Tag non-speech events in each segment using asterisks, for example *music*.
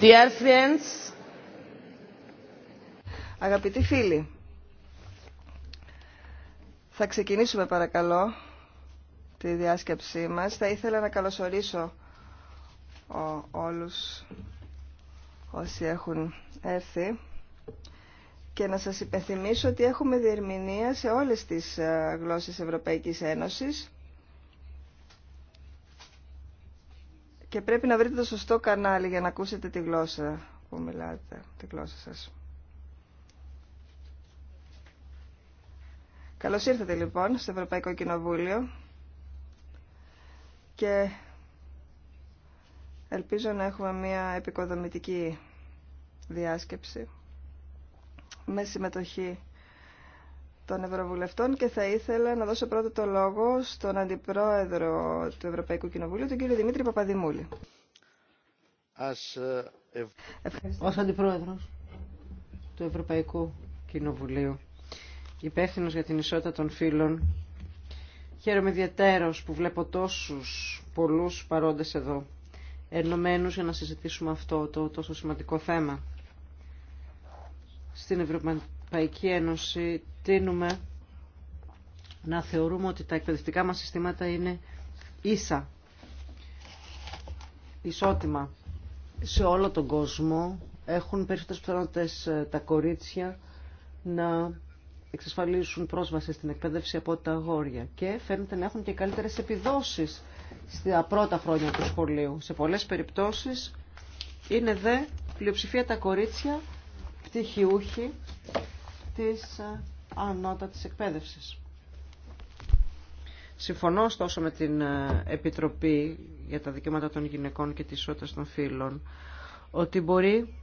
Dear friends. Αγαπητοί φίλοι, θα ξεκινήσουμε παρακαλώ τη διάσκεψή μας. Θα ήθελα να καλωσορίσω όλους όσοι έχουν έρθει και να σας υπενθυμίσω ότι έχουμε διερμηνία σε όλες τις ε, γλώσσες Ευρωπαϊκής Ένωσης Και πρέπει να βρείτε το σωστό κανάλι για να ακούσετε τη γλώσσα που μιλάτε, τη γλώσσα σας. Καλώς ήρθατε λοιπόν στο Ευρωπαϊκό Κοινοβούλιο και ελπίζω να έχουμε μια επικοδομητική διάσκεψη με συμμετοχή των Ευρωβουλευτών και θα ήθελα να δώσω πρώτα το λόγο στον Αντιπρόεδρο του Ευρωπαϊκού Κοινοβουλίου, τον κύριο Δημήτρη Παπαδημούλη. Ας, ε, Ως Αντιπρόεδρος του Ευρωπαϊκού Κοινοβουλίου, υπεύθυνο για την ισότητα των φίλων... χαίρομαι ιδιαίτερος που βλέπω τόσους πολλούς παρόντες εδώ, ενωμένους για να συζητήσουμε αυτό το τόσο σημαντικό θέμα. Στην Ευρωπαϊκή Ένωση τείνουμε να θεωρούμε ότι τα εκπαιδευτικά μας συστήματα είναι ίσα, ισότιμα. Σε όλο τον κόσμο έχουν περισσότερες πιθανότητες ε, τα κορίτσια να εξασφαλίσουν πρόσβαση στην εκπαίδευση από τα αγόρια και φαίνεται να έχουν και καλύτερες επιδόσεις στα πρώτα χρόνια του σχολείου. Σε πολλές περιπτώσεις είναι δε πλειοψηφία τα κορίτσια πτυχιούχοι της ε, ανώτατης εκπαίδευσης. Συμφωνώ ωστόσο με την ε, Επιτροπή για τα Δικαιώματα των Γυναικών και τη Ισότητα των Φύλων ότι μπορεί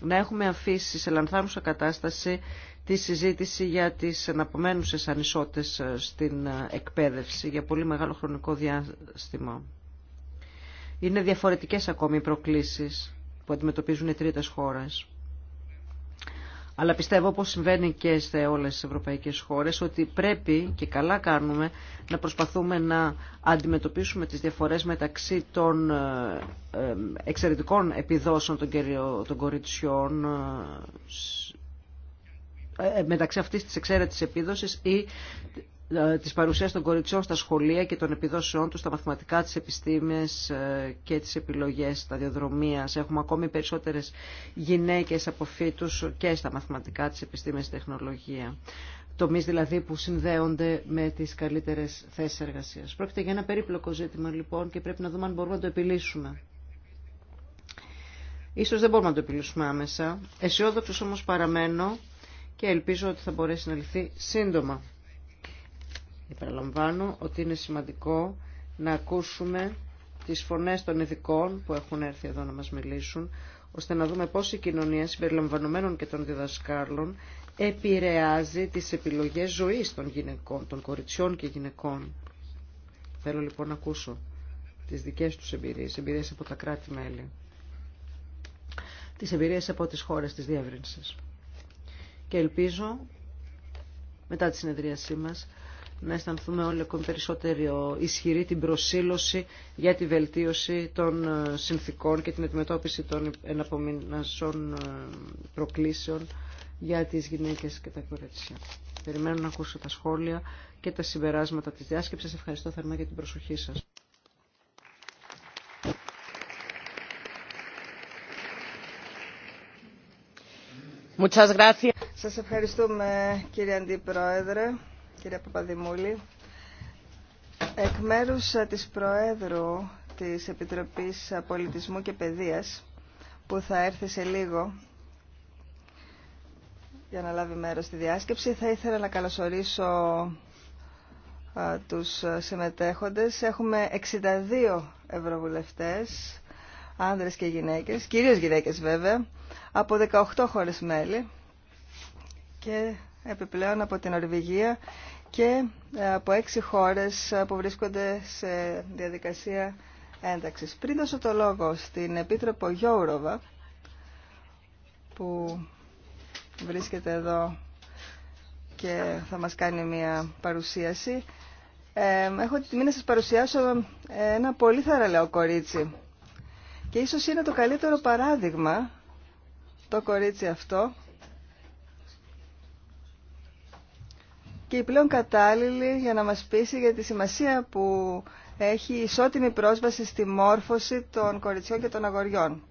να έχουμε αφήσει σε λανθάνουσα κατάσταση τη συζήτηση για τις αναπομένουσες ανισότητες ε, στην ε, εκπαίδευση για πολύ μεγάλο χρονικό διάστημα. Είναι διαφορετικές ακόμη οι προκλήσεις που αντιμετωπίζουν οι τρίτες χώρες. Αλλά πιστεύω, όπως συμβαίνει και σε όλες τις ευρωπαϊκές χώρες, ότι πρέπει και καλά κάνουμε να προσπαθούμε να αντιμετωπίσουμε τις διαφορές μεταξύ των ε, ε, εξαιρετικών επιδόσεων των κοριτσιών ε, μεταξύ αυτής της εξαίρετης επίδοσης ή ε, της παρουσίας των κοριτσιών στα σχολεία και των επιδόσεών τους στα μαθηματικά, τις επιστήμες ε, και τις επιλογές σταδιοδρομίας. Έχουμε ακόμη περισσότερες γυναίκες από φύτους και στα μαθηματικά, τις επιστήμες, τεχνολογία. Τομείς δηλαδή που συνδέονται με τις καλύτερες θέσεις εργασίας. Πρόκειται για ένα περίπλοκο ζήτημα λοιπόν και πρέπει να δούμε αν μπορούμε να το επιλύσουμε. Ίσως δεν μπορούμε να το επιλύσουμε άμεσα. Αισιόδοξος όμως παραμένω και ελπίζω ότι θα μπορέσει να λυθεί σύντομα. Επαναλαμβάνω ότι είναι σημαντικό να ακούσουμε τις φωνές των ειδικών που έχουν έρθει εδώ να μας μιλήσουν, ώστε να δούμε πώς η κοινωνία συμπεριλαμβανομένων και των διδασκάλων επηρεάζει τις επιλογές ζωής των γυναικών, των κοριτσιών και γυναικών. Θέλω λοιπόν να ακούσω τις δικές τους εμπειρίες, εμπειρίες από τα κράτη-μέλη, τις εμπειρίες από τις χώρες της διεύρυνσης. Και ελπίζω, μετά τη συνεδρίασή μας, να αισθανθούμε όλοι ακόμη περισσότερο ισχυρή την προσήλωση για τη βελτίωση των ε, συνθήκων και την αντιμετώπιση των εναπομεινασών ε, προκλήσεων για τις γυναίκες και τα κορίτσια. Περιμένω να ακούσω τα σχόλια και τα συμπεράσματα της διάσκεψης. Ευχαριστώ θερμά για την προσοχή σας. Σας ευχαριστούμε κύριε Αντιπρόεδρε κυρία Παπαδημούλη. Εκ μέρους ε, της Προέδρου της Επιτροπής Πολιτισμού και Παιδείας, που θα έρθει σε λίγο για να λάβει μέρος στη διάσκεψη, θα ήθελα να καλωσορίσω ε, τους συμμετέχοντες. Έχουμε 62 ευρωβουλευτές, άνδρες και γυναίκες, κυρίως γυναίκες βέβαια, από 18 χώρες μέλη και επιπλέον από την Ορβηγία και ε, από έξι χώρες ε, που βρίσκονται σε διαδικασία ένταξης. Πριν δώσω το λόγο στην Επίτροπο Γιώουροβα, που βρίσκεται εδώ και θα μας κάνει μια παρουσίαση, ε, έχω τη τιμή να σας παρουσιάσω ένα πολύ θαραλέο κορίτσι. Και ίσως είναι το καλύτερο παράδειγμα το κορίτσι αυτό και η πλέον κατάλληλη για να μας πείσει για τη σημασία που έχει ισότιμη πρόσβαση στη μόρφωση των κοριτσιών και των αγοριών.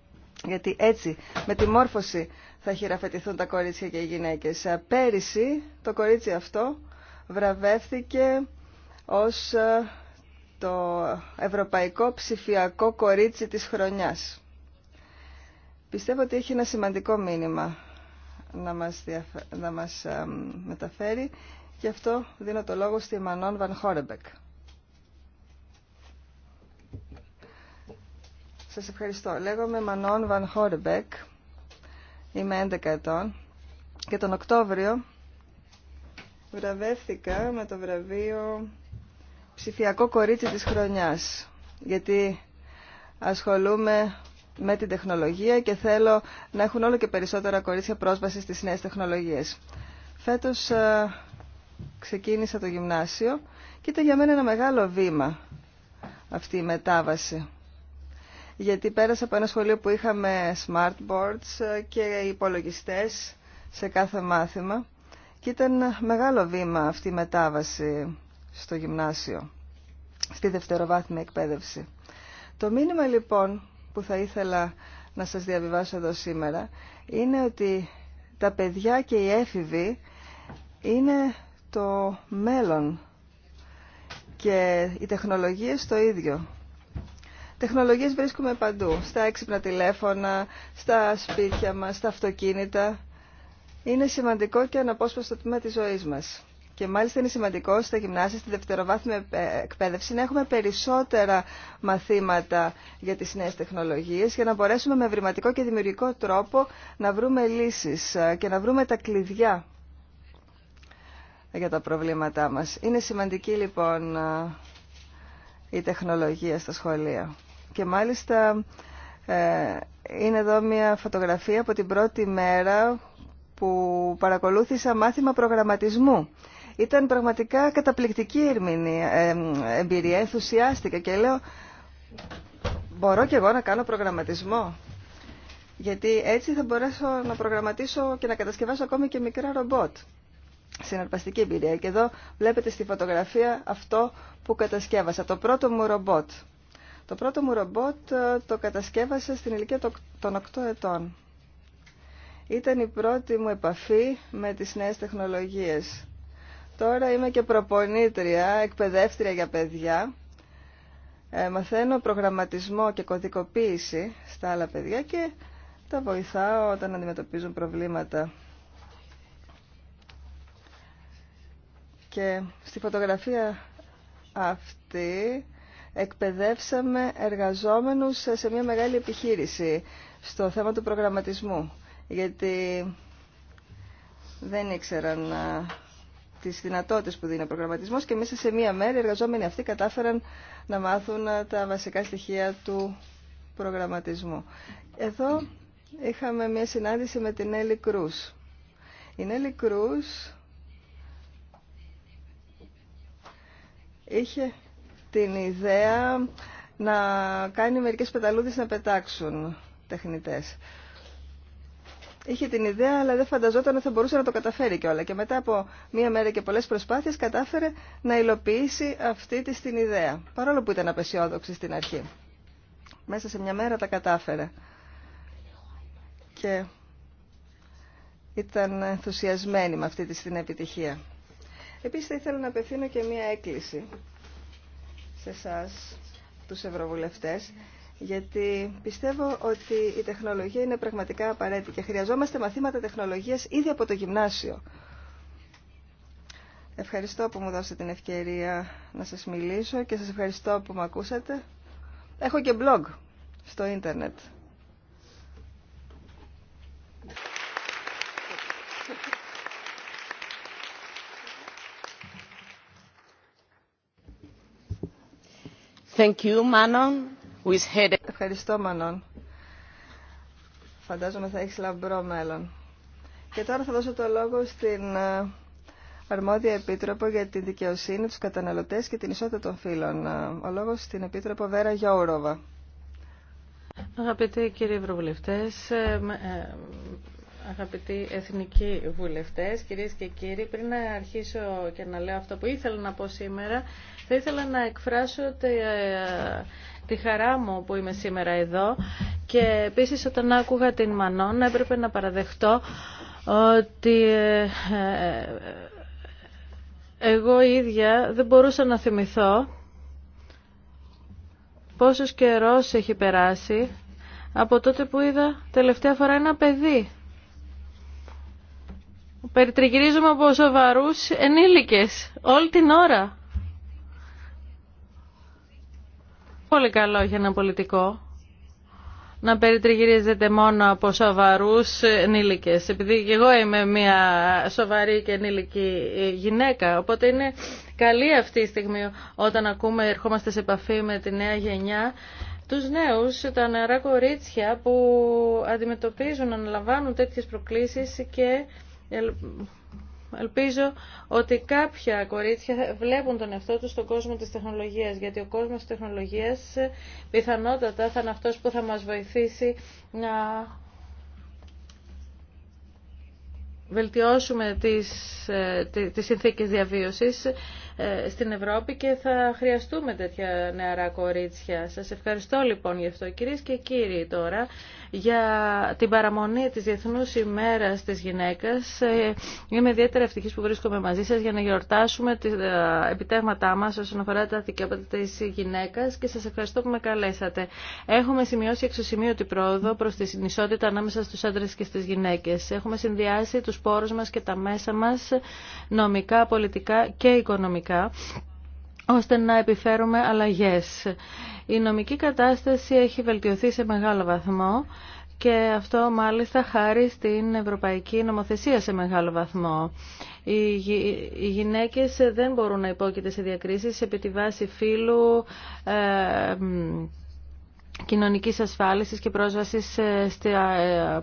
Γιατί έτσι, με τη μόρφωση θα χειραφετηθούν τα κορίτσια και οι γυναίκες. Ε, πέρυσι το κορίτσι αυτό βραβεύθηκε ως ε, το Ευρωπαϊκό Ψηφιακό Κορίτσι της Χρονιάς. Πιστεύω ότι έχει ένα σημαντικό μήνυμα να μας, ε, μεταφέρει Γι' αυτό δίνω το λόγο στη Μανών Βαν Χόρεμπεκ. Σας ευχαριστώ. Λέγομαι Μανών Βαν Χόρεμπεκ. Είμαι 11 ετών και τον Οκτώβριο βραβεύτηκα με το βραβείο ψηφιακό κορίτσι της χρονιάς γιατί ασχολούμαι με την τεχνολογία και θέλω να έχουν όλο και περισσότερα κορίτσια πρόσβαση στις νέες τεχνολογίες. Φέτος ε, ξεκίνησα το γυμνάσιο και ήταν για μένα ένα μεγάλο βήμα αυτή η μετάβαση. Γιατί πέρασα από ένα σχολείο που είχαμε smartboards και υπολογιστές σε κάθε μάθημα και ήταν μεγάλο βήμα αυτή η μετάβαση στο γυμνάσιο, στη δευτεροβάθμια εκπαίδευση. Το μήνυμα λοιπόν που θα ήθελα να σας διαβιβάσω εδώ σήμερα είναι ότι τα παιδιά και οι έφηβοι είναι το μέλλον και οι τεχνολογίες το ίδιο. Τεχνολογίες βρίσκουμε παντού, στα έξυπνα τηλέφωνα, στα σπίτια μας, στα αυτοκίνητα. Είναι σημαντικό και αναπόσπαστο τμήμα της ζωής μας. Και μάλιστα είναι σημαντικό στα γυμνάσια, στη δευτεροβάθμια εκπαίδευση, να έχουμε περισσότερα μαθήματα για τις νέες τεχνολογίες για να μπορέσουμε με ευρηματικό και δημιουργικό τρόπο να βρούμε λύσεις ε, και να βρούμε τα κλειδιά για τα προβλήματά μας. Είναι σημαντική λοιπόν η τεχνολογία στα σχολεία. Και μάλιστα ε, είναι εδώ μια φωτογραφία από την πρώτη μέρα που παρακολούθησα μάθημα προγραμματισμού. Ήταν πραγματικά καταπληκτική ε, εμπειρία, ενθουσιάστηκα και λέω μπορώ κι εγώ να κάνω προγραμματισμό. Γιατί έτσι θα μπορέσω να προγραμματίσω και να κατασκευάσω ακόμη και μικρά ρομπότ συναρπαστική εμπειρία. Και εδώ βλέπετε στη φωτογραφία αυτό που κατασκεύασα, το πρώτο μου ρομπότ. Το πρώτο μου ρομπότ ε, το κατασκεύασα στην ηλικία των 8 ετών. Ήταν η πρώτη μου επαφή με τις νέες τεχνολογίες. Τώρα είμαι και προπονήτρια, εκπαιδεύτρια για παιδιά. Ε, μαθαίνω προγραμματισμό και κωδικοποίηση στα άλλα παιδιά και τα βοηθάω όταν αντιμετωπίζουν προβλήματα Και στη φωτογραφία αυτή εκπαιδεύσαμε εργαζόμενους σε μια μεγάλη επιχείρηση στο θέμα του προγραμματισμού. Γιατί δεν ήξεραν τις δυνατότητες που δίνει ο προγραμματισμός και μέσα σε μία μέρα οι εργαζόμενοι αυτοί κατάφεραν να μάθουν τα βασικά στοιχεία του προγραμματισμού. Εδώ είχαμε μία συνάντηση με την Έλλη Κρούς. Η Έλλη Κρούς είχε την ιδέα να κάνει μερικές πεταλούδες να πετάξουν τεχνητές. Είχε την ιδέα, αλλά δεν φανταζόταν ότι θα μπορούσε να το καταφέρει κιόλα. Και μετά από μία μέρα και πολλές προσπάθειες κατάφερε να υλοποιήσει αυτή τη την ιδέα. Παρόλο που ήταν απεσιόδοξη στην αρχή. Μέσα σε μια μέρα τα κατάφερε. Και ήταν ενθουσιασμένη με αυτή τη την επιτυχία. Επίσης θα ήθελα να απευθύνω και μία έκκληση σε εσά τους ευρωβουλευτές γιατί πιστεύω ότι η τεχνολογία είναι πραγματικά απαραίτητη και χρειαζόμαστε μαθήματα τεχνολογίας ήδη από το γυμνάσιο. Ευχαριστώ που μου δώσετε την ευκαιρία να σας μιλήσω και σας ευχαριστώ που με ακούσατε. Έχω και blog στο ίντερνετ Ευχαριστώ, Μανών. Φαντάζομαι θα έχει λαμπρό μέλλον. Και τώρα θα δώσω το λόγο στην ε, αρμόδια Επίτροπο για την Δικαιοσύνη, τους καταναλωτές και την ισότητα των φύλων. Ε, ο λόγος στην Επίτροπο Βέρα Γιαούροβα. Αγαπητοί κύριοι Ευρωβουλευτές, ε, Αγαπητοί εθνικοί βουλευτές, κυρίες και κύριοι, πριν να αρχίσω και να λέω αυτό που ήθελα να πω σήμερα, θα ήθελα να εκφράσω τη ε, χαρά μου που είμαι σήμερα εδώ και επίσης όταν άκουγα την Μανών έπρεπε να παραδεχτώ ότι ε, ε, εγώ ίδια δεν μπορούσα να θυμηθώ πόσος καιρός έχει περάσει από τότε που είδα τελευταία φορά ένα παιδί περιτριγυρίζουμε από σοβαρούς ενήλικες όλη την ώρα. Πολύ καλό για ένα πολιτικό να περιτριγυρίζεται μόνο από σοβαρούς ενήλικες. Επειδή και εγώ είμαι μια σοβαρή και ενήλικη γυναίκα, οπότε είναι καλή αυτή η στιγμή όταν ακούμε, ερχόμαστε σε επαφή με τη νέα γενιά, τους νέους, τα νεαρά κορίτσια που αντιμετωπίζουν, αναλαμβάνουν τέτοιες προκλήσεις και Ελπίζω ότι κάποια κορίτσια βλέπουν τον εαυτό τους στον κόσμο της τεχνολογίας, γιατί ο κόσμος της τεχνολογίας πιθανότατα θα είναι αυτός που θα μας βοηθήσει να βελτιώσουμε τις, ε, τις συνθήκες διαβίωσης ε, στην Ευρώπη και θα χρειαστούμε τέτοια νεαρά κορίτσια. Σας ευχαριστώ λοιπόν γι' αυτό κυρίες και κύριοι τώρα για την παραμονή της Διεθνούς ημέρας της γυναίκας. Ε, είμαι ιδιαίτερα ευτυχής που βρίσκομαι μαζί σας για να γιορτάσουμε τα ε, επιτέγματα μας όσον αφορά τα δικαιώματα της γυναίκας και σας ευχαριστώ που με καλέσατε. Έχουμε σημειώσει εξωσημείωτη πρόοδο προς τη συνισότητα ανάμεσα στους άντρες και στις γυναίκες. Έχουμε συνδυάσει τους πόρους μας και τα μέσα μας νομικά, πολιτικά και οικονομικά ώστε να επιφέρουμε αλλαγές. Η νομική κατάσταση έχει βελτιωθεί σε μεγάλο βαθμό και αυτό μάλιστα χάρη στην ευρωπαϊκή νομοθεσία σε μεγάλο βαθμό. Οι, γυναίκες δεν μπορούν να υπόκειται σε διακρίσεις επί τη βάση φύλου, ε, κοινωνικής ασφάλισης και πρόσβασης ε, στα ε,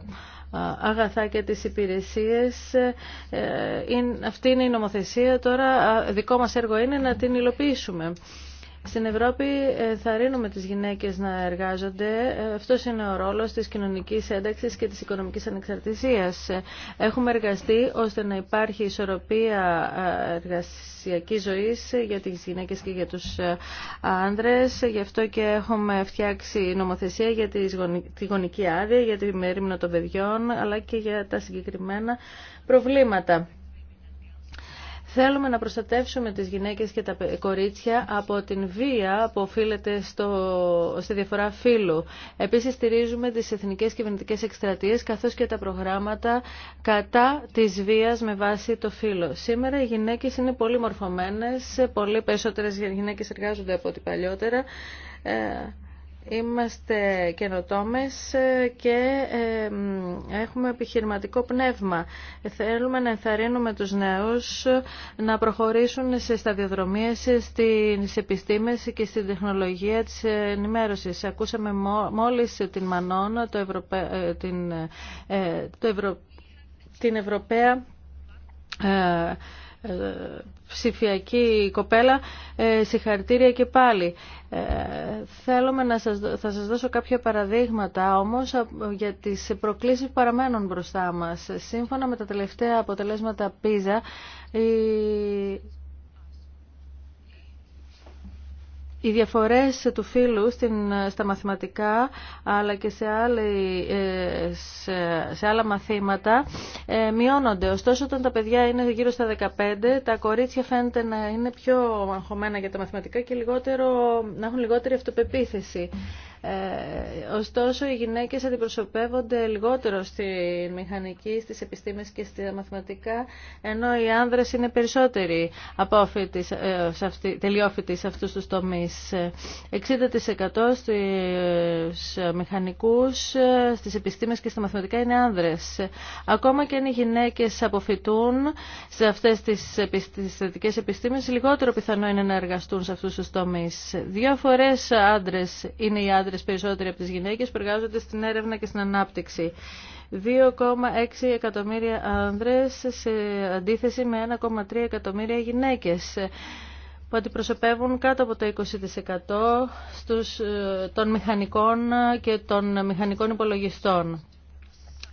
αγαθά και τις υπηρεσίες. Ε, ε, αυτή είναι η νομοθεσία, τώρα δικό μας έργο είναι να την υλοποιήσουμε. Στην Ευρώπη ε, θα τις γυναίκες να εργάζονται. Ε, αυτό είναι ο ρόλος της κοινωνικής ένταξης και της οικονομικής ανεξαρτησίας. Ε, έχουμε εργαστεί ώστε να υπάρχει ισορροπία εργασιακής ζωής για τις γυναίκες και για τους άνδρες. Γι' αυτό και έχουμε φτιάξει νομοθεσία για τη γονική άδεια, για τη μερίμνα των παιδιών, αλλά και για τα συγκεκριμένα προβλήματα. Θέλουμε να προστατεύσουμε τις γυναίκες και τα κορίτσια από την βία που οφείλεται στο, στη διαφορά φύλου. Επίσης στηρίζουμε τις εθνικές κυβερνητικές εκστρατείες καθώς και τα προγράμματα κατά της βίας με βάση το φύλο. Σήμερα οι γυναίκες είναι πολύ μορφωμένες, πολύ περισσότερες γυναίκες εργάζονται από ό,τι παλιότερα. Ε, Είμαστε καινοτόμες ε, και ε, έχουμε επιχειρηματικό πνεύμα. Θέλουμε να ενθαρρύνουμε τους νέους ε, να προχωρήσουν σε σταδιοδρομίες, στις επιστήμες και στην τεχνολογία της ενημέρωσης. Ακούσαμε μόλις την Μανώνα, το την... Το την Ευρωπαία ψηφιακή κοπέλα, ε, συγχαρητήρια και πάλι. Ε, θέλουμε να σας, θα σας δώσω κάποια παραδείγματα όμως για τις προκλήσεις που παραμένουν μπροστά μας. Σύμφωνα με τα τελευταία αποτελέσματα PISA, η Οι διαφορές του φίλου στην, στα μαθηματικά αλλά και σε, ε, σε, άλλα μαθήματα ε, μειώνονται. Ωστόσο, όταν τα παιδιά είναι γύρω στα 15, τα κορίτσια φαίνεται να είναι πιο αγχωμένα για τα μαθηματικά και λιγότερο, να έχουν λιγότερη αυτοπεποίθηση. Ε, ωστόσο, οι γυναίκες αντιπροσωπεύονται λιγότερο στη μηχανική, στις επιστήμες και στα μαθηματικά, ενώ οι άνδρες είναι περισσότεροι απόφοιτοι, ε, σε τελειόφοιτοι σε αυτούς τους τομείς. 60% στους μηχανικούς, ε, στις επιστήμες και στα μαθηματικά είναι άνδρες. Ακόμα και αν οι γυναίκες αποφοιτούν σε αυτές τις, θετικέ θετικές επιστήμες, λιγότερο πιθανό είναι να εργαστούν σε αυτούς τους τομείς. Δύο φορές είναι οι άντρες περισσότεροι από τις γυναίκες που εργάζονται στην έρευνα και στην ανάπτυξη. 2,6 εκατομμύρια άνδρες σε αντίθεση με 1,3 εκατομμύρια γυναίκες που αντιπροσωπεύουν κάτω από το 20% στους, ε, των μηχανικών και των μηχανικών υπολογιστών.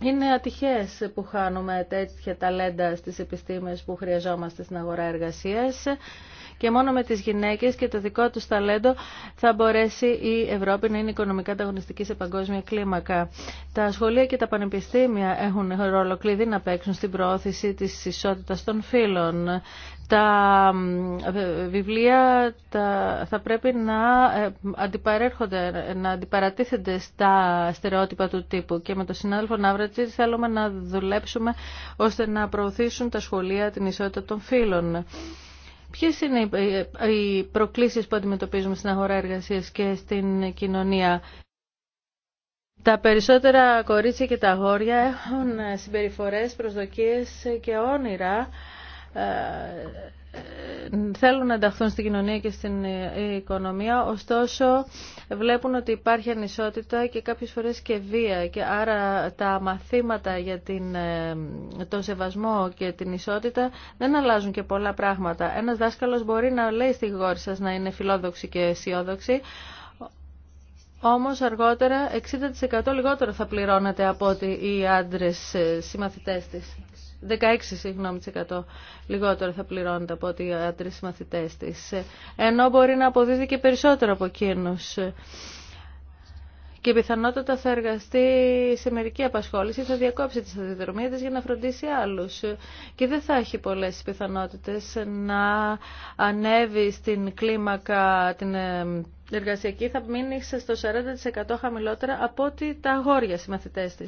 Είναι ατυχές που χάνουμε τέτοια ταλέντα στις επιστήμες που χρειαζόμαστε στην αγορά εργασίας και μόνο με τις γυναίκες και το δικό τους ταλέντο θα μπορέσει η Ευρώπη να είναι οικονομικά ανταγωνιστική σε παγκόσμια κλίμακα. Τα σχολεία και τα πανεπιστήμια έχουν ρόλο κλειδί να παίξουν στην προώθηση της ισότητας των φύλων τα βιβλία τα, θα πρέπει να ε, αντιπαρέρχονται, να αντιπαρατίθενται στα στερεότυπα του τύπου και με τον συνάδελφο Ναύρατζη θέλουμε να δουλέψουμε ώστε να προωθήσουν τα σχολεία την ισότητα των φύλων. Ποιες είναι οι προκλήσεις που αντιμετωπίζουμε στην αγορά εργασίας και στην κοινωνία. Τα περισσότερα κορίτσια και τα αγόρια έχουν συμπεριφορές, προσδοκίες και όνειρα ε, θέλουν να ενταχθούν στην κοινωνία και στην οικονομία, ωστόσο βλέπουν ότι υπάρχει ανισότητα και κάποιες φορές και βία. Και άρα τα μαθήματα για την, ε, τον σεβασμό και την ισότητα δεν αλλάζουν και πολλά πράγματα. Ένας δάσκαλος μπορεί να λέει στη γόρη σας να είναι φιλόδοξη και αισιόδοξη, όμως αργότερα 60% λιγότερο θα πληρώνετε από ότι οι άντρες ε, συμμαθητές της. 16 λιγότερο θα πληρώνεται από ότι οι άντρε μαθητέ τη. Ενώ μπορεί να αποδίδει και περισσότερο από εκείνου. Και πιθανότατα θα εργαστεί σε μερική απασχόληση, θα διακόψει τη σταδιοδρομία τη για να φροντίσει άλλους. Και δεν θα έχει πολλέ πιθανότητες να ανέβει στην κλίμακα την ε, εργασιακή, θα μείνει στο 40% χαμηλότερα από ότι τα αγόρια συμμαθητέ τη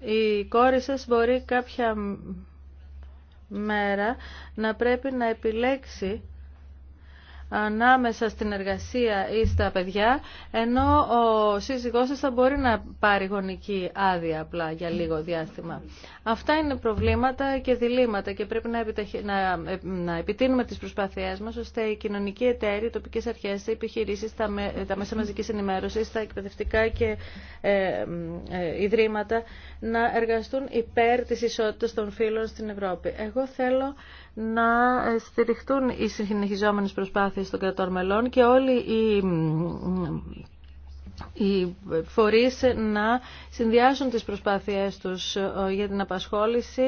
η κόρη σας μπορεί κάποια μέρα να πρέπει να επιλέξει ανάμεσα στην εργασία ή στα παιδιά, ενώ ο σύζυγός σας θα μπορεί να πάρει γονική άδεια απλά για λίγο διάστημα. Αυτά είναι προβλήματα και διλήμματα και πρέπει να, ε, να, επιτείνουμε τις προσπάθειές μας ώστε οι κοινωνικοί εταίροι, οι τοπικές αρχές, οι επιχειρήσεις, τα, τα μέσα μαζικής ενημέρωσης, τα εκπαιδευτικά και ε, ε, ιδρύματα να εργαστούν υπέρ της ισότητας των φύλων στην Ευρώπη. Εγώ θέλω να στηριχτούν οι συνεχιζόμενες προσπάθειες των κρατών μελών και όλοι οι οι φορείς να συνδυάσουν τις προσπάθειές τους ε, για την απασχόληση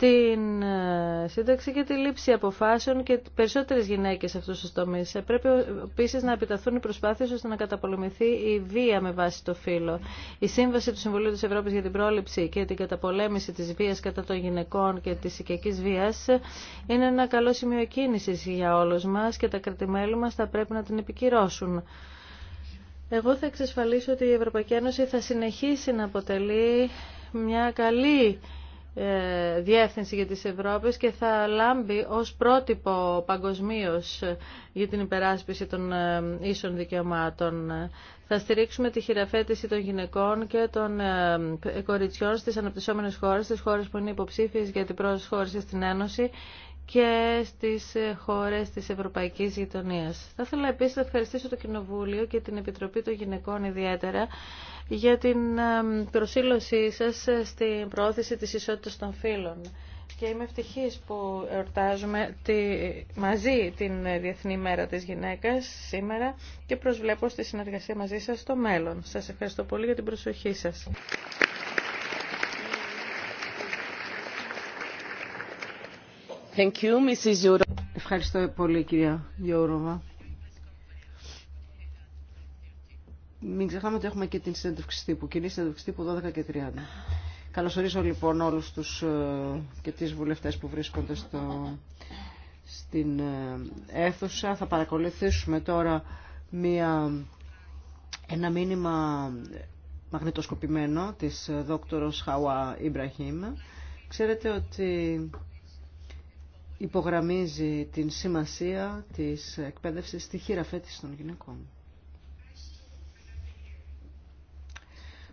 την ε, σύνταξη και τη λήψη αποφάσεων και περισσότερες γυναίκες σε αυτούς τους τομείς. Ε, πρέπει επίση να επιταθούν οι προσπάθειες ώστε να καταπολεμηθεί η βία με βάση το φύλλο. Η Σύμβαση του Συμβουλίου της Ευρώπης για την πρόληψη και την καταπολέμηση της βίας κατά των γυναικών και της οικιακής βίας είναι ένα καλό σημείο κίνησης για όλους μας και τα κρατημέλη μας θα πρέπει να την επικυρώσουν. Εγώ θα εξασφαλίσω ότι η Ευρωπαϊκή Ένωση θα συνεχίσει να αποτελεί μια καλή ε, διεύθυνση για τις Ευρώπες και θα λάμπει ως πρότυπο παγκοσμίω για την υπεράσπιση των ε, ίσων δικαιωμάτων. Θα στηρίξουμε τη χειραφέτηση των γυναικών και των ε, κοριτσιών στις αναπτυσσόμενες χώρες, στις χώρες που είναι υποψήφιες για την προσχώρηση στην Ένωση και στις χώρες της Ευρωπαϊκής Γειτονίας. Θα ήθελα επίσης να ευχαριστήσω το Κοινοβούλιο και την Επιτροπή των Γυναικών ιδιαίτερα για την ε, προσήλωσή σας στην προώθηση της ισότητας των φύλων. Και είμαι ευτυχής που εορτάζουμε τη, μαζί την Διεθνή Μέρα της Γυναίκας σήμερα και προσβλέπω στη συνεργασία μαζί σας στο μέλλον. Σας ευχαριστώ πολύ για την προσοχή σας. Ευχαριστώ πολύ κυρία Γιώργοβα. Μην ξεχνάμε ότι έχουμε και την συνέντευξη τύπου, κοινή συνέντευξη τύπου 12 και 30. Καλωσορίζω λοιπόν όλους τους ε, και τις βουλευτές που βρίσκονται στο, στην ε, αίθουσα. Θα παρακολουθήσουμε τώρα μία, ένα μήνυμα μαγνητοσκοπημένο της ε, δόκτωρος Χαουά Ιμπραχήμ. Ξέρετε ότι υπογραμμίζει την σημασία της εκπαίδευσης στη χειραφέτηση των γυναικών.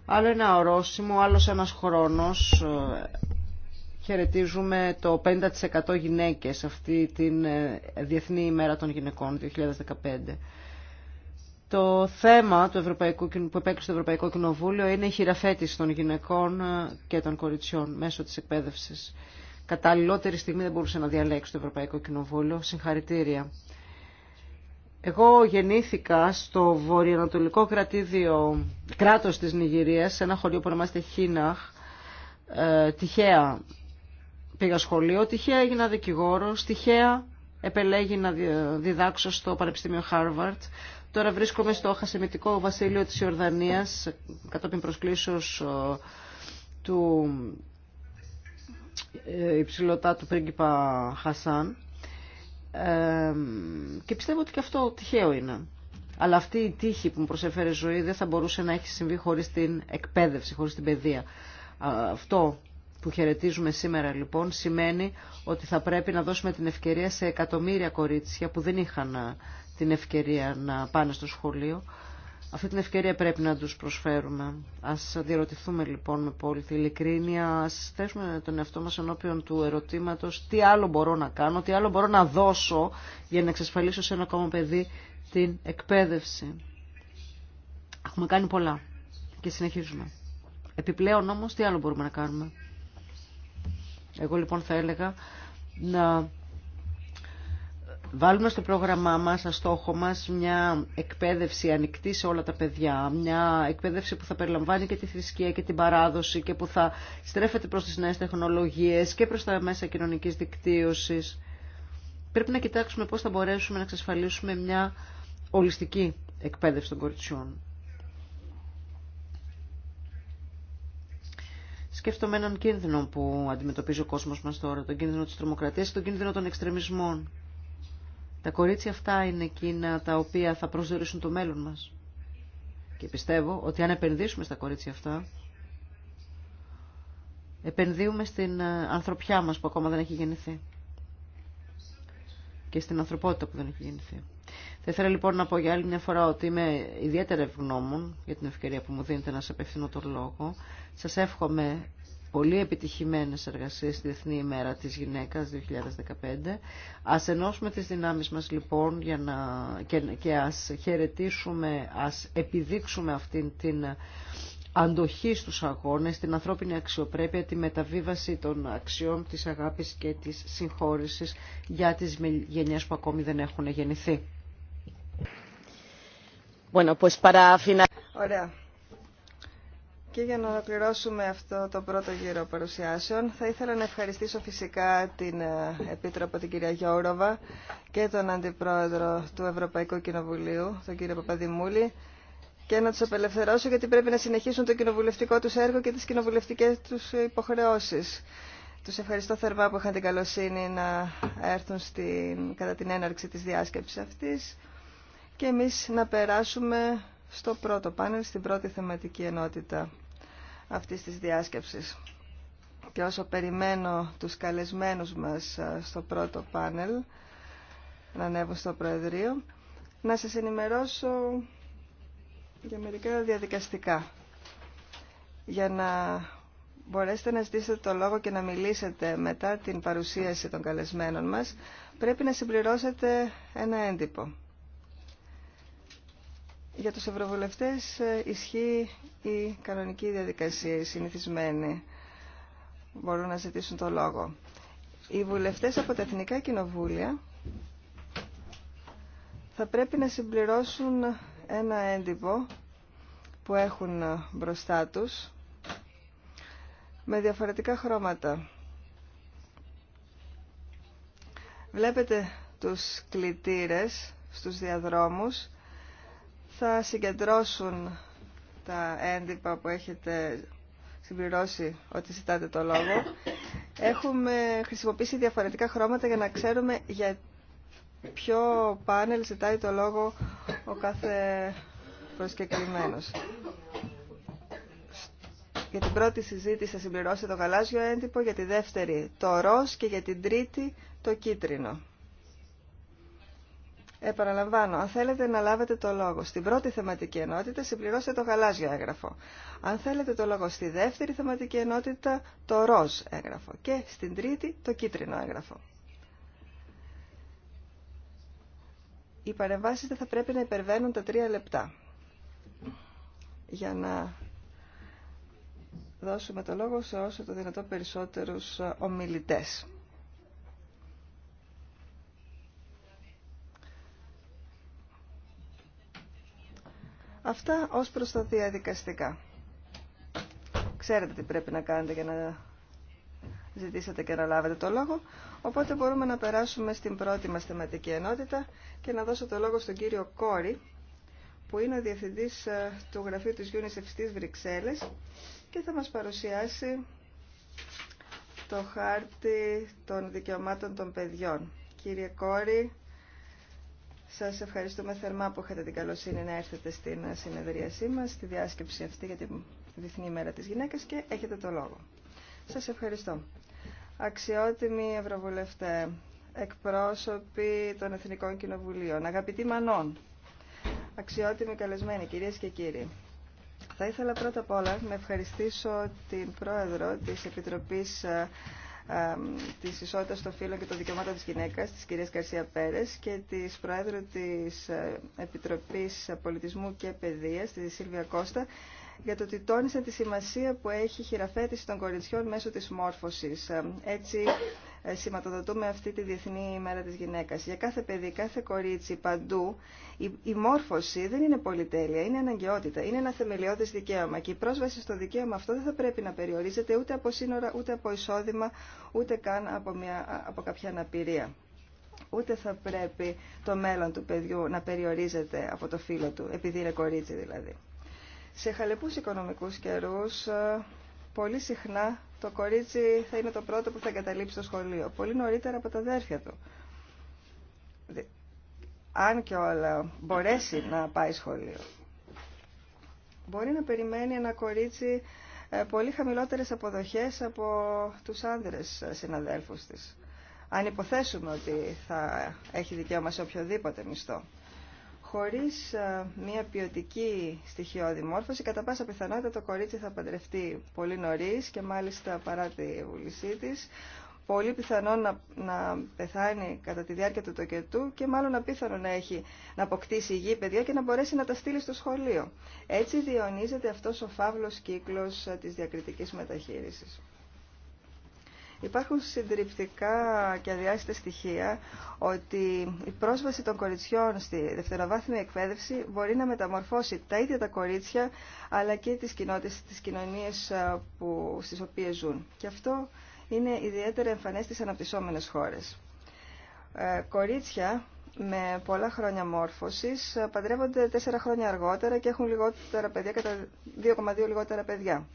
Άλλο ένα ορόσημο, άλλος ένας χρόνος. Χαιρετίζουμε το 50% γυναίκες αυτή την ε, Διεθνή ημέρα των γυναικών 2015. Το θέμα του Ευρωπαϊκού, που επέκρισε το Ευρωπαϊκό Κοινοβούλιο είναι η χειραφέτηση των γυναικών ε, και των κοριτσιών μέσω της εκπαίδευσης καταλληλότερη στιγμή δεν μπορούσε να διαλέξει το Ευρωπαϊκό Κοινοβούλιο. Συγχαρητήρια. Εγώ γεννήθηκα στο βορειοανατολικό κρατήδιο, κράτος της Νιγηρίας, σε ένα χωριό που ονομάζεται Χίναχ, ε, τυχαία πήγα σχολείο, τυχαία έγινα δικηγόρος, τυχαία επελέγει να διδάξω στο Πανεπιστήμιο Χάρβαρτ. Τώρα βρίσκομαι στο χασιμητικό βασίλειο της Ιορδανίας, κατόπιν προσκλήσεως ε, του ε, η του πρίγκιπα Χασάν ε, και πιστεύω ότι και αυτό τυχαίο είναι. Αλλά αυτή η τύχη που μου προσέφερε ζωή δεν θα μπορούσε να έχει συμβεί χωρίς την εκπαίδευση, χωρίς την παιδεία. Αυτό που χαιρετίζουμε σήμερα λοιπόν σημαίνει ότι θα πρέπει να δώσουμε την ευκαιρία σε εκατομμύρια κορίτσια που δεν είχαν ε, την ευκαιρία να πάνε στο σχολείο αυτή την ευκαιρία πρέπει να τους προσφέρουμε. Ας διαρωτηθούμε, λοιπόν με τη ειλικρίνεια, ας θέσουμε τον εαυτό μας ενώπιον του ερωτήματος τι άλλο μπορώ να κάνω, τι άλλο μπορώ να δώσω για να εξασφαλίσω σε ένα ακόμα παιδί την εκπαίδευση. Έχουμε κάνει πολλά και συνεχίζουμε. Επιπλέον όμως τι άλλο μπορούμε να κάνουμε. Εγώ λοιπόν θα έλεγα να βάλουμε στο πρόγραμμά μας, στο στόχο μας, μια εκπαίδευση ανοιχτή σε όλα τα παιδιά, μια εκπαίδευση που θα περιλαμβάνει και τη θρησκεία και την παράδοση και που θα στρέφεται προς τις νέες τεχνολογίες και προς τα μέσα κοινωνικής δικτύωσης. Πρέπει να κοιτάξουμε πώς θα μπορέσουμε να εξασφαλίσουμε μια ολιστική εκπαίδευση των κοριτσιών. Σκέφτομαι έναν κίνδυνο που αντιμετωπίζει ο κόσμος μας τώρα, τον κίνδυνο της τρομοκρατίας και τον κίνδυνο των εξτρεμισμών. Τα κορίτσια αυτά είναι εκείνα τα οποία θα προσδιορίσουν το μέλλον μας. Και πιστεύω ότι αν επενδύσουμε στα κορίτσια αυτά, επενδύουμε στην ε, ανθρωπιά μας που ακόμα δεν έχει γεννηθεί. Και στην ανθρωπότητα που δεν έχει γεννηθεί. Θα ήθελα λοιπόν να πω για άλλη μια φορά ότι είμαι ιδιαίτερα ευγνώμων για την ευκαιρία που μου δίνετε να σε απευθύνω τον λόγο. Σας εύχομαι πολύ επιτυχημένες εργασίες στη Διεθνή ημέρα της γυναίκας 2015. Ας ενώσουμε τις δυνάμεις μας λοιπόν για να... και, και ας χαιρετήσουμε, ας επιδείξουμε αυτήν την αντοχή στους αγώνες, την ανθρώπινη αξιοπρέπεια, τη μεταβίβαση των αξιών της αγάπης και της συγχώρησης για τις γενιές που ακόμη δεν έχουν γεννηθεί. Bueno, pues para final... Ωραία. Και για να ολοκληρώσουμε αυτό το πρώτο γύρο παρουσιάσεων, θα ήθελα να ευχαριστήσω φυσικά την ε, Επίτροπο την κυρία Γιώροβα και τον Αντιπρόεδρο του Ευρωπαϊκού Κοινοβουλίου, τον κύριο Παπαδημούλη, και να τους απελευθερώσω γιατί πρέπει να συνεχίσουν το κοινοβουλευτικό τους έργο και τις κοινοβουλευτικές τους υποχρεώσεις. Τους ευχαριστώ θερμά που είχαν την καλοσύνη να έρθουν στην, κατά την έναρξη της διάσκεψης αυτής και εμείς να περάσουμε στο πρώτο πάνελ, στην πρώτη θεματική ενότητα αυτής της διάσκεψης. Και όσο περιμένω τους καλεσμένους μας στο πρώτο πάνελ να ανέβουν στο Προεδρείο, να σας ενημερώσω για μερικά διαδικαστικά για να μπορέσετε να ζητήσετε το λόγο και να μιλήσετε μετά την παρουσίαση των καλεσμένων μας, πρέπει να συμπληρώσετε ένα έντυπο. Για τους ευρωβουλευτές ε, ισχύει η κανονική διαδικασία, η συνηθισμένη. Μπορούν να ζητήσουν το λόγο. Οι βουλευτές από τα Εθνικά Κοινοβούλια θα πρέπει να συμπληρώσουν ένα έντυπο που έχουν μπροστά τους με διαφορετικά χρώματα. Βλέπετε τους κλητήρες στους διαδρόμους θα συγκεντρώσουν τα έντυπα που έχετε συμπληρώσει ότι ζητάτε το λόγο. Έχουμε χρησιμοποιήσει διαφορετικά χρώματα για να ξέρουμε για ποιο πάνελ ζητάει το λόγο ο κάθε προσκεκλημένος. Για την πρώτη συζήτηση θα συμπληρώσετε το γαλάζιο έντυπο, για τη δεύτερη το ροζ και για την τρίτη το κίτρινο. Επαναλαμβάνω, αν θέλετε να λάβετε το λόγο στην πρώτη θεματική ενότητα, συμπληρώστε το γαλάζιο έγγραφο. Αν θέλετε το λόγο στη δεύτερη θεματική ενότητα, το ροζ έγγραφο. Και στην τρίτη, το κίτρινο έγγραφο. Οι παρεμβάσεις δεν θα πρέπει να υπερβαίνουν τα τρία λεπτά. Για να δώσουμε το λόγο σε όσο το δυνατό περισσότερους ομιλητές. Αυτά ως προς τα διαδικαστικά. Ξέρετε τι πρέπει να κάνετε για να ζητήσετε και να λάβετε το λόγο. Οπότε μπορούμε να περάσουμε στην πρώτη μας θεματική ενότητα και να δώσω το λόγο στον κύριο Κόρη, που είναι ο Διευθυντής ε, του Γραφείου της UNICEF στις Βρυξέλλες και θα μας παρουσιάσει το χάρτη των δικαιωμάτων των παιδιών. Κύριε Κόρη, σας ευχαριστούμε θερμά που είχατε την καλοσύνη να έρθετε στην συνεδρίασή μας, στη διάσκεψη αυτή για τη Διεθνή Μέρα της Γυναίκας και έχετε το λόγο. Σας ευχαριστώ. Αξιότιμοι Ευρωβουλευτέ, εκπρόσωποι των Εθνικών Κοινοβουλίων, αγαπητοί Μανών, αξιότιμοι καλεσμένοι, κυρίες και κύριοι. Θα ήθελα πρώτα απ' όλα να ευχαριστήσω την Πρόεδρο της Επιτροπής τη Ισότητα των Φύλων και των Δικαιωμάτων τη Γυναίκα, τη κυρία Καρσία Πέρε, και τη Προέδρου τη ε, Επιτροπή Πολιτισμού και Παιδεία, τη Σίλβια Κώστα, για το ότι τόνισαν τη σημασία που έχει η χειραφέτηση των κοριτσιών μέσω τη μόρφωση. Έτσι, ε, σηματοδοτούμε αυτή τη Διεθνή μέρα της γυναίκας. Για κάθε παιδί, κάθε κορίτσι, παντού, η, η μόρφωση δεν είναι πολυτέλεια, είναι αναγκαιότητα, είναι ένα θεμελιώδης δικαίωμα και η πρόσβαση στο δικαίωμα αυτό δεν θα πρέπει να περιορίζεται ούτε από σύνορα, ούτε από εισόδημα, ούτε καν από, μια, από κάποια αναπηρία. Ούτε θα πρέπει το μέλλον του παιδιού να περιορίζεται από το φίλο του, επειδή είναι κορίτσι δηλαδή. Σε χαλεπούς οικονομικούς καιρούς ε, πολύ συχνά το κορίτσι θα είναι το πρώτο που θα εγκαταλείψει το σχολείο, πολύ νωρίτερα από τα αδέρφια του. Αν και όλα μπορέσει να πάει σχολείο. Μπορεί να περιμένει ένα κορίτσι ε, πολύ χαμηλότερες αποδοχές από τους άνδρες ε, συναδέλφους της. Αν υποθέσουμε ότι θα έχει δικαίωμα σε οποιοδήποτε μισθό χωρίς ε, μια ποιοτική στοιχειώδη μόρφωση, κατά πάσα πιθανότητα το κορίτσι θα παντρευτεί πολύ νωρίς και μάλιστα παρά τη βουλησή της, πολύ πιθανό να, να πεθάνει κατά τη διάρκεια του τοκετού και μάλλον απίθανο να, έχει, να αποκτήσει υγιή παιδιά και να μπορέσει να τα στείλει στο σχολείο. Έτσι διαιωνίζεται αυτός ο φαύλος κύκλος ε, της διακριτικής μεταχείρισης. Υπάρχουν συντριπτικά και αδιάστητα στοιχεία ότι η πρόσβαση των κοριτσιών στη δευτεροβάθμια εκπαίδευση μπορεί να μεταμορφώσει τα ίδια τα κορίτσια αλλά και τις κοινότητες, τις κοινωνίες ε, που, στις οποίες ζουν. Και αυτό είναι ιδιαίτερα εμφανές στις αναπτυσσόμενες χώρες. Ε, κορίτσια με πολλά χρόνια μόρφωσης ε, παντρεύονται τέσσερα χρόνια αργότερα και έχουν λιγότερα παιδιά, κατά 2,2 λιγότερα παιδιά.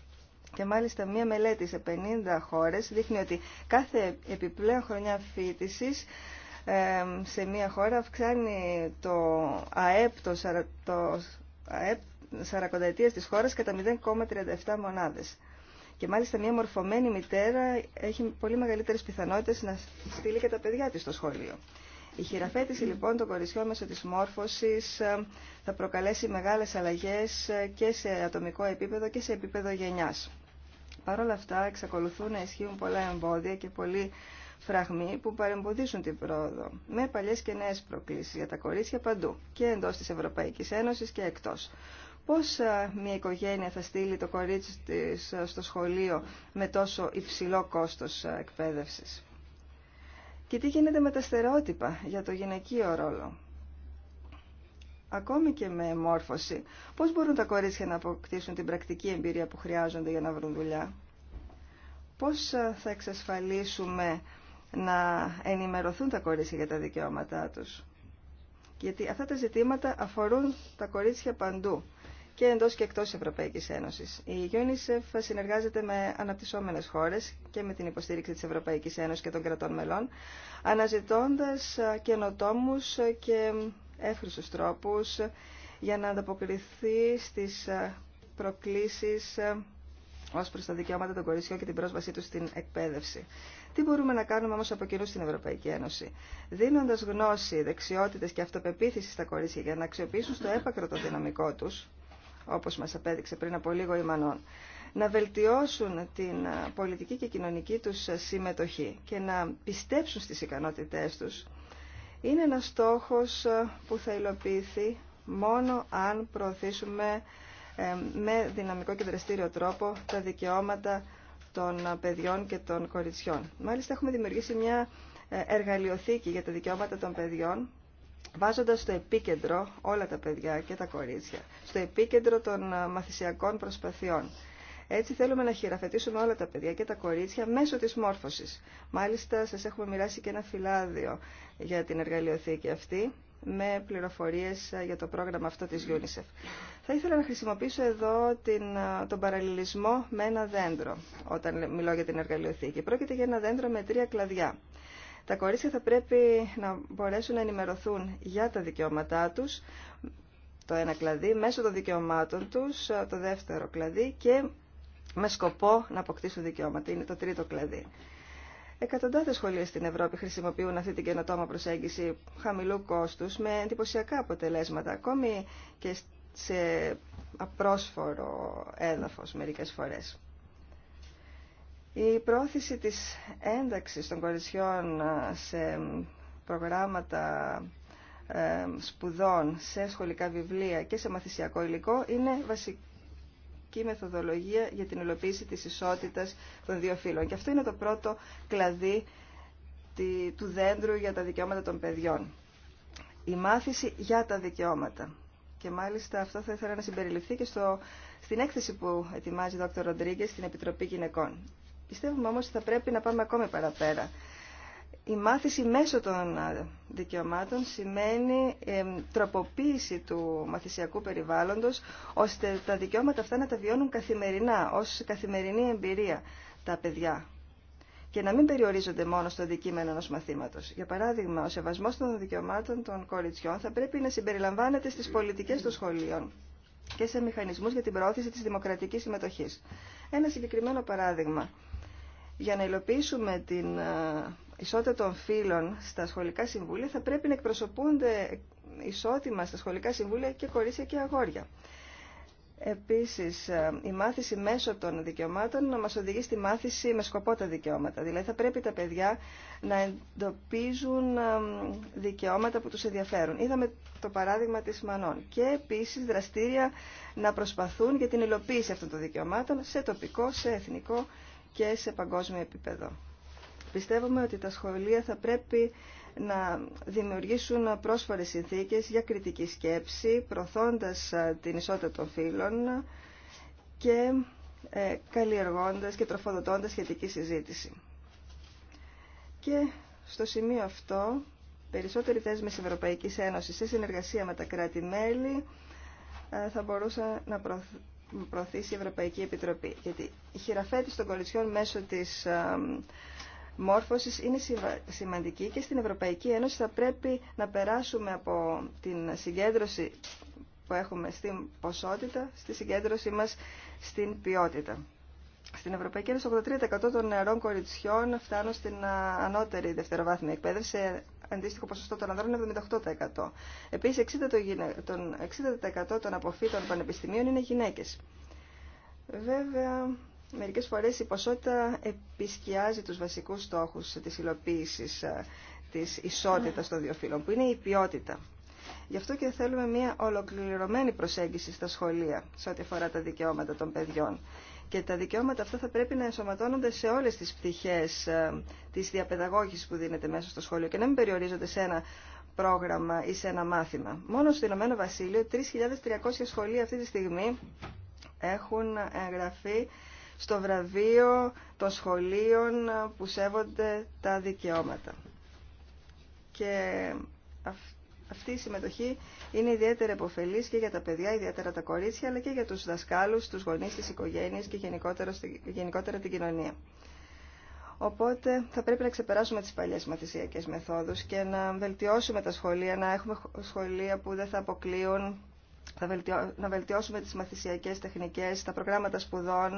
Και μάλιστα μία μελέτη σε 50 χώρες δείχνει ότι κάθε επιπλέον χρονιά φοιτησης σε μία χώρα αυξάνει το ΑΕΠ, το, το ΑΕΠ 40 ετίας της χώρας κατά 0,37 μονάδες. Και μάλιστα μια μορφωμένη μητέρα έχει πολύ μεγαλύτερες πιθανότητες να στείλει και τα παιδιά της στο σχολείο. Η χειραφέτηση λοιπόν των κορισιών μέσω τη μόρφωσης θα προκαλέσει μεγάλες αλλαγέ και σε ατομικό επίπεδο και σε επίπεδο γενιάς. Παρ' όλα αυτά εξακολουθούν να ισχύουν πολλά εμπόδια και πολλοί φραγμοί που παρεμποδίσουν την πρόοδο, με παλιές και νέες προκλήσεις για τα κορίτσια παντού, και εντός της Ευρωπαϊκής Ένωσης και εκτός. Πώς μια οικογένεια θα στείλει το κορίτσι της στο σχολείο με τόσο υψηλό κόστος εκπαίδευσης. Και τι γίνεται με τα στερεότυπα για το γυναικείο ρόλο ακόμη και με μόρφωση. Πώς μπορούν τα κορίτσια να αποκτήσουν την πρακτική εμπειρία που χρειάζονται για να βρουν δουλειά. Πώς ε, θα εξασφαλίσουμε να ενημερωθούν τα κορίτσια για τα δικαιώματά τους. Γιατί αυτά τα ζητήματα αφορούν τα κορίτσια παντού και εντός και εκτός Ευρωπαϊκής Ένωσης. Η UNICEF συνεργάζεται με αναπτυσσόμενες χώρες και με την υποστήριξη της Ευρωπαϊκής Ένωσης και των κρατών μελών, αναζητώντας ε, καινοτόμους ε, και εύχρησους τρόπους για να ανταποκριθεί στις ε, προκλήσεις ε, ως προς τα δικαιώματα των κορίσιων και την πρόσβασή τους στην εκπαίδευση. Τι μπορούμε να κάνουμε όμως από κοινού στην Ευρωπαϊκή Ένωση. Δίνοντας γνώση, δεξιότητες και αυτοπεποίθηση στα κορίτσια για να αξιοποιήσουν στο έπακρο το δυναμικό τους, όπως μας απέδειξε πριν από λίγο η Μανών, να βελτιώσουν την ε, πολιτική και κοινωνική τους συμμετοχή και να πιστέψουν στις ικανότητές τους, είναι ένας στόχος ε, που θα υλοποιηθεί μόνο αν προωθήσουμε ε, με δυναμικό και δραστήριο τρόπο τα δικαιώματα των παιδιών και των κοριτσιών. Μάλιστα έχουμε δημιουργήσει μια ε, εργαλειοθήκη για τα δικαιώματα των παιδιών βάζοντας στο επίκεντρο όλα τα παιδιά και τα κορίτσια, στο επίκεντρο των μαθησιακών προσπαθειών. Έτσι θέλουμε να χειραφετήσουμε όλα τα παιδιά και τα κορίτσια μέσω της μόρφωσης. Μάλιστα σας έχουμε μοιράσει και ένα φυλάδιο για την εργαλειοθήκη αυτή με πληροφορίες ε, για το πρόγραμμα αυτό της UNICEF. Θα ήθελα να χρησιμοποιήσω εδώ την, ε, τον παραλληλισμό με ένα δέντρο όταν μιλώ για την εργαλειοθήκη. Πρόκειται για ένα δέντρο με τρία κλαδιά. Τα κορίτσια θα πρέπει να μπορέσουν να ενημερωθούν για τα δικαιώματά τους, το ένα κλαδί, μέσω των δικαιωμάτων τους, ε, το δεύτερο κλαδί και με σκοπό να αποκτήσουν δικαιώματα. Είναι το τρίτο κλαδί. Εκατοντάδες σχολεία στην Ευρώπη χρησιμοποιούν αυτή την καινοτόμα προσέγγιση χαμηλού κόστους με εντυπωσιακά αποτελέσματα, ακόμη και σε απρόσφορο έδαφος μερικές φορές. Η πρόθεση της ένταξης των κορισιών σε προγράμματα ε, σπουδών, σε σχολικά βιβλία και σε μαθησιακό υλικό είναι βασική και μεθοδολογία για την υλοποίηση της ισότητας των δύο φύλων. Και αυτό είναι το πρώτο κλαδί του δέντρου για τα δικαιώματα των παιδιών. Η μάθηση για τα δικαιώματα. Και μάλιστα αυτό θα ήθελα να συμπεριληφθεί και στο, στην έκθεση που ετοιμάζει ο Δ. Ροντρίγκε στην Επιτροπή Γυναικών. Πιστεύουμε όμως ότι θα πρέπει να πάμε ακόμη παραπέρα η μάθηση μέσω των δικαιωμάτων σημαίνει τροποποίηση του μαθησιακού περιβάλλοντος ώστε τα δικαιώματα αυτά να τα βιώνουν καθημερινά, ως καθημερινή εμπειρία τα παιδιά και να μην περιορίζονται μόνο στο αντικείμενο ενό μαθήματο. Για παράδειγμα, ο σεβασμό των δικαιωμάτων των κοριτσιών θα πρέπει να συμπεριλαμβάνεται στι πολιτικέ των σχολείων και σε μηχανισμού για την προώθηση τη δημοκρατική συμμετοχή. Ένα συγκεκριμένο παράδειγμα. Για να υλοποιήσουμε την ισότητα των φύλων στα σχολικά συμβούλια θα πρέπει να εκπροσωπούνται ισότιμα στα σχολικά συμβούλια και κορίτσια και αγόρια. Επίσης, ε, η μάθηση μέσω των δικαιωμάτων να μας οδηγεί στη μάθηση με σκοπό τα δικαιώματα. Δηλαδή θα πρέπει τα παιδιά να εντοπίζουν ε, δικαιώματα που τους ενδιαφέρουν. Είδαμε το παράδειγμα της Μανών. Και επίσης δραστήρια να προσπαθούν για την υλοποίηση αυτών των δικαιωμάτων σε τοπικό, σε εθνικό και σε παγκόσμιο επίπεδο. Πιστεύουμε ότι τα σχολεία θα πρέπει να δημιουργήσουν πρόσφορες συνθήκες για κριτική σκέψη, προθώντας ε, την ισότητα των φύλων και ε, καλλιεργώντας και τροφοδοτώντας σχετική συζήτηση. Και στο σημείο αυτό, περισσότεροι θέσμες Ευρωπαϊκής Ένωσης σε συνεργασία με τα κράτη-μέλη ε, θα μπορούσαν να προωθήσει η Ευρωπαϊκή Επιτροπή. Γιατί η χειραφέτηση των μέσω της Μορφωση είναι σημαντική και στην Ευρωπαϊκή Ένωση θα πρέπει να περάσουμε από την συγκέντρωση που έχουμε στην ποσότητα, στη συγκέντρωσή μας στην ποιότητα. Στην Ευρωπαϊκή Ένωση 83% των νεαρών κοριτσιών φτάνουν στην ανώτερη δευτεροβάθμια εκπαίδευση, αντίστοιχο ποσοστό των ανδρών 78%. Επίσης 60% των αποφύτων πανεπιστημίων είναι γυναίκες. Βέβαια, μερικές φορές η ποσότητα επισκιάζει τους βασικούς στόχους της υλοποίησης ε, της ισότητας των δύο φύλων, που είναι η ποιότητα. Γι' αυτό και θέλουμε μια ολοκληρωμένη προσέγγιση στα σχολεία σε ό,τι αφορά τα δικαιώματα των παιδιών. Και τα δικαιώματα αυτά θα πρέπει να ενσωματώνονται σε όλες τις πτυχές ε, της διαπαιδαγώγησης που δίνεται μέσα στο σχολείο και να μην περιορίζονται σε ένα πρόγραμμα ή σε ένα μάθημα. Μόνο στο Ηνωμένο Βασίλειο 3.300 σχολεία αυτή τη στιγμή έχουν εγγραφεί στο βραβείο των σχολείων που σέβονται τα δικαιώματα. Και αυτή η συμμετοχή είναι ιδιαίτερα υποφελής και για τα παιδιά, ιδιαίτερα τα κορίτσια, αλλά και για τους δασκάλους, τους γονείς, τις οικογένειες και γενικότερα, γενικότερα την κοινωνία. Οπότε θα πρέπει να ξεπεράσουμε τις παλιές μαθησιακές μεθόδους και να βελτιώσουμε τα σχολεία, να έχουμε σχολεία που δεν θα αποκλείουν να βελτιώσουμε τις μαθησιακές τεχνικές, τα προγράμματα σπουδών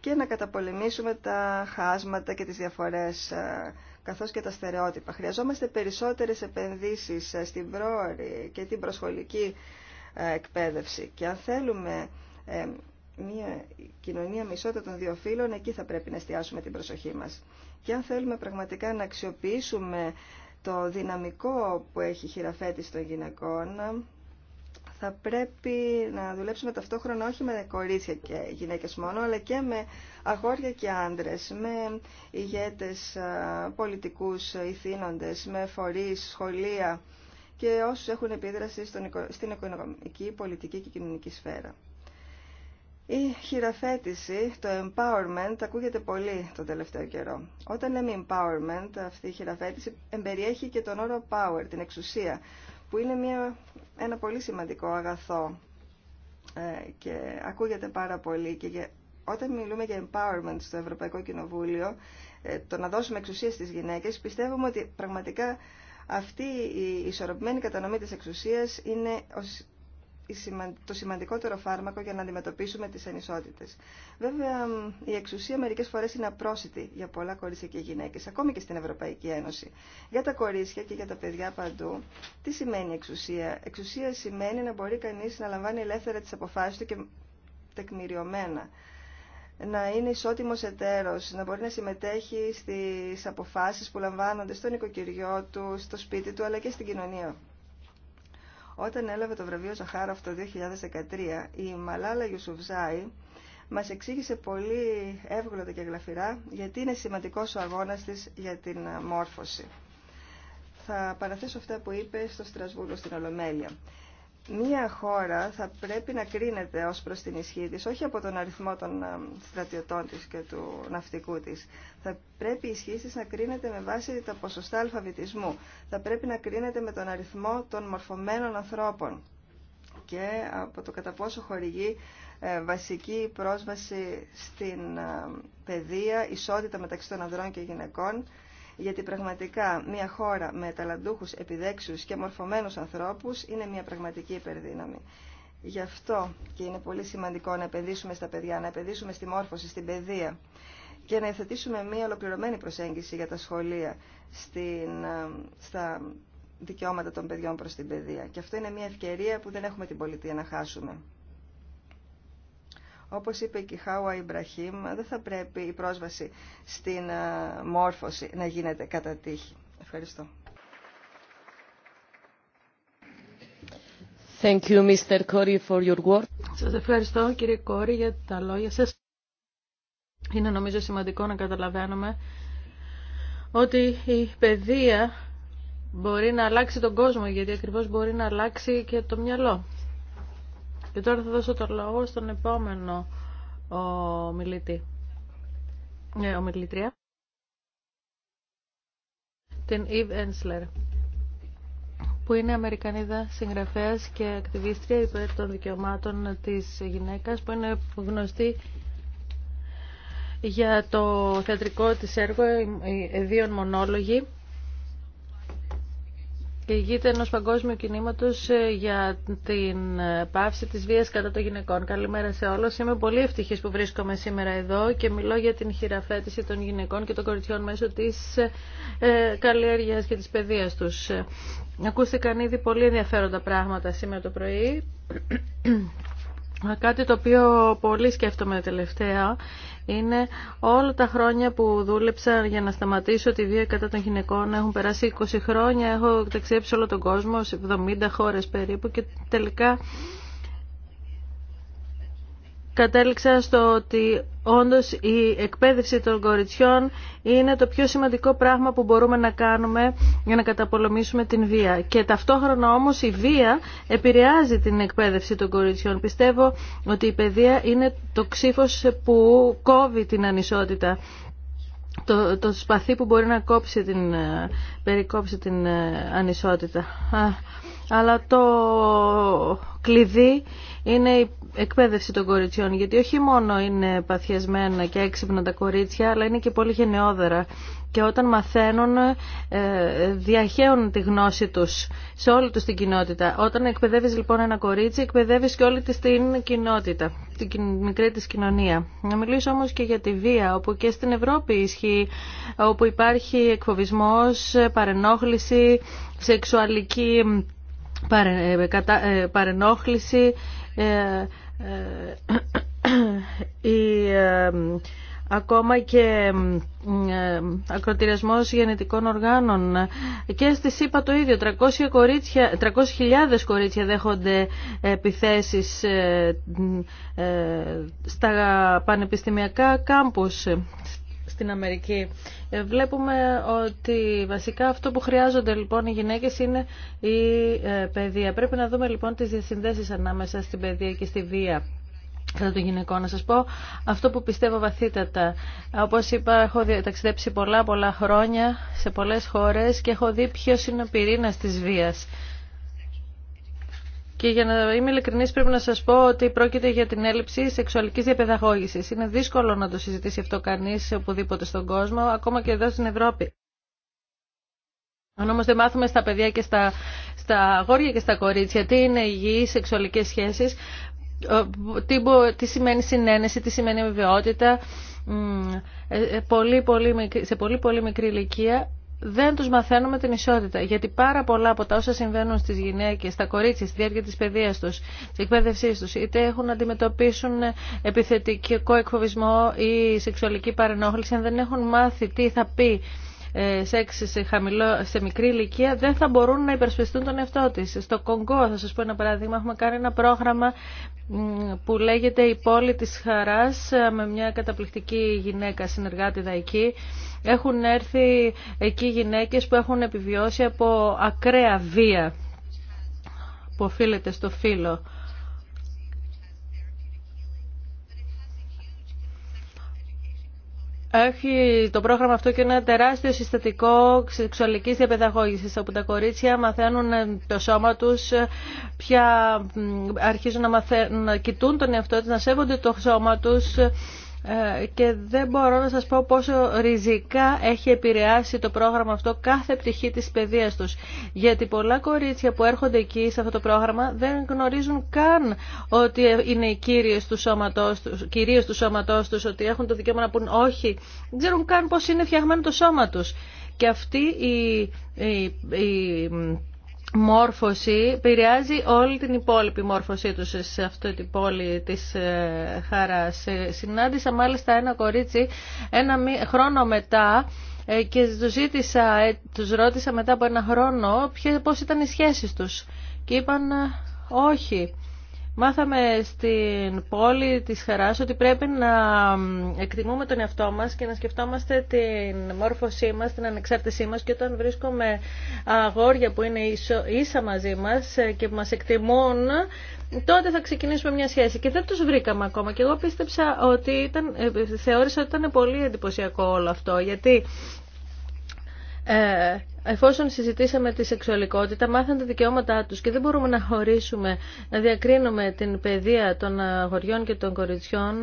και να καταπολεμήσουμε τα χάσματα και τις διαφορές ε, καθώς και τα στερεότυπα. Χρειαζόμαστε περισσότερες επενδύσεις ε, στην πρόορη και την προσχολική ε, εκπαίδευση και αν θέλουμε μια κοινωνία με ισότητα των δύο φύλων, εκεί θα πρέπει να εστιάσουμε την προσοχή μας. Και αν θέλουμε πραγματικά να αξιοποιήσουμε το δυναμικό που έχει χειραφέτηση των γυναικών, θα πρέπει να δουλέψουμε ταυτόχρονα όχι με κορίτσια και γυναίκες μόνο, αλλά και με αγόρια και άντρες, με ηγέτες, πολιτικούς, ηθήνοντες, με φορείς, σχολεία και όσους έχουν επίδραση στην οικονομική, πολιτική και κοινωνική σφαίρα. Η χειραφέτηση, το empowerment, ακούγεται πολύ τον τελευταίο καιρό. Όταν λέμε empowerment, αυτή η χειραφέτηση εμπεριέχει και τον όρο power, την εξουσία, που είναι μια, ένα πολύ σημαντικό αγαθό ε, και ακούγεται πάρα πολύ και όταν μιλούμε για empowerment στο Ευρωπαϊκό Κοινοβούλιο, ε, το να δώσουμε εξουσία στις γυναίκες, πιστεύουμε ότι πραγματικά αυτή η ισορροπημένη κατανομή της εξουσίας είναι το σημαντικότερο φάρμακο για να αντιμετωπίσουμε τις ανισότητες. Βέβαια, η εξουσία μερικές φορές είναι απρόσιτη για πολλά κορίτσια και γυναίκες, ακόμη και στην Ευρωπαϊκή Ένωση. Για τα κορίτσια και για τα παιδιά παντού, τι σημαίνει εξουσία. Εξουσία σημαίνει να μπορεί κανείς να λαμβάνει ελεύθερα τις αποφάσεις του και τεκμηριωμένα να είναι ισότιμος εταίρος, να μπορεί να συμμετέχει στις αποφάσεις που λαμβάνονται στο νοικοκυριό του, στο σπίτι του, αλλά και στην κοινωνία όταν έλαβε το βραβείο Ζαχάροφ το 2013, η Μαλάλα Ιουσουφζάη μας εξήγησε πολύ εύγλωτα και γλαφυρά γιατί είναι σημαντικός ο αγώνας της για την μόρφωση. Θα παραθέσω αυτά που είπε στο Στρασβούργο στην Ολομέλεια. Μία χώρα θα πρέπει να κρίνεται ως προς την ισχύ της, όχι από τον αριθμό των ε, στρατιωτών της και του ναυτικού της. Θα πρέπει η ισχύ της να κρίνεται με βάση τα ποσοστά αλφαβητισμού. Θα πρέπει να κρίνεται με τον αριθμό των μορφωμένων ανθρώπων και από το κατά πόσο χορηγεί ε, βασική πρόσβαση στην ε, παιδεία, ισότητα μεταξύ των ανδρών και γυναικών γιατί πραγματικά μια χώρα με ταλαντούχους επιδέξους και μορφωμένους ανθρώπους είναι μια πραγματική υπερδύναμη. Γι' αυτό και είναι πολύ σημαντικό να επενδύσουμε στα παιδιά, να επενδύσουμε στη μόρφωση, στην παιδεία και να εθετήσουμε μια ολοκληρωμένη προσέγγιση για τα σχολεία στην, ε, στα δικαιώματα των παιδιών προς την παιδεία. Και αυτό είναι μια ευκαιρία που δεν έχουμε την πολιτεία να χάσουμε. Όπως είπε και η Χάουα Ιμπραχήμ, δεν θα πρέπει η πρόσβαση στην ε, μόρφωση να γίνεται κατά τύχη. Ευχαριστώ. Thank you, Mr. for your work. Σας ευχαριστώ κύριε Κόρη για τα λόγια σας. Είναι νομίζω σημαντικό να καταλαβαίνουμε ότι η παιδεία μπορεί να αλλάξει τον κόσμο γιατί ακριβώς μπορεί να αλλάξει και το μυαλό. Και τώρα θα δώσω το λόγο στον επόμενο ομιλητή. Ε, ομιλητρία. Την Ιβ Ένσλερ, που είναι Αμερικανίδα συγγραφέας και ακτιβίστρια υπέρ των δικαιωμάτων της γυναίκας που είναι γνωστή για το θεατρικό της έργο «Δύο μονόλογοι» και ενό παγκόσμιου κινήματο ε, για την ε, πάυση τη βία κατά των γυναικών. Καλημέρα σε όλου. Είμαι πολύ ευτυχή που βρίσκομαι σήμερα εδώ και μιλώ για την χειραφέτηση των γυναικών και των κοριτσιών μέσω τη ε, καλλιέργεια και τη παιδεία του. Ακούστηκαν ήδη πολύ ενδιαφέροντα πράγματα σήμερα το πρωί Κάτι το οποίο πολύ σκέφτομαι τελευταία είναι όλα τα χρόνια που δούλεψα για να σταματήσω τη βία κατά των γυναικών. Έχουν περάσει 20 χρόνια, έχω ταξιδέψει όλο τον κόσμο, 70 χώρες περίπου και τελικά κατέληξα στο ότι όντως η εκπαίδευση των κοριτσιών είναι το πιο σημαντικό πράγμα που μπορούμε να κάνουμε για να καταπολεμήσουμε την βία. Και ταυτόχρονα όμως η βία επηρεάζει την εκπαίδευση των κοριτσιών. Πιστεύω ότι η παιδεία είναι το ξύφος που κόβει την ανισότητα. Το, το σπαθί που μπορεί να κόψει την, ε, περικόψει την ε, ανισότητα. Αλλά το κλειδί είναι η εκπαίδευση των κοριτσιών, γιατί όχι μόνο είναι παθιασμένα και έξυπνα τα κορίτσια, αλλά είναι και πολύ γενναιόδερα. Και όταν μαθαίνουν, ε, διαχέουν τη γνώση τους σε όλη τους την κοινότητα. Όταν εκπαιδεύεις λοιπόν ένα κορίτσι, εκπαιδεύεις και όλη τη την κοινότητα, την μικρή της κοινωνία. Να μιλήσω όμως και για τη βία, όπου και στην Ευρώπη ισχύει, όπου υπάρχει εκφοβισμός, παρενόχληση, σεξουαλική ε, ε, παρενόχληση ε, ε, ε, ακόμα και ακροτηριασμός γενετικών οργάνων και στη ΣΥΠΑ το ίδιο 300.000 κορίτσια, κορίτσια δέχονται επιθέσεις στα πανεπιστημιακά κάμπους στην Αμερική. Ε, βλέπουμε ότι βασικά αυτό που χρειάζονται λοιπόν οι γυναίκες είναι η ε, παιδεία. Πρέπει να δούμε λοιπόν τις διασυνδέσεις ανάμεσα στην παιδεία και στη βία κατά το γυναικών. Να σας πω αυτό που πιστεύω βαθύτατα. Όπως είπα, έχω ταξιδέψει πολλά πολλά χρόνια σε πολλές χώρες και έχω δει ποιος είναι ο πυρήνας της βίας. Και για να είμαι ειλικρινή, πρέπει να σας πω ότι πρόκειται για την έλλειψη σεξουαλικής διαπαιδαγώγηση. Είναι δύσκολο να το συζητήσει αυτό κανείς οπουδήποτε στον κόσμο, ακόμα και εδώ στην Ευρώπη. Αν όμω δεν μάθουμε στα παιδιά και στα, στα αγόρια και στα κορίτσια τι είναι υγιεί σεξουαλικές σχέσεις, τι, τι σημαίνει συνένεση, τι σημαίνει βεβαιότητα ε, ε, σε πολύ πολύ μικρή ηλικία δεν τους μαθαίνουμε την ισότητα. Γιατί πάρα πολλά από τα όσα συμβαίνουν στις γυναίκες, στα κορίτσια, στη διάρκεια της παιδείας τους, της εκπαίδευσής τους, είτε έχουν να αντιμετωπίσουν επιθετικό εκφοβισμό ή σεξουαλική παρενόχληση, αν δεν έχουν μάθει τι θα πει ε, σεξ σε, χαμηλό, σε μικρή ηλικία δεν θα μπορούν να υπερασπιστούν τον εαυτό τη. Στο Κονγκό, θα σα πω ένα παράδειγμα, έχουμε κάνει ένα πρόγραμμα που λέγεται «Η πόλη της χαράς» ε, με μια καταπληκτική γυναίκα συνεργάτη δαϊκή. Έχουν έρθει εκεί γυναίκες που έχουν επιβιώσει από ακραία βία που οφείλεται στο φύλλο. έχει το πρόγραμμα αυτό και ένα τεράστιο συστατικό σεξουαλικής διαπαιδαγώγησης όπου τα κορίτσια μαθαίνουν ε, το σώμα τους, ε, πια αρχίζουν να, μαθαίνουν, να κοιτούν τον εαυτό τους, να σέβονται το σώμα τους, ε, ε, και δεν μπορώ να σας πω πόσο ριζικά έχει επηρεάσει το πρόγραμμα αυτό κάθε πτυχή της παιδείας τους. Γιατί πολλά κορίτσια που έρχονται εκεί σε αυτό το πρόγραμμα δεν γνωρίζουν καν ότι είναι οι κύριες του σώματός τους, του σώματός τους, ότι έχουν το δικαίωμα να πούν όχι. Δεν ξέρουν καν πώς είναι φτιαγμένο το σώμα τους. Και αυτή η, η μόρφωση επηρεάζει όλη την υπόλοιπη μόρφωσή τους σε αυτή την πόλη της ε, χαράς. Ε, συνάντησα μάλιστα ένα κορίτσι ένα χρόνο μετά ε, και τους, ζήτησα, τους ρώτησα μετά από ένα χρόνο ποιες, πώς ήταν οι σχέσεις τους και είπαν όχι. Μάθαμε στην πόλη της Χαράς ότι πρέπει να εκτιμούμε τον εαυτό μας και να σκεφτόμαστε την μόρφωσή μας, την ανεξάρτησή μας και όταν βρίσκουμε αγόρια που είναι ίσα μαζί μας και που μας εκτιμούν, τότε θα ξεκινήσουμε μια σχέση. Και δεν τους βρήκαμε ακόμα. Και εγώ πίστεψα ότι ήταν, ε, θεώρησα ότι ήταν πολύ εντυπωσιακό όλο αυτό, γιατί ε, εφόσον συζητήσαμε τη σεξουαλικότητα, μάθαν τα δικαιώματά τους και δεν μπορούμε να χωρίσουμε, να διακρίνουμε την παιδεία των αγοριών και των κοριτσιών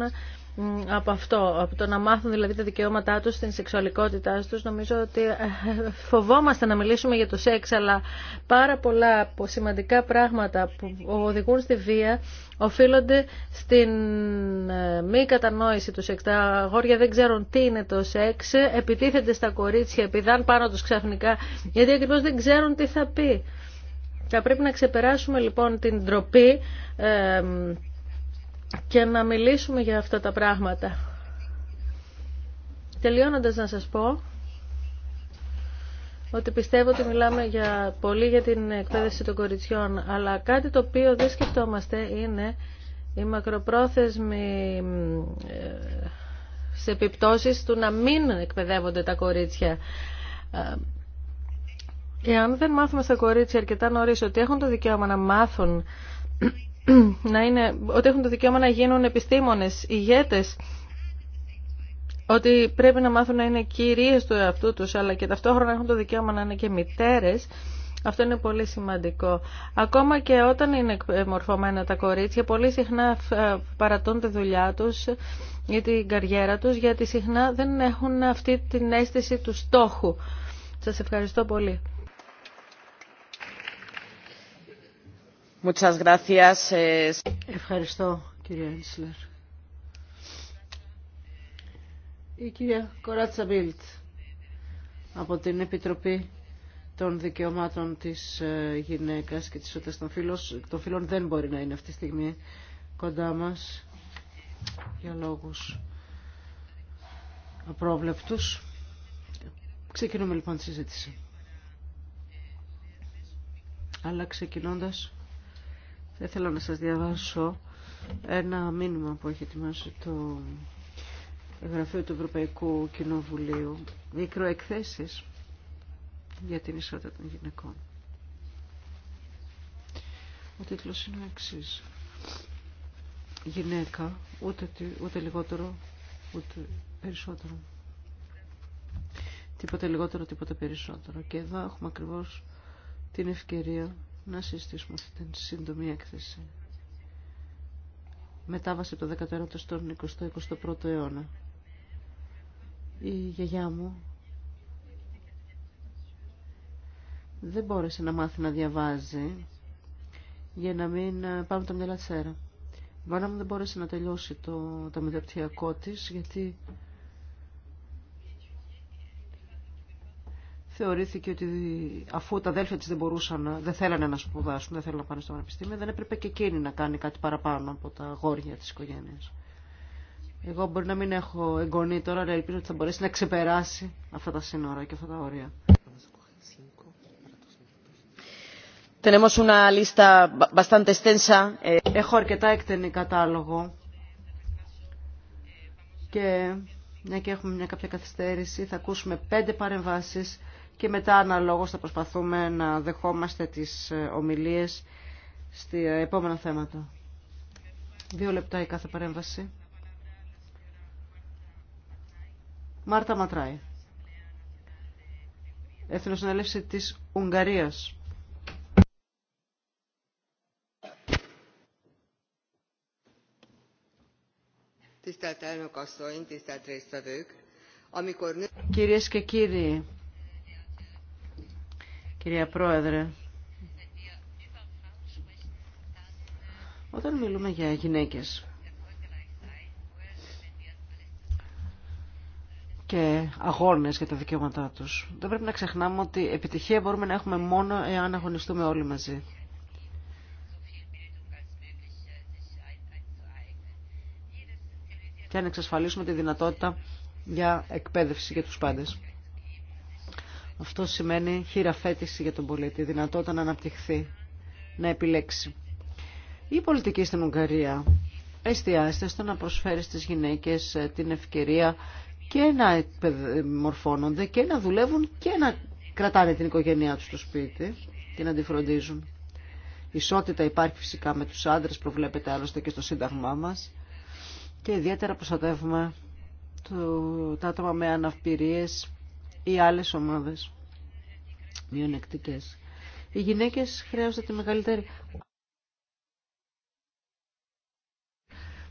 από αυτό, από το να μάθουν δηλαδή τα δικαιώματά τους, την σεξουαλικότητά τους. Νομίζω ότι ε, φοβόμαστε να μιλήσουμε για το σεξ, αλλά πάρα πολλά σημαντικά πράγματα που οδηγούν στη βία οφείλονται στην ε, μη κατανόηση του σεξ. Τα αγόρια δεν ξέρουν τι είναι το σεξ, επιτίθενται στα κορίτσια, επιδάν πάνω τους ξαφνικά, γιατί ακριβώς δεν ξέρουν τι θα πει. Θα πρέπει να ξεπεράσουμε λοιπόν την ντροπή και να μιλήσουμε για αυτά τα πράγματα. Τελειώνοντας να σας πω ότι πιστεύω ότι μιλάμε για πολύ για την εκπαίδευση των κοριτσιών, αλλά κάτι το οποίο δεν σκεφτόμαστε είναι οι μακροπρόθεσμοι ε, σε επιπτώσεις του να μην εκπαιδεύονται τα κορίτσια. Ε, εάν δεν μάθουμε στα κορίτσια αρκετά νωρί ότι έχουν το δικαίωμα να μάθουν, *clears throat* να είναι, ότι έχουν το δικαίωμα να γίνουν επιστήμονες, ηγέτες, ότι πρέπει να μάθουν να είναι κυρίες του εαυτού τους, αλλά και ταυτόχρονα έχουν το δικαίωμα να είναι και μητέρες, αυτό είναι πολύ σημαντικό. Ακόμα και όταν είναι μορφωμένα τα κορίτσια, πολύ συχνά ε, παρατούν τη δουλειά τους ή την καριέρα τους, γιατί συχνά δεν έχουν αυτή την αίσθηση του στόχου. Σας ευχαριστώ πολύ. Ε, ευχαριστώ, κύριε Ισλερ. η κυρία Κοράτσα Μπίλτ από την Επιτροπή των Δικαιωμάτων της ε, Γυναίκας και της Ότας των, των Φίλων δεν μπορεί να είναι αυτή τη στιγμή κοντά μας για λόγους απρόβλεπτους. Ξεκινούμε λοιπόν τη συζήτηση. Αλλά ξεκινώντας θα ήθελα να σας διαβάσω ένα μήνυμα που έχει ετοιμάσει το Γραφείο του Ευρωπαϊκού Κοινοβουλίου μικροεκθέσεις για την ισότητα των γυναικών. Ο τίτλος είναι ο εξής. Γυναίκα, ούτε, ούτε λιγότερο, ούτε περισσότερο. Τίποτε λιγότερο, τίποτε περισσότερο. Και εδώ έχουμε ακριβώς την ευκαιρία να συστήσουμε αυτή την σύντομη έκθεση. Μετάβαση από το 19ο στον 20ο 21ο αιώνα. Η γιαγιά μου δεν μπόρεσε να μάθει να διαβάζει για να μην ε, πάμε τα μυαλά της αέρα. Η μάνα μου δεν μπόρεσε να τελειώσει το, το μεταπτυχιακό της γιατί θεωρήθηκε ότι αφού τα αδέλφια της δεν μπορούσαν, δεν θέλανε να σπουδάσουν, δεν θέλανε να πάνε στο πανεπιστήμιο, δεν έπρεπε και εκείνη να κάνει κάτι παραπάνω από τα γόρια της οικογένειας. Εγώ μπορεί να μην έχω εγγονή τώρα, αλλά ελπίζω ότι θα μπορέσει να ξεπεράσει αυτά τα σύνορα και αυτά τα όρια. Eh. Έχω αρκετά εκτενή κατάλογο και μια και έχουμε μια κάποια καθυστέρηση θα ακούσουμε πέντε παρεμβάσεις και μετά αναλόγως θα προσπαθούμε να δεχόμαστε τις ε, ομιλίες στα ε, επόμενα θέματα. Δύο λεπτά η κάθε παρέμβαση. Μάρτα Ματράη. Εθνοσυνέλευση της Ουγγαρίας. Κυρίες και κύριοι, κυρία Πρόεδρε, όταν μιλούμε για γυναίκες και αγώνες για τα δικαιώματά τους. Δεν πρέπει να ξεχνάμε ότι επιτυχία μπορούμε να έχουμε μόνο εάν αγωνιστούμε όλοι μαζί. Και αν εξασφαλίσουμε τη δυνατότητα για εκπαίδευση για τους πάντες. Αυτό σημαίνει χειραφέτηση για τον πολίτη, δυνατότητα να αναπτυχθεί, να επιλέξει. Η πολιτική στην Ουγγαρία εστιάζεται στο να προσφέρει στις γυναίκες ε, την ευκαιρία και να μορφώνονται και να δουλεύουν και να κρατάνε την οικογένειά τους στο σπίτι και να τη φροντίζουν. Ισότητα υπάρχει φυσικά με τους άντρες, προβλέπεται άλλωστε και στο σύνταγμά μας και ιδιαίτερα προστατεύουμε το, τα άτομα με αναυπηρίες ή άλλες ομάδες μειονεκτικές. Οι γυναίκες χρειάζονται τη μεγαλύτερη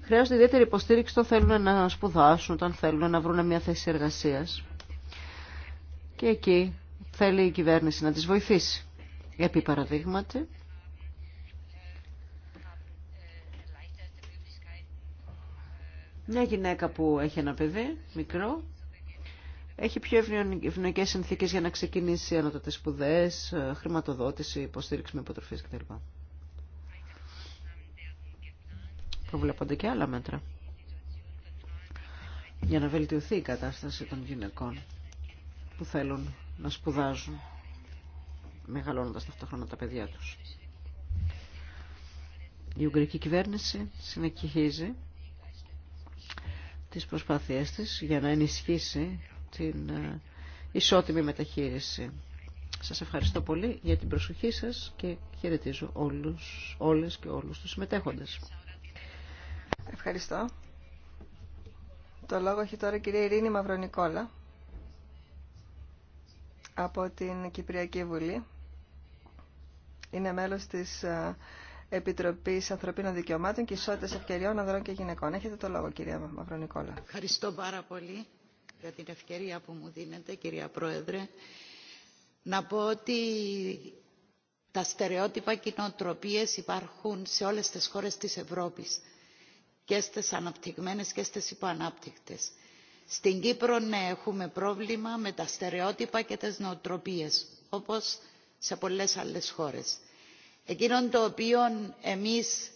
χρειάζονται ιδιαίτερη υποστήριξη όταν θέλουν να σπουδάσουν, όταν θέλουν να βρουν μια θέση εργασία. Και εκεί θέλει η κυβέρνηση να τις βοηθήσει. Επί παραδείγματι, μια γυναίκα που έχει ένα παιδί μικρό, έχει πιο ευνοϊκέ συνθήκε για να ξεκινήσει ανώτατε σπουδέ, ε, χρηματοδότηση, υποστήριξη με υποτροφίε κτλ. προβλέπονται και άλλα μέτρα για να βελτιωθεί η κατάσταση των γυναικών που θέλουν να σπουδάζουν μεγαλώνοντας ταυτόχρονα τα παιδιά τους. Η Ουγγρική κυβέρνηση συνεχίζει τις προσπάθειές της για να ενισχύσει την ε, ισότιμη μεταχείριση. Σας ευχαριστώ πολύ για την προσοχή σας και χαιρετίζω όλους, όλες και όλους τους συμμετέχοντες. Ευχαριστώ. Το λόγο έχει τώρα η κυρία Ειρήνη Μαυρονικόλα από την Κυπριακή Βουλή. Είναι μέλος της ε, Επιτροπής Ανθρωπίνων Δικαιωμάτων και Ισότητας Ευκαιριών Ανδρών και Γυναικών. Έχετε το λόγο κυρία Μαυρονικόλα. Ευχαριστώ πάρα πολύ για την ευκαιρία που μου δίνετε κυρία Πρόεδρε. Να πω ότι τα στερεότυπα κοινοτροπίες υπάρχουν σε όλες τις χώρες της Ευρώπης και στις αναπτυγμένες και στις υποανάπτυκτες. Στην Κύπρο, ναι, έχουμε πρόβλημα με τα στερεότυπα και τις νοοτροπίες, όπως σε πολλές άλλες χώρες. Εκείνο το οποίο εμείς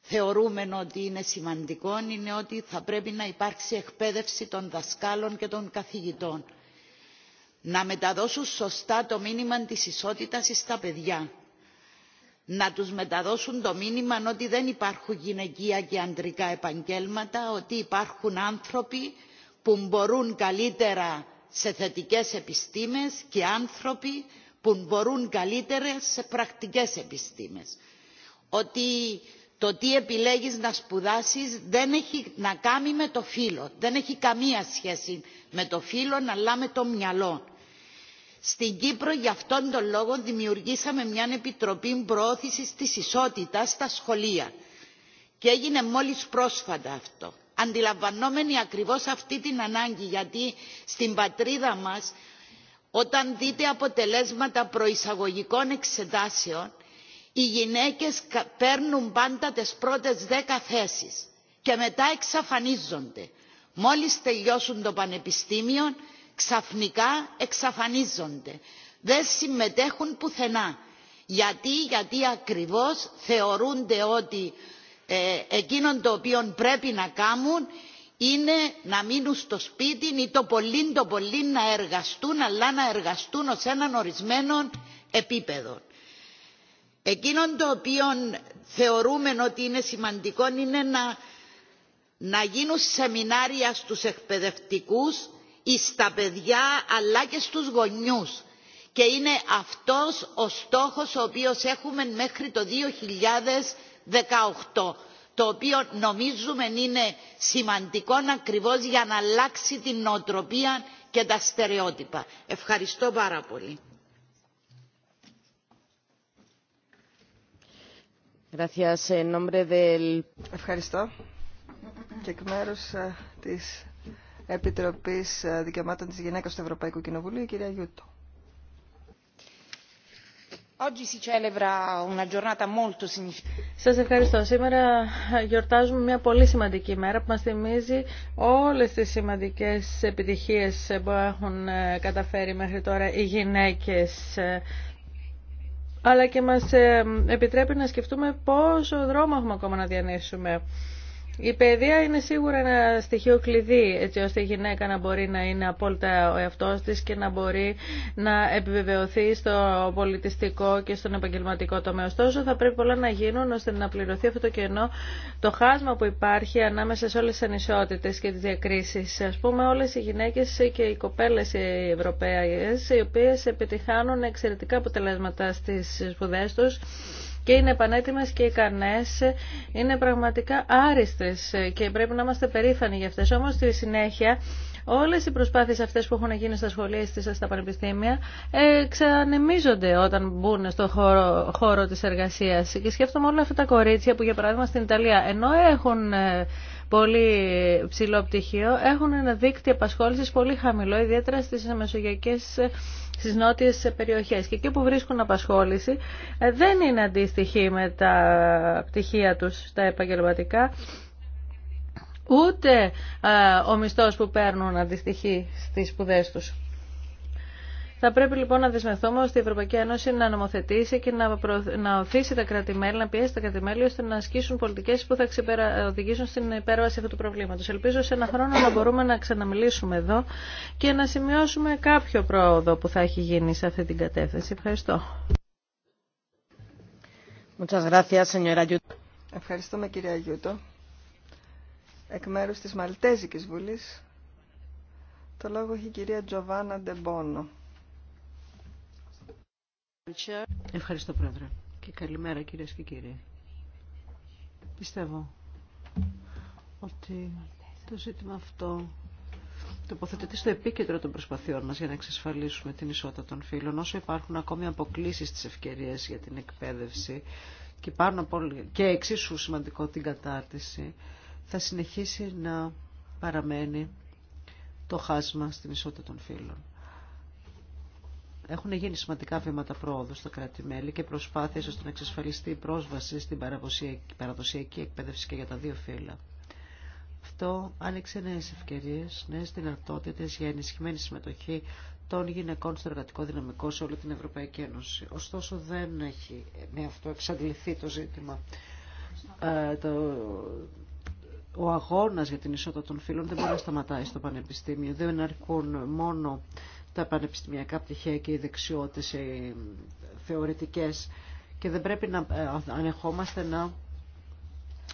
θεωρούμε ότι είναι σημαντικό είναι ότι θα πρέπει να υπάρξει εκπαίδευση των δασκάλων και των καθηγητών. Να μεταδώσουν σωστά το μήνυμα της ισότητας στα παιδιά να τους μεταδώσουν το μήνυμα ότι δεν υπάρχουν γυναικεία και ανδρικά επαγγέλματα, ότι υπάρχουν άνθρωποι που μπορούν καλύτερα σε θετικές επιστήμες και άνθρωποι που μπορούν καλύτερα σε πρακτικές επιστήμες. Ότι το τι επιλέγεις να σπουδάσεις δεν έχει να κάνει με το φύλλο, δεν έχει καμία σχέση με το φύλλο αλλά με το μυαλό. Στην Κύπρο γι' αυτόν τον λόγο δημιουργήσαμε μια επιτροπή προώθησης της ισότητας στα σχολεία. Και έγινε μόλις πρόσφατα αυτό. Αντιλαμβανόμενοι ακριβώς αυτή την ανάγκη, γιατί στην πατρίδα μας όταν δείτε αποτελέσματα προεισαγωγικών εξετάσεων, οι γυναίκες παίρνουν πάντα τις πρώτες δέκα θέσεις και μετά εξαφανίζονται. Μόλις τελειώσουν το πανεπιστήμιο, ξαφνικά εξαφανίζονται. Δεν συμμετέχουν πουθενά. Γιατί, γιατί ακριβώς θεωρούνται ότι ε, εκείνο το οποίο πρέπει να κάνουν είναι να μείνουν στο σπίτι ή το πολύ το πολύ να εργαστούν αλλά να εργαστούν ως έναν ορισμένο επίπεδο. Εκείνο το οποίο θεωρούμε ότι είναι σημαντικό είναι να, να γίνουν σεμινάρια στους εκπαιδευτικούς στα παιδιά αλλά και στους γονιούς. Και είναι αυτός ο στόχος ο οποίος έχουμε μέχρι το 2018 το οποίο νομίζουμε είναι σημαντικό ακριβώς για να αλλάξει την νοοτροπία και τα στερεότυπα. Ευχαριστώ πάρα πολύ. Ευχαριστώ. Και ε, της Επιτροπής Δικαιωμάτων της Γυναίκας του Ευρωπαϊκού Κοινοβουλίου, η κυρία Γιούτο. Σας ευχαριστώ. Σήμερα γιορτάζουμε μια πολύ σημαντική μέρα που μας θυμίζει όλες τις σημαντικές επιτυχίες που έχουν ε, καταφέρει μέχρι τώρα οι γυναίκες αλλά και μας ε, επιτρέπει να σκεφτούμε πόσο δρόμο έχουμε ακόμα να διανύσουμε. Η παιδεία είναι σίγουρα ένα στοιχείο κλειδί έτσι ώστε η γυναίκα να μπορεί να είναι απόλυτα ο εαυτό τη και να μπορεί να επιβεβαιωθεί στο πολιτιστικό και στον επαγγελματικό τομέα. Ωστόσο θα πρέπει πολλά να γίνουν ώστε να πληρωθεί αυτό το κενό, το χάσμα που υπάρχει ανάμεσα σε όλες τις ανισότητε και τι διακρίσει, α πούμε όλε οι γυναίκε και οι κοπέλε οι Ευρωπαίε, οι οποίε επιτυχάνουν εξαιρετικά αποτελέσματα στι σπουδέ του και είναι πανέτοιμες και ικανές, είναι πραγματικά άριστες και πρέπει να είμαστε περήφανοι για αυτές. Όμως στη συνέχεια όλες οι προσπάθειες αυτές που έχουν γίνει στα σχολεία ή στα πανεπιστήμια ε, ξανεμίζονται όταν μπουν στο χώρο, χώρο της εργασίας. Και σκέφτομαι όλα αυτά τα κορίτσια που για παράδειγμα στην Ιταλία ενώ έχουν ε, πολύ ψηλό πτυχίο έχουν ένα δίκτυο απασχόλησης πολύ χαμηλό, ιδιαίτερα στις μεσογειακές ε, στις νότιες περιοχές και εκεί που βρίσκουν απασχόληση ε, δεν είναι αντίστοιχη με τα πτυχία τους τα επαγγελματικά ούτε ε, ο μισθός που παίρνουν αντιστοιχεί στις σπουδές τους. Θα πρέπει λοιπόν να δεσμευτούμε ώστε η Ευρωπαϊκή Ένωση να νομοθετήσει και να, προ... να οθήσει τα κράτη-μέλη, να πιέσει τα κρατη ώστε να ασκήσουν πολιτικέ που θα οδηγήσουν στην υπέρβαση αυτού του προβλήματο. Ελπίζω σε ένα χρόνο να μπορούμε να ξαναμιλήσουμε εδώ και να σημειώσουμε κάποιο πρόοδο που θα έχει γίνει σε αυτή την κατεύθυνση. Ευχαριστώ. Ευχαριστούμε κυρία Γιούτο. Εκ μέρου τη Μαλτέζικη Βουλή, το λόγο έχει η κυρία Τζοβάνα Ντεμπόνο. Ευχαριστώ πρόεδρε και καλημέρα κυρίες και κύριοι. Πιστεύω ότι το ζήτημα αυτό τοποθετείται στο επίκεντρο των προσπαθειών μας για να εξασφαλίσουμε την ισότητα των φύλων όσο υπάρχουν ακόμη αποκλήσεις στις ευκαιρίες για την εκπαίδευση και, πάνω από, και εξίσου σημαντικό την κατάρτιση θα συνεχίσει να παραμένει το χάσμα στην ισότητα των φύλων. Έχουν γίνει σημαντικά βήματα πρόοδου στα κράτη-μέλη και προσπάθειες ώστε να εξασφαλιστεί η πρόσβαση στην παραδοσιακή εκπαίδευση και για τα δύο φύλλα. Αυτό άνοιξε νέες ευκαιρίες, νέες δυνατότητες για ενισχυμένη συμμετοχή των γυναικών στο εργατικό δυναμικό σε όλη την Ευρωπαϊκή Ένωση. Ωστόσο δεν έχει με αυτό εξαντληθεί το ζήτημα. Ε, το, ο αγώνας για την ισότητα των φύλων δεν μπορεί να σταματάει στο πανεπιστήμιο. Δεν αρκούν μόνο τα πανεπιστημιακά πτυχία και οι δεξιότητες οι θεωρητικές και δεν πρέπει να ε, ανεχόμαστε να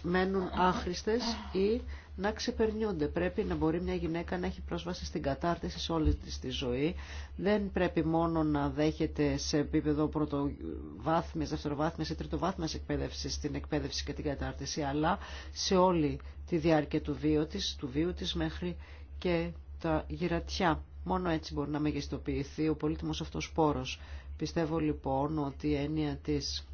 μένουν άχρηστες ή να ξεπερνιούνται. Πρέπει να μπορεί μια γυναίκα να έχει πρόσβαση στην κατάρτιση σε όλη της τη ζωή. Δεν πρέπει μόνο να δέχεται σε επίπεδο πρωτοβάθμιας, δευτεροβάθμιας ή τριτοβάθμιας εκπαίδευση στην εκπαίδευση και την κατάρτιση, αλλά σε όλη τη διάρκεια του βίου της, του βίου της μέχρι και τα γυρατιά. Μόνο έτσι μπορεί να μεγιστοποιηθεί ο πολύτιμος αυτός πόρος. Πιστεύω λοιπόν ότι η έννοια της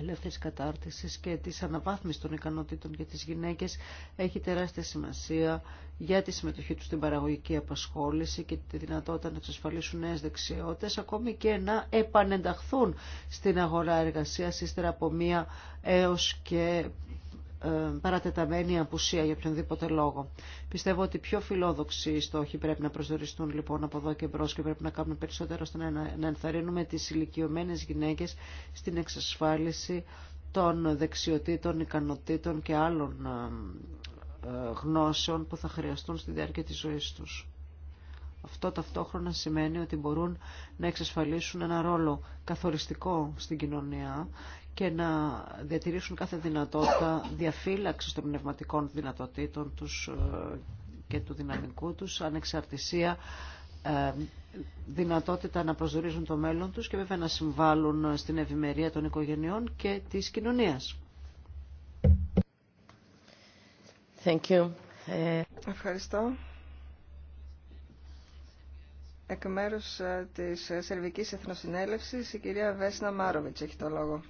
ελεύθερης κατάρτισης και της αναβάθμισης των ικανότητων για τις γυναίκες έχει τεράστια σημασία για τη συμμετοχή τους στην παραγωγική απασχόληση και τη δυνατότητα να εξασφαλίσουν νέε δεξιότητες, ακόμη και να επανενταχθούν στην αγορά εργασίας ύστερα από μία έως και ε, παρατεταμένη απουσία για οποιονδήποτε λόγο. Πιστεύω ότι πιο φιλόδοξοι στόχοι πρέπει να προσδιοριστούν λοιπόν από εδώ και μπρο και πρέπει να κάνουμε περισσότερο ώστε να ενθαρρύνουμε τι ηλικιωμένε γυναίκε στην εξασφάλιση των δεξιοτήτων, ικανοτήτων και άλλων ε, ε, γνώσεων που θα χρειαστούν στη διάρκεια της ζωής τους. Αυτό ταυτόχρονα σημαίνει ότι μπορούν να εξασφαλίσουν ένα ρόλο καθοριστικό στην κοινωνία και να διατηρήσουν κάθε δυνατότητα διαφύλαξης των πνευματικών δυνατοτήτων τους ε, και του δυναμικού τους, ανεξαρτησία, ε, δυνατότητα να προσδορίζουν το μέλλον τους και βέβαια να συμβάλλουν στην ευημερία των οικογενειών και της κοινωνίας. Thank you. Ε, Ευχαριστώ. Εκ μέρους της Σερβικής Εθνοσυνέλευσης, η κυρία Βέσνα Μάροβιτς έχει το λόγο.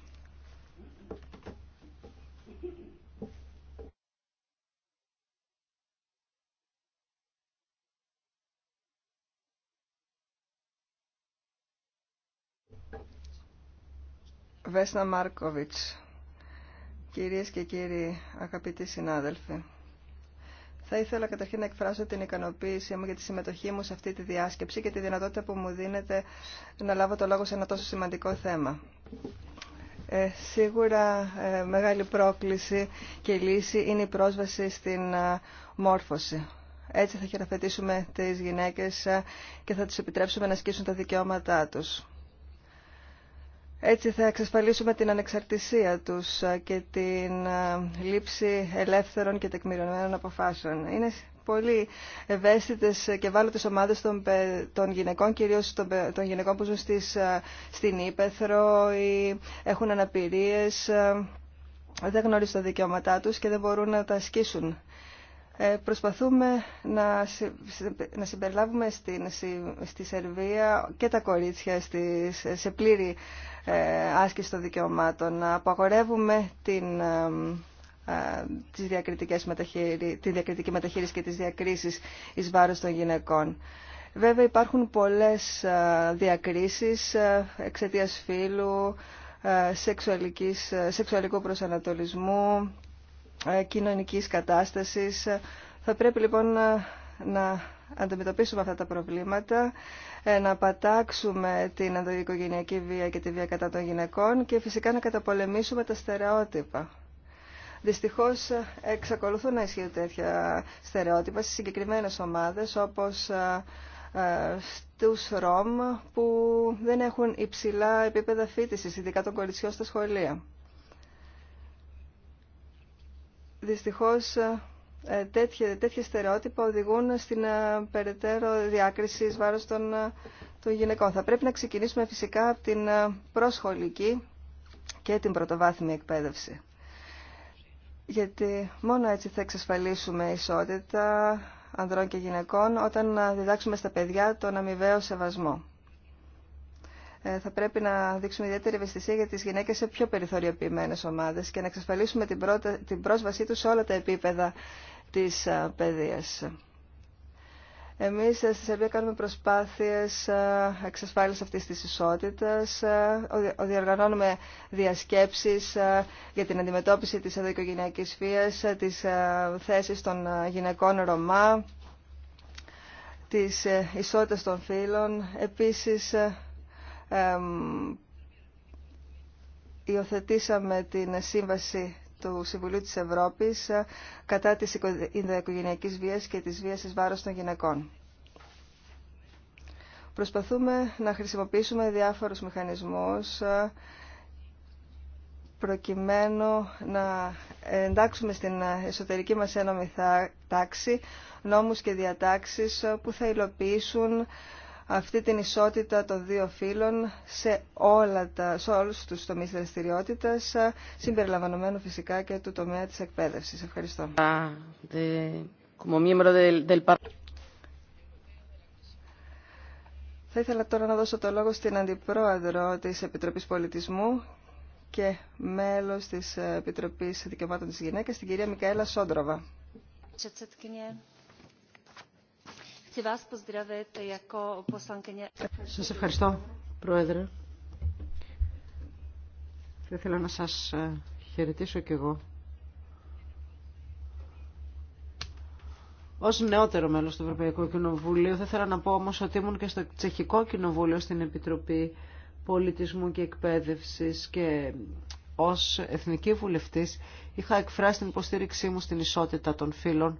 Βέσνα Μάρκοβιτς. Κυρίες και κύριοι, αγαπητοί συνάδελφοι. Θα ήθελα καταρχήν να εκφράσω την ικανοποίησή μου για τη συμμετοχή μου σε αυτή τη διάσκεψη και τη δυνατότητα που μου δίνεται να λάβω το λόγο σε ένα τόσο σημαντικό θέμα. Ε, σίγουρα ε, μεγάλη πρόκληση και λύση είναι η πρόσβαση στην ε, μόρφωση. Έτσι θα χειραφετήσουμε τις γυναίκες ε, και θα τις επιτρέψουμε να ασκήσουν τα δικαιώματά τους. Έτσι θα εξασφαλίσουμε την ανεξαρτησία τους ε, και την ε, λήψη ελεύθερων και τεκμηριωμένων αποφάσεων. Είναι πολύ ευαίσθητες και τις ομάδες των, γυναικών, κυρίως των, γυναικών που ζουν ε, στην Ήπεθρο ή έχουν αναπηρίες, δεν γνωρίζουν τα δικαιώματά τους και δεν μπορούν να τα ασκήσουν. Ε, προσπαθούμε να, να συμπεριλάβουμε στην, στη Σερβία και τα κορίτσια σε πλήρη ε, άσκηση των δικαιωμάτων, να απαγορεύουμε την, ε, διακριτικές τη διακριτική μεταχείριση και τις διακρίσεις εις βάρος των γυναικών. Βέβαια υπάρχουν πολλές διακρίσεις εξαιτίας φύλου, σεξουαλικού προσανατολισμού, ε, κοινωνικής κατάστασης. Θα πρέπει λοιπόν ε, να, αντιμετωπίσουμε αυτά τα προβλήματα, ε, να πατάξουμε την ενδοοικογενειακή βία και τη βία κατά των γυναικών και φυσικά να καταπολεμήσουμε τα στερεότυπα. Δυστυχώς εξακολουθούν να ισχύουν τέτοια στερεότυπα σε συγκεκριμένες ομάδες όπως στους ΡΟΜ που δεν έχουν υψηλά επίπεδα φίτησης, ειδικά των κοριτσιών στα σχολεία δυστυχώς ε, ε, τέτοια, τέτοια στερεότυπα οδηγούν στην ε, περαιτέρω διάκριση εις βάρος των, των γυναικών. Θα πρέπει να ξεκινήσουμε φυσικά από την προσχολική και την πρωτοβάθμια εκπαίδευση. Γιατί μόνο έτσι θα εξασφαλίσουμε ισότητα ανδρών και γυναικών όταν διδάξουμε στα παιδιά τον αμοιβαίο σεβασμό. Ε, θα πρέπει να δείξουμε ιδιαίτερη ευαισθησία για τις γυναίκες σε πιο περιθωριοποιημένες ομάδες και να εξασφαλίσουμε την, την πρόσβασή τους σε όλα τα επίπεδα της ε, παιδείας. Εμείς στη Σερβία κάνουμε προσπάθειες ε, εξασφάλισης αυτής της ισότητας. Διοργανώνουμε διασκέψεις για την αντιμετώπιση της αδικογενειακής φίας, της θέσης των γυναικών Ρωμά, της ισότητας των φύλων. Επίσης, υιοθετήσαμε την σύμβαση του Συμβουλίου της Ευρώπης ε, κατά της ενδοοικογενειακής βίας και της βίας εις βάρος των γυναικών. Προσπαθούμε να χρησιμοποιήσουμε διάφορους μηχανισμούς ε, προκειμένου να εντάξουμε στην εσωτερική μας ένωμη τάξη νόμους και διατάξεις ε, που θα υλοποιήσουν αυτή την ισότητα των δύο φύλων σε, όλα τα, σε όλους τους τομείς δραστηριότητα, συμπεριλαμβανομένου φυσικά και του τομέα της εκπαίδευσης. Ευχαριστώ. Θα ήθελα τώρα να δώσω το λόγο στην Αντιπρόεδρο της Επιτροπής Πολιτισμού και μέλος της Επιτροπής Δικαιωμάτων της Γυναίκας, την κυρία Μικαέλα Σόντροβα. Σας ευχαριστώ, Πρόεδρε. Θα ήθελα να σας ε, χαιρετήσω κι εγώ. Ως νεότερο μέλος του Ευρωπαϊκού Κοινοβουλίου, θα ήθελα να πω όμως ότι ήμουν και στο Τσεχικό Κοινοβούλιο στην Επιτροπή Πολιτισμού και Εκπαίδευσης και ως Εθνική Βουλευτής είχα εκφράσει την υποστήριξή μου στην ισότητα των φίλων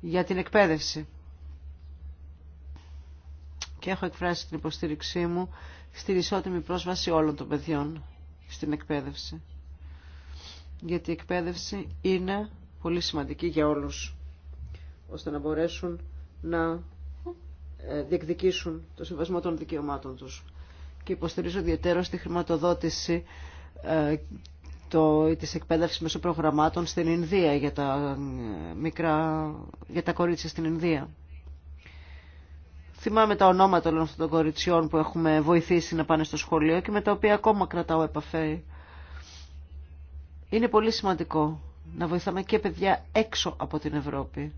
για την εκπαίδευση και έχω εκφράσει την υποστήριξή μου στη ισότιμη πρόσβαση όλων των παιδιών στην εκπαίδευση. Γιατί η εκπαίδευση είναι πολύ σημαντική για όλους, ώστε να μπορέσουν να ε, διεκδικήσουν το συμβασμό των δικαιωμάτων τους. Και υποστηρίζω ιδιαίτερα στη χρηματοδότηση ε, το, της εκπαίδευσης μέσω προγραμμάτων στην Ινδία για τα, ε, μικρά, για τα κορίτσια στην Ινδία. Θυμάμαι τα ονόματα όλων αυτών των κοριτσιών που έχουμε βοηθήσει να πάνε στο σχολείο και με τα οποία ακόμα κρατάω επαφέ. Είναι πολύ σημαντικό να βοηθάμε και παιδιά έξω από την Ευρώπη.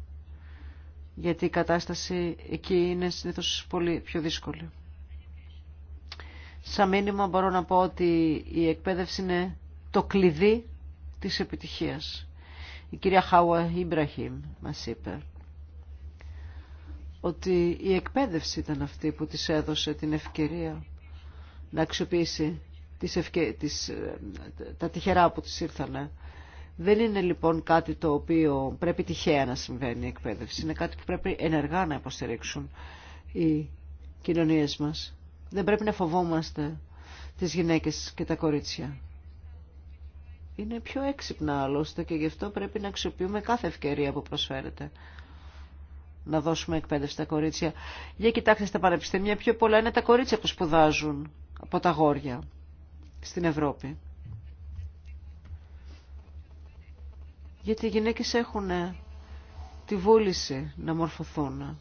Γιατί η κατάσταση εκεί είναι συνήθως πολύ πιο δύσκολη. Σαν μήνυμα μπορώ να πω ότι η εκπαίδευση είναι το κλειδί της επιτυχίας. Η κυρία Χάουα Ιμπραχήμ μας είπε ότι η εκπαίδευση ήταν αυτή που της έδωσε την ευκαιρία να αξιοποιήσει τις τις... τα τυχερά που της ήρθανε. Δεν είναι λοιπόν κάτι το οποίο πρέπει τυχαία να συμβαίνει η εκπαίδευση. Είναι κάτι που πρέπει ενεργά να υποστηρίξουν οι κοινωνίες μας. Δεν πρέπει να φοβόμαστε τις γυναίκες και τα κορίτσια. Είναι πιο έξυπνα άλλωστε και γι' αυτό πρέπει να αξιοποιούμε κάθε ευκαιρία που προσφέρεται να δώσουμε εκπαίδευση στα κορίτσια. Για κοιτάξτε στα πανεπιστήμια, πιο πολλά είναι τα κορίτσια που σπουδάζουν από τα γόρια... στην Ευρώπη. Γιατί οι γυναίκες έχουν ε, τη βούληση να μορφωθούν.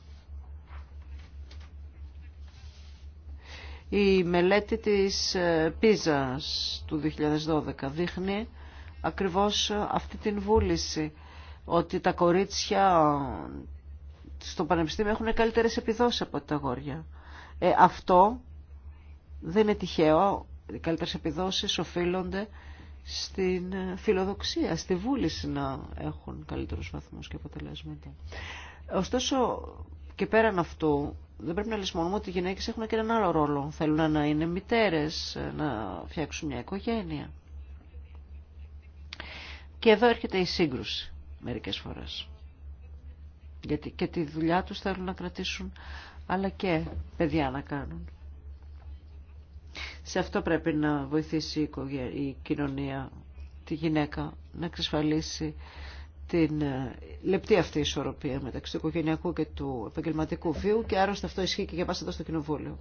Η μελέτη της ε, Πίζας του 2012 δείχνει ακριβώς ε, αυτή την βούληση ότι τα κορίτσια στο πανεπιστήμιο έχουν καλύτερες επιδόσεις από τα αγόρια. Ε, αυτό δεν είναι τυχαίο. Οι καλύτερες επιδόσεις οφείλονται στην ε, φιλοδοξία, στη βούληση να έχουν καλύτερους βαθμούς και αποτελέσματα. Ωστόσο και πέραν αυτού δεν πρέπει να λησμονούμε ότι οι γυναίκες έχουν και έναν άλλο ρόλο. Θέλουν να είναι μητέρες, ε, να φτιάξουν μια οικογένεια. Και εδώ έρχεται η σύγκρουση μερικές φορές. Γιατί και τη δουλειά τους θέλουν να κρατήσουν, αλλά και παιδιά να κάνουν. Σε αυτό πρέπει να βοηθήσει η κοινωνία, τη γυναίκα, να εξασφαλίσει την ε, λεπτή αυτή ισορροπία μεταξύ του οικογενειακού και του επαγγελματικού βίου και άρρωστα αυτό ισχύει και για μας εδώ στο Κοινοβούλιο.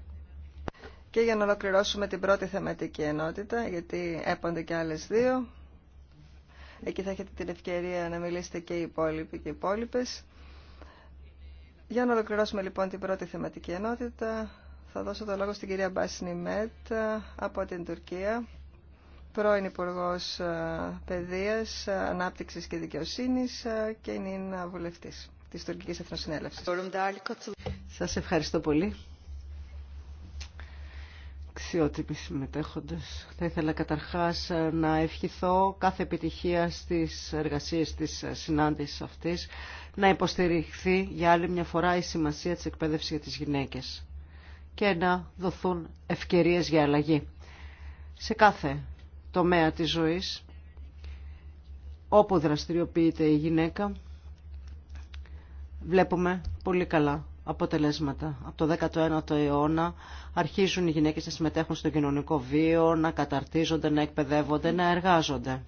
Και για να ολοκληρώσουμε την πρώτη θεματική ενότητα, γιατί έπονται και άλλες δύο. Εκεί θα έχετε την ευκαιρία να μιλήσετε και οι υπόλοιποι και οι υπόλοιπες. Για να ολοκληρώσουμε λοιπόν την πρώτη θεματική ενότητα, θα δώσω το λόγο στην κυρία Μπάσινη Μέτ από την Τουρκία, πρώην Υπουργό ε, Παιδείας, Ανάπτυξης και Δικαιοσύνης ε, και είναι βουλευτής της Τουρκικής Εθνοσυνέλευσης. Σας ευχαριστώ πολύ αξιότιμοι συμμετέχοντες. Θα ήθελα καταρχάς ε, να ευχηθώ κάθε επιτυχία στις εργασίες της ε, συνάντησης αυτής, να υποστηριχθεί για άλλη μια φορά η σημασία της εκπαίδευσης για τις γυναίκες και να δοθούν ευκαιρίες για αλλαγή. Σε κάθε τομέα της ζωής, όπου δραστηριοποιείται η γυναίκα, βλέπουμε πολύ καλά αποτελέσματα. Από το 19ο αιώνα αρχίζουν οι γυναίκες να συμμετέχουν στο κοινωνικό βίο, να καταρτίζονται, να εκπαιδεύονται, να εργάζονται.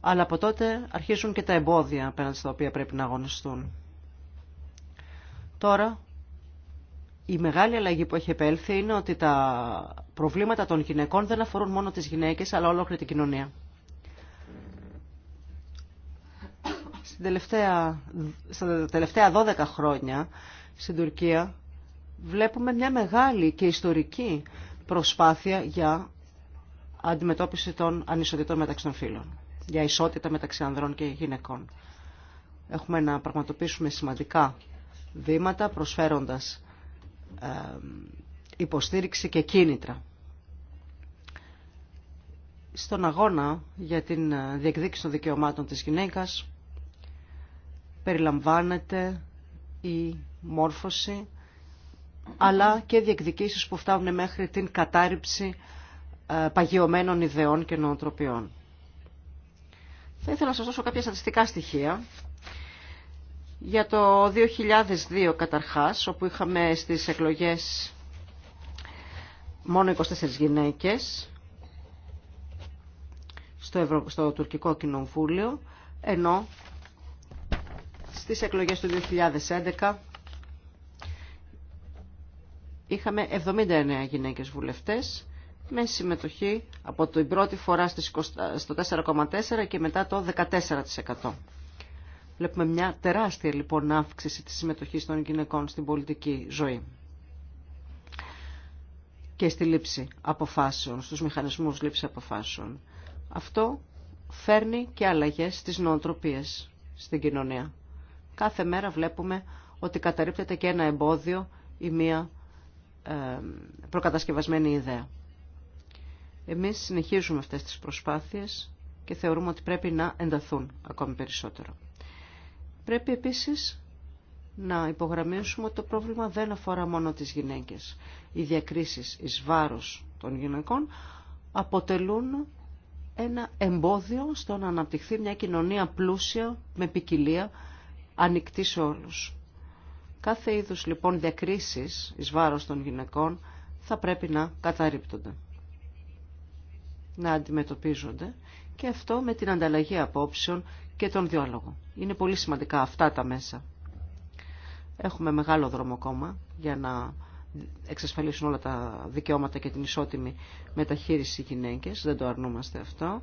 Αλλά από τότε αρχίζουν και τα εμπόδια απέναντι στα οποία πρέπει να αγωνιστούν. Τώρα, η μεγάλη αλλαγή που έχει επέλθει είναι ότι τα προβλήματα των γυναικών δεν αφορούν μόνο τις γυναίκες, αλλά ολόκληρη την κοινωνία. στα τελευταία 12 χρόνια στην Τουρκία βλέπουμε μια μεγάλη και ιστορική προσπάθεια για αντιμετώπιση των ανισοτήτων μεταξύ των φύλων, για ισότητα μεταξύ ανδρών και γυναικών. Έχουμε να πραγματοποιήσουμε σημαντικά βήματα προσφέροντας υποστήριξη και κίνητρα. Στον αγώνα για την ε, διεκδίκηση των δικαιωμάτων της γυναίκας περιλαμβάνεται η μόρφωση αλλά και διεκδικήσεις που φτάνουν μέχρι την κατάρριψη ε, παγιωμένων ιδεών και νοοτροπιών. Θα ήθελα να σας δώσω κάποια στατιστικά στοιχεία. Για το 2002 καταρχάς, όπου είχαμε στις εκλογές μόνο 24 γυναίκες στο, Ευρω... στο τουρκικό κοινοβούλιο, ενώ στις εκλογές του 2011 είχαμε 79 γυναίκες βουλευτές με συμμετοχή από την πρώτη φορά στο 4,4 και μετά το 14%. Βλέπουμε μια τεράστια λοιπόν αύξηση της συμμετοχής των γυναικών στην πολιτική ζωή και στη λήψη αποφάσεων, στους μηχανισμούς λήψη αποφάσεων. Αυτό φέρνει και αλλαγές στις νοοτροπίες στην κοινωνία κάθε μέρα βλέπουμε ότι καταρρύπτεται και ένα εμπόδιο ή μία ε, προκατασκευασμένη ιδέα. Εμείς συνεχίζουμε αυτές τις προσπάθειες και θεωρούμε ότι πρέπει να ενταθούν ακόμη περισσότερο. Πρέπει επίσης να υπογραμμίσουμε ότι το πρόβλημα δεν αφορά μόνο τις γυναίκες. Οι διακρίσεις εις βάρος των γυναικών αποτελούν ένα εμπόδιο στο να αναπτυχθεί μια κοινωνία πλούσια με ποικιλία ανοιχτή σε όλους. Κάθε είδους λοιπόν διακρίσεις εις βάρος των γυναικών θα πρέπει να καταρρύπτονται, να αντιμετωπίζονται και αυτό με την ανταλλαγή απόψεων και τον διάλογο. Είναι πολύ σημαντικά αυτά τα μέσα. Έχουμε μεγάλο δρόμο ακόμα για να εξασφαλίσουν όλα τα δικαιώματα και την ισότιμη μεταχείριση γυναίκες, δεν το αρνούμαστε αυτό.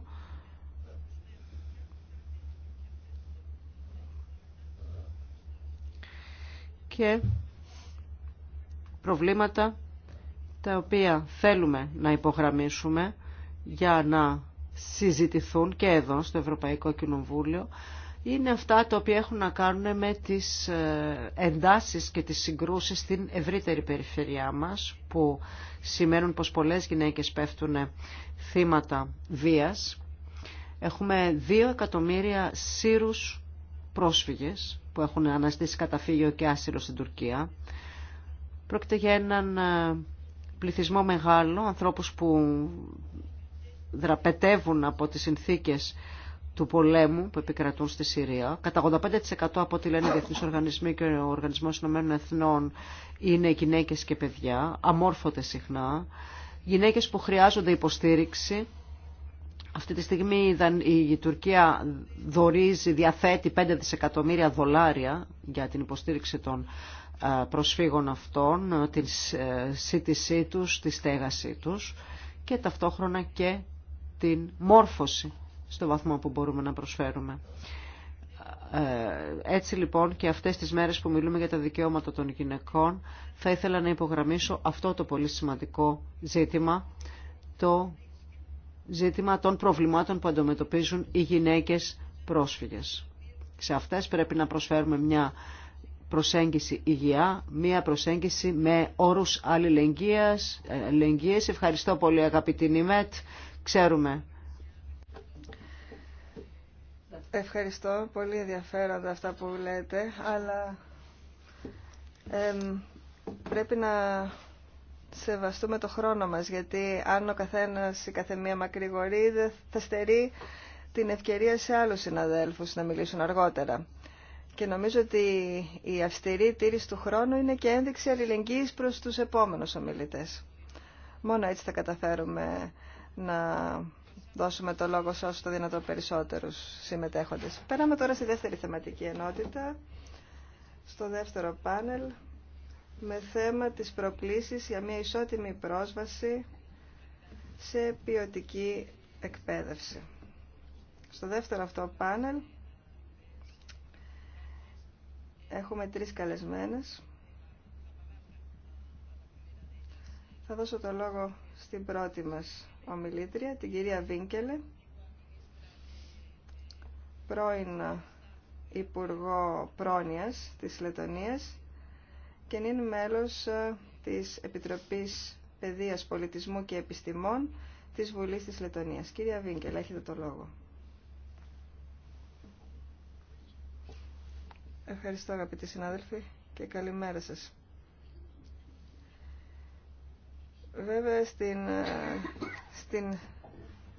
και προβλήματα τα οποία θέλουμε να υπογραμμίσουμε για να συζητηθούν και εδώ στο Ευρωπαϊκό Κοινοβούλιο είναι αυτά τα οποία έχουν να κάνουν με τις ε, εντάσεις και τις συγκρούσεις στην ευρύτερη περιφερειά μας που σημαίνουν πως πολλές γυναίκες πέφτουν θύματα βίας. Έχουμε δύο εκατομμύρια σύρους πρόσφυγες που έχουν αναστήσει καταφύγιο και άσυλο στην Τουρκία. Πρόκειται για έναν ε, πληθυσμό μεγάλο, ανθρώπους που δραπετεύουν από τις συνθήκες του πολέμου που επικρατούν στη Συρία. Κατά 85% από ό,τι λένε οι διεθνείς οργανισμοί και ο Οργανισμός Εθνών είναι γυναίκες και παιδιά, αμόρφωτες συχνά, γυναίκες που χρειάζονται υποστήριξη αυτή τη στιγμή η Τουρκία δορίζει, διαθέτει 5 δισεκατομμύρια δολάρια για την υποστήριξη των ε, προσφύγων αυτών, ε, της ε, σύντησή τους, τη στέγασή τους και ταυτόχρονα και την μόρφωση στο βαθμό που μπορούμε να προσφέρουμε. Έτσι λοιπόν και αυτές τις μέρες που μιλούμε για τα δικαιώματα των γυναικών θα ήθελα να υπογραμμίσω αυτό το πολύ σημαντικό ζήτημα το ζήτημα των προβλημάτων που αντιμετωπίζουν οι γυναίκες πρόσφυγες. Σε αυτές πρέπει να προσφέρουμε μια προσέγγιση υγεία, μια προσέγγιση με όρους αλληλεγγύης. Ευχαριστώ πολύ αγαπητή Νιμέτ. Ξέρουμε. Ευχαριστώ. Πολύ ενδιαφέροντα αυτά που λέτε, αλλά πρέπει να σεβαστούμε το χρόνο μας, γιατί αν ο καθένας ή καθεμία μακρηγορεί, θα στερεί την ευκαιρία σε άλλους συναδέλφους να μιλήσουν αργότερα. Και νομίζω ότι η αυστηρή τήρηση του χρόνου είναι και ένδειξη αλληλεγγύης προς τους επόμενους ομιλητές. Μόνο έτσι θα καταφέρουμε να δώσουμε το λόγο σε όσο το δυνατόν περισσότερους συμμετέχοντες. Περάμε τώρα στη δεύτερη θεματική ενότητα, στο δεύτερο πάνελ με θέμα της προκλήσης για μια ισότιμη πρόσβαση σε ποιοτική εκπαίδευση. Στο δεύτερο αυτό πάνελ έχουμε τρεις καλεσμένες. Θα δώσω το λόγο στην πρώτη μας ομιλήτρια, την κυρία Βίνκελε, πρώην Υπουργό Πρόνοιας της Λετωνίας και είναι μέλος ε, της Επιτροπής Παιδείας, Πολιτισμού και Επιστημών της Βουλής της Λετωνίας. Κυρία Βίνκελ, έχετε το λόγο. Ευχαριστώ αγαπητοί συνάδελφοι και καλημέρα σας. Βέβαια στην, ε, στην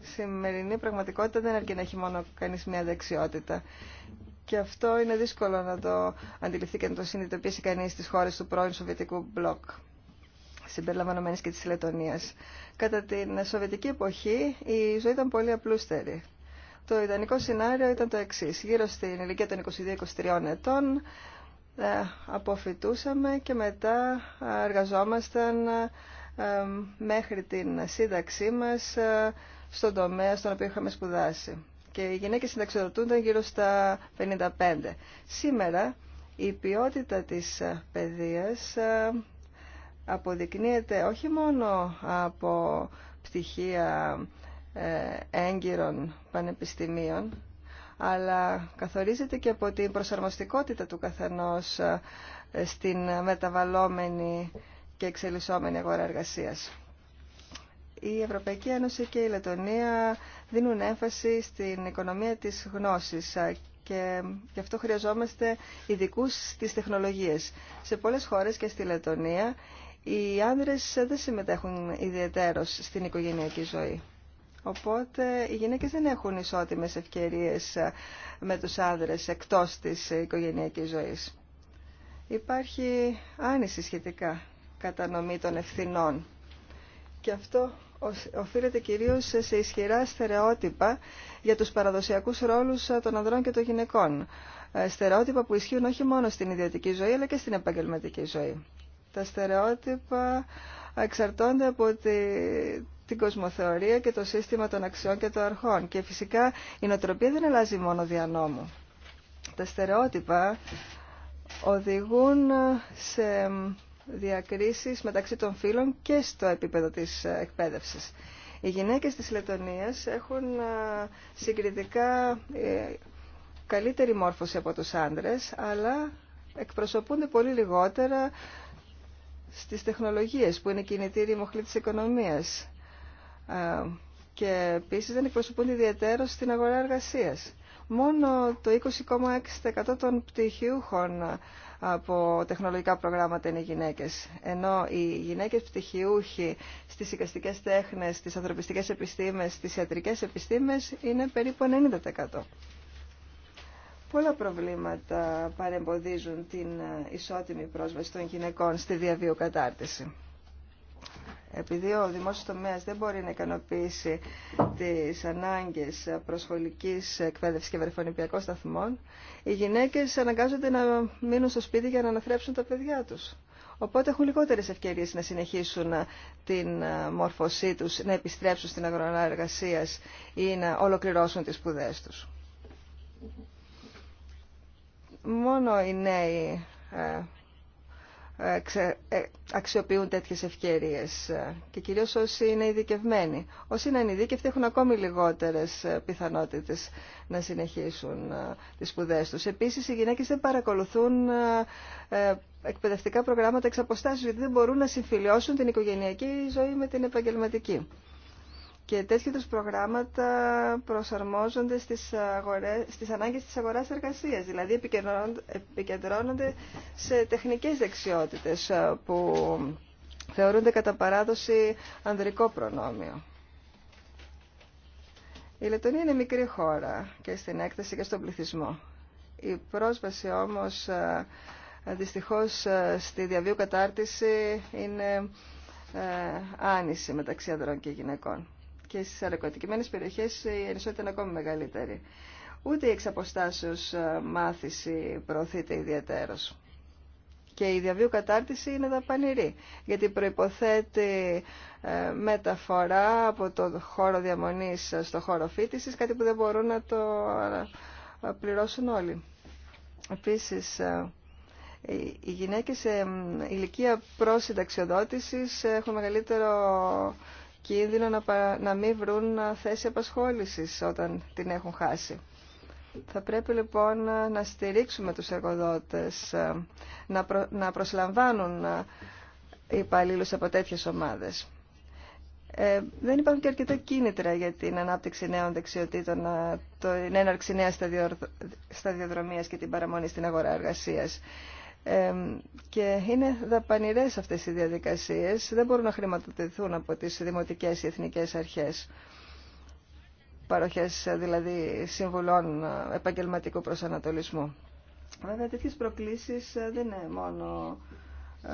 σημερινή πραγματικότητα δεν αρκεί να έχει μόνο κανείς μια δεξιότητα. Και αυτό είναι δύσκολο να το αντιληφθεί και να το συνειδητοποιήσει κανεί στι χώρες του πρώην Σοβιετικού μπλοκ συμπεριλαμβανομένη και τη Λετωνία. Κατά την Σοβιετική εποχή η ζωή ήταν πολύ απλούστερη. Το ιδανικό σενάριο ήταν το εξή. Γύρω στην ηλικία των 22-23 ετών ε, αποφυτούσαμε και μετά εργαζόμασταν ε, μέχρι την σύνταξή μας ε, στον τομέα στον οποίο είχαμε σπουδάσει και οι γυναίκες συνταξιδοτούνταν γύρω στα 55. Σήμερα η ποιότητα της ε, παιδείας ε, αποδεικνύεται όχι μόνο από πτυχία ε, έγκυρων πανεπιστημίων, αλλά καθορίζεται και από την προσαρμοστικότητα του καθενός στην μεταβαλλόμενη και εξελισσόμενη αγορά εργασίας η Ευρωπαϊκή Ένωση και η Λετωνία δίνουν έμφαση στην οικονομία της γνώσης και γι' αυτό χρειαζόμαστε ειδικού στις τεχνολογίες. Σε πολλές χώρες και στη Λετωνία οι άνδρες δεν συμμετέχουν ιδιαίτερως στην οικογενειακή ζωή. Οπότε οι γυναίκες δεν έχουν ισότιμες ευκαιρίες με τους άνδρες εκτός της οικογενειακής ζωής. Υπάρχει άνηση σχετικά κατανομή των ευθυνών και αυτό οφείλεται κυρίως σε ισχυρά στερεότυπα για τους παραδοσιακούς ρόλους ε, των ανδρών και των γυναικών. Ε, στερεότυπα που ισχύουν όχι μόνο στην ιδιωτική ζωή αλλά και στην επαγγελματική ζωή. Τα στερεότυπα εξαρτώνται από τη, την κοσμοθεωρία και το σύστημα των αξιών και των αρχών. Και φυσικά η νοοτροπία δεν αλλάζει μόνο δια νόμου. Τα στερεότυπα οδηγούν ε, σε διακρίσεις μεταξύ των φύλων και στο επίπεδο της εκπαίδευσης. Οι γυναίκες της Λετωνίας έχουν συγκριτικά ε, καλύτερη μόρφωση από τους άντρες, αλλά εκπροσωπούνται πολύ λιγότερα στις τεχνολογίες που είναι κινητήρια μοχλή της οικονομίας και επίσης δεν εκπροσωπούνται ιδιαίτερο στην αγορά εργασίας. Μόνο το 20,6% των πτυχιούχων από τεχνολογικά προγράμματα είναι γυναίκες. Ενώ οι γυναίκες πτυχιούχοι στις οικαστικές τέχνες, στις ανθρωπιστικές επιστήμες, στις ιατρικές επιστήμες είναι περίπου 90%. Πολλά προβλήματα παρεμποδίζουν την ε, ισότιμη πρόσβαση των γυναικών στη διαβίω κατάρτιση. Επειδή ο δημόσιος τομέας δεν μπορεί να ικανοποιήσει τις ανάγκες προσχολικής εκπαίδευσης και βερφονιπιακών σταθμών, οι γυναίκες αναγκάζονται να μείνουν στο σπίτι για να αναθρέψουν τα παιδιά τους. Οπότε έχουν λιγότερες ευκαιρίες να συνεχίσουν την μόρφωσή τους, να επιστρέψουν στην αγροναργασία ή να ολοκληρώσουν τις σπουδέ τους. Μόνο οι νέοι ε, ε, ε, αξιοποιούν τέτοιες ευκαιρίες και κυρίως όσοι είναι ειδικευμένοι. Όσοι είναι ανειδίκευτοι έχουν ακόμη λιγότερες ε, πιθανότητες να συνεχίσουν τις σπουδέ τους. Επίσης οι γυναίκες δεν παρακολουθούν εκπαιδευτικά προγράμματα εξ αποστάσεως γιατί δεν μπορούν να συμφιλιώσουν την οικογενειακή ζωή με την επαγγελματική. Και τέτοια τους προγράμματα προσαρμόζονται στις, αγορές, στις ανάγκες της αγοράς εργασίας, δηλαδή επικεντρώνονται σε τεχνικές δεξιότητες ε, που θεωρούνται κατά παράδοση ανδρικό προνόμιο. Η Λετωνία είναι μικρή χώρα και στην έκταση και στον πληθυσμό. Η πρόσβαση όμως ε, δυστυχώς ε, στη διαβίου κατάρτιση είναι άνηση μεταξύ ανδρών και γυναικών και στις αρακοτικημένες περιοχές η ανισότητα είναι ακόμη μεγαλύτερη. Ούτε η εξαποστάσεως ε, μάθηση προωθείται ιδιαίτερος. Και η διαβίου κατάρτιση είναι δαπανηρή, γιατί προϋποθέτει ε, μεταφορά από το χώρο διαμονής στο χώρο φίτησης, κάτι που δεν μπορούν να το ε, πληρώσουν όλοι. Επίσης, οι γυναίκες σε ηλικία προσυνταξιοδότησης έχουν μεγαλύτερο κίνδυνο να, να μην βρουν ε, θέση απασχόλησης όταν την έχουν χάσει. Θα πρέπει λοιπόν ε, να στηρίξουμε τους εργοδότες, ε, να, προσλαμβάνουν υπαλλήλους από τέτοιες ομάδες. Ε, δεν υπάρχουν και αρκετά κίνητρα για την ανάπτυξη νέων δεξιοτήτων, την έναρξη νέας σταδιοδρομίας και την παραμονή στην αγορά εργασίας και είναι δαπανηρές αυτές οι διαδικασίες, δεν μπορούν να χρηματοδοτηθούν από τις δημοτικές ή εθνικές αρχές. Παροχές δηλαδή συμβουλών ε, επαγγελματικού προσανατολισμού. Βέβαια τέτοιες προκλήσεις ε, δεν είναι μόνο ε,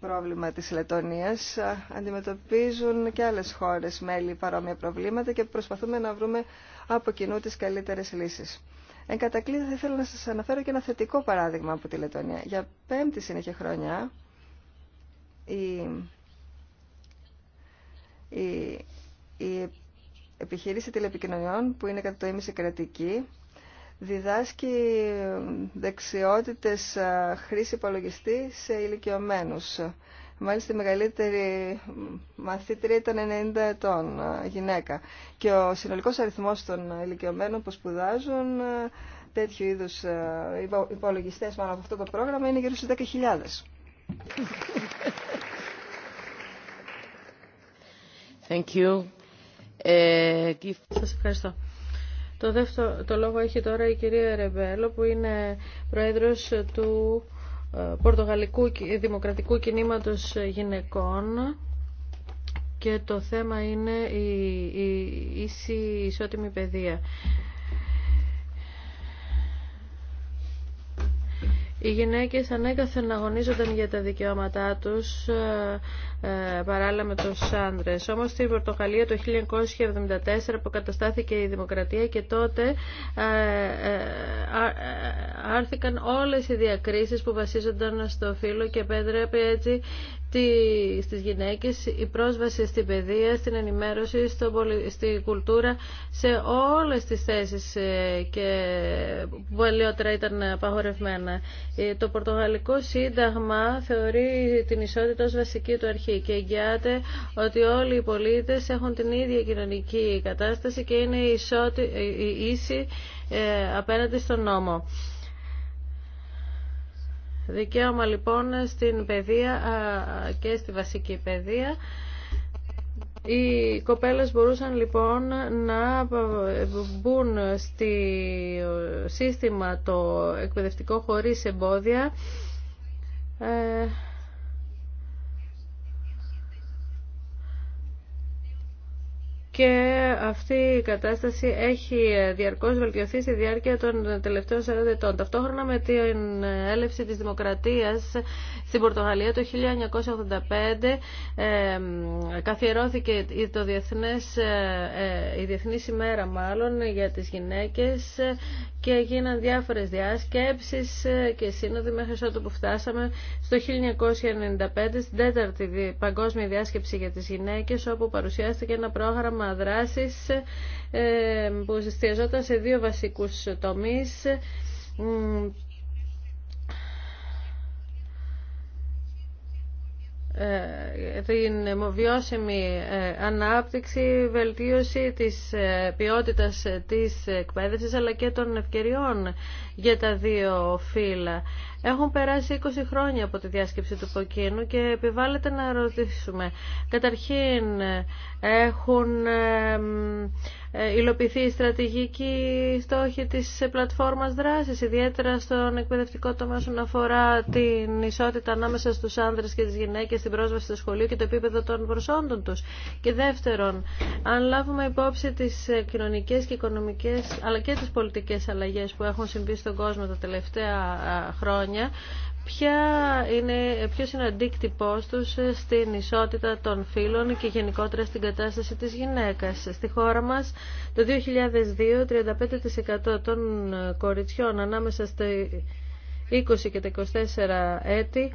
πρόβλημα της Λετωνίας. Αντιμετωπίζουν και άλλες χώρες μέλη παρόμοια προβλήματα και προσπαθούμε να βρούμε από κοινού τις καλύτερες λύσεις. Εν κατακλείδη θα ήθελα να σας αναφέρω και ένα θετικό παράδειγμα από τη Λετωνία. Για πέμπτη συνέχεια χρόνια η, η επιχείρηση τηλεπικοινωνιών που είναι κατά το ίμιση κρατική διδάσκει δεξιότητες χρήση υπολογιστή σε ηλικιωμένους Μάλιστα η μεγαλύτερη μαθήτρια ήταν 90 ετών, γυναίκα. Και ο συνολικός αριθμός των ηλικιωμένων που σπουδάζουν τέτοιου είδους υπολογιστές μάλλον από αυτό το πρόγραμμα είναι γύρω στους 10.000. Thank you. Ε, Σας ευχαριστώ. Το, δεύτερο, το λόγο έχει τώρα η κυρία Ρεμπέλο που είναι πρόεδρος του ε, πορτογαλικού δημοκρατικού κινήματος γυναικών και το θέμα είναι η ίση ισότιμη παιδεία. Οι γυναίκες ανέκαθεν αγωνίζονταν για τα δικαιώματά τους ε, ε, παράλληλα με τους άντρες. Όμως στην Πορτογαλία το 1974 αποκαταστάθηκε η δημοκρατία και τότε ε, άρθηκαν όλες οι διακρίσεις που βασίζονταν στο φύλλο και επέτρεπε έτσι ότι στις γυναίκες η πρόσβαση στην παιδεία, στην ενημέρωση, στο στη κουλτούρα, σε όλες τις θέσεις ε, και που αλλιότερα ήταν απαγορευμένα. Ε, το Πορτογαλικό Σύνταγμα θεωρεί την ισότητα ως βασική του αρχή και εγγυάται ότι όλοι οι πολίτες έχουν την ίδια κοινωνική κατάσταση και είναι ε, ίσοι απέναντι στον νόμο. Δικαίωμα λοιπόν στην παιδεία και στη βασική παιδεία. Οι κοπέλες μπορούσαν λοιπόν να μπουν στη σύστημα το εκπαιδευτικό χωρίς εμπόδια ε, και αυτή η κατάσταση έχει διαρκώς βελτιωθεί στη διάρκεια των τελευταίων 40 ετών. Ταυτόχρονα με την έλευση της δημοκρατίας στην Πορτογαλία το 1985 ε, καθιερώθηκε το διεθνές, ε, ε, η Διεθνής ημέρα μάλλον για τις γυναίκες και γίναν διάφορες διάσκεψεις και σύνοδοι μέχρι ότου που φτάσαμε στο 1995 στην τέταρτη παγκόσμια διάσκεψη για τις γυναίκες όπου παρουσιάστηκε ένα πρόγραμμα πρόγραμμα δράσης ε, που εστιαζόταν σε δύο βασικούς τομείς ε, την βιώσιμη ε, ανάπτυξη, βελτίωση της ποιότητας της εκπαίδευσης αλλά και των ευκαιριών για τα δύο φύλλα. Έχουν περάσει 20 χρόνια από τη διάσκεψη του Ποκίνου και επιβάλλεται να ρωτήσουμε. Καταρχήν, έχουν ε, υλοποιηθεί οι στρατηγικοί στόχοι της πλατφόρμας δράσης, ιδιαίτερα στον εκπαιδευτικό τομέα όσον αφορά την ισότητα ανάμεσα στους άνδρες και τις γυναίκες, την πρόσβαση στο σχολείο και το επίπεδο των προσόντων τους. Και δεύτερον, αν λάβουμε υπόψη τις ε, κοινωνικές και οικονομικές αλλά και τις πολιτικές αλλαγές που έχουν συμβεί στον κόσμο τα τελευταία χρόνια, χρόνια ποια είναι, ποιος είναι ο αντίκτυπός τους στην ισότητα των φύλων και γενικότερα στην κατάσταση της γυναίκας. Στη χώρα μας το 2002 35% των κοριτσιών ανάμεσα στα 20 και τα 24 έτη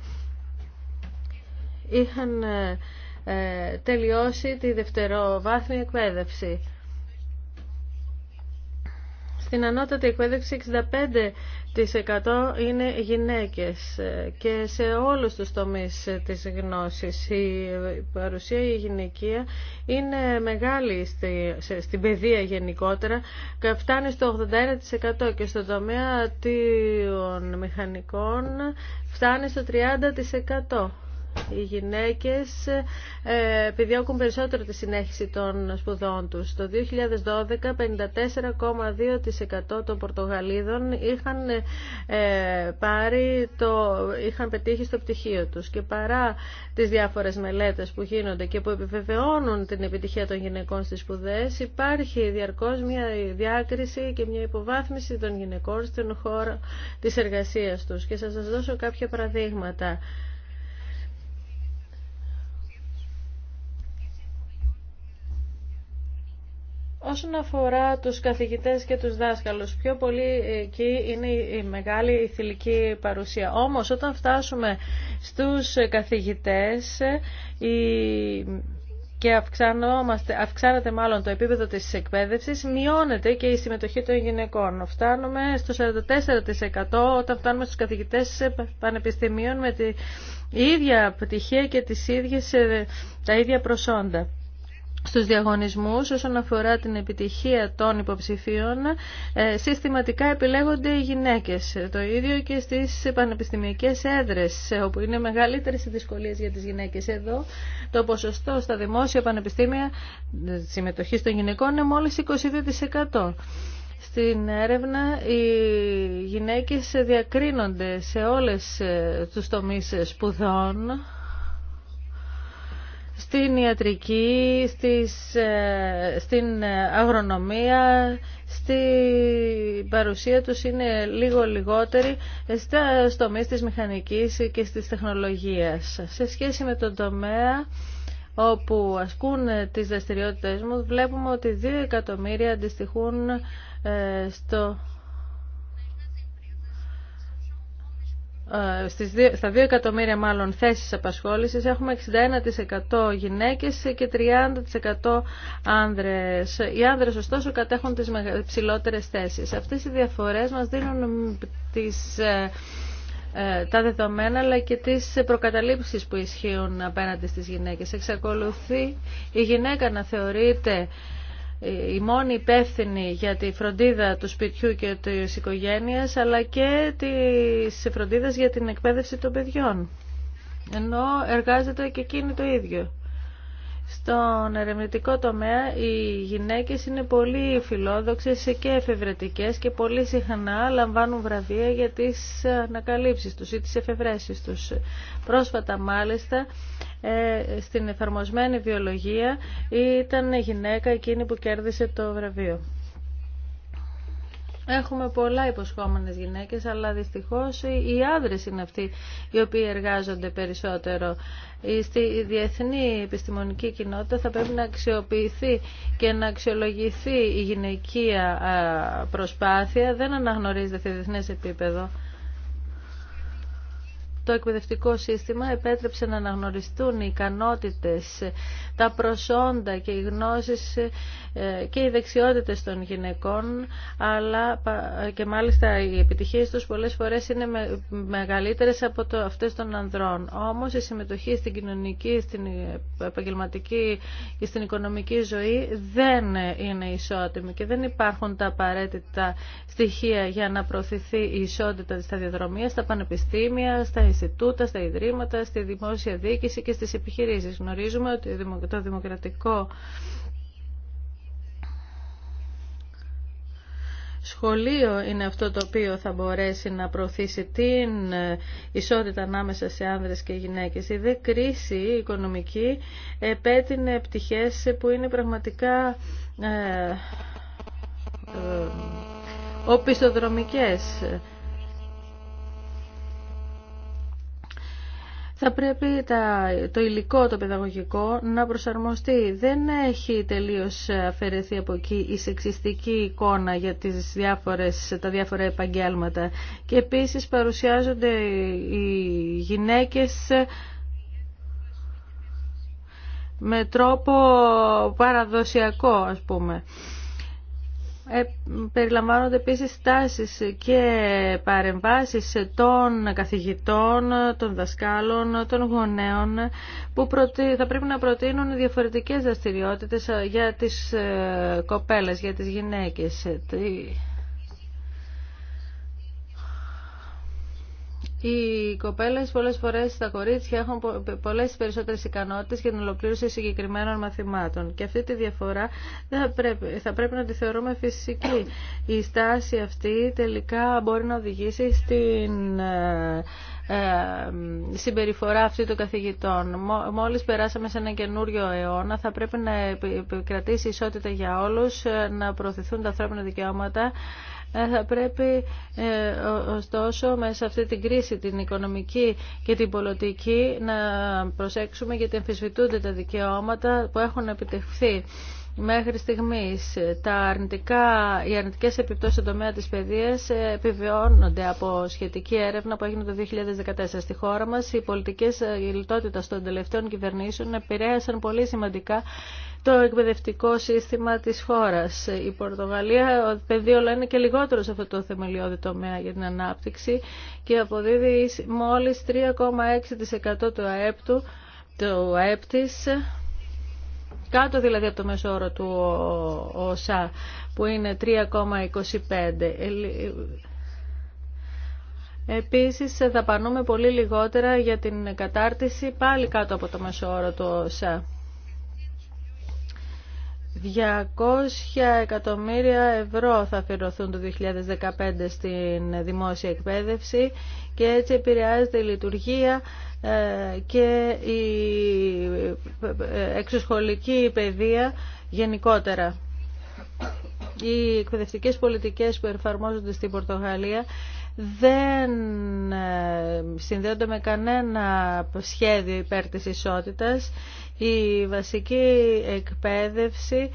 είχαν ε, τελειώσει τη δευτεροβάθμια εκπαίδευση. Στην ανώτατη εκπαίδευση 65% είναι γυναίκες και σε όλους τους τομείς της γνώσης. Η παρουσία η γυναικεία είναι μεγάλη στη, στην παιδεία γενικότερα και φτάνει στο 81% και στο τομέα των μηχανικών φτάνει στο 30% οι γυναίκες ε, επιδιώκουν περισσότερο τη συνέχιση των σπουδών τους. Το 2012, 54,2% των Πορτογαλίδων είχαν, ε, πάρει το, είχαν πετύχει στο πτυχίο τους και παρά τις διάφορες μελέτες που γίνονται και που επιβεβαιώνουν την επιτυχία των γυναικών στις σπουδές, υπάρχει διαρκώς μια διάκριση και μια υποβάθμιση των γυναικών στην χώρα της εργασίας τους. Και σας δώσω κάποια παραδείγματα. Όσον αφορά τους καθηγητές και τους δάσκαλους, πιο πολύ εκεί είναι η μεγάλη η παρουσία. Όμως όταν φτάσουμε στους καθηγητές και αυξάνεται μάλλον το επίπεδο της εκπαίδευσης, μειώνεται και η συμμετοχή των γυναικών. Φτάνουμε στο 44% όταν φτάνουμε στους καθηγητές πανεπιστημίων με την ίδια πτυχία και τις ίδιες, ε, τα ίδια προσόντα στους διαγωνισμούς όσον αφορά την επιτυχία των υποψηφίων ε, συστηματικά επιλέγονται οι γυναίκες. Το ίδιο και στις πανεπιστημιακές έδρες όπου είναι μεγαλύτερες οι δυσκολίες για τις γυναίκες. Εδώ το ποσοστό στα δημόσια πανεπιστήμια ε, συμμετοχής των γυναικών είναι μόλις 22%. Στην έρευνα οι γυναίκες διακρίνονται σε όλες ε, τους τομείς σπουδών στην ιατρική, στις, ε, στην ε, αγρονομία, στη παρουσία τους είναι λίγο λιγότερη ε, στο τομείς της μηχανικής και της τεχνολογίας. Σε σχέση με τον τομέα όπου ασκούν τις δραστηριότητες μου, βλέπουμε ότι 2 εκατομμύρια αντιστοιχούν στο Ε, στα 2 εκατομμύρια μάλλον θέσεις απασχόλησης έχουμε 61% γυναίκες και 30% άνδρες. Οι άνδρες ωστόσο κατέχουν τις ψηλότερες θέσεις. Αυτές οι διαφορές μας δίνουν τις, ε, ε, τα δεδομένα αλλά και τις προκαταλήψεις που ισχύουν απέναντι στις γυναίκες. Εξακολουθεί η γυναίκα να θεωρείται η μόνη υπεύθυνη για τη φροντίδα του σπιτιού και της οικογένειας αλλά και της φροντίδας για την εκπαίδευση των παιδιών. Ενώ εργάζεται και εκείνη το ίδιο. Στον ερευνητικό τομέα οι γυναίκες είναι πολύ φιλόδοξες και εφευρετικές και πολύ συχνά λαμβάνουν βραβεία για τις ανακαλύψεις τους ή τις εφευρέσεις τους. Πρόσφατα μάλιστα ε, στην εφαρμοσμένη βιολογία ήταν γυναίκα εκείνη που κέρδισε το βραβείο. Έχουμε πολλά υποσχόμενες γυναίκες, αλλά δυστυχώς οι άνδρες είναι αυτοί οι οποίοι εργάζονται περισσότερο. Η διεθνή επιστημονική κοινότητα θα πρέπει να αξιοποιηθεί και να αξιολογηθεί η γυναικεία προσπάθεια. Δεν αναγνωρίζεται σε διεθνές επίπεδο το εκπαιδευτικό σύστημα επέτρεψε να αναγνωριστούν οι ικανότητες, τα προσόντα και οι γνώσεις ε, και οι δεξιότητες των γυναικών, αλλά και μάλιστα οι επιτυχίες τους πολλές φορές είναι μεγαλύτερες από το, αυτές των ανδρών. Όμως η συμμετοχή στην κοινωνική, στην επαγγελματική και στην οικονομική ζωή δεν είναι ισότιμη και δεν υπάρχουν τα απαραίτητα στοιχεία για να προωθηθεί η ισότητα της σταδιοδρομίας στα πανεπιστήμια, στα Ινστιτούτα, στα Ιδρύματα, στη δημόσια διοίκηση και στις επιχειρήσεις. Γνωρίζουμε ότι το δημοκρατικό σχολείο είναι αυτό το οποίο θα μπορέσει να προωθήσει την ε, ισότητα ανάμεσα σε άνδρες και γυναίκες. Η δε κρίση οικονομική επέτεινε πτυχές που είναι πραγματικά ε, ε οπισθοδρομικές. θα πρέπει το υλικό, το παιδαγωγικό να προσαρμοστεί. Δεν έχει τελείως αφαιρεθεί από εκεί η σεξιστική εικόνα για τις διάφορες, τα διάφορα επαγγέλματα. Και επίσης παρουσιάζονται οι γυναίκες με τρόπο παραδοσιακό ας πούμε. Ε, περιλαμβάνονται επίσης τάσεις και παρεμβάσεις των καθηγητών, των δασκάλων, των γονέων που θα πρέπει να προτείνουν διαφορετικές δραστηριότητες ε, για τις ε, κοπέλες, για τις γυναίκες. Οι κοπέλες πολλές φορές στα κορίτσια έχουν πολλές περισσότερες ικανότητες για την ολοκλήρωση συγκεκριμένων μαθημάτων. Και αυτή τη διαφορά θα πρέπει, θα πρέπει να τη θεωρούμε φυσική. Η στάση αυτή τελικά μπορεί να οδηγήσει στην ε, ε, συμπεριφορά αυτή των καθηγητών. Μόλις περάσαμε σε ένα καινούριο αιώνα θα πρέπει να κρατήσει ισότητα για όλους, ε, να προωθηθούν τα ανθρώπινα δικαιώματα ε, θα πρέπει ε, ωστόσο μέσα σε αυτή την κρίση την οικονομική και την πολιτική να προσέξουμε γιατί εμφισβητούνται τα δικαιώματα που έχουν επιτευχθεί. Μέχρι στιγμής τα αρνητικά, οι αρνητικές επιπτώσεις στον τομέα της παιδείας ε, επιβιώνονται από σχετική έρευνα που έγινε το 2014. Στη χώρα μας οι πολιτικές ε, λιτότητας των τελευταίων κυβερνήσεων επηρέασαν πολύ σημαντικά το εκπαιδευτικό σύστημα της χώρας. Η Πορτογαλία, ο πεδίο είναι και λιγότερο σε αυτό το θεμελιώδη τομέα για την ανάπτυξη και αποδίδει μόλις 3,6% του ΑΕΠ του, του ΑΕΠ της, κάτω δηλαδή από το μέσο όρο του ΩΣΑ που είναι 3,25. Επίσης πανούμε πολύ λιγότερα για την κατάρτιση πάλι κάτω από το μέσο όρο του ΩΣΑ. 200 εκατομμύρια ευρώ θα αφιερωθούν το 2015 στην δημόσια εκπαίδευση και έτσι επηρεάζεται η λειτουργία ε, και η ε, εξωσχολική παιδεία γενικότερα. Οι εκπαιδευτικές πολιτικές που εφαρμόζονται στην Πορτογαλία δεν ε, συνδέονται με κανένα σχέδιο υπέρ της ισότητας η βασική εκπαίδευση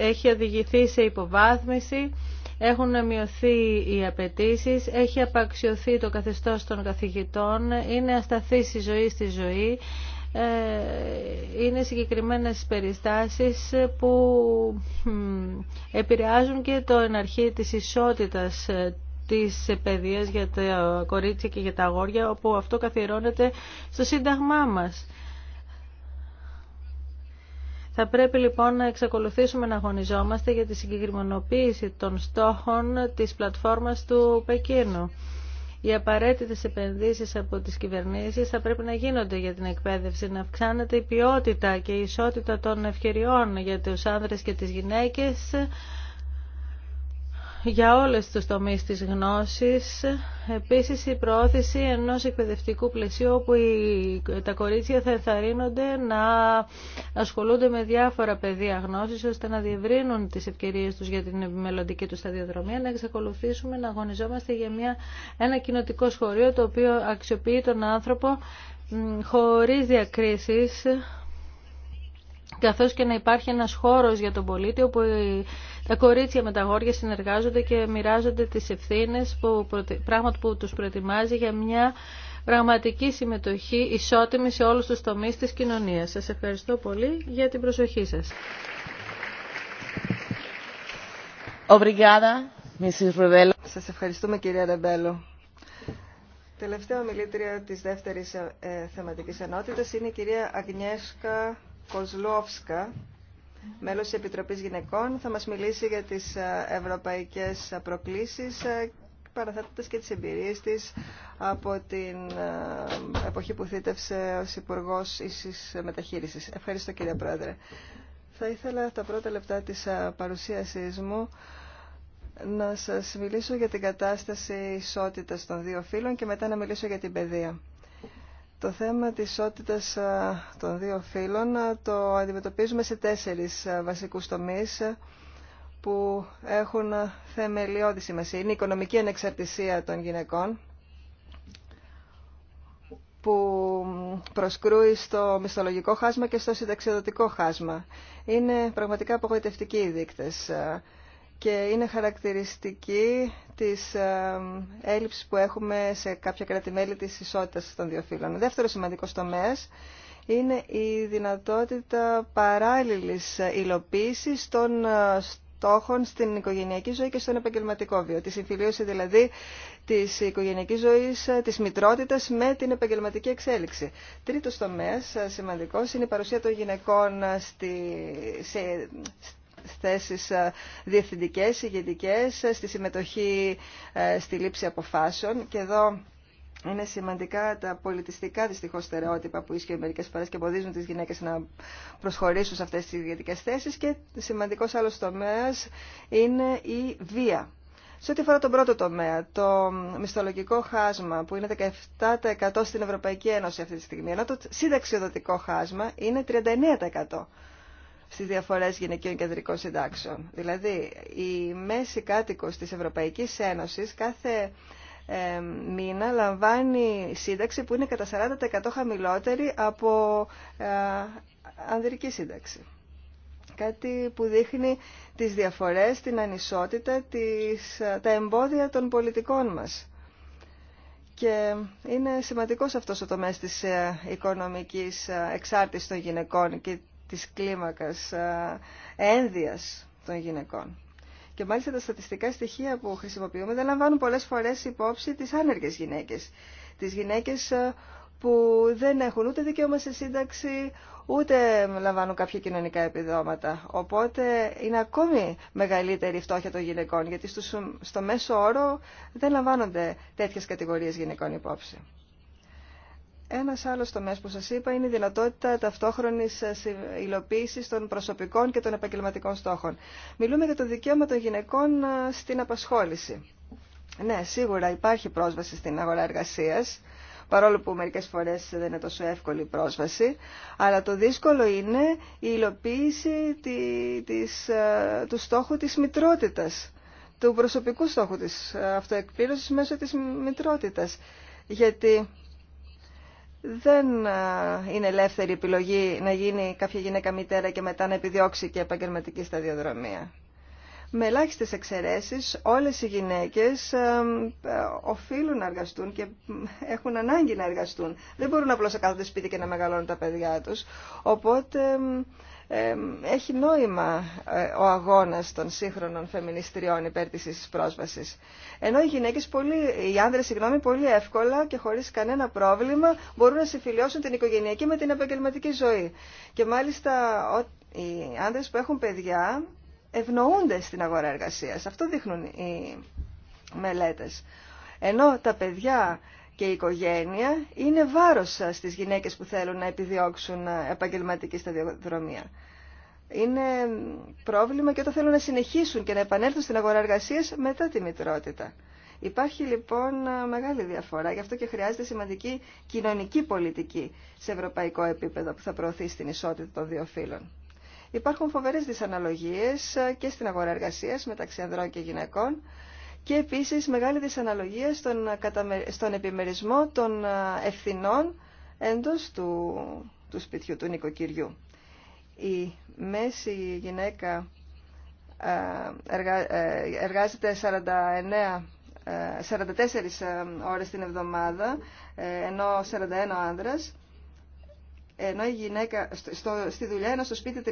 έχει οδηγηθεί σε υποβάθμιση, έχουν μειωθεί οι απαιτήσει, έχει απαξιωθεί το καθεστώς των καθηγητών, είναι ασταθής η ζωή στη ζωή, ε, είναι συγκεκριμένες περιστάσεις που επηρεάζουν και το εναρχή της ισότητας της παιδείας για τα κορίτσια και για τα αγόρια, όπου αυτό καθιερώνεται στο Σύνταγμά μας. Θα πρέπει λοιπόν να εξακολουθήσουμε να αγωνιζόμαστε για τη συγκεκριμενοποίηση των στόχων της πλατφόρμας του Πεκίνου. Οι απαραίτητε επενδύσει από τι κυβερνήσει θα πρέπει να γίνονται για την εκπαίδευση, να αυξάνεται η ποιότητα και η ισότητα των ευκαιριών για του άνδρες και τι γυναίκε, για όλες τους τομείς της γνώσης. Επίσης η προώθηση ενός εκπαιδευτικού πλαισίου όπου τα κορίτσια θα ενθαρρύνονται να ασχολούνται με διάφορα πεδία γνώσης ώστε να διευρύνουν τις ευκαιρίες τους για την μελλοντική τους σταδιοδρομία, να εξακολουθήσουμε να αγωνιζόμαστε για μια, ένα κοινοτικό σχολείο το οποίο αξιοποιεί τον άνθρωπο χωρίς διακρίσεις καθώς και να υπάρχει ένας χώρος για τον πολίτη όπου τα κορίτσια με τα γόρια συνεργάζονται και μοιράζονται τις ευθύνες, που, πράγμα που τους προετοιμάζει για μια πραγματική συμμετοχή ισότιμη σε όλους τους τομείς της κοινωνίας. Σας ευχαριστώ πολύ για την προσοχή σας. Σας ευχαριστούμε κυρία Ρεμπέλο. Τελευταία ομιλήτρια της δεύτερης ε, θεματικής ενότητας είναι η κυρία Αγνιέσκα Κοσλόφσκα, μέλος της Επιτροπής Γυναικών, θα μας μιλήσει για τις ε, ευρωπαϊκές προκλήσεις ε, παραθέτοντας και τις εμπειρίες της από την ε, εποχή που θύτευσε ως υπουργό Ίσης Μεταχείρισης. Ευχαριστώ κύριε Πρόεδρε. Θα ήθελα τα πρώτα λεπτά της παρουσίασής μου να σας μιλήσω για την κατάσταση ισότητας των δύο φύλων και μετά να μιλήσω για την παιδεία. Το θέμα της ισότητας των δύο φύλων το αντιμετωπίζουμε σε τέσσερις βασικούς τομείς που έχουν θεμελιώδη σημασία. Είναι η οικονομική ανεξαρτησία των γυναικών που προσκρούει στο μισθολογικό χάσμα και στο συνταξιοδοτικό χάσμα. Είναι πραγματικά απογοητευτικοί οι δείκτες και είναι χαρακτηριστική της ε, έλλειψης που έχουμε σε κάποια κράτη-μέλη της ισότητας των δύο φύλων. Δεύτερο δεύτερος σημαντικός τομέας είναι η δυνατότητα παράλληλης υλοποίησης των ε, στόχων στην οικογενειακή ζωή και στον επαγγελματικό βίο. Τη συμφιλίωση δηλαδή της οικογενειακής ζωής, ε, της μητρότητας με την επαγγελματική εξέλιξη. Τρίτος τομέας σημαντικός είναι η παρουσία των γυναικών στη, σε, θέσεις ε, διευθυντικές, ηγετικέ ε, στη συμμετοχή ε, στη λήψη αποφάσεων. Και εδώ είναι σημαντικά τα πολιτιστικά δυστυχώ στερεότυπα που ίσχυε μερικέ φορέ και εμποδίζουν τι γυναίκε να προσχωρήσουν σε αυτέ τι ηγετικέ θέσει. Και σημαντικό άλλο τομέα είναι η βία. Σε ό,τι αφορά τον πρώτο τομέα, το μισθολογικό χάσμα που είναι 17% στην Ευρωπαϊκή Ένωση αυτή τη στιγμή, ενώ το συνταξιοδοτικό χάσμα είναι 39% στις διαφορές γυναικείων ανδρικών συντάξεων. Δηλαδή, η μέση κάτοικος της Ευρωπαϊκής Ένωσης κάθε ε, μήνα λαμβάνει σύνταξη που είναι κατά 40% χαμηλότερη από ε, ανδρική σύνταξη. Κάτι που δείχνει τις διαφορές, την ανισότητα, τα εμπόδια των πολιτικών μας. Και είναι σημαντικός αυτός ο τομέας της ε, οικονομικής εξάρτησης των γυναικών της κλίμακας ε, ένδυας των γυναικών. Και μάλιστα τα στατιστικά στοιχεία που χρησιμοποιούμε δεν λαμβάνουν πολλές φορές υπόψη τις άνεργες γυναίκες. Τις γυναίκες ε, που δεν έχουν ούτε δικαίωμα σε σύνταξη, ούτε λαμβάνουν κάποια κοινωνικά επιδόματα. Οπότε είναι ακόμη μεγαλύτερη η φτώχεια των γυναικών, γιατί στο μέσο όρο δεν λαμβάνονται τέτοιες κατηγορίες γυναικών υπόψη. Ένα άλλο τομέα που σας είπα είναι η δυνατότητα ταυτόχρονης ε, υλοποίηση των προσωπικών και των επαγγελματικών στόχων. Μιλούμε για το δικαίωμα των γυναικών ε, στην απασχόληση. Ναι, σίγουρα υπάρχει πρόσβαση στην αγορά εργασίας, παρόλο που μερικές φορές δεν είναι τόσο εύκολη η πρόσβαση, αλλά το δύσκολο είναι η υλοποίηση ε, του στόχου τη μητρότητα, του προσωπικού στόχου τη αυτοεκπλήρωσης μέσω τη μητρότητα. Γιατί δεν είναι ελεύθερη επιλογή να γίνει κάποια γυναίκα μητέρα και μετά να επιδιώξει και επαγγελματική σταδιοδρομία. Με ελάχιστε εξαιρέσει, όλες οι γυναίκες οφείλουν να εργαστούν και έχουν ανάγκη να εργαστούν. Δεν μπορούν απλώς να κάθονται σπίτι και να μεγαλώνουν τα παιδιά τους. Οπότε έχει νόημα ε, ο αγώνας των σύγχρονων φεμινιστριών υπέρ της ίσης πρόσβασης. Ενώ οι γυναίκες, πολύ, οι άνδρες, συγγνώμη, πολύ εύκολα και χωρίς κανένα πρόβλημα μπορούν να συμφιλιώσουν την οικογενειακή με την επαγγελματική ζωή. Και μάλιστα οι άνδρες που έχουν παιδιά ευνοούνται στην αγορά εργασίας. Αυτό δείχνουν οι μελέτες. Ενώ τα παιδιά και η οικογένεια είναι βάρος στις γυναίκες που θέλουν να επιδιώξουν επαγγελματική σταδιοδρομία. Είναι πρόβλημα και όταν θέλουν να συνεχίσουν και να επανέλθουν στην αγορά εργασίας μετά τη μητρότητα. Υπάρχει λοιπόν μεγάλη διαφορά, γι' αυτό και χρειάζεται σημαντική κοινωνική πολιτική σε ευρωπαϊκό επίπεδο που θα προωθεί στην ισότητα των δύο φύλων. Υπάρχουν φοβερές δυσαναλογίες και στην αγορά εργασίας μεταξύ ανδρών και γυναικών και επίσης μεγάλη δυσαναλογία στον, στον επιμερισμό των ευθυνών εντός του, σπιτιού, του νοικοκυριού. Η μέση γυναίκα ε, εργάζεται 49 44 ε, ε, ώρες την εβδομάδα, ενώ 41 ο άνδρας, ενώ η γυναίκα στη δουλειά, ενώ στο σπίτι 39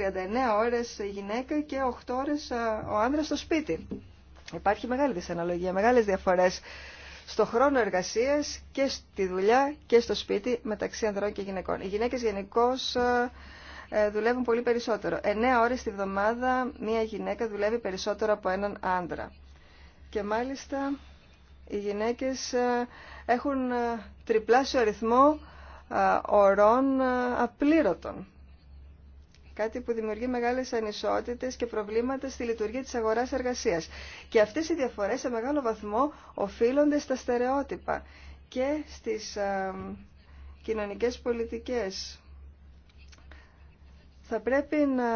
ώρες η γυναίκα και 8 ώρες ο άνδρας στο σπίτι. Υπάρχει μεγάλη δυσαναλογία, μεγάλες διαφορές στο χρόνο εργασίας και στη δουλειά και στο σπίτι μεταξύ ανδρών και γυναικών. Οι γυναίκες γενικώ ε, ε, δουλεύουν πολύ περισσότερο. Εννέα ώρες τη βδομάδα μία γυναίκα δουλεύει περισσότερο από έναν άντρα. Και μάλιστα οι γυναίκες ε, έχουν τριπλάσιο αριθμό ορών απλήρωτων. Κάτι που δημιουργεί μεγάλες ανισότητες και προβλήματα στη λειτουργία της αγοράς εργασίας. Και αυτές οι διαφορές σε μεγάλο βαθμό οφείλονται στα στερεότυπα και στις κοινωνικέ κοινωνικές πολιτικές. Θα πρέπει να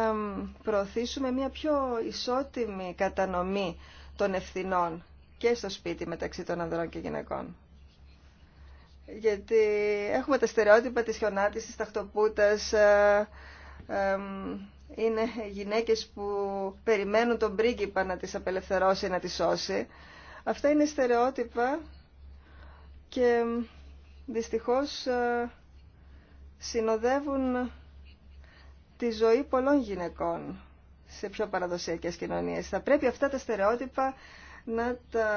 προωθήσουμε μια πιο ισότιμη κατανομή των ευθυνών και στο σπίτι μεταξύ των ανδρών και γυναικών. Γιατί έχουμε τα στερεότυπα της χιονάτης, της ταχτοπούτας, ε, είναι γυναίκες που περιμένουν τον πρίγκιπα να τις απελευθερώσει, να τις σώσει. Αυτά είναι στερεότυπα και δυστυχώς ε, συνοδεύουν τη ζωή πολλών γυναικών σε πιο παραδοσιακές κοινωνίες. Θα πρέπει αυτά τα στερεότυπα να τα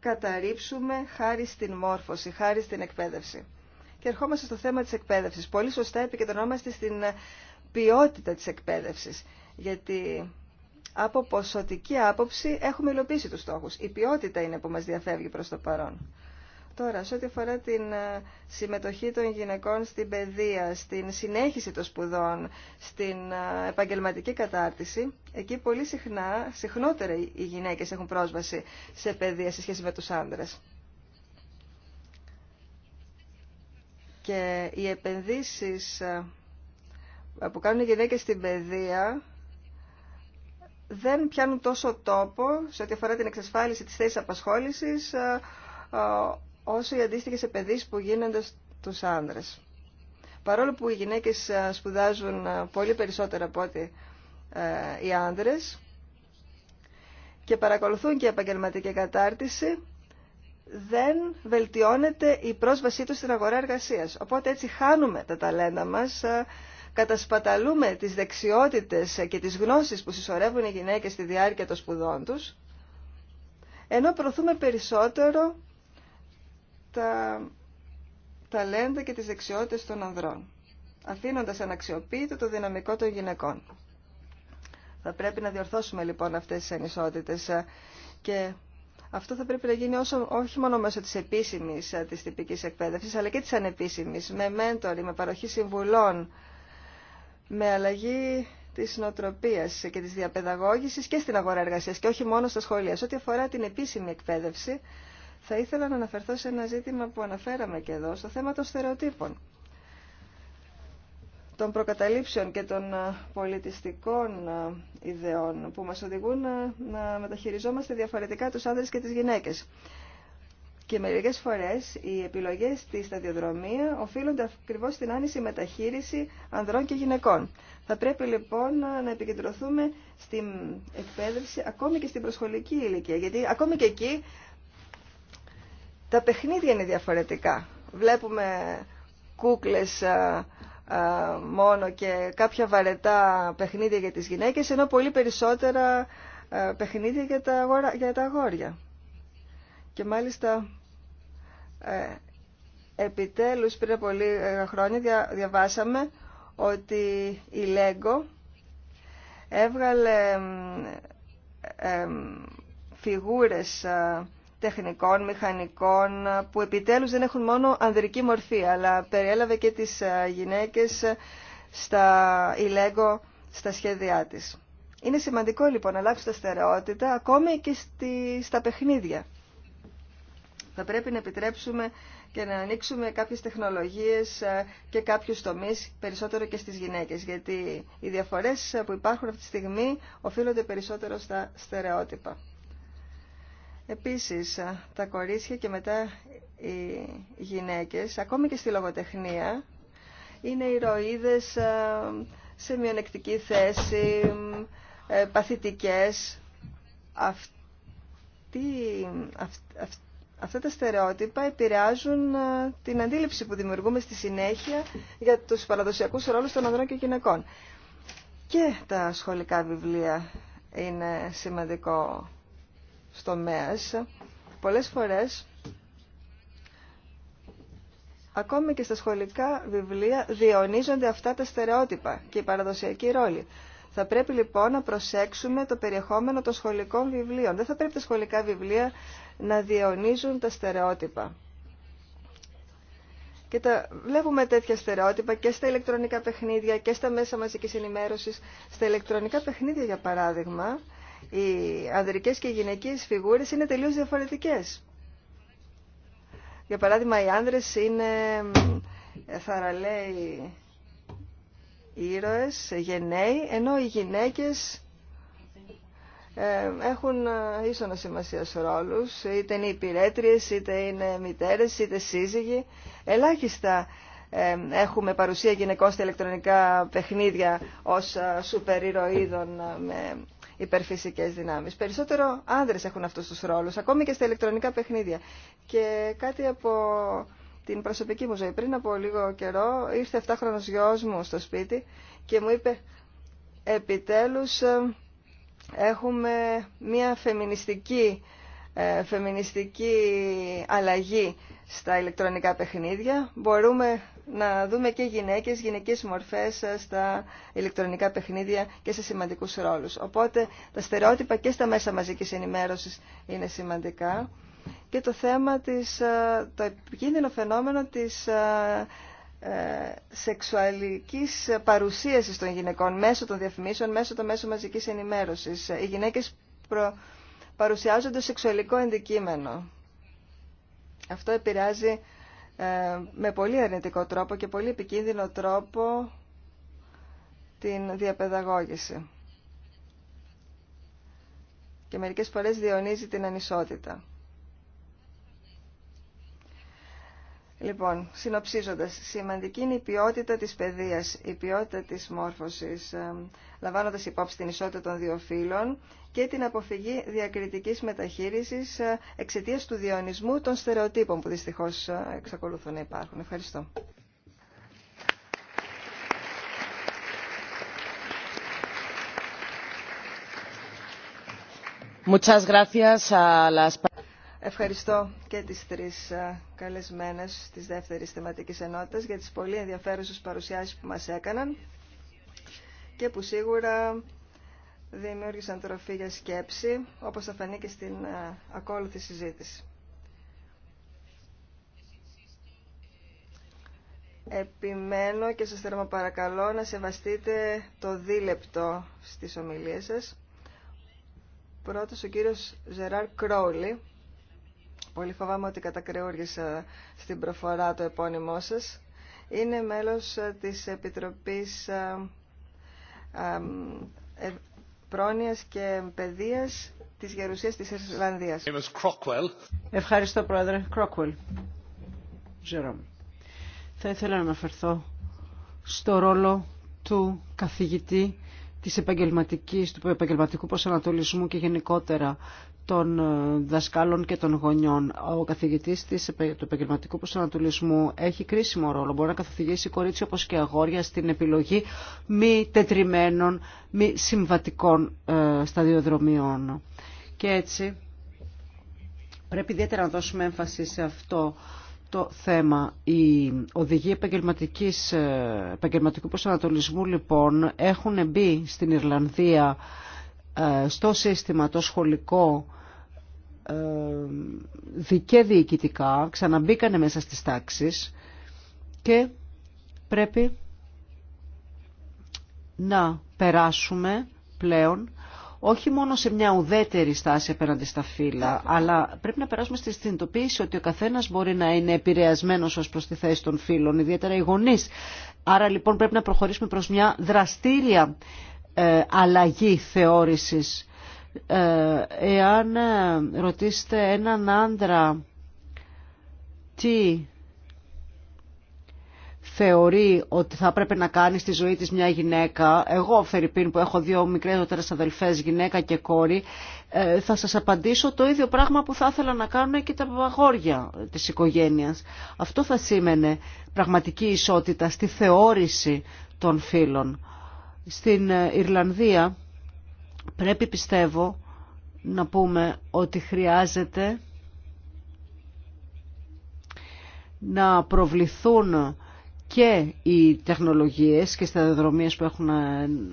καταρρύψουμε χάρη στην μόρφωση, χάρη στην εκπαίδευση. Και ερχόμαστε στο θέμα της εκπαίδευσης. Πολύ σωστά επικεντρωνόμαστε στην ποιότητα της εκπαίδευσης, γιατί από ποσοτική άποψη έχουμε υλοποιήσει τους στόχους. Η ποιότητα είναι που μας διαφεύγει προς το παρόν. Τώρα, σε ό,τι αφορά την ε, συμμετοχή των γυναικών στην παιδεία, στην συνέχιση των σπουδών, στην ε, επαγγελματική κατάρτιση, εκεί πολύ συχνά, συχνότερα οι γυναίκες έχουν πρόσβαση σε παιδεία σε σχέση με τους άντρες. Και οι επενδύσεις ε, που κάνουν οι γυναίκες στην παιδεία δεν πιάνουν τόσο τόπο σε ό,τι αφορά την εξασφάλιση της θέσης απασχόλησης ε, ε, όσο οι αντίστοιχες επενδύσεις που γίνονται στους άνδρες. Παρόλο που οι γυναίκες ε, σπουδάζουν πολύ περισσότερα από ό,τι οι άνδρες και παρακολουθούν και επαγγελματική κατάρτιση, δεν βελτιώνεται η πρόσβασή τους στην αγορά εργασίας. Οπότε έτσι χάνουμε τα ταλέντα μας κατασπαταλούμε τις δεξιότητες και τις γνώσεις που συσσωρεύουν οι γυναίκες στη διάρκεια των σπουδών τους, ενώ προωθούμε περισσότερο τα ταλέντα και τις δεξιότητες των ανδρών, αφήνοντας αναξιοποίητο το δυναμικό των γυναικών. Θα πρέπει να διορθώσουμε λοιπόν αυτές τις ανισότητες και αυτό θα πρέπει να γίνει όσο, όχι μόνο μέσω της επίσημης ε, της τυπικής εκπαίδευσης, αλλά και της ανεπίσημης, με μέντορη, με παροχή συμβουλών, με αλλαγή της νοοτροπίας και της διαπαιδαγώγησης και στην αγορά εργασίας και όχι μόνο στα σχολεία. Σε ό,τι αφορά την επίσημη εκπαίδευση, θα ήθελα να αναφερθώ σε ένα ζήτημα που αναφέραμε και εδώ, στο θέμα των στερεοτύπων, των προκαταλήψεων και των ε, πολιτιστικών ε, ιδεών που μας οδηγούν ε, να μεταχειριζόμαστε διαφορετικά τους άνδρες και τις γυναίκες. Και μερικέ φορέ οι επιλογέ στη σταδιοδρομία οφείλονται ακριβώ στην άνηση μεταχείριση ανδρών και γυναικών. Θα πρέπει λοιπόν να επικεντρωθούμε στην εκπαίδευση ακόμη και στην προσχολική ηλικία. Γιατί ακόμη και εκεί τα παιχνίδια είναι διαφορετικά. Βλέπουμε κούκλες μόνο και κάποια βαρετά παιχνίδια για τις γυναίκες, ενώ πολύ περισσότερα παιχνίδια για τα αγόρια. Και μάλιστα ε, επιτέλους πριν από χρόνια διαβάσαμε ότι η Lego έβγαλε ε, φιγούρες ε, τεχνικών, μηχανικών που επιτέλους δεν έχουν μόνο ανδρική μορφή αλλά περιέλαβε και τις γυναίκες στα, η Lego στα σχέδιά της. Είναι σημαντικό λοιπόν να αλλάξουν τα στερεότητα ακόμη και στη, στα παιχνίδια. Θα πρέπει να επιτρέψουμε και να ανοίξουμε κάποιες τεχνολογίες ε, και κάποιους τομείς περισσότερο και στις γυναίκες, γιατί οι διαφορές που υπάρχουν αυτή τη στιγμή οφείλονται περισσότερο στα στερεότυπα. Επίσης, ε, τα κορίτσια και μετά οι γυναίκες, ακόμη και στη λογοτεχνία, είναι ηρωίδες ε, σε μειονεκτική θέση, παθητικές. Αυτή, αυτά τα στερεότυπα επηρεάζουν ε, την αντίληψη που δημιουργούμε στη συνέχεια για τους παραδοσιακούς ρόλους των ανδρών και γυναικών. Και τα σχολικά βιβλία είναι σημαντικό στομέας. Πολλές φορές, ακόμη και στα σχολικά βιβλία, διονίζονται αυτά τα στερεότυπα και οι παραδοσιακοί ρόλοι. Θα πρέπει λοιπόν να προσέξουμε το περιεχόμενο των σχολικών βιβλίων. Δεν θα πρέπει τα σχολικά βιβλία να διαιωνίζουν τα στερεότυπα. Και τα, βλέπουμε τέτοια στερεότυπα και στα ηλεκτρονικά παιχνίδια και στα μέσα μαζικής ενημέρωσης. Στα ηλεκτρονικά παιχνίδια, για παράδειγμα, οι ανδρικές και οι γυναικείες φιγούρες είναι τελείως διαφορετικές. Για παράδειγμα, οι άνδρες είναι ε, θαραλέοι ήρωες, γενναίοι, ενώ οι γυναίκες ε, έχουν ε, ίσονα σημασία ρόλους, είτε είναι υπηρέτριες, είτε είναι μητέρες, είτε σύζυγοι. Ελάχιστα ε, έχουμε παρουσία γυναικών στα ηλεκτρονικά παιχνίδια ως σούπερ ηρωίδων με υπερφυσικές δυνάμεις. Περισσότερο άνδρες έχουν αυτούς τους ρόλους, ακόμη και στα ηλεκτρονικά παιχνίδια. Και κάτι από την προσωπική μου ζωή. Πριν από λίγο καιρό ήρθε 7χρονος γιος μου στο σπίτι και μου είπε επιτέλους ε, έχουμε μια φεμινιστική, ε, φεμινιστική αλλαγή στα ηλεκτρονικά παιχνίδια. Μπορούμε να δούμε και γυναίκες, γυναικές μορφές ε, στα ηλεκτρονικά παιχνίδια και σε σημαντικούς ρόλους. Οπότε τα στερεότυπα και στα μέσα μαζικής ενημέρωσης είναι σημαντικά και το θέμα της, ε, το επικίνδυνο φαινόμενο της ε, ε, σεξουαλικής παρουσίασης των γυναικών μέσω των διαφημίσεων, μέσω των μέσων μαζικής ενημέρωσης. Οι γυναίκες προ... παρουσιάζονται σεξουαλικό ενδικήμενο. Αυτό επηρεάζει με πολύ αρνητικό τρόπο και πολύ επικίνδυνο τρόπο την διαπαιδαγώγηση. Και μερικές φορές διονύζει την ανισότητα. Λοιπόν, συνοψίζοντας, σημαντική είναι η ποιότητα της παιδείας, η ποιότητα της μόρφωσης, ε, λαμβάνοντας υπόψη την ισότητα των δύο φύλων και την αποφυγή διακριτικής μεταχείρισης ε, εξαιτίας του διονυσμού των στερεοτύπων που δυστυχώς ε, εξακολουθούν να υπάρχουν. Ευχαριστώ. Ευχαριστώ και τις τρεις ε, καλεσμένες της δεύτερης θεματικής ενότητας για τις πολύ ενδιαφέρουσες παρουσιάσεις που μας έκαναν και που σίγουρα δημιούργησαν τροφή για σκέψη, όπως θα φανεί και στην ε, ακόλουθη συζήτηση. Επιμένω και σας θέλω παρακαλώ να σεβαστείτε το δίλεπτο στις ομιλίες σας. Πρώτος ο κύριος Ζεράρ Κρόουλη, πολύ φοβάμαι ότι κατακρεούργησα στην προφορά το επώνυμό σας. Είναι μέλος ε, της Επιτροπής ε, ε, Πρόνοιας και Παιδείας της Γερουσίας της Ισλανδίας. Ευχαριστώ, Πρόεδρε. Κρόκουελ. Ζερόμ. Θα ήθελα να αναφερθώ στο ρόλο του καθηγητή της επαγγελματικής, του επαγγελματικού προσανατολισμού και γενικότερα των ε, δασκάλων και των γονιών. Ο καθηγητής της, του επαγγελματικού προσανατολισμού έχει κρίσιμο ρόλο. Μπορεί να καθοδηγήσει κορίτσια όπως και αγόρια στην επιλογή μη τετριμένων, μη συμβατικών ε, σταδιοδρομιών. Και έτσι πρέπει ιδιαίτερα να δώσουμε έμφαση σε αυτό το θέμα. οι οδηγοί ε, επαγγελματικού προσανατολισμού λοιπόν έχουν μπει στην Ιρλανδία ε, στο σύστημα το σχολικό ε, δικέ διοικητικά, ξαναμπήκανε μέσα στις τάξεις και πρέπει να περάσουμε πλέον όχι μόνο σε μια ουδέτερη στάση απέναντι στα φύλλα, αλλά πρέπει να περάσουμε στη συνειδητοποίηση ότι ο καθένα μπορεί να είναι επηρεασμένο ω προ τη θέση των φύλων, ιδιαίτερα οι γονεί. Άρα λοιπόν πρέπει να προχωρήσουμε προ μια δραστήρια ε, αλλαγή θεώρηση. Ε, εάν ε, ρωτήσετε έναν άντρα τι θεωρεί ότι θα πρέπει να κάνει στη ζωή της μια γυναίκα, εγώ Φερρυπίν που έχω δύο μικρές αδελφές, γυναίκα και κόρη, ε, θα σας απαντήσω το ίδιο πράγμα που θα ήθελα να κάνουν και τα αγόρια της οικογένειας. Αυτό θα σήμαινε πραγματική ισότητα στη θεώρηση των φίλων. Στην ε, Ιρλανδία πρέπει πιστεύω να πούμε ότι χρειάζεται να προβληθούν και οι τεχνολογίες και οι σταδιοδρομίες που, έχουν,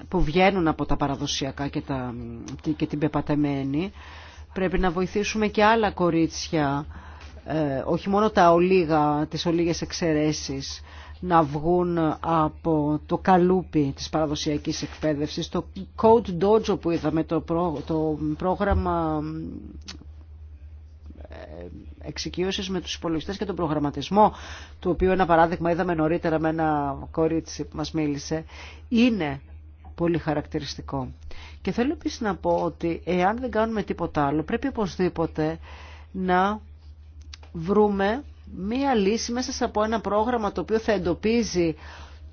που βγαίνουν από τα παραδοσιακά και, και την πεπατεμένη. Πρέπει να βοηθήσουμε και άλλα κορίτσια, ε, όχι μόνο τα ολίγα, τις ολίγες εξαιρέσεις, να βγουν από το καλούπι της παραδοσιακής εκπαίδευσης. Το Code Dojo που είδαμε, το, πρόγραμμα εξοικείωσης με τους υπολογιστές και τον προγραμματισμό, του οποίου ένα παράδειγμα είδαμε νωρίτερα με ένα κορίτσι που μας μίλησε, είναι πολύ χαρακτηριστικό. Και θέλω επίσης να πω ότι εάν δεν κάνουμε τίποτα άλλο, πρέπει οπωσδήποτε να βρούμε μία λύση μέσα από ένα πρόγραμμα το οποίο θα εντοπίζει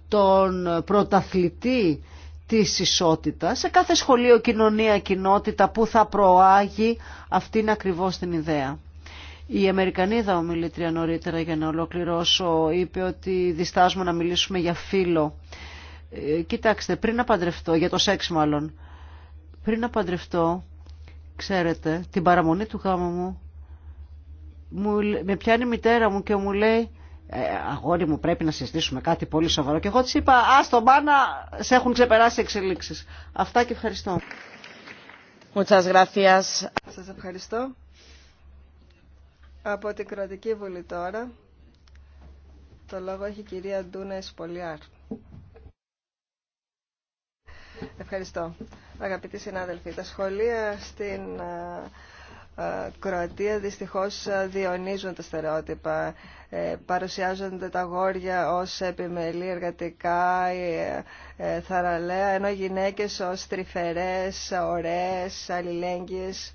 τον πρωταθλητή της ισότητας σε κάθε σχολείο, κοινωνία, κοινότητα που θα προάγει αυτήν ακριβώς την ιδέα. Η Αμερικανίδα ομιλήτρια νωρίτερα για να ολοκληρώσω είπε ότι διστάζουμε να μιλήσουμε για φίλο. Ε, κοιτάξτε, πριν να παντρευτώ, για το σεξ μάλλον, πριν να παντρευτώ, ξέρετε, την παραμονή του γάμου μου, μου με πιάνει η μητέρα μου και μου λέει ε, αγόρι μου πρέπει να συζητήσουμε κάτι πολύ σοβαρό και εγώ της είπα ας το μάνα σε έχουν ξεπεράσει εξελίξεις αυτά και ευχαριστώ Muchas Σας ευχαριστώ από την Κροατική Βουλή τώρα, το λόγο έχει η κυρία Ντούνα Εσπολιάρ. Ευχαριστώ. Αγαπητοί συνάδελφοι, τα σχολεία στην ε, ε, Κροατία δυστυχώς ε, διονύζουν τα στερεότυπα. παρουσιάζονται τα γόρια ως επιμελή εργατικά, θαραλέα, ενώ γυναίκες ως τρυφερές, ωραίες, αλληλέγγυες.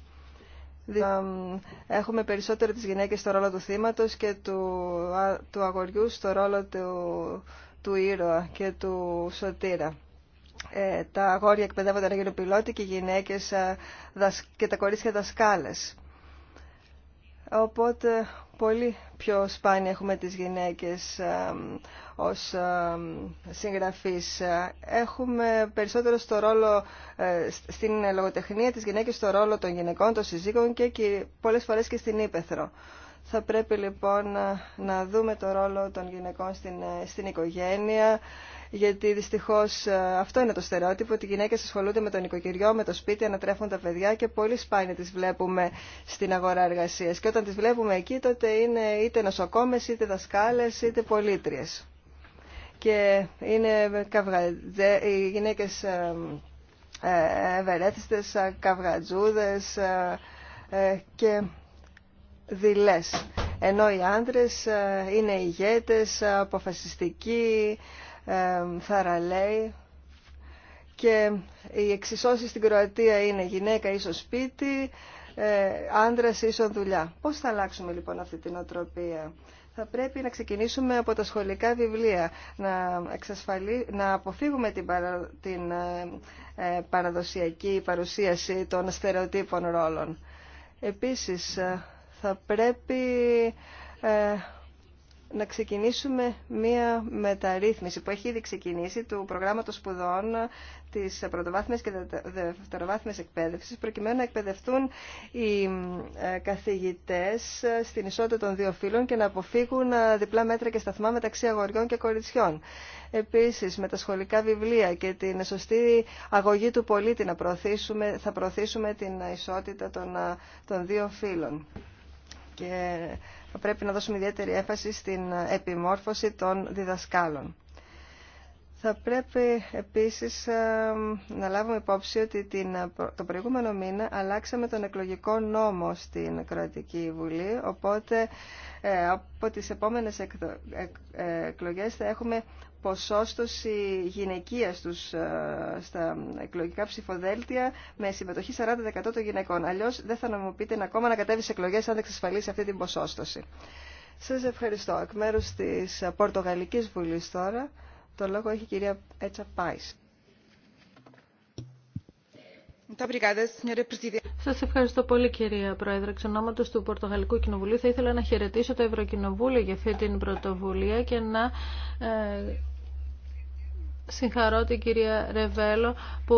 Έχουμε περισσότερο τις γυναίκες στο ρόλο του θύματος και του, αγοριού στο ρόλο του, του ήρωα και του σωτήρα. Ε, τα αγόρια εκπαιδεύονται να γίνουν πιλότοι και οι γυναίκες και τα κορίτσια δασκάλες. Οπότε πολύ πιο σπάνια έχουμε τις γυναίκες ως συγγραφείς. Έχουμε περισσότερο στο ρόλο, ε, στην λογοτεχνία τις γυναίκες στο ρόλο των γυναικών, των συζύγων και, και πολλές φορές και στην ύπεθρο. Θα πρέπει λοιπόν ε, να δούμε το ρόλο των γυναικών στην, ε, στην οικογένεια, γιατί δυστυχώς ε, αυτό είναι το στερεότυπο, ότι οι γυναίκε ασχολούνται με το νοικοκυριό, με το σπίτι, ανατρέφουν τα παιδιά και πολύ σπάνια τις βλέπουμε στην αγορά εργασία. Και όταν τις βλέπουμε εκεί τότε είναι είτε νοσοκόμε, είτε δασκάλε, είτε πολίτριες. Και είναι καυγαδε... οι γυναίκε ε, ευερέθιστε, καυγατζούδε ε, και δειλές. Ενώ οι άντρες είναι ηγέτες, αποφασιστικοί, θαραλέοι και οι εξισώσεις στην Κροατία είναι γυναίκα ίσως σπίτι, ε, άντρας δουλειά. Πώς θα αλλάξουμε λοιπόν αυτή την οτροπία. Θα πρέπει να ξεκινήσουμε από τα σχολικά βιβλία, να, να αποφύγουμε την, ε, ε, παραδοσιακή παρουσίαση των στερεοτύπων ρόλων. Επίσης, ε, θα πρέπει να ξεκινήσουμε μία μεταρρύθμιση που έχει ήδη ξεκινήσει του προγράμματος σπουδών της πρωτοβάθμιας και δευτεροβάθμιας εκπαίδευσης προκειμένου να εκπαιδευτούν οι ε, καθηγητές ε, στην ισότητα των δύο φύλων και να αποφύγουν ε, διπλά μέτρα και σταθμά μεταξύ αγοριών και κοριτσιών. Επίσης, με τα σχολικά βιβλία και την σωστή αγωγή του πολίτη να προωθήσουμε, θα προωθήσουμε την ισότητα των, των δύο φύλων θα πρέπει να δώσουμε ιδιαίτερη έμφαση στην επιμόρφωση των διδασκάλων. Θα πρέπει επίσης ε, να λάβουμε υπόψη ότι την, το προηγούμενο μήνα αλλάξαμε τον εκλογικό νόμο στην Κροατική Βουλή, οπότε ε, από τις επόμενες ε, εκλογές θα έχουμε ποσόστοση γυναικεία τους ε, στα εκλογικά ψηφοδέλτια με συμμετοχή 40% των γυναικών. Αλλιώ, δεν θα νομιμοποιείτε ακόμα να κατέβει σε εκλογέ αν δεν εξασφαλίσει αυτή την ποσόστοση. Σα ευχαριστώ. Εκ μέρου τη πορτογαλική βουλή τώρα, το λόγο έχει η κυρία Έτσα Πάη. Σα ευχαριστώ πολύ κυρία Πρόεδρε. Εξ ονόματο του Πορτογαλικού Κοινοβουλίου θα ήθελα να χαιρετήσω το Ευρωκοινοβούλιο για αυτή την πρωτοβουλία και να ε, συγχαρώ την κυρία Ρεβέλο που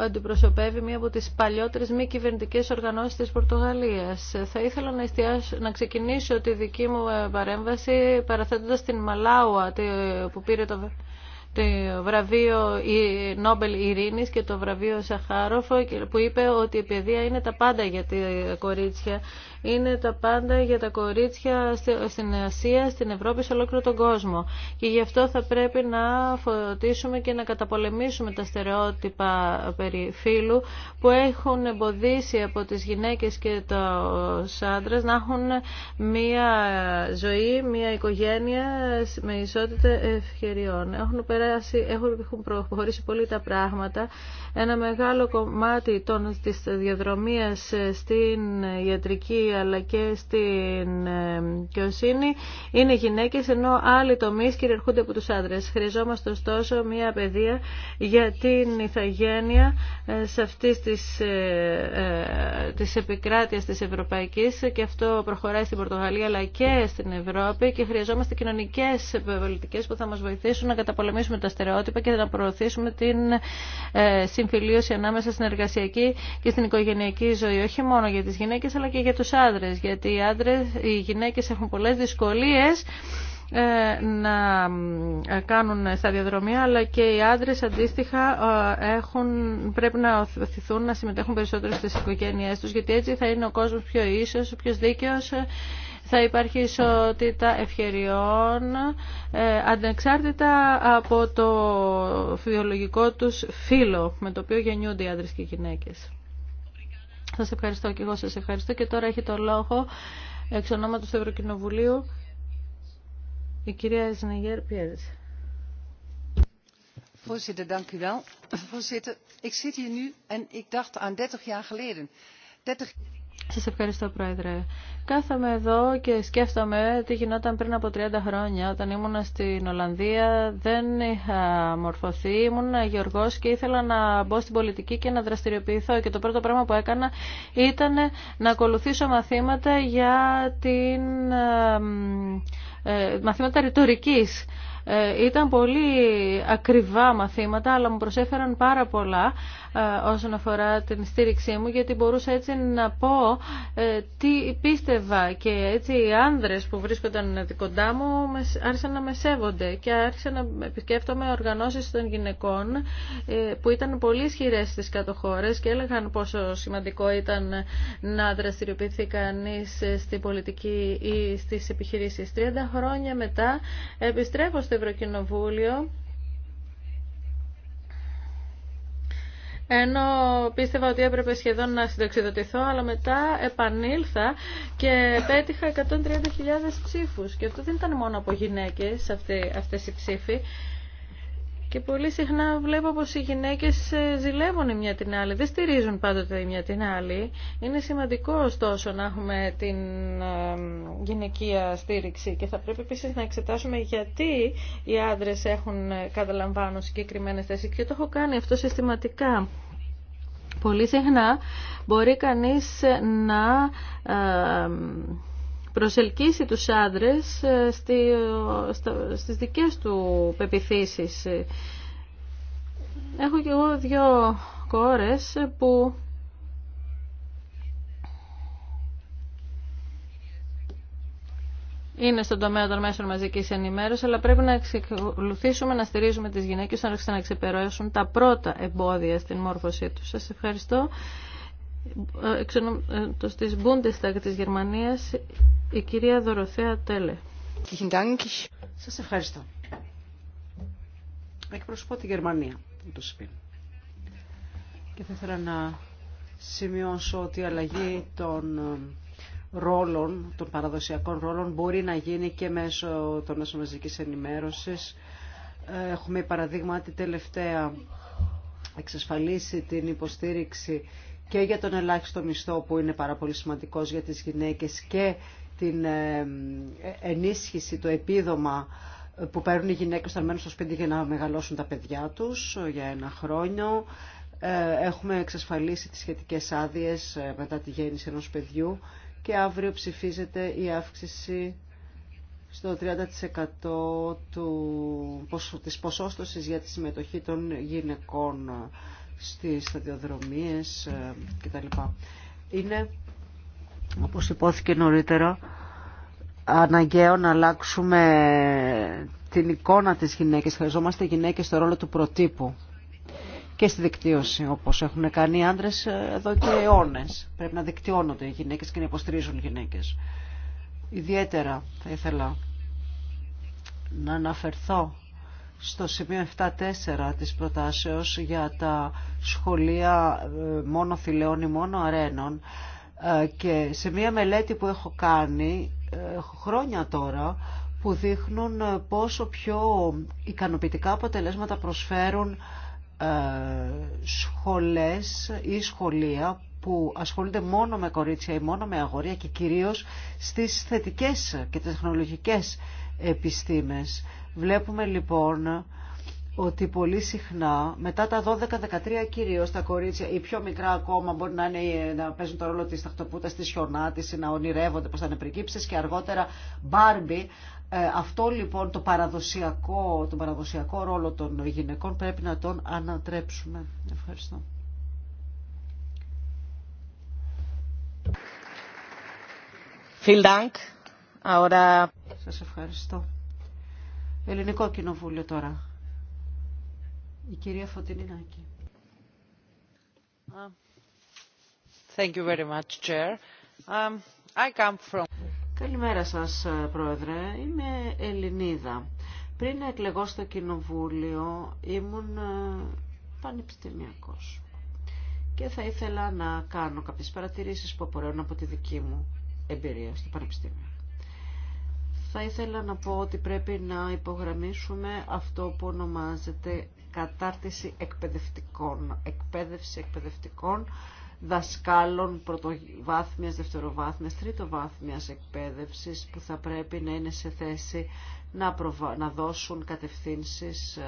αντιπροσωπεύει μία από τις παλιότερες μη κυβερνητικέ οργανώσεις της Πορτογαλίας. Θα ήθελα να, εστιάσω, να ξεκινήσω τη δική μου ε, παρέμβαση παραθέτοντας την Μαλάουα που πήρε το το βραβείο Νόμπελ Ειρήνης και το βραβείο Σαχάροφ που είπε ότι η παιδεία είναι τα πάντα για τα κορίτσια. Είναι τα πάντα για τα κορίτσια στην Ασία, στην Ευρώπη, σε ολόκληρο τον κόσμο. Και γι' αυτό θα πρέπει να φωτίσουμε και να καταπολεμήσουμε τα στερεότυπα περί φύλου που έχουν εμποδίσει από τις γυναίκες και τους άντρες να έχουν μία ζωή, μία οικογένεια με ισότητα ευκαιριών. Έχουν περάσει, έχουν προχωρήσει πολύ τα πράγματα. Ένα μεγάλο κομμάτι των, της διαδρομίας ε, στην ιατρική αλλά και στην ε, κοιοσύνη είναι γυναίκες, ενώ άλλοι τομείς κυριαρχούνται από τους άντρες. Χρειαζόμαστε ωστόσο μια παιδεία για την ηθαγένεια ε, σε αυτή ε, της επικράτειας της Ευρωπαϊκής και αυτό προχωράει στην Πορτογαλία αλλά και στην Ευρώπη και χρειαζόμαστε κοινωνικές πολιτικές που θα μας βοηθήσουν να καταπολεμήσουμε με τα στερεότυπα και να προωθήσουμε την ε, συμφιλίωση ανάμεσα στην εργασιακή και στην οικογενειακή ζωή. Όχι μόνο για τις γυναίκες αλλά και για τους άντρες. Γιατί οι, άντρες, οι γυναίκες έχουν πολλές δυσκολίες ε, να ε, κάνουν διαδρομία, αλλά και οι άντρες αντίστοιχα έχουν, πρέπει να οθηθούν να συμμετέχουν περισσότερο στις οικογένειές τους γιατί έτσι θα είναι ο κόσμος πιο ίσος, πιο δίκαιος θα υπάρχει ισότητα ευκαιριών ε, ανεξάρτητα από το φιολογικό τους φύλλο με το οποίο γεννιούνται οι άντρες και οι γυναίκες. Σας ευχαριστώ και εγώ σας ευχαριστώ και τώρα έχει το λόγο εξ ονόματος του Ευρωκοινοβουλίου η κυρία Σνεγέρ Πιέρης. Voorzitter, dank u wel. Voorzitter, ik zit hier nu en ik dacht aan 30 jaar geleden. 30... Σας ευχαριστώ Πρόεδρε. Κάθαμε εδώ και σκέφτομαι τι γινόταν πριν από 30 χρόνια όταν ήμουν στην Ολλανδία, δεν είχα μορφωθεί, ήμουν γεωργός και ήθελα να μπω στην πολιτική και να δραστηριοποιηθώ και το πρώτο πράγμα που έκανα ήταν να ακολουθήσω μαθήματα για την ε, ε, μαθήματα ρητορικής ε, ήταν πολύ ακριβά μαθήματα, αλλά μου προσέφεραν πάρα πολλά ε, όσον αφορά την στήριξή μου, γιατί μπορούσα έτσι να πω ε, τι πίστευα και έτσι οι άνδρες που βρίσκονταν κοντά μου άρχισαν να με σέβονται και άρχισα να επισκέφτομαι οργανώσεις των γυναικών που ήταν πολύ ισχυρέ στις κατοχώρες και έλεγαν πόσο σημαντικό ήταν να δραστηριοποιηθεί κανείς στην πολιτική ή στις επιχειρήσεις. 30 χρόνια μετά επιστρέφω Ευρωκοινοβούλιο ενώ πίστευα ότι έπρεπε σχεδόν να συνταξιδοτηθώ, αλλά μετά επανήλθα και πέτυχα 130.000 ψήφους. Και αυτό δεν ήταν μόνο από γυναίκες αυτές οι ψήφοι, και πολύ συχνά βλέπω πως οι γυναίκες ε, ζηλεύουν η μια την άλλη, δεν στηρίζουν πάντοτε η μια την άλλη. Είναι σημαντικό ωστόσο να έχουμε την ε, γυναικεία στήριξη και θα πρέπει επίσης να εξετάσουμε γιατί οι άντρες έχουν ε, καταλαμβάνουν συγκεκριμένες θέσεις και το έχω κάνει αυτό συστηματικά. Πολύ συχνά μπορεί κανείς να προσελκύσει τους άντρες ε, ε, στις δικές του πεπιθήσεις. Έχω και εγώ δύο κόρες που είναι στον τομέα των μέσων μαζική ενημέρωση, αλλά πρέπει να εξακολουθήσουμε να στηρίζουμε τι γυναίκε ώστε να ξεπεράσουν τα πρώτα εμπόδια στην μόρφωσή του. Σα ευχαριστώ. Ε, το στις Bundestag τη Γερμανία, η κυρία Δωροθέα Τέλε. Σας ευχαριστώ. Εκπροσωπώ τη Γερμανία, το σπίτι. Και θα ήθελα να σημειώσω ότι η αλλαγή των ε, ρόλων, των παραδοσιακών ρόλων, μπορεί να γίνει και μέσω των ασομαζικής ενημέρωσης. Ε, έχουμε παραδείγματι τελευταία εξασφαλίσει την υποστήριξη και για τον ελάχιστο μισθό που είναι πάρα πολύ σημαντικός για τις γυναίκες και την ε, ε, ενίσχυση, το επίδομα που παίρνουν οι γυναίκες όταν μένουν στο σπίτι για να μεγαλώσουν τα παιδιά τους ε, για ένα χρόνο. Έχουμε εξασφαλίσει τις σχετικές άδειες μετά τη γέννηση ενός παιδιού και αύριο ψηφίζεται η αύξηση στο 30% του, της ποσόστοσης για τη συμμετοχή των γυναικών στις σταδιοδρομίες κτλ. Είναι όπως υπόθηκε νωρίτερα, αναγκαίο να αλλάξουμε την εικόνα της γυναίκας. Χρειαζόμαστε γυναίκες στο ρόλο του προτύπου και στη δικτύωση, όπως έχουν κάνει οι άντρες εδώ και αιώνες. Πρέπει να δικτυώνονται οι γυναίκες και να υποστηρίζουν οι γυναίκες. Ιδιαίτερα θα ήθελα να αναφερθώ στο σημείο 7.4 της προτάσεως για τα σχολεία ε, μόνο θηλεών ή μόνο αρένων ε, και σε μία μελέτη που έχω κάνει ε, χρόνια τώρα που δείχνουν ε, πόσο πιο ικανοποιητικά αποτελέσματα προσφέρουν σχολές ή σχολεία που ασχολούνται μόνο με κορίτσια ή μόνο με αγόρια και κυρίως στις θετικές και τεχνολογικές επιστήμες. Βλέπουμε λοιπόν ότι πολύ συχνά μετά τα 12-13 κυρίως τα κορίτσια, οι πιο μικρά ακόμα μπορεί να, είναι, να παίζουν το ρόλο της ταχτοπούτας, της χιονάτης, να ονειρεύονται πώ θα είναι και αργότερα μπάρμπι. Ε, αυτό λοιπόν το παραδοσιακό, τον παραδοσιακό ρόλο των γυναικών πρέπει να τον ανατρέψουμε. Ευχαριστώ. Σας ευχαριστώ. Ελληνικό Κοινοβούλιο τώρα. Η κυρία Φωτεινινάκη. Ah. Thank you very much, Chair. Um, I come from... Καλημέρα σας, Πρόεδρε. Είμαι Ελληνίδα. Πριν εκλεγώ στο Κοινοβούλιο ήμουν ε, πανεπιστημιακός και θα ήθελα να κάνω κάποιες παρατηρήσεις που απορρέουν από τη δική μου εμπειρία στο Πανεπιστήμιο. Θα ήθελα να πω ότι πρέπει να υπογραμμίσουμε αυτό που ονομάζεται κατάρτιση εκπαιδευτικών, εκπαίδευση εκπαιδευτικών δασκάλων πρωτοβάθμιας, δευτεροβάθμιας, τρίτοβάθμιας εκπαίδευσης που θα πρέπει να είναι σε θέση να, να δώσουν κατευθύνσεις ε,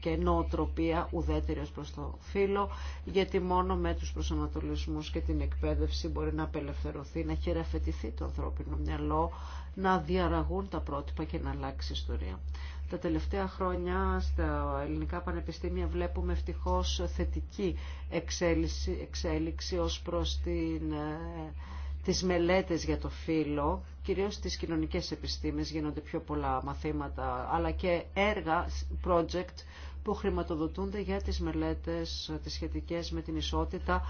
και νοοτροπία ουδέτερη προς το φύλλο γιατί μόνο με τους προσανατολισμούς και την εκπαίδευση μπορεί να απελευθερωθεί, να χειραφετηθεί το ανθρώπινο μυαλό, να διαραγούν τα πρότυπα και να αλλάξει η ιστορία. Τα τελευταία χρόνια στα ελληνικά πανεπιστήμια βλέπουμε ευτυχώς θετική εξέλιξη, εξέλιξη ως προς την, ε, τις μελέτες για το φύλλο, κυρίως στις κοινωνικές επιστήμες γίνονται πιο πολλά μαθήματα, αλλά και έργα, project, που χρηματοδοτούνται για τις μελέτες τις σχετικές με την ισότητα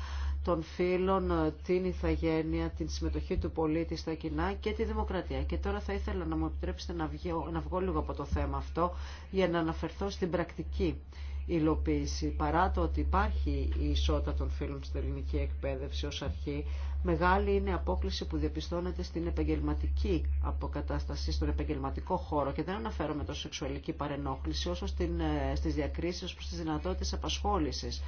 των φίλων, την ηθαγένεια, την συμμετοχή του πολίτη στα κοινά και τη δημοκρατία. Και τώρα θα ήθελα να μου επιτρέψετε να βγω, να βγω λίγο από το θέμα αυτό για να αναφερθώ στην πρακτική υλοποίηση. Παρά το ότι υπάρχει η ισότητα των φίλων στην ελληνική εκπαίδευση ως αρχή, μεγάλη είναι η απόκληση που διαπιστώνεται στην επαγγελματική αποκατάσταση, στον επαγγελματικό χώρο και δεν αναφέρομαι τόσο σεξουαλική παρενόχληση όσο στην, ε, στις διακρίσεις προς τις δυνατότητες απασχόλησης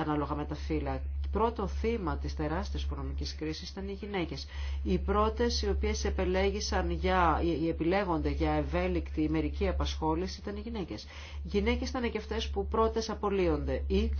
ανάλογα με τα φύλλα πρώτο θύμα της τεράστιας οικονομικής κρίσης ήταν οι γυναίκες. Οι πρώτες οι οποίες επιλέγησαν για, επιλέγονται για ευέλικτη μερική απασχόληση ήταν οι γυναίκες. Οι γυναίκες ήταν και αυτές που πρώτες απολύονται ή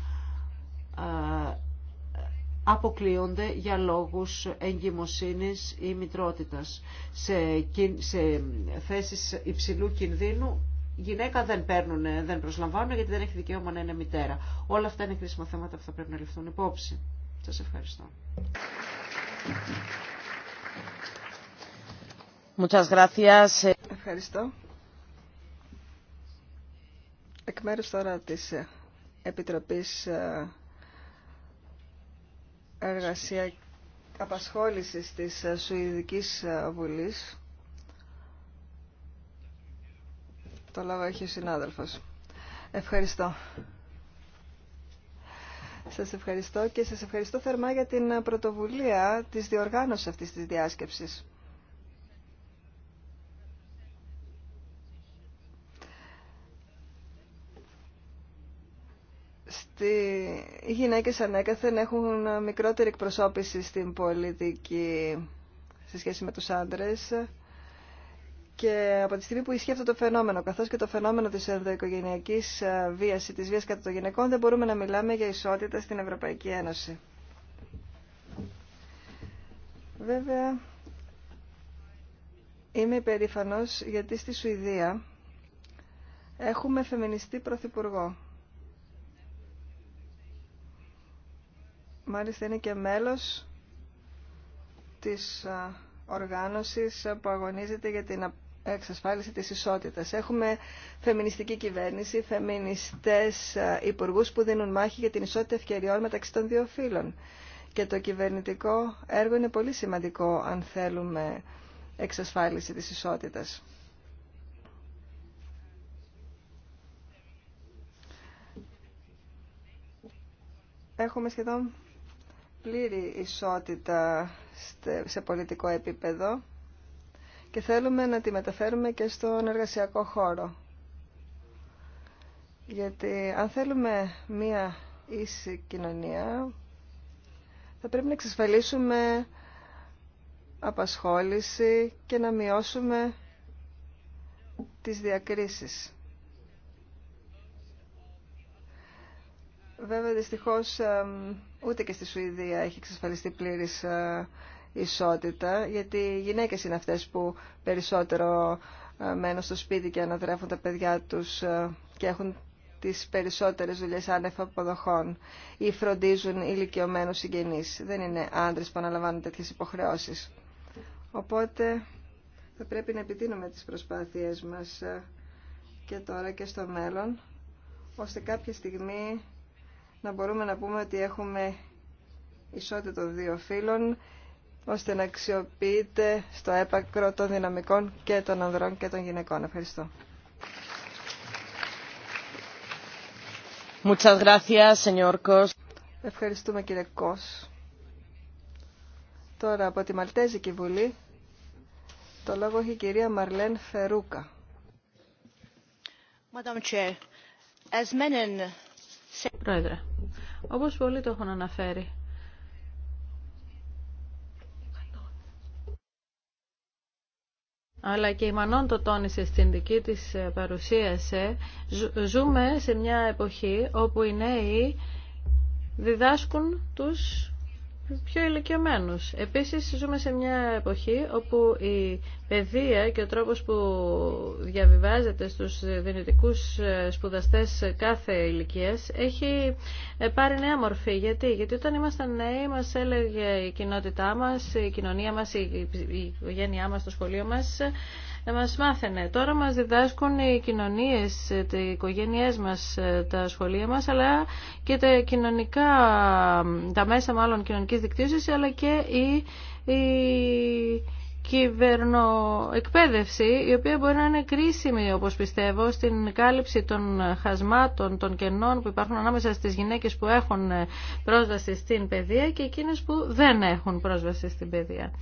αποκλείονται για λόγους εγκυμοσύνης ή μητρότητας. Σε, σε θέσεις υψηλού κινδύνου γυναίκα δεν, παίρνουν, δεν προσλαμβάνουν γιατί δεν έχει δικαίωμα να είναι μητέρα. Όλα αυτά είναι κρίσιμα θέματα που θα πρέπει να ληφθούν υπόψη. Σας ευχαριστώ. Muchas gracias. Ευχαριστώ. Εκ μέρους τώρα της ε, Επιτροπής ε, Εργασία Απασχόλησης της ε, Σουηδικής Βουλής Το λόγο έχει ο συνάδελφος. Ευχαριστώ. Σας ευχαριστώ και σας ευχαριστώ θερμά για την πρωτοβουλία της διοργάνωσης αυτής της διάσκεψης. Στη... Οι γυναίκες ανέκαθεν έχουν μικρότερη εκπροσώπηση στην πολιτική σε σχέση με τους άντρες και από τη στιγμή που ισχύει αυτό το φαινόμενο, καθώ και το φαινόμενο τη ενδοοικογενειακή ε, βία ή τη βία κατά των γυναικών, δεν μπορούμε να μιλάμε για ισότητα στην Ευρωπαϊκή Ένωση. Βέβαια, είμαι υπερήφανο γιατί στη Σουηδία έχουμε φεμινιστή πρωθυπουργό. Μάλιστα είναι και μέλος της ε, οργάνωσης που αγωνίζεται για την εξασφάλιση της ισότητας. Έχουμε φεμινιστική κυβέρνηση, φεμινιστές ε, υπουργούς που δίνουν μάχη για την ισότητα ευκαιριών μεταξύ των δύο φύλων. Και το κυβερνητικό έργο είναι πολύ σημαντικό αν θέλουμε εξασφάλιση της ισότητας. Έχουμε σχεδόν πλήρη ισότητα σε πολιτικό επίπεδο και θέλουμε να τη μεταφέρουμε και στον εργασιακό χώρο. Γιατί αν θέλουμε μία ίση κοινωνία, θα πρέπει να εξασφαλίσουμε απασχόληση και να μειώσουμε τις διακρίσεις. Βέβαια, δυστυχώς, ούτε και στη Σουηδία έχει εξασφαλιστεί πλήρης ε, ισότητα, γιατί οι γυναίκες είναι αυτές που περισσότερο ε, μένουν στο σπίτι και ανατρέφουν τα παιδιά τους ε, και έχουν τις περισσότερες δουλειές άνευ αποδοχών ή φροντίζουν ηλικιωμένους συγγενείς. Δεν είναι άντρες που αναλαμβάνουν τέτοιες υποχρεώσεις. Οπότε θα πρέπει να επιτείνουμε τις προσπάθειές μας ε, και τώρα και στο μέλλον, ώστε κάποια στιγμή να μπορούμε να πούμε ότι έχουμε ισότητα των δύο φύλων ώστε να αξιοποιείται στο έπακρο των δυναμικών και των ανδρών και των γυναικών. Ευχαριστώ. Ευχαριστούμε κύριε Κος. Τώρα από τη Μαλτέζικη Βουλή το λόγο έχει η κυρία Μαρλέν Φερούκα. Πρόεδρε, όπως πολλοί το έχουν αναφέρει, αλλά και η Μανών το τόνισε στην δική της ε, παρουσίαση, ζούμε σε μια εποχή όπου οι νέοι διδάσκουν τους πιο Επίσης ζούμε σε μια εποχή όπου η παιδεία και ο τρόπος που διαβιβάζεται στους δυνητικούς ε, σπουδαστές κάθε ηλικίας έχει ε, πάρει νέα μορφή. Γιατί, Γιατί όταν ήμασταν νέοι μας έλεγε η κοινότητά μας, η κοινωνία μας, η οικογένειά μας, το σχολείο μας να μας μάθαινε. Τώρα μας διδάσκουν οι κοινωνίες, οι οικογένειές μας, τα σχολεία μας, αλλά και τα κοινωνικά, τα μέσα μάλλον κοινωνικής δικτύωσης, αλλά και η, η κυβερνοεκπαίδευση, η οποία μπορεί να είναι κρίσιμη, όπως πιστεύω, στην κάλυψη των χασμάτων, των κενών που υπάρχουν ανάμεσα στις γυναίκες που έχουν πρόσβαση στην παιδεία και εκείνες που δεν έχουν πρόσβαση στην παιδεία.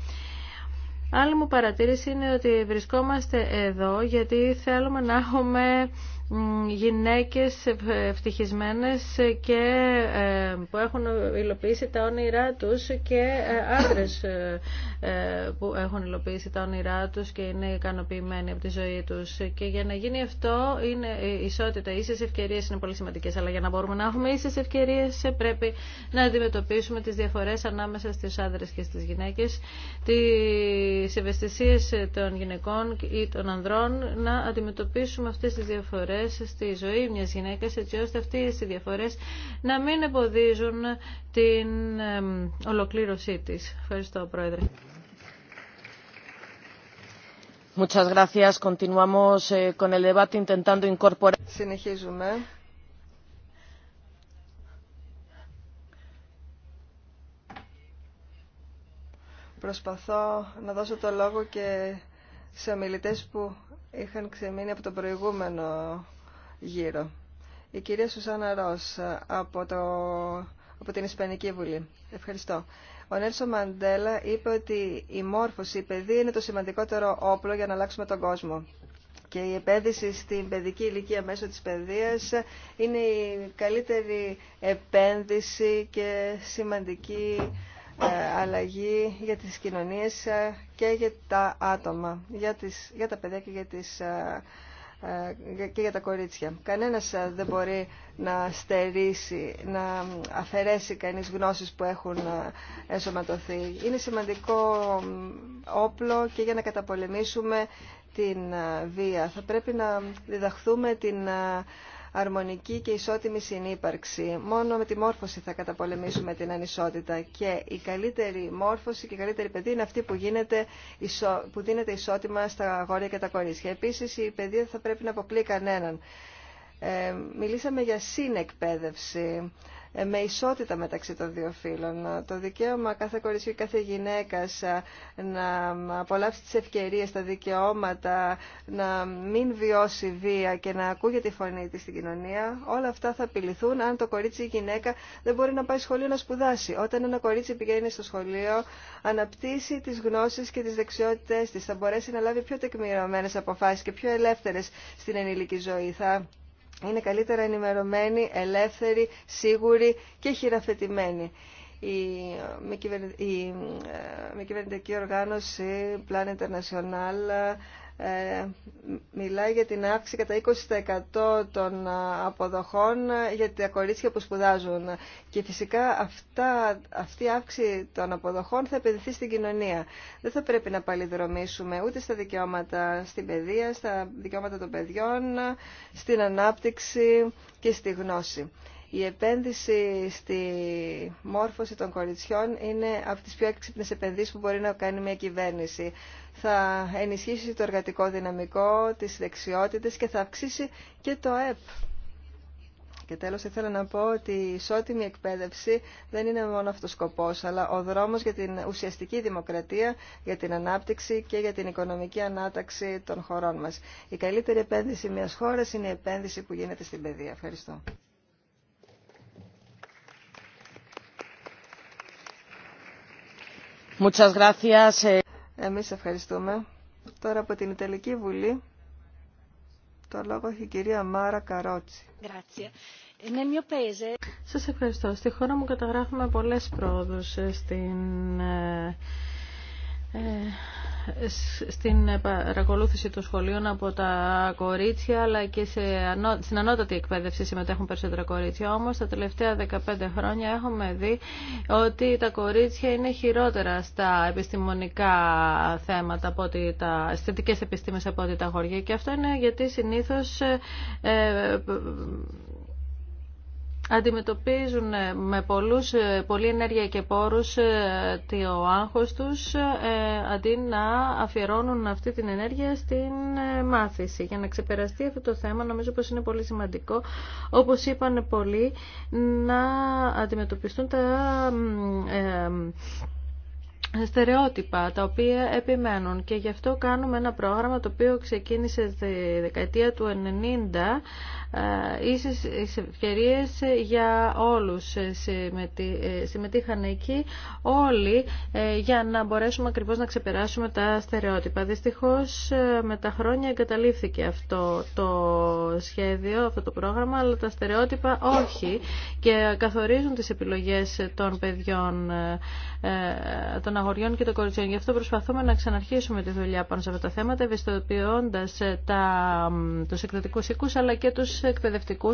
Άλλη μου παρατήρηση είναι ότι βρισκόμαστε εδώ γιατί θέλουμε να έχουμε γυναίκες ευτυχισμένες και ε, που έχουν υλοποιήσει τα όνειρά τους και ε, άντρες ε, που έχουν υλοποιήσει τα όνειρά τους και είναι ικανοποιημένοι από τη ζωή τους και για να γίνει αυτό είναι ισότητα, ίσες ευκαιρίες είναι πολύ σημαντικές αλλά για να μπορούμε να έχουμε ίσες ευκαιρίες πρέπει να αντιμετωπίσουμε τις διαφορές ανάμεσα στις άντρες και στις γυναίκες τις ευαισθησίες των γυναικών ή των ανδρών να αντιμετωπίσουμε αυτές τις διαφορές διαφορές στη ζωή μιας γυναίκας έτσι ώστε αυτές οι διαφορές να μην εμποδίζουν την ολοκλήρωσή της. Ευχαριστώ Πρόεδρε. Muchas gracias. Continuamos eh, con el debate intentando incorporar. Συνεχίζουμε. Προσπαθώ να δώσω το λόγο και σε ομιλητές που είχαν ξεμείνει από τον προηγούμενο γύρο. Η κυρία Σουσάνα Ρος από, το, από την Ισπανική Βουλή. Ευχαριστώ. Ο Νέλσον Μαντέλα είπε ότι η μόρφωση, η παιδεία είναι το σημαντικότερο όπλο για να αλλάξουμε τον κόσμο. Και η επένδυση στην παιδική ηλικία μέσω της παιδείας είναι η καλύτερη επένδυση και σημαντική ε, αλλαγή για τις κοινωνίες ε, και για τα άτομα, για, τις, για τα παιδιά και για, ε, τα κορίτσια. Κανένας δεν μπορεί να στερήσει, να αφαιρέσει κανείς γνώσεις που έχουν εσωματωθεί. Είναι σημαντικό όπλο και για να καταπολεμήσουμε την βία. Θα πρέπει να διδαχθούμε την αρμονική και ισότιμη συνύπαρξη. Μόνο με τη μόρφωση θα καταπολεμήσουμε την ανισότητα και η καλύτερη μόρφωση και η καλύτερη παιδεία είναι αυτή που, δίνεται ισότιμα στα αγόρια και τα κορίτσια. Επίση, η παιδεία θα πρέπει να αποκλεί κανέναν. Ε, μιλήσαμε για συνεκπαίδευση, με ισότητα μεταξύ των δύο φύλων. Το δικαίωμα κάθε κορίτσι και κάθε γυναίκα, να απολαύσει τι ευκαιρίε τα δικαιώματα, να μην βιώσει βία και να ακούγεται τη φωνή τη στην κοινωνία, όλα αυτά θα απειληθούν αν το κορίτσι ή η γυναίκα δεν μπορεί να πάει σχολείο να σπουδάσει. Όταν ένα κορίτσι πηγαίνει στο σχολείο, αναπτύσσει τι γνώσει και τι δεξιότητε τη, θα μπορέσει να λάβει πιο τεκμηρωμένε αποφάσει και πιο ελεύθερε στην ενήλικη ζωή. Θα είναι καλύτερα ενημερωμένοι, ελεύθεροι, σίγουροι και χειραφετημένοι. Η μη ε, κυβερνητική οργάνωση Plan International ε, μιλάει για την αύξηση κατά 20% των ε, αποδοχών ε, για τα κορίτσια που σπουδάζουν. Και φυσικά αυτά, αυτή η αύξηση των αποδοχών θα επενδυθεί στην κοινωνία. Δεν θα πρέπει να παλιδρομήσουμε ούτε στα δικαιώματα στην παιδεία, στα δικαιώματα των παιδιών, στην ανάπτυξη και στη γνώση. Η επένδυση στη μόρφωση των κοριτσιών είναι από τις πιο έξυπνες επενδύσεις που μπορεί να κάνει μια κυβέρνηση θα ενισχύσει το εργατικό δυναμικό, τις δεξιότητες και θα αυξήσει και το ΕΠ. Και τέλος ήθελα να πω ότι η ισότιμη εκπαίδευση δεν είναι μόνο αυτός σκοπός, αλλά ο δρόμος για την ουσιαστική δημοκρατία, για την ανάπτυξη και για την οικονομική ανάταξη των χωρών μας. Η καλύτερη επένδυση μιας χώρας είναι η επένδυση που γίνεται στην παιδεία. Ευχαριστώ. Eh. Εμείς ευχαριστούμε. Τώρα από την Ιταλική Βουλή το λόγο έχει η κυρία Μάρα Καρότσι. Σας ευχαριστώ. Στη χώρα μου καταγράφουμε πολλές πρόοδους ε, στην ε, ε, στην παρακολούθηση των σχολείων από τα κορίτσια αλλά και σε, στην ανώτατη εκπαίδευση συμμετέχουν περισσότερα κορίτσια. Όμως τα τελευταία 15 χρόνια έχουμε δει ότι τα κορίτσια είναι χειρότερα στα επιστημονικά θέματα, από ότι τα αισθητικές επιστήμες από ότι τα χωριά και αυτό είναι γιατί συνήθως ε, ε, αντιμετωπίζουν ε, με πολλούς, ε, πολλή ενέργεια και πόρους ε, το άγχος τους αντί να αφιερώνουν αυτή την ενέργεια στην μάθηση. Για να ξεπεραστεί αυτό το θέμα νομίζω πως είναι πολύ σημαντικό, όπως είπαν πολλοί, να αντιμετωπιστούν τα στερεότυπα τα οποία επιμένουν και γι' αυτό κάνουμε ένα πρόγραμμα το οποίο ξεκίνησε τη δεκαετία του 90 ε, ίσες ευκαιρίε για όλους ε, ε, συμμετείχαν εκεί όλοι για να μπορέσουμε ακριβώς να ξεπεράσουμε τα στερεότυπα. Δυστυχώς με τα χρόνια εγκαταλείφθηκε αυτό το σχέδιο, αυτό το πρόγραμμα, αλλά τα στερεότυπα όχι και καθορίζουν τις επιλογές των παιδιών, των αγοριών και των κοριτσιών. Γι' αυτό προσπαθούμε να ξαναρχίσουμε τη δουλειά πάνω σε αυτά τα θέματα, ευαισθητοποιώντας τους εκδοτικούς οίκους αλλά και τους Εκπαιδευτικού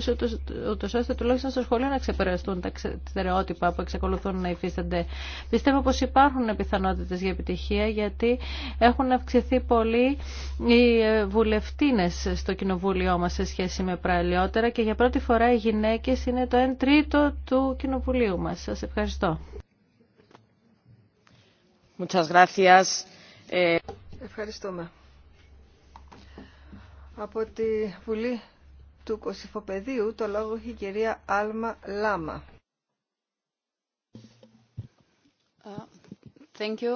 ούτω ώστε τουλάχιστον στο σχολείο να ξεπεραστούν τα στερεότυπα που εξακολουθούν να υφίστανται. Πιστεύω πως υπάρχουν πιθανότητε για επιτυχία, γιατί έχουν αυξηθεί πολύ οι ε, βουλευτίνες στο κοινοβούλιο μα σε σχέση με παλιότερα και για πρώτη φορά οι γυναίκες είναι το 1 τρίτο του κοινοβουλίου μα. Σα ευχαριστώ. Muchas gracias. Ε, Ευχαριστούμε. Από τη Βουλή του Κωσυφοπεδίου το λόγο έχει η κυρία Άλμα Λάμα. Uh, thank you.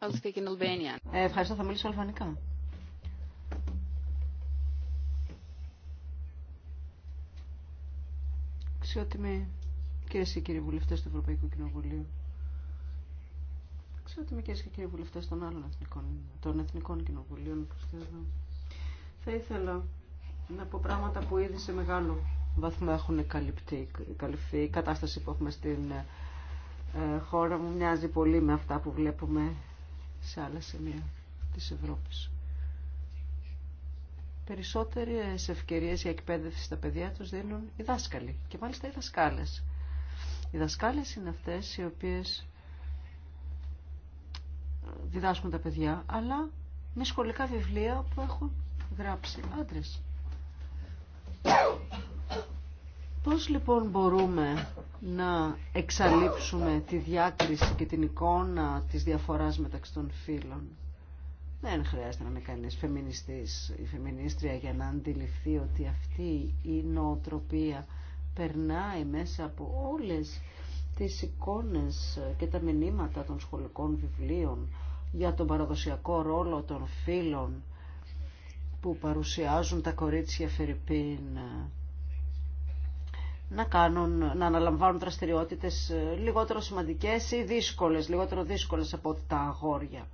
I'll speak in Albanian. Ε, ευχαριστώ, θα μιλήσω αλβανικά. Αξιότιμοι κυρίες και κύριοι βουλευτές του Ευρωπαϊκού Κοινοβουλίου, αξιότιμοι κυρίες και κύριοι βουλευτές των άλλων εθνικών, των εθνικών κοινοβουλίων, πιστεύω, θα ήθελα από πράγματα που ήδη σε μεγάλο βαθμό έχουν καλυφθεί. Η κατάσταση που έχουμε στην ε, χώρα μου μοιάζει πολύ με αυτά που βλέπουμε σε άλλα σημεία της Ευρώπης. Περισσότερες ευκαιρίες για εκπαίδευση στα παιδιά τους δίνουν οι δάσκαλοι και μάλιστα οι δασκάλες. Οι δασκάλες είναι αυτές οι οποίες ε, διδάσκουν τα παιδιά, αλλά με σχολικά βιβλία που έχουν γράψει άντρες. Πώς λοιπόν μπορούμε να εξαλείψουμε τη διάκριση και την εικόνα της διαφοράς μεταξύ των φίλων; Δεν χρειάζεται να είναι κανείς φεμινιστής ή φεμινίστρια για να αντιληφθεί ότι αυτή η νοοτροπία περνάει μέσα από όλες τις εικόνες και τα μηνύματα των σχολικών βιβλίων για τον παραδοσιακό ρόλο των φίλων που παρουσιάζουν τα κορίτσια Φερρυπίν να, κάνουν, να αναλαμβάνουν δραστηριότητες ε, λιγότερο σημαντικές ή δύσκολες, λιγότερο δύσκολες από ό,τι τα αγόρια.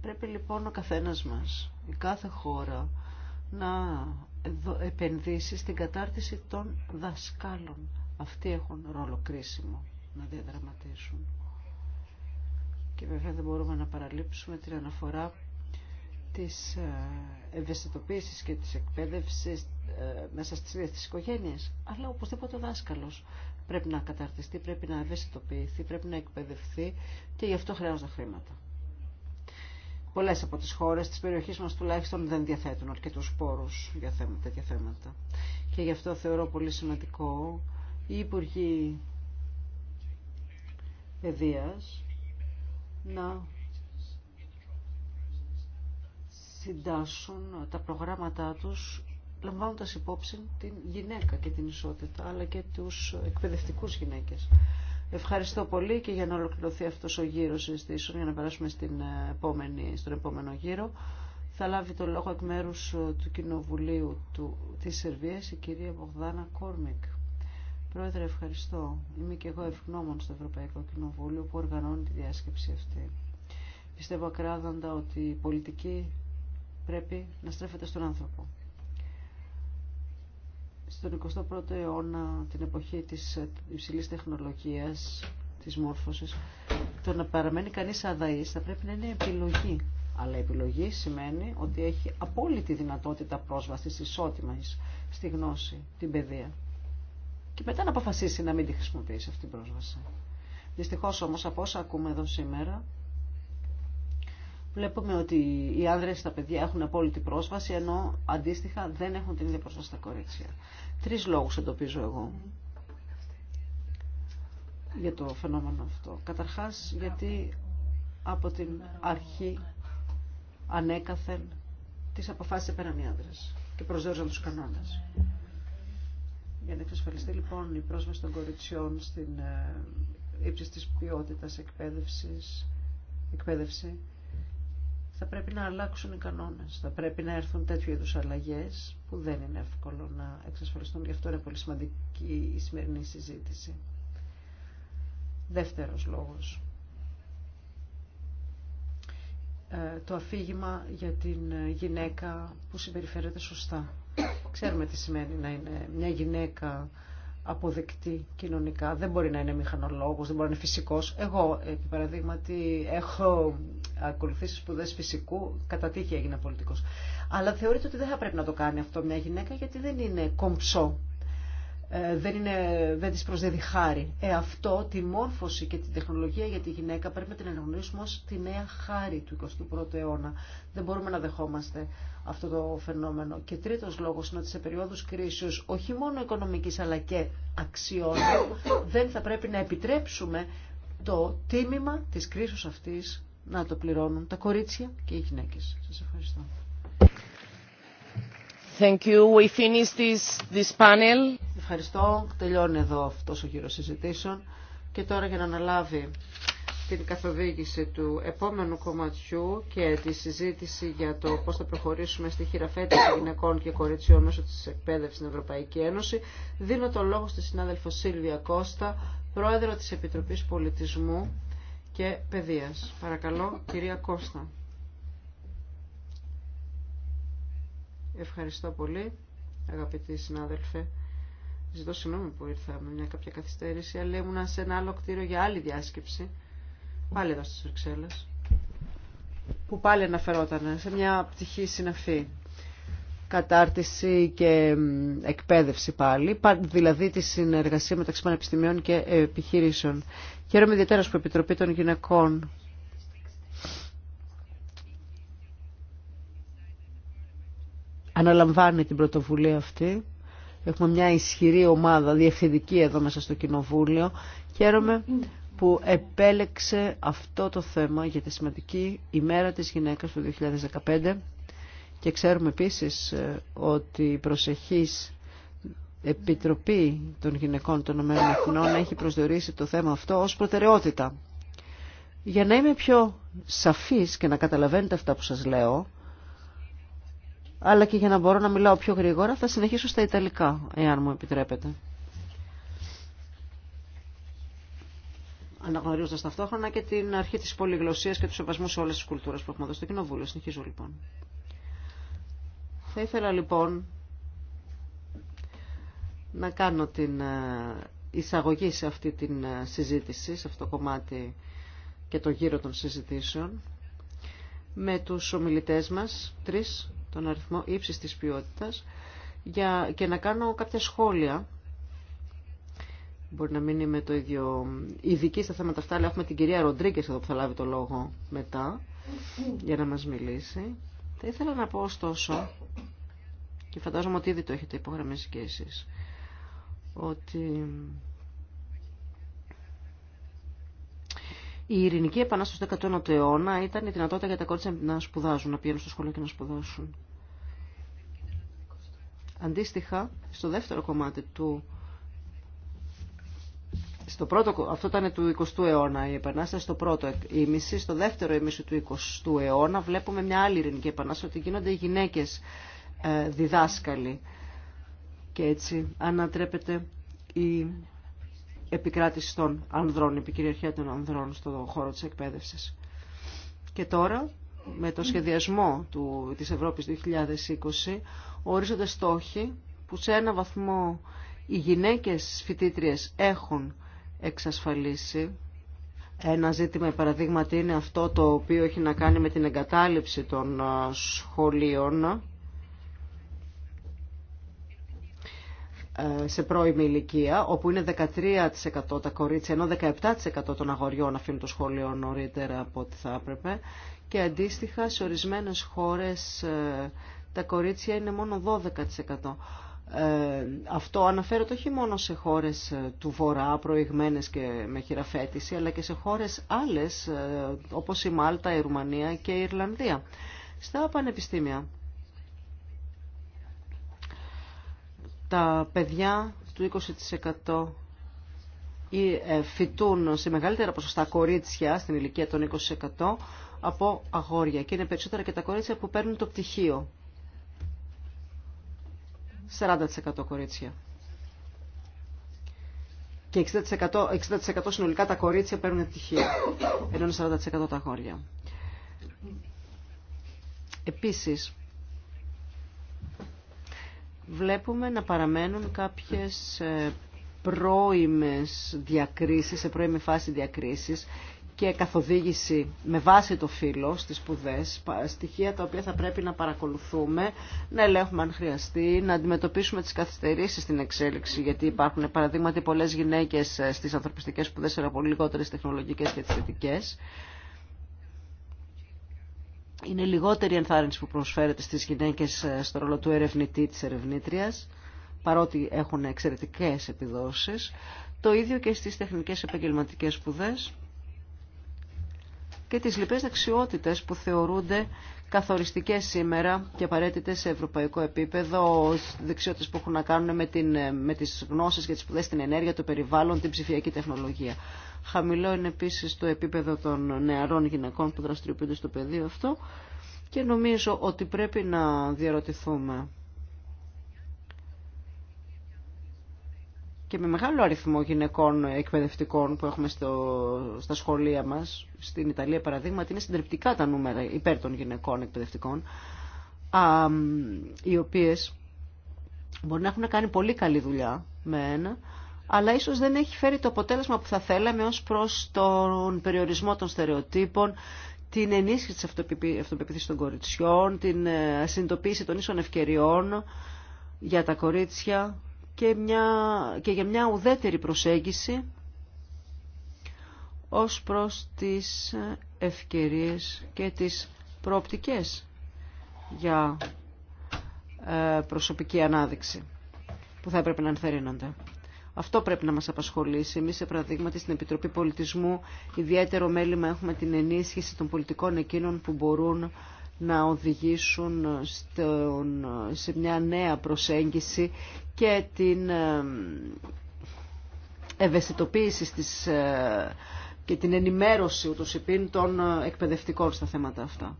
Πρέπει λοιπόν ο καθένας μας, η κάθε χώρα, να επενδύσει στην κατάρτιση των δασκάλων. Αυτοί έχουν ρόλο κρίσιμο να διαδραματίσουν. Και βέβαια δεν μπορούμε να παραλείψουμε την αναφορά της ε, ευαισθητοποίησης και της εκπαίδευσης ε, μέσα στις ίδιες τις οικογένειες. Αλλά οπωσδήποτε ο δάσκαλος πρέπει να καταρτιστεί, πρέπει να ευαισθητοποιηθεί, πρέπει να εκπαιδευτεί και γι' αυτό χρειάζονται χρήματα. Πολλέ από τι χώρε τη περιοχή μα τουλάχιστον δεν διαθέτουν αρκετού πόρου για τέτοια θέματα. Και γι' αυτό θεωρώ πολύ σημαντικό οι υπουργοί παιδεία να συντάσσουν τα προγράμματά τους λαμβάνοντας υπόψη την γυναίκα και την ισότητα, αλλά και τους εκπαιδευτικούς γυναίκες. Ευχαριστώ πολύ και για να ολοκληρωθεί αυτός ο γύρος συζητήσεων, για να περάσουμε στην ε, επόμενη, στον επόμενο γύρο, θα λάβει το λόγο εκ μέρου ε, του Κοινοβουλίου του, της Σερβίας η κυρία Μπογδάνα Κόρμικ. Πρόεδρε, ευχαριστώ. Είμαι και εγώ ευγνώμων στο Ευρωπαϊκό Κοινοβούλιο που οργανώνει τη διάσκεψη αυτή. Πιστεύω ακράδαντα ότι η πολιτική πρέπει να στρέφεται στον άνθρωπο. Στον 21ο αιώνα, την εποχή της υψηλής τεχνολογίας, της μόρφωσης, το να παραμένει κανείς αδαής θα πρέπει να είναι επιλογή. Αλλά επιλογή σημαίνει ότι έχει απόλυτη δυνατότητα πρόσβασης ισότιμα στη γνώση, την παιδεία. Και μετά να αποφασίσει να μην τη χρησιμοποιήσει αυτή την πρόσβαση. Δυστυχώς όμως από όσα ακούμε εδώ σήμερα, βλέπουμε ότι οι άνδρες στα παιδιά έχουν απόλυτη πρόσβαση, ενώ αντίστοιχα δεν έχουν την ίδια πρόσβαση στα κορίτσια. Τρεις λόγους εντοπίζω εγώ για το φαινόμενο αυτό. Καταρχάς γιατί από την αρχή ανέκαθεν τις αποφάσεις έπαιρναν οι άνδρες και προσδόριζαν τους κανόνες. Για να εξασφαλιστεί λοιπόν η πρόσβαση των κοριτσιών στην ε, ύψη της ποιότητας εκπαίδευσης, εκπαίδευση, θα πρέπει να αλλάξουν οι κανόνες. Θα πρέπει να έρθουν τέτοιου είδους αλλαγές που δεν είναι εύκολο να εξασφαλιστούν. Γι' αυτό είναι πολύ σημαντική η σημερινή συζήτηση. Δεύτερος λόγος. Ε, το αφήγημα για την γυναίκα που συμπεριφέρεται σωστά. Ξέρουμε τι σημαίνει να είναι μια γυναίκα αποδεκτή κοινωνικά. Δεν μπορεί να είναι μηχανολόγος, δεν μπορεί να είναι φυσικός. Εγώ, επί παραδείγματι, έχω ακολουθήσει σπουδέ φυσικού, κατά τύχη έγινα πολιτικός. Αλλά θεωρείται ότι δεν θα πρέπει να το κάνει αυτό μια γυναίκα γιατί δεν είναι κομψό ε, δεν, είναι, δεν της χάρη. Ε, αυτό, τη μόρφωση και την τεχνολογία για τη γυναίκα πρέπει να την αναγνωρίσουμε ως τη νέα χάρη του 21ου αιώνα. Δεν μπορούμε να δεχόμαστε αυτό το φαινόμενο. Και τρίτος λόγος είναι ότι σε περίοδους κρίσεως, όχι μόνο οικονομικής αλλά και αξιών, δεν θα πρέπει να επιτρέψουμε το τίμημα της κρίσεως αυτής να το πληρώνουν τα κορίτσια και οι γυναίκες. Σας ευχαριστώ. Thank you. We finish this, this panel. Ευχαριστώ. Τελειώνει εδώ αυτό ο γύρος συζητήσεων. Και τώρα για να αναλάβει την καθοδήγηση του επόμενου κομματιού και τη συζήτηση για το πώς θα προχωρήσουμε στη χειραφέτηση γυναικών και κοριτσιών μέσω της εκπαίδευσης στην Ευρωπαϊκή Ένωση, δίνω τον λόγο στη συνάδελφο Σίλβια Κώστα, πρόεδρο της Επιτροπής Πολιτισμού και Παιδείας. Παρακαλώ, κυρία Κώστα. Ευχαριστώ πολύ, αγαπητοί συνάδελφε. Ζητώ συγγνώμη που ήρθα με μια κάποια καθυστέρηση, αλλά ήμουνα σε ένα άλλο κτίριο για άλλη διάσκεψη, πάλι εδώ στι Βρυξέλλε. που πάλι αναφερόταν σε μια πτυχή συναφή κατάρτιση και εκπαίδευση πάλι, δηλαδή τη συνεργασία μεταξύ πανεπιστημίων και επιχειρήσεων. Χαίρομαι ιδιαίτερα που η Επιτροπή των Γυναικών αναλαμβάνει την πρωτοβουλία αυτή. Έχουμε μια ισχυρή ομάδα διευθυντική εδώ μέσα στο Κοινοβούλιο. Χαίρομαι που επέλεξε αυτό το θέμα για τη σημαντική ημέρα της γυναίκας του 2015 και ξέρουμε επίσης ε, ότι η προσεχής Επιτροπή των Γυναικών των Ηνωμένων Εθνών έχει προσδιορίσει το θέμα αυτό ως προτεραιότητα. Για να είμαι πιο σαφής και να καταλαβαίνετε αυτά που σας λέω, αλλά και για να μπορώ να μιλάω πιο γρήγορα θα συνεχίσω στα Ιταλικά, εάν μου επιτρέπετε. Αναγνωρίζοντα ταυτόχρονα και την αρχή τη πολυγλωσία και του σεβασμού σε όλε τι κουλτούρε που έχουμε εδώ στο Κοινοβούλιο. Συνεχίζω λοιπόν. Θα ήθελα λοιπόν να κάνω την ε, εισαγωγή σε αυτή την ε, συζήτηση, σε αυτό το κομμάτι και το γύρο των συζητήσεων με τους ομιλητές μας, τρεις τον αριθμό ύψης της ποιότητας για, και να κάνω κάποια σχόλια. Μπορεί να μην είμαι το ίδιο ειδική στα θέματα αυτά, αλλά έχουμε την κυρία Ροντρίγκες εδώ που θα λάβει το λόγο μετά για να μας μιλήσει. Θα ήθελα να πω ωστόσο, και φαντάζομαι ότι ήδη το έχετε υπογραμμίσει και εσείς, ότι Η ειρηνική επανάσταση του 19ου αιώνα ήταν η δυνατότητα για τα κορίτσια να σπουδάζουν, να πηγαίνουν στο σχολείο και να σπουδάσουν. Αντίστοιχα, στο δεύτερο κομμάτι του. Στο πρώτο, αυτό ήταν του 20ου αιώνα η επανάσταση, στο πρώτο ημίση. Στο δεύτερο ημίση του 20ου αιώνα βλέπουμε μια άλλη ειρηνική επανάσταση, ότι γίνονται οι γυναίκε ε, διδάσκαλοι. Και έτσι ανατρέπεται η επικράτηση των ανδρών, επικυριαρχία των ανδρών στον χώρο της εκπαίδευσης. Και τώρα, με το σχεδιασμό του, της Ευρώπης 2020, ορίζονται στόχοι που σε ένα βαθμό οι γυναίκες φοιτήτριες έχουν εξασφαλίσει. Ένα ζήτημα, παραδείγματι, είναι αυτό το οποίο έχει να κάνει με την εγκατάλειψη των σχολείων σε πρώιμη ηλικία, όπου είναι 13% τα κορίτσια, ενώ 17% των αγοριών αφήνουν το σχολείο νωρίτερα από ό,τι θα έπρεπε. Και αντίστοιχα σε ορισμένες χώρες ε, τα κορίτσια είναι μόνο 12%. Ε, αυτό αναφέρεται όχι μόνο σε χώρες ε, του Βορρά προηγμένες και με χειραφέτηση αλλά και σε χώρες άλλες όπως η Μάλτα, η Ρουμανία και η Ιρλανδία. Στα πανεπιστήμια τα παιδιά του 20% ε, φοιτούν σε μεγαλύτερα ποσοστά κορίτσια στην ηλικία των 20% από αγόρια και είναι περισσότερα και τα κορίτσια που παίρνουν το πτυχίο. 40% κορίτσια. Και 60%, 60 συνολικά τα κορίτσια παίρνουν πτυχίο, ενώ είναι 40% τα αγόρια. Επίσης, βλέπουμε να παραμένουν κάποιες ε, πρώιμες διακρίσεις, σε πρώιμη φάση διακρίσεις και καθοδήγηση με βάση το φύλλο στις σπουδέ, στοιχεία τα οποία θα πρέπει να παρακολουθούμε, να ελέγχουμε αν χρειαστεί, να αντιμετωπίσουμε τις καθυστερήσεις στην εξέλιξη, γιατί υπάρχουν παραδείγματι πολλές γυναίκες ε, στις ανθρωπιστικές σπουδές, αλλά πολύ λιγότερες τεχνολογικές και τις θετικές είναι λιγότερη ενθάρρυνση που προσφέρεται στις γυναίκες ε, στο ρόλο του ερευνητή της ερευνήτριας, παρότι έχουν εξαιρετικές επιδόσεις. Το ίδιο και στις τεχνικές επαγγελματικές σπουδέ και τις λοιπές δεξιότητες που θεωρούνται καθοριστικές σήμερα και απαραίτητε σε ευρωπαϊκό επίπεδο, δεξιότητες που έχουν να κάνουν με, την, ε, με τις γνώσεις και τις σπουδές στην ενέργεια, το περιβάλλον, την ψηφιακή τεχνολογία. Χαμηλό είναι επίσης το επίπεδο των νεαρών γυναικών που δραστηριοποιούνται στο πεδίο αυτό και νομίζω ότι πρέπει να διαρωτηθούμε και με μεγάλο αριθμό γυναικών εκπαιδευτικών που έχουμε στο, στα σχολεία μας, στην Ιταλία παραδείγματι, είναι συντριπτικά τα νούμερα υπέρ των γυναικών εκπαιδευτικών, οι οποίες μπορεί να έχουν κάνει πολύ καλή δουλειά με ένα, αλλά ίσως δεν έχει φέρει το αποτέλεσμα που θα θέλαμε ως προς τον περιορισμό των στερεοτύπων, την ενίσχυση της αυτοπεποίθησης των κοριτσιών, την ε, συνειδητοποίηση των ίσων ευκαιριών για τα κορίτσια και, μια, και για μια ουδέτερη προσέγγιση ως προς τις ευκαιρίες και τις προοπτικές για ε, προσωπική ανάδειξη που θα έπρεπε να ενθαρρύνονται. Αυτό πρέπει να μας απασχολήσει. Εμείς, σε παραδείγματι, στην Επιτροπή Πολιτισμού ιδιαίτερο μέλημα έχουμε την ενίσχυση των πολιτικών εκείνων που μπορούν να οδηγήσουν σε μια νέα προσέγγιση και την ε, ευαισθητοποίηση στις, ε, και την ενημέρωση ούτως των ε, εκπαιδευτικών στα θέματα αυτά.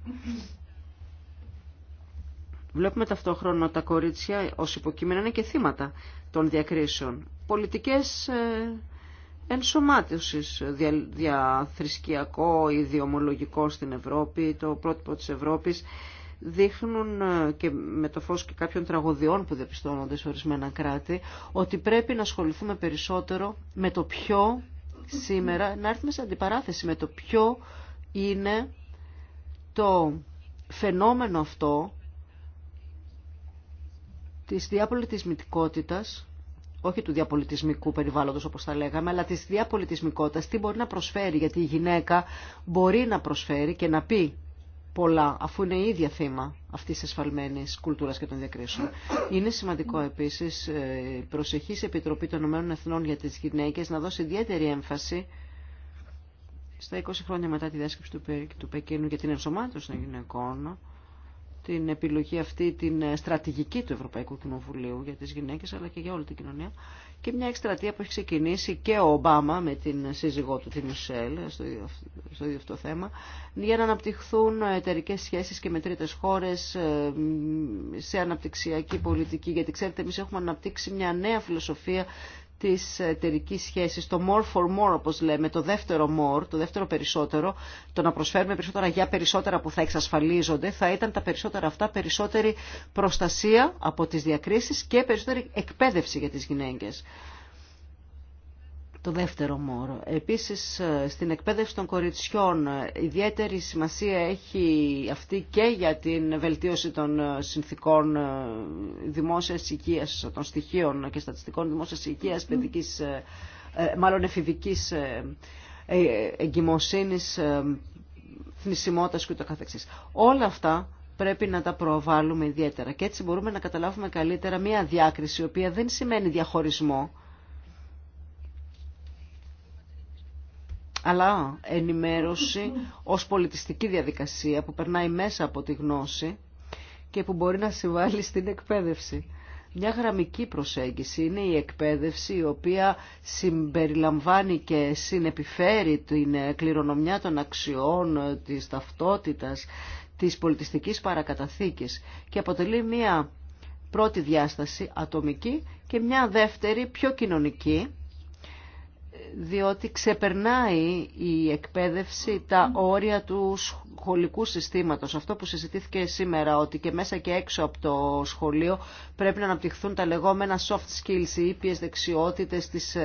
Βλέπουμε ταυτόχρονα τα κορίτσια ως υποκείμενα είναι και θύματα των διακρίσεων. Πολιτικές ε, ενσωμάτωσης, δια, διαθρησκιακό ή διομολογικό στην Ευρώπη, το πρότυπο της Ευρώπης, δείχνουν ε, και με το φως και κάποιων τραγωδιών που διαπιστώνονται σε ορισμένα κράτη, ότι πρέπει να ασχοληθούμε περισσότερο με το ποιο σήμερα, να έρθουμε σε αντιπαράθεση με το ποιο είναι το φαινόμενο αυτό της διαπολιτισμικότητας, όχι του διαπολιτισμικού περιβάλλοντος όπως τα λέγαμε, αλλά της διαπολιτισμικότητας, τι μπορεί να προσφέρει, γιατί η γυναίκα μπορεί να προσφέρει και να πει πολλά, αφού είναι η ίδια θύμα αυτής της εσφαλμένης κουλτούρας και των διακρίσεων. Είναι σημαντικό επίσης ε, η προσεχής Επιτροπή των Ηνωμένων Εθνών για τις Γυναίκες να δώσει ιδιαίτερη έμφαση στα 20 χρόνια μετά τη διάσκεψη του, Πεκίνου για την ενσωμάτωση των γυναικών, την επιλογή αυτή, την ε, στρατηγική του Ευρωπαϊκού Κοινοβουλίου για τις γυναίκες αλλά και για όλη την κοινωνία και μια εκστρατεία που έχει ξεκινήσει και ο Ομπάμα με την σύζυγό του, την Μισελ, στο, ίδιο αυτό θέμα, για να αναπτυχθούν εταιρικέ σχέσεις και με τρίτε χώρες ε, σε αναπτυξιακή πολιτική, γιατί ξέρετε εμείς έχουμε αναπτύξει μια νέα φιλοσοφία της εταιρική σχέσης, το more for more όπως λέμε, το δεύτερο more, το δεύτερο περισσότερο, το να προσφέρουμε περισσότερα για περισσότερα που θα εξασφαλίζονται, θα ήταν τα περισσότερα αυτά περισσότερη προστασία από τις διακρίσεις και περισσότερη εκπαίδευση για τις γυναίκες το δεύτερο μόρο. Επίσης ε, στην εκπαίδευση των κοριτσιών ε, ιδιαίτερη σημασία έχει αυτή και για την βελτίωση των ε, συνθήκων δημόσιας οικίας, των στοιχείων και στατιστικών δημόσιας οικίας, παιδικής, μάλλον εφηβικής εγκυμοσύνης, θνησιμότητας και το καθεξής. Όλα αυτά πρέπει να τα προβάλλουμε ιδιαίτερα και έτσι μπορούμε να καταλάβουμε καλύτερα μια διάκριση η οποία δεν σημαίνει διαχωρισμό αλλά ενημέρωση ως πολιτιστική διαδικασία που περνάει μέσα από τη γνώση και που μπορεί να συμβάλλει στην εκπαίδευση. Μια γραμμική προσέγγιση είναι η εκπαίδευση η οποία συμπεριλαμβάνει και συνεπιφέρει την κληρονομιά των αξιών, της ταυτότητας, της πολιτιστικής παρακαταθήκης και αποτελεί μια πρώτη διάσταση ατομική και μια δεύτερη πιο κοινωνική διότι ξεπερνάει η εκπαίδευση τα όρια του Χολικού συστήματος, αυτό που συζητήθηκε σήμερα, ότι και μέσα και έξω από το σχολείο πρέπει να αναπτυχθούν τα λεγόμενα soft skills, οι ήπιες δεξιότητες, τις ε,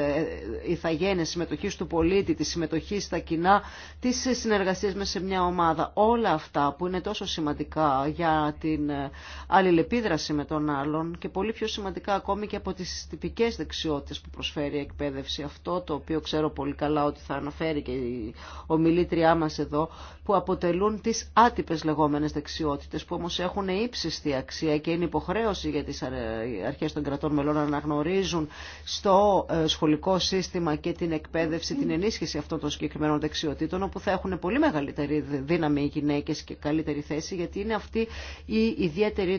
ε, ηθαγένειες συμμετοχή του πολίτη, τη συμμετοχή στα κοινά, τις συνεργασίες μέσα σε μια ομάδα. Όλα αυτά που είναι τόσο σημαντικά για την ε, αλληλεπίδραση με τον άλλον και πολύ πιο σημαντικά ακόμη και από τις τυπικέ δεξιότητες που προσφέρει η εκπαίδευση. Αυτό το οποίο ξέρω πολύ καλά ότι θα αναφέρει και η ομιλήτριά μας εδώ, που αποτελούν αποτελούν τις άτυπες λεγόμενες δεξιότητες που όμως έχουν ύψιστη αξία και είναι υποχρέωση για τις αρχές των κρατών μελών να αναγνωρίζουν στο ε, σχολικό σύστημα και την εκπαίδευση, την ενίσχυση αυτών των συγκεκριμένων δεξιοτήτων όπου θα έχουν πολύ μεγαλύτερη δύναμη οι γυναίκες και καλύτερη θέση γιατί είναι αυτή η ιδιαίτερη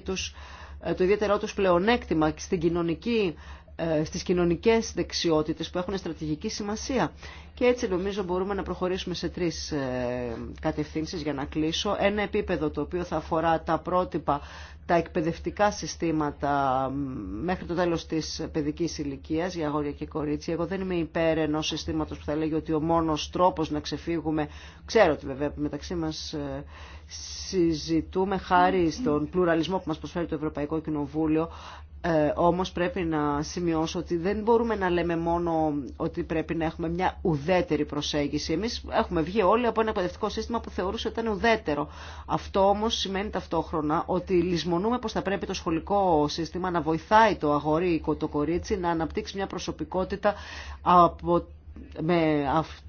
ε, το ιδιαίτερό τους πλεονέκτημα στην κοινωνική ε, στις κοινωνικές δεξιότητες που έχουν στρατηγική σημασία. Και έτσι νομίζω μπορούμε να προχωρήσουμε σε τρεις ε, κατευθύνσεις για να κλείσω. Ένα επίπεδο το οποίο θα αφορά τα πρότυπα, τα εκπαιδευτικά συστήματα μέχρι το τέλος της παιδικής ηλικίας για αγόρια και κορίτσια. Εγώ δεν είμαι υπέρ ενό συστήματος που θα λέγει ότι ο μόνος τρόπος να ξεφύγουμε, ξέρω ότι βέβαια μεταξύ μας ε, συζητούμε χάρη στον πλουραλισμό που μας προσφέρει το Ευρωπαϊκό Κοινοβούλιο ε, όμως πρέπει να σημειώσω ότι δεν μπορούμε να λέμε μόνο ότι πρέπει να έχουμε μια ουδέτερη προσέγγιση. Εμείς έχουμε βγει όλοι από ένα εκπαιδευτικό σύστημα που θεωρούσε ότι ήταν ουδέτερο. Αυτό όμως σημαίνει ταυτόχρονα ότι λησμονούμε πως θα πρέπει το σχολικό σύστημα να βοηθάει το αγόρι ή το κορίτσι να αναπτύξει μια προσωπικότητα από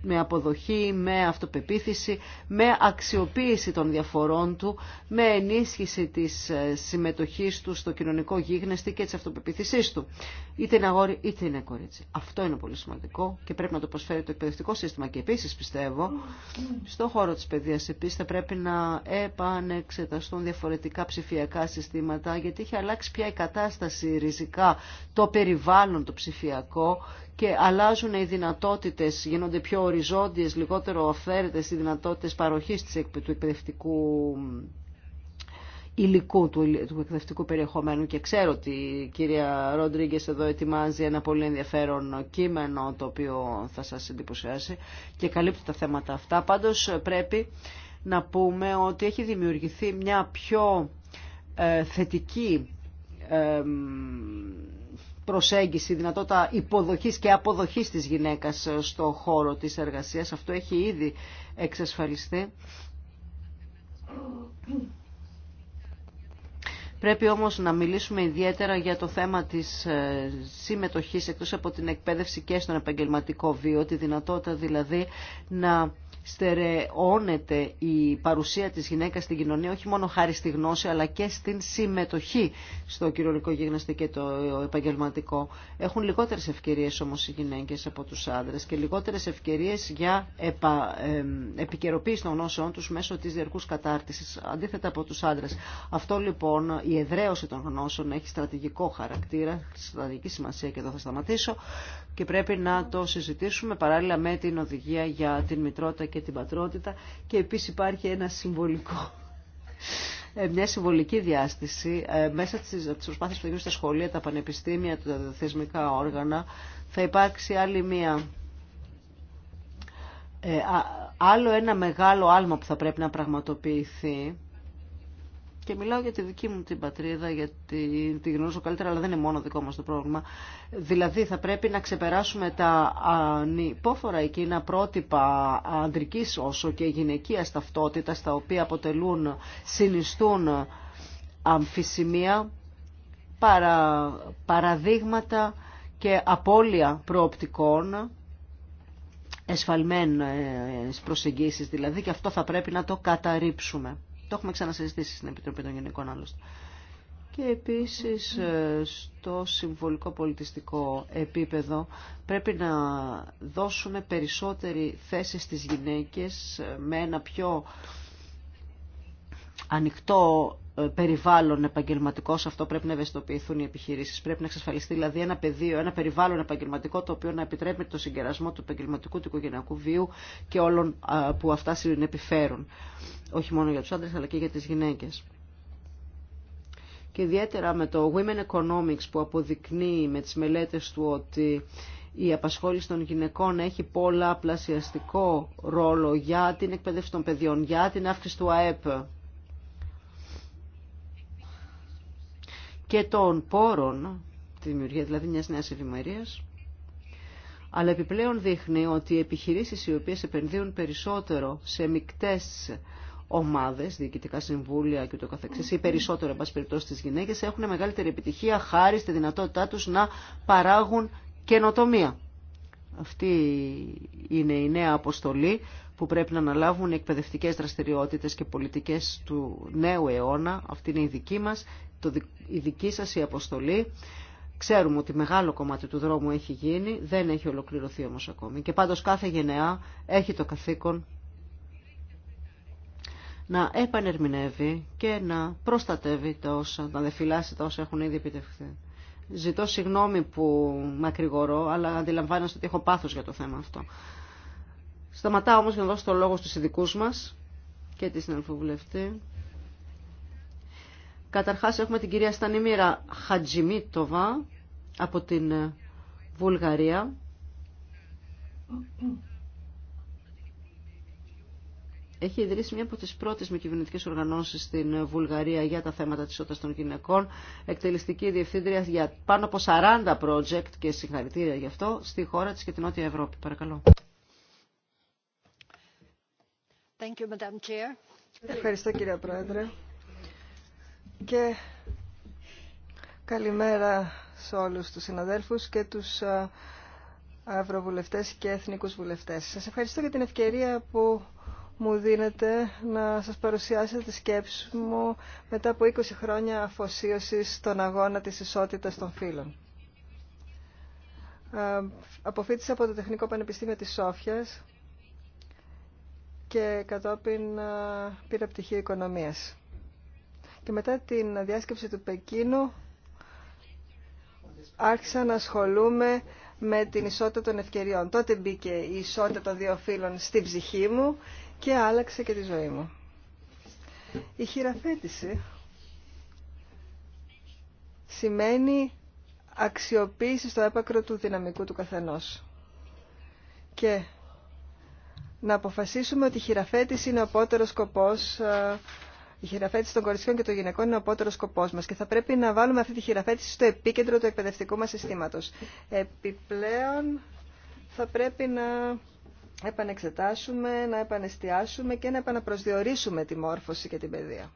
με, αποδοχή, με αυτοπεποίθηση, με αξιοποίηση των διαφορών του, με ενίσχυση της ε, συμμετοχής του στο κοινωνικό γίγνεστη και της αυτοπεποίθησής του. Είτε είναι αγόρι είτε είναι κορίτσι. Αυτό είναι πολύ σημαντικό και πρέπει να το προσφέρει το εκπαιδευτικό σύστημα και επίσης πιστεύω στον χώρο της παιδείας επίσης θα πρέπει να επανεξεταστούν διαφορετικά ψηφιακά συστήματα γιατί έχει αλλάξει πια η κατάσταση ριζικά το περιβάλλον το ψηφιακό και αλλάζουν οι δυνατότητες, γίνονται πιο οριζόντιες, λιγότερο αυθαίρετες οι δυνατότητες παροχής του εκπαιδευτικού υλικού του, του εκπαιδευτικού περιεχομένου και ξέρω ότι η κυρία Ροντρίγκες εδώ ετοιμάζει ένα πολύ ενδιαφέρον κείμενο το οποίο θα σας εντυπωσιάσει και καλύπτει τα θέματα αυτά. Πάντως πρέπει να πούμε ότι έχει δημιουργηθεί μια πιο ε, θετική ε, προσέγγιση, δυνατότητα υποδοχής και αποδοχής της γυναίκας ε, στο χώρο της εργασίας. Αυτό έχει ήδη εξασφαλιστεί. Πρέπει όμως να μιλήσουμε ιδιαίτερα για το θέμα της ε, συμμετοχής εκτός από την εκπαίδευση και στον επαγγελματικό βίο, τη δυνατότητα δηλαδή να στερεώνεται η παρουσία της γυναίκας στην κοινωνία όχι μόνο χάρη στη γνώση αλλά και στην συμμετοχή στο κοινωνικό γίγναστο και το επαγγελματικό. Έχουν λιγότερες ευκαιρίες όμως οι γυναίκες από τους άντρες και λιγότερες ευκαιρίες για επα, επικαιροποίηση των γνώσεών τους μέσω της διαρκούς κατάρτισης αντίθετα από τους άντρες. Αυτό λοιπόν η εδραίωση των γνώσεων έχει στρατηγικό χαρακτήρα, στρατηγική σημασία και εδώ θα σταματήσω και πρέπει να το συζητήσουμε παράλληλα με την οδηγία για την μητρότητα και την πατρότητα και επίσης υπάρχει ένα συμβολικό ε, μια συμβολική διάστηση ε, μέσα από τις προσπάθειες που γίνουν στα σχολεία, τα πανεπιστήμια, τα θεσμικά όργανα θα υπάρξει άλλη μια ε, άλλο ένα μεγάλο άλμα που θα πρέπει να πραγματοποιηθεί και μιλάω για τη δική μου την πατρίδα, γιατί τη, γνωρίζω καλύτερα, αλλά δεν είναι μόνο δικό μας το πρόβλημα. Δηλαδή θα πρέπει να ξεπεράσουμε τα ανυπόφορα εκείνα πρότυπα ανδρικής όσο και γυναικείας ταυτότητας, τα οποία αποτελούν, συνιστούν αμφισημεία, παραδείγματα και απώλεια προοπτικών, εσφαλμένες προσεγγίσεις δηλαδή, και αυτό θα πρέπει να το καταρρύψουμε. Το έχουμε ξανασυζητήσει στην Επιτροπή των Γενικών άλλωστε. Και επίσης ε, στο συμβολικό πολιτιστικό επίπεδο πρέπει να δώσουμε περισσότερη θέση στις γυναίκες ε, με ένα πιο ανοιχτό ε, περιβάλλον επαγγελματικό. Σε αυτό πρέπει να ευαισθητοποιηθούν οι επιχειρήσει. Πρέπει να εξασφαλιστεί δηλαδή ένα πεδίο, ένα περιβάλλον επαγγελματικό το οποίο να επιτρέπει το συγκερασμό του επαγγελματικού, του οικογενειακού βίου και όλων που αυτά συνεπιφέρουν. Όχι μόνο για του άντρε αλλά και για τι γυναίκε. Και ιδιαίτερα με το Women Economics που αποδεικνύει με τις μελέτες του ότι η απασχόληση των γυναικών έχει πολλαπλασιαστικό ρόλο για την εκπαίδευση των παιδιών, για την αύξηση του ΑΕΠ, και των πόρων, τη δημιουργία δηλαδή μια νέα ευημερία, αλλά επιπλέον δείχνει ότι οι επιχειρήσεις οι οποίες επενδύουν περισσότερο σε μικτές ομάδες, διοικητικά συμβούλια και το καθεξής, ή περισσότερο, εν πάση περιπτώσει, στι γυναίκε, έχουν μεγαλύτερη επιτυχία χάρη στη δυνατότητά του να παράγουν καινοτομία. Αυτή είναι η νέα αποστολή που πρέπει να αναλάβουν οι εκπαιδευτικές δραστηριότητες και πολιτικές του νέου αιώνα. Αυτή είναι η δική μας, το, η δική σας η αποστολή. Ξέρουμε ότι μεγάλο κομμάτι του δρόμου έχει γίνει, δεν έχει ολοκληρωθεί όμως ακόμη. Και πάντως κάθε γενεά έχει το καθήκον να επανερμηνεύει και να προστατεύει τα όσα, να δεφυλάσει τα όσα έχουν ήδη επιτευχθεί. Ζητώ συγγνώμη που μακρηγορώ, αλλά αντιλαμβάνεστε ότι έχω πάθος για το θέμα αυτό. Σταματάω όμως για να δώσω το λόγο στους ειδικούς μας και τη συναλφοβουλευτή. Καταρχάς έχουμε την κυρία Στανίμιρα Χατζημίτοβα από την Βουλγαρία έχει ιδρύσει μια από τις πρώτες με κυβερνητικές οργανώσεις στην Βουλγαρία για τα θέματα της ότας των γυναικών, εκτελεστική διευθύντρια για πάνω από 40 project και συγχαρητήρια γι' αυτό στη χώρα της και την Νότια Ευρώπη. Παρακαλώ. Thank you, Madam Chair. Ευχαριστώ κύριε Πρόεδρε. Και καλημέρα σε όλους τους συναδέλφους και τους ε, ευρωβουλευτές και εθνικούς βουλευτές. Σας ευχαριστώ για την ευκαιρία που μου δίνετε να σας παρουσιάσω τη σκέψη μου μετά από 20 χρόνια αφοσίωσης στον αγώνα της ισότητας των φίλων, ε, Αποφύτησα από το Τεχνικό Πανεπιστήμιο της Σόφιας και κατόπιν ε, πήρα πτυχίο οικονομίας. Και μετά την διάσκεψη του Πεκίνου άρχισα να ασχολούμαι με την ισότητα των ευκαιριών. Τότε μπήκε η ισότητα των δύο φύλων στη ψυχή μου και άλλαξε και τη ζωή μου. Η χειραφέτηση σημαίνει αξιοποίηση στο έπακρο του δυναμικού του καθενός. Και να αποφασίσουμε ότι η χειραφέτηση είναι ο πότερος σκοπός, η χειραφέτηση των κοριτσιών και των γυναικών είναι ο απότερο σκοπός μας και θα πρέπει να βάλουμε αυτή τη χειραφέτηση στο επίκεντρο του εκπαιδευτικού μας συστήματος. Επιπλέον θα πρέπει να επανεξετάσουμε, να επανεστιάσουμε και να επαναπροσδιορίσουμε τη μόρφωση και την παιδεία.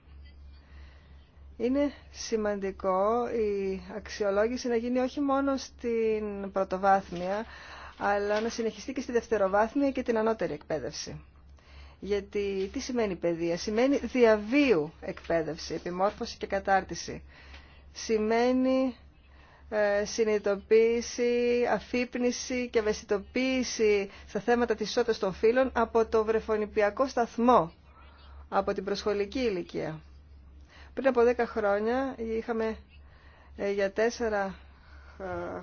Είναι σημαντικό η αξιολόγηση να γίνει όχι μόνο στην πρωτοβάθμια, αλλά να συνεχιστεί και στη δευτεροβάθμια και την ανώτερη εκπαίδευση. Γιατί τι σημαίνει παιδεία, σημαίνει διαβίου εκπαίδευση, επιμόρφωση και κατάρτιση. Σημαίνει ε, συνειδητοποίηση, αφύπνιση και ευαισθητοποίηση στα θέματα της ισότητας των φύλων από το βρεφονιπιακό σταθμό, από την προσχολική ηλικία. Πριν από 10 χρόνια είχαμε ε, για 4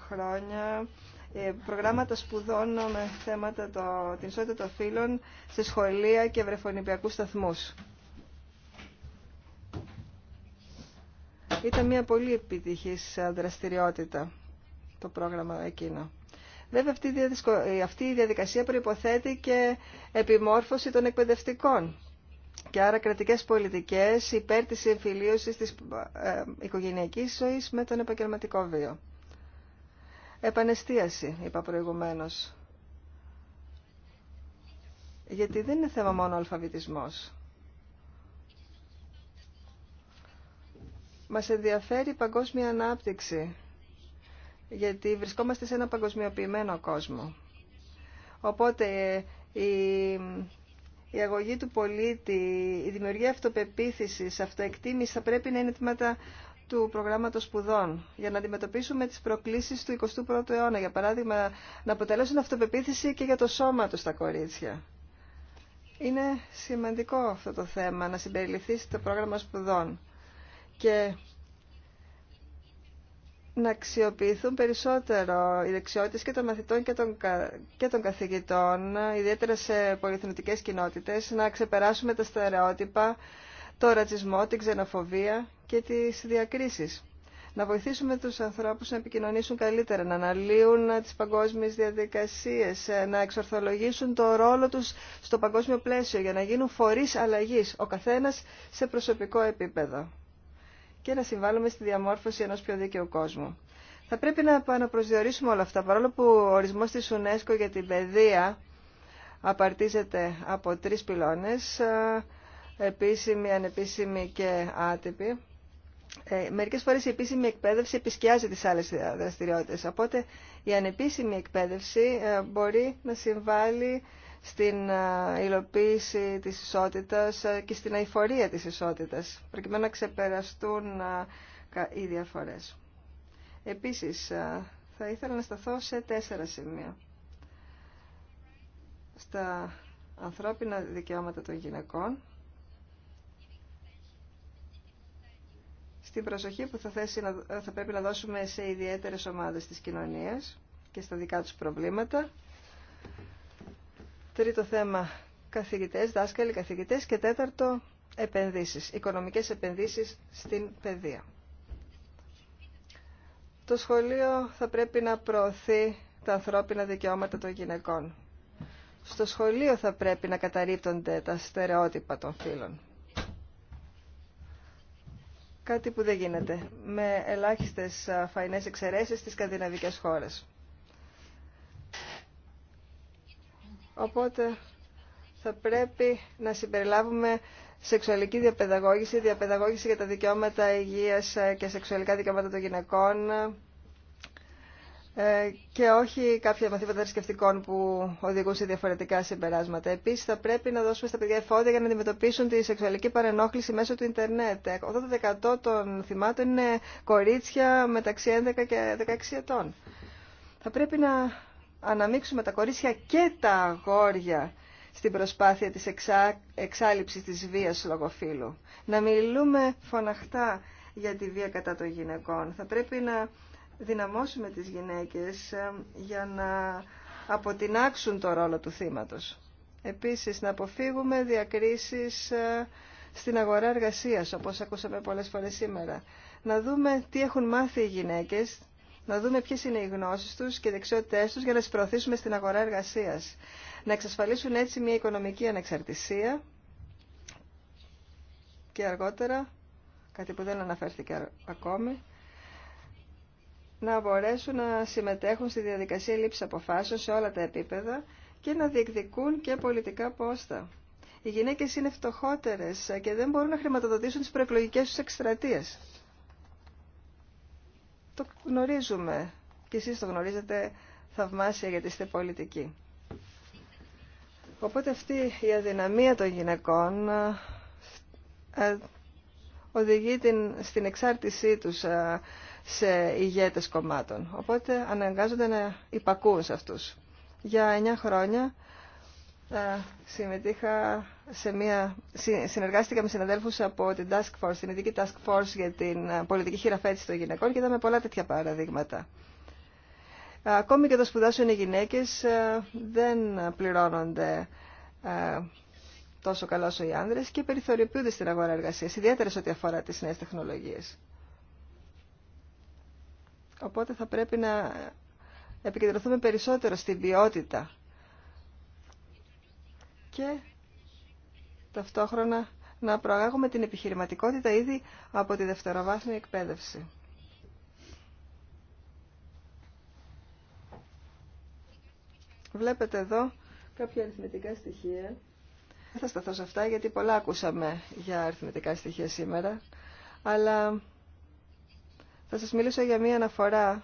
χρόνια ε, προγράμματα σπουδών με θέματα το, την ισότητα των φύλων σε σχολεία και βρεφονιπιακούς σταθμούς. Ήταν μια πολύ επιτυχής ε, δραστηριότητα το πρόγραμμα εκείνο. Βέβαια ε, αυτή η διαδικασία προϋποθέτει και επιμόρφωση των εκπαιδευτικών και άρα κρατικές πολιτικές υπέρ της εμφυλίωσης της ε, οικογενειακής ζωής με τον επαγγελματικό βίο. Επανεστίαση, είπα προηγουμένως. Γιατί δεν είναι θέμα μόνο ο αλφαβητισμός. Μας ενδιαφέρει η παγκόσμια ανάπτυξη, γιατί βρισκόμαστε σε ένα παγκοσμιοποιημένο κόσμο. Οπότε ε, η, η αγωγή του πολίτη, η δημιουργία αυτοπεποίθησης, αυτοεκτίμηση θα πρέπει να είναι τμήματα του προγράμματος σπουδών για να αντιμετωπίσουμε τις προκλήσεις του 21ου αιώνα. Για παράδειγμα, να αποτελέσουν αυτοπεποίθηση και για το σώμα τους τα κορίτσια. Είναι σημαντικό αυτό το θέμα να συμπεριληφθεί στο πρόγραμμα σπουδών και να αξιοποιηθούν περισσότερο οι δεξιότητες και των μαθητών και των, και των καθηγητών, ιδιαίτερα σε πολυεθνωτικές κοινότητες, να ξεπεράσουμε τα στερεότυπα, το ρατσισμό, την ξενοφοβία και τις διακρίσεις. Να βοηθήσουμε τους ανθρώπους να επικοινωνήσουν καλύτερα, να αναλύουν τις παγκόσμιες διαδικασίες, ε, να εξορθολογήσουν το ρόλο τους στο παγκόσμιο πλαίσιο για να γίνουν φορείς αλλαγής, ο καθένας σε προσωπικό επίπεδο και να συμβάλλουμε στη διαμόρφωση ενός πιο δίκαιου κόσμου. Θα πρέπει να επαναπροσδιορίσουμε όλα αυτά, παρόλο που ο ορισμός της UNESCO για την παιδεία απαρτίζεται από τρεις πυλώνες, επίσημη, ανεπίσημη και άτυπη. Ε, μερικές φορές η επίσημη εκπαίδευση επισκιάζει τις άλλες δραστηριότητες, οπότε η ανεπίσημη εκπαίδευση ε, μπορεί να συμβάλλει στην ε, υλοποίηση της ισότητας ε, και στην αηφορία της ισότητας, προκειμένου να ξεπεραστούν ε, οι διαφορές. Επίσης, θα ήθελα να σταθώ σε τέσσερα σημεία. Στα ανθρώπινα δικαιώματα των γυναικών, στην προσοχή που θα, θέσει, θα πρέπει να δώσουμε σε ιδιαίτερες ομάδες της κοινωνίας και στα δικά τους προβλήματα, Τρίτο θέμα, καθηγητές, δάσκαλοι, καθηγητές και τέταρτο, επενδύσεις, οικονομικές επενδύσεις στην παιδεία. Το σχολείο θα πρέπει να προωθεί τα ανθρώπινα δικαιώματα των γυναικών. Στο σχολείο θα πρέπει να καταρρύπτονται τα στερεότυπα των φύλων. Κάτι που δεν γίνεται, με ελάχιστες φαϊνές εξαιρέσεις στις σκανδιναβικές χώρες. Οπότε θα πρέπει να συμπεριλάβουμε σεξουαλική διαπαιδαγώγηση, διαπαιδαγώγηση για τα δικαιώματα υγείας και σεξουαλικά δικαιώματα των γυναικών ε, και όχι κάποια μαθήματα θρησκευτικών που οδηγούν σε διαφορετικά συμπεράσματα. Επίσης θα πρέπει να δώσουμε στα παιδιά εφόδια για να αντιμετωπίσουν τη σεξουαλική παρενόχληση μέσω του Ιντερνετ. 80% των θυμάτων είναι κορίτσια μεταξύ 11 και 16 ετών. Θα πρέπει να αναμίξουμε τα κορίτσια και τα αγόρια στην προσπάθεια της εξά, εξάλληψης της βίας λογοφύλου. Να μιλούμε φωναχτά για τη βία κατά των γυναικών. Θα πρέπει να δυναμώσουμε τις γυναίκες ε, για να αποτινάξουν το ρόλο του θύματος. Επίσης, να αποφύγουμε διακρίσεις ε, στην αγορά εργασίας, όπως ακούσαμε πολλές φορές σήμερα. Να δούμε τι έχουν μάθει οι γυναίκες, να δούμε ποιε είναι οι γνώσει τους και οι δεξιότητές τους για να τι προωθήσουμε στην αγορά εργασίας. Να εξασφαλίσουν έτσι μια οικονομική ανεξαρτησία και αργότερα, κάτι που δεν αναφέρθηκε ακόμη, να μπορέσουν να συμμετέχουν στη διαδικασία λήψης αποφάσεων σε όλα τα επίπεδα και να διεκδικούν και πολιτικά πόστα. Οι γυναίκε είναι φτωχότερε και δεν μπορούν να χρηματοδοτήσουν τι προεκλογικέ του εκστρατείε το γνωρίζουμε και εσείς το γνωρίζετε θαυμάσια γιατί είστε πολιτικοί. Οπότε αυτή η αδυναμία των γυναικών ε, οδηγεί την, στην εξάρτησή τους ε, σε ηγέτες κομμάτων. Οπότε αναγκάζονται να υπακούν σε αυτούς. Για 9 χρόνια ε, συμμετείχα σε μια, συνεργάστηκα με συναδέλφου από την Task Force, την ειδική Task Force για την ε, πολιτική χειραφέτηση των γυναικών και είδαμε πολλά τέτοια παραδείγματα. Ακόμη και το σπουδάσουν οι γυναίκε, ε, δεν πληρώνονται ε, τόσο καλά όσο οι άνδρε και περιθωριοποιούνται στην αγορά εργασία, ιδιαίτερα σε ό,τι αφορά τι νέε τεχνολογίε. Οπότε θα πρέπει να επικεντρωθούμε περισσότερο στην ποιότητα και ταυτόχρονα να προάγουμε την επιχειρηματικότητα ήδη από τη δευτεροβάθμια εκπαίδευση. Βλέπετε εδώ κάποια αριθμητικά στοιχεία. Δεν θα σταθώ σε αυτά γιατί πολλά ακούσαμε για αριθμητικά στοιχεία σήμερα. Αλλά θα σας μιλήσω για μία αναφορά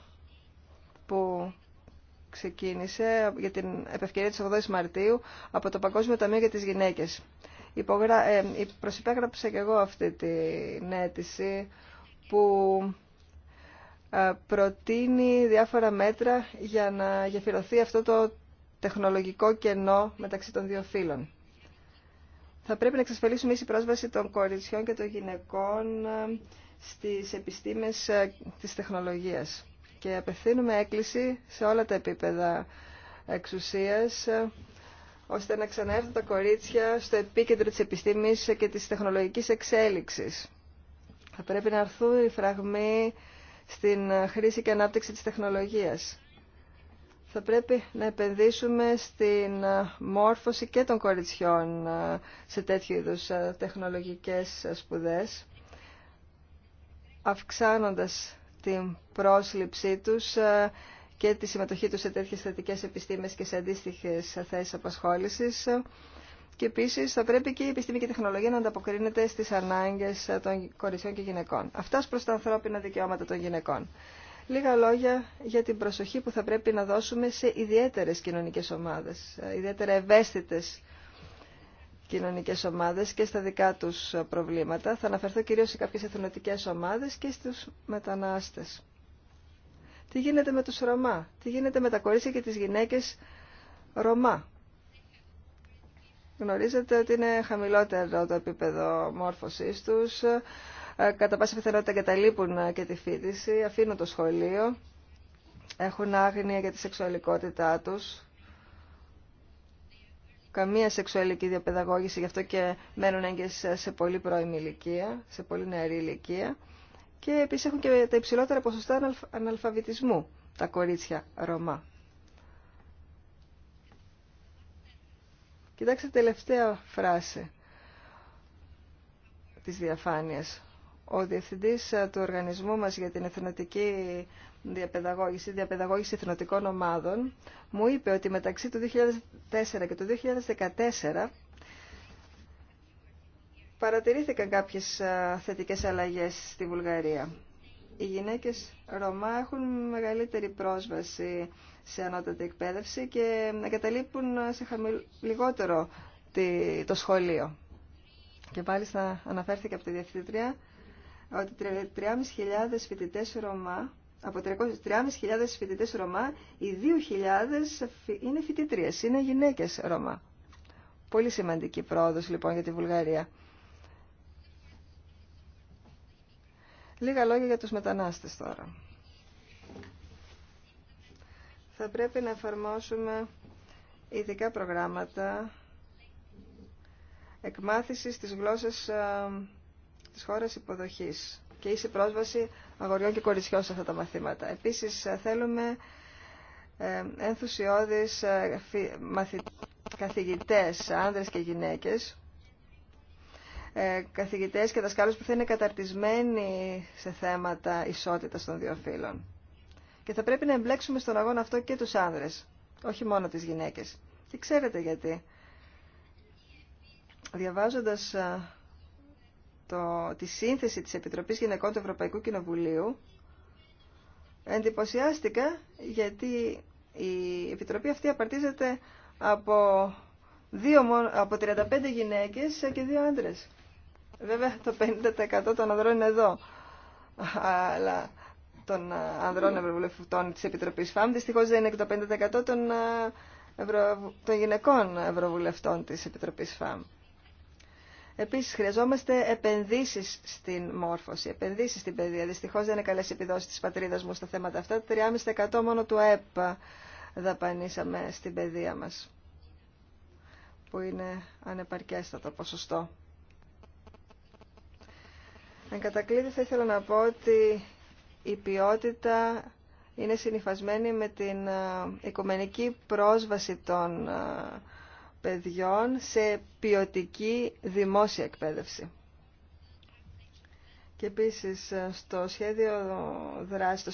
που ξεκίνησε για την επευκαιρία της 8ης Μαρτίου από το Παγκόσμιο Ταμείο για τις Γυναίκες υπογρά... ε, προσυπέγραψα και εγώ αυτή την αίτηση που ε, προτείνει διάφορα μέτρα για να γεφυρωθεί αυτό το τεχνολογικό κενό μεταξύ των δύο φύλων. Θα πρέπει να εξασφαλίσουμε ίση πρόσβαση των κοριτσιών και των γυναικών ε, στις επιστήμες ε, της τεχνολογίας. Και απευθύνουμε έκκληση σε όλα τα επίπεδα εξουσίας ώστε να ξανάρθουν τα κορίτσια στο επίκεντρο της επιστήμης και της τεχνολογικής εξέλιξης. Θα πρέπει να έρθουν οι φραγμοί στην χρήση και ανάπτυξη της τεχνολογίας. Θα πρέπει να επενδύσουμε στην μόρφωση και των κοριτσιών σε τέτοιου είδους τεχνολογικές σπουδές, αυξάνοντας την πρόσληψή τους και τη συμμετοχή του σε τέτοιε θετικέ επιστήμες και σε αντίστοιχε θέσει απασχόληση. Και επίση θα πρέπει και η επιστήμη και η τεχνολογία να ανταποκρίνεται στι ανάγκε των κοριτσιών και γυναικών. Αυτά προ τα ανθρώπινα δικαιώματα των γυναικών. Λίγα λόγια για την προσοχή που θα πρέπει να δώσουμε σε ιδιαίτερες κοινωνικές ομάδες, ιδιαίτερα ευαίσθητες κοινωνικές ομάδες και στα δικά τους προβλήματα. Θα αναφερθώ κυρίως σε κάποιες εθνοτικές ομάδες και στους μετανάστες. Τι γίνεται με τους Ρωμά, τι γίνεται με τα κορίτσια και τις γυναίκες Ρωμά. Γνωρίζετε ότι είναι χαμηλότερο το επίπεδο μόρφωσής τους, ε, κατά πάσα πιθανότητα εγκαταλείπουν ε, και τη φίτηση, αφήνουν το σχολείο, έχουν άγνοια για τη σεξουαλικότητά τους, καμία σεξουαλική διαπαιδαγώγηση, γι' αυτό και μένουν έγκες σε πολύ πρώιμη ηλικία, σε πολύ νεαρή ηλικία και επίσης έχουν και τα υψηλότερα ποσοστά αναλφαβητισμού τα κορίτσια Ρωμά. Κοιτάξτε τελευταία φράση της διαφάνειας. Ο διευθυντής του οργανισμού μας για την εθνοτική διαπαιδαγώγηση, διαπαιδαγώγηση εθνοτικών ομάδων, μου είπε ότι μεταξύ του 2004 και του 2014 παρατηρήθηκαν κάποιες θετικές αλλαγές στη Βουλγαρία. Οι γυναίκες Ρωμά έχουν μεγαλύτερη πρόσβαση σε ανώτατη εκπαίδευση και εγκαταλείπουν σε χαμηλ... λιγότερο το σχολείο. Και πάλι αναφέρθηκε από τη Διευθύντρια ότι 3.500 φοιτητές Ρωμά από 3.500 φοιτητές Ρωμά, οι 2.000 είναι φοιτητρίες, είναι γυναίκες Ρωμά. Πολύ σημαντική πρόοδος λοιπόν για τη Βουλγαρία. Λίγα λόγια για τους μετανάστες τώρα. Θα πρέπει να εφαρμόσουμε ειδικά προγράμματα εκμάθησης της γλώσσας ε, της χώρας υποδοχής και ίση πρόσβαση αγοριών και κοριτσιών σε αυτά τα μαθήματα. Επίσης ε, θέλουμε ε, ενθουσιώδεις καθηγητές, άνδρες και γυναίκες ε, καθηγητές και δασκάλους που θα είναι καταρτισμένοι σε θέματα ισότητας των δύο φύλων. Και θα πρέπει να εμπλέξουμε στον αγώνα αυτό και τους άνδρες, όχι μόνο τις γυναίκες. Και ξέρετε γιατί. Διαβάζοντας ε, το, τη σύνθεση της Επιτροπής Γυναικών του Ευρωπαϊκού Κοινοβουλίου, εντυπωσιάστηκα γιατί η Επιτροπή αυτή απαρτίζεται από, από 35 γυναίκες και δύο άντρες. Βέβαια το 50% των ανδρών είναι εδώ. Αλλά των ε, ανδρών ευρωβουλευτών της Επιτροπής ΦΑΜ δυστυχώς δεν είναι και το 50% των, ε, ευρω... των γυναικών ευρωβουλευτών της Επιτροπής ΦΑΜ. Επίσης, χρειαζόμαστε επενδύσεις στην μόρφωση, επενδύσεις στην παιδεία. Δυστυχώς δεν είναι καλές επιδόσεις της πατρίδας μου στα θέματα αυτά. 3,5% μόνο του ΑΕΠ δαπανίσαμε στην παιδεία μας, που είναι ανεπαρκέστατο ποσοστό. Εν κατακλείδη θα ήθελα να πω ότι η ποιότητα είναι συνειφασμένη με την ε, οικουμενική πρόσβαση των ε, παιδιών σε ποιοτική δημόσια εκπαίδευση. Και επίσης ε, στο σχέδιο δράση, το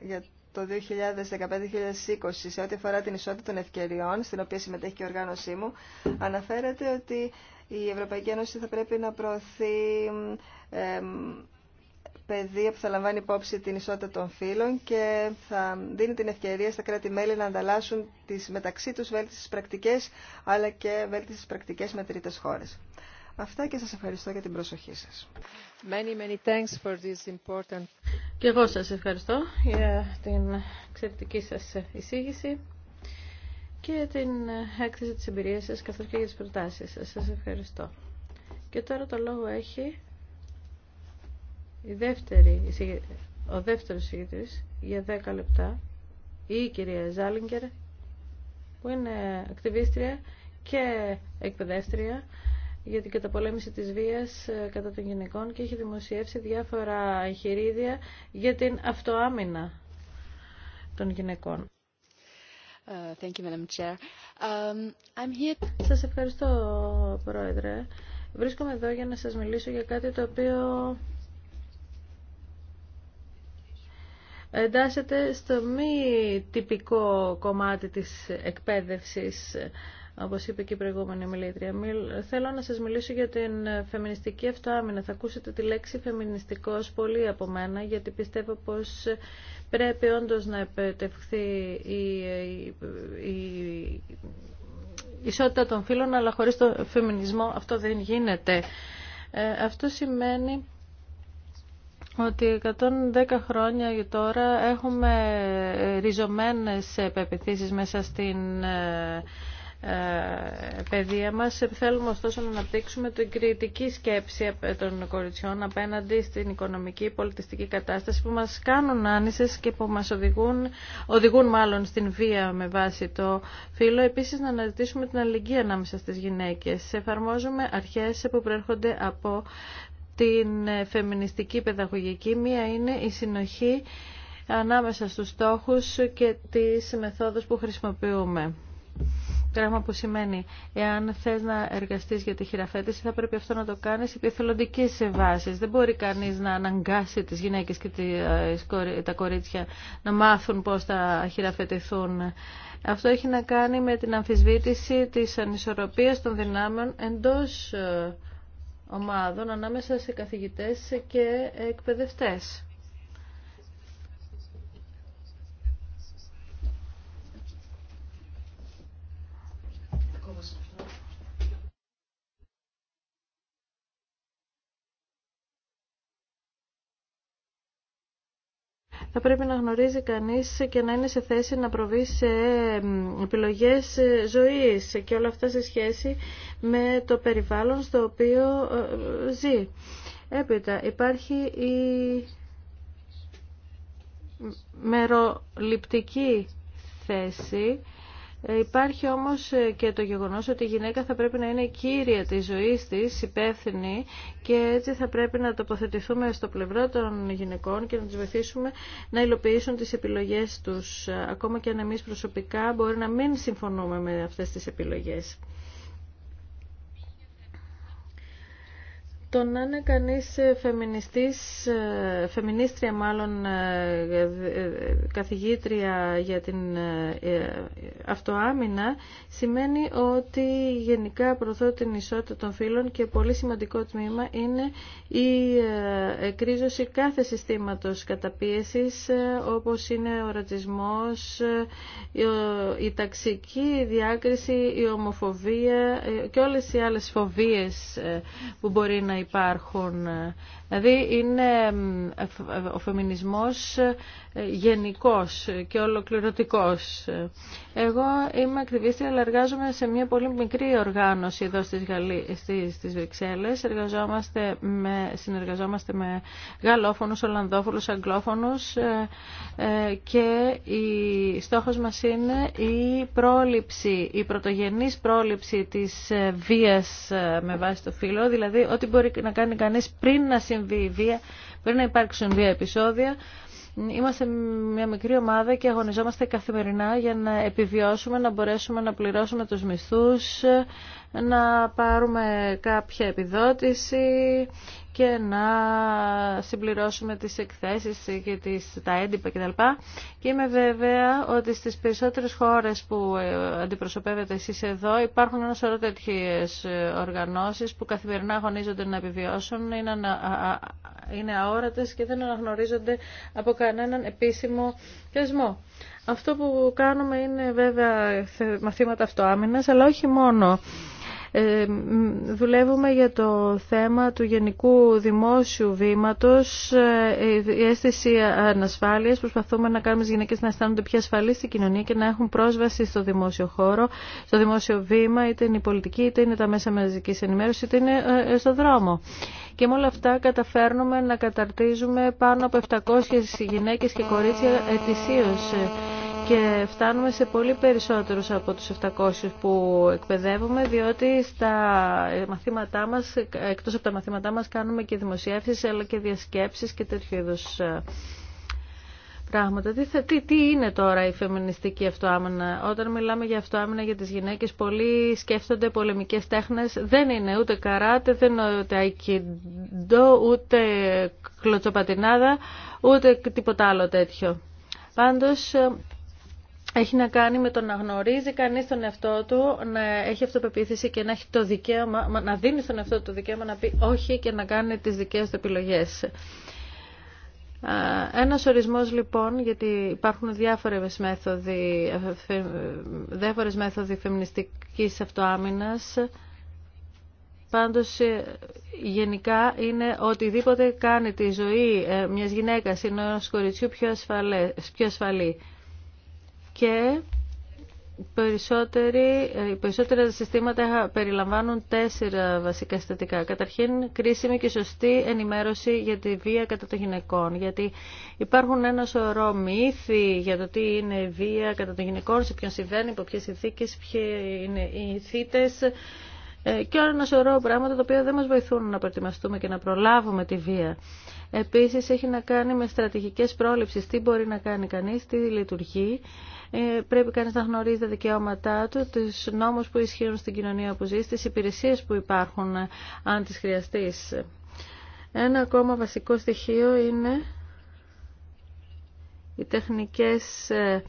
για το 2015-2020 σε ό,τι αφορά την ισότητα των ευκαιριών, στην οποία συμμετέχει και η οργάνωσή μου, αναφέρεται ότι η Ευρωπαϊκή Ένωση θα πρέπει να προωθεί παιδεία που θα λαμβάνει υπόψη την ισότητα των φύλων και θα δίνει την ευκαιρία στα κράτη-μέλη να ανταλλάσσουν τις μεταξύ τους βέλτιστες πρακτικές αλλά και βέλτιστες πρακτικές με τρίτες χώρες. Αυτά και σας ευχαριστώ για την προσοχή σας. Many, many thanks for this important... Και εγώ σας ευχαριστώ για την εξαιρετική σας εισήγηση και την έκθεση της εμπειρίας σας καθώς και για τις προτάσεις σας. Σας ευχαριστώ. Και τώρα το λόγο έχει η δεύτερη, ο δεύτερος ηγητής για 10 λεπτά ή η κυρια Ζάλιγκερ που είναι ακτιβίστρια και εκπαιδεύτρια για την καταπολέμηση της βίας ε, κατά των γυναικών και έχει δημοσιεύσει διάφορα εγχειρίδια για την αυτοάμυνα των γυναικών. Uh, thank um, Σας ευχαριστώ, Πρόεδρε. Βρίσκομαι εδώ για να σας μιλήσω για κάτι το οποίο εντάσσεται στο μη τυπικό κομμάτι της εκπαίδευσης Όπω είπε και η προηγούμενη μιλήτρια. Θέλω να σα μιλήσω για την φεμινιστική αυτοάμυνα. Θα ακούσετε τη λέξη φεμινιστικός πολύ από μένα, γιατί πιστεύω πως πρέπει όντω να επιτευχθεί η, η ισότητα των φύλων, αλλά χωρίς το φεμινισμό αυτό δεν γίνεται. Ε, αυτό σημαίνει ότι 110 χρόνια τώρα έχουμε ριζωμένες πεπιθήσεις μέσα στην ε, ε, παιδεία μας. Θέλουμε ωστόσο να αναπτύξουμε την κριτική σκέψη των κοριτσιών απέναντι στην οικονομική πολιτιστική κατάσταση που μας κάνουν άνησες και που μας οδηγούν, οδηγούν μάλλον στην βία με βάση το φύλλο. Επίσης να αναζητήσουμε την αλληλεγγύη ανάμεσα στις γυναίκες. Εφαρμόζουμε αρχές που προέρχονται από την φεμινιστική παιδαγωγική. Μία είναι η συνοχή ανάμεσα στους στόχους και τις μεθόδους που χρησιμοποιούμε. Πράγμα που σημαίνει, εάν θες να εργαστείς για τη χειραφέτηση, θα πρέπει αυτό να το κάνεις επί εθελοντικής βάσης. Δεν μπορεί κανείς να αναγκάσει τις γυναίκες και ε, τα κορίτσια να μάθουν πώς θα χειραφετηθούν. Αυτό έχει να κάνει με την αμφισβήτηση της ανισορροπίας των δυνάμεων εντός ε, ομάδων ανάμεσα σε καθηγητές και εκπαιδευτές. θα πρέπει να γνωρίζει κανείς και να είναι σε θέση να προβεί σε επιλογές ζωής και όλα αυτά σε σχέση με το περιβάλλον στο οποίο ε, ζει. Έπειτα υπάρχει η μεροληπτική θέση ε, υπάρχει όμως ε, και το γεγονός ότι η γυναίκα θα πρέπει να είναι κύρια της ζωής της, υπεύθυνη και έτσι θα πρέπει να τοποθετηθούμε στο πλευρό των γυναικών και να τις βοηθήσουμε να υλοποιήσουν τις επιλογές τους. Ακόμα και αν εμείς προσωπικά μπορεί να μην συμφωνούμε με αυτές τις επιλογές. το να είναι κανείς ε, φεμινιστής, ε, φεμινίστρια μάλλον ε, καθηγήτρια για την αυτοάμυνα σημαίνει ότι γενικά προωθώ την ισότητα των φύλων και πολύ σημαντικό τμήμα είναι η εκρίζωση κάθε συστήματος καταπίεσης όπως είναι ο ρατσισμός, η ταξική διάκριση, η ομοφοβία και όλες οι άλλες φοβίες που μπορεί να υπάρχουν ε, Δηλαδή είναι ο φεμινισμός ε, γενικός και ολοκληρωτικός. Εγώ είμαι ακτιβίστρια αλλά εργάζομαι σε μια πολύ μικρή οργάνωση εδώ στις, Γαλλί... στις Βρυξέλλες. Εργαζόμαστε με... Συνεργαζόμαστε με γαλλόφωνους, ολλανδόφωνους, αγγλόφωνους ε, ε, και η στόχος μας είναι η πρόληψη, η πρωτογενής πρόληψη της βίας με βάση το φύλλο, δηλαδή ό,τι μπορεί να κάνει κανείς πριν να συμβεί συμβεί η βία, πριν να υπάρξουν βία επεισόδια. Είμαστε μια μικρή ομάδα και αγωνιζόμαστε καθημερινά για να επιβιώσουμε, να μπορέσουμε να πληρώσουμε τους μισθούς, να πάρουμε κάποια επιδότηση και να συμπληρώσουμε τις εκθέσεις και τις, τα έντυπα κτλ. Και είμαι βέβαια ότι στις περισσότερες χώρες που ε, αντιπροσωπεύετε εσείς εδώ υπάρχουν ένα σωρό τέτοιε ε, οργανώσεις που καθημερινά αγωνίζονται να επιβιώσουν, είναι, ανα, είναι αόρατες και δεν αναγνωρίζονται από κανέναν επίσημο θεσμό. Αυτό που κάνουμε είναι βέβαια μαθήματα αυτοάμυνας, αλλά όχι μόνο. Ε, δουλεύουμε για το θέμα του γενικού δημόσιου βήματος, ε, η αίσθηση ανασφάλειας. Προσπαθούμε να κάνουμε τις γυναίκες να αισθάνονται πιο ασφαλείς στην κοινωνία και να έχουν πρόσβαση στο δημόσιο χώρο, στο δημόσιο βήμα, είτε είναι η πολιτική, είτε είναι τα μέσα μαζικής ενημέρωσης, είτε είναι ε, στο δρόμο. Και με όλα αυτά καταφέρνουμε να καταρτίζουμε πάνω από 700 γυναίκες και κορίτσια ετησίως και φτάνουμε σε πολύ περισσότερους από τους 700 που εκπαιδεύουμε διότι στα μαθήματά μας, εκτός από τα μαθήματά μας κάνουμε και δημοσιεύσεις αλλά και διασκέψεις και τέτοιου είδου ε, πράγματα. Τι, τι, είναι τώρα η φεμινιστική αυτοάμυνα. Όταν μιλάμε για αυτοάμυνα για τις γυναίκες, πολλοί σκέφτονται πολεμικές τέχνες. Δεν είναι ούτε καράτε, δεν είναι ούτε αϊκιντό, ούτε κλωτσοπατινάδα, ούτε τίποτα άλλο τέτοιο. Πάντως έχει να κάνει με το να γνωρίζει κανείς τον εαυτό του, να έχει αυτοπεποίθηση και να έχει το δικαίωμα, να δίνει στον εαυτό του το δικαίωμα να πει όχι και να κάνει τις δικές του επιλογές. Ένας ορισμός λοιπόν, γιατί υπάρχουν διάφορες μέθοδοι, διάφορες μέθοδοι φεμινιστικής αυτοάμυνας, Πάντως ε, γενικά είναι οτιδήποτε κάνει τη ζωή ε, μιας γυναίκας ή ενός κοριτσιού πιο, ασφαλή και Περισσότεροι, οι ε, περισσότερα συστήματα περιλαμβάνουν τέσσερα βασικά συστατικά. Καταρχήν, κρίσιμη και σωστή ενημέρωση για τη βία κατά των γυναικών. Γιατί υπάρχουν ένα σωρό μύθοι για το τι είναι η βία κατά των γυναικών, σε ποιον συμβαίνει, υπό ποιε συνθήκε, ποιοι είναι οι θήτε. Ε, και όλα ένα σωρό πράγματα τα οποία δεν μας βοηθούν να προετοιμαστούμε και να προλάβουμε τη βία. Επίσης έχει να κάνει με στρατηγικές πρόληψεις, τι μπορεί να κάνει κανείς, τι λειτουργεί. Ε, πρέπει κανείς να γνωρίζει τα δικαιώματά του, τους νόμους που ισχύουν στην κοινωνία που ζει, τις υπηρεσίες που υπάρχουν ε, αν τις χρειαστείς. Ένα ακόμα βασικό στοιχείο είναι οι τεχνικές ε,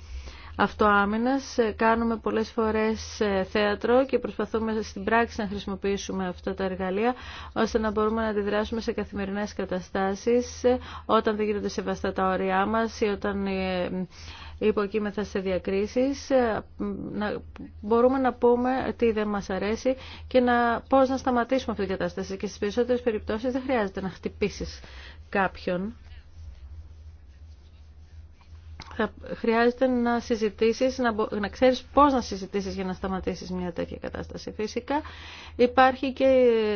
αυτοάμυνας. Ε, κάνουμε πολλές φορές ε, θέατρο και προσπαθούμε στην πράξη να χρησιμοποιήσουμε αυτά τα εργαλεία ώστε να μπορούμε να αντιδράσουμε σε καθημερινές καταστάσεις ε, όταν δεν γίνονται σεβαστά τα όρια μας ή όταν υποκείμεθα σε διακρίσεις, να, μπορούμε να πούμε τι δεν μας αρέσει και να, πώς να σταματήσουμε αυτή την κατάσταση. Και στις περισσότερες περιπτώσεις δεν χρειάζεται να χτυπήσεις κάποιον θα χρειάζεται να συζητήσεις, να, να ξέρεις πώς να συζητήσεις για να σταματήσεις μια τέτοια κατάσταση. Φυσικά υπάρχει και,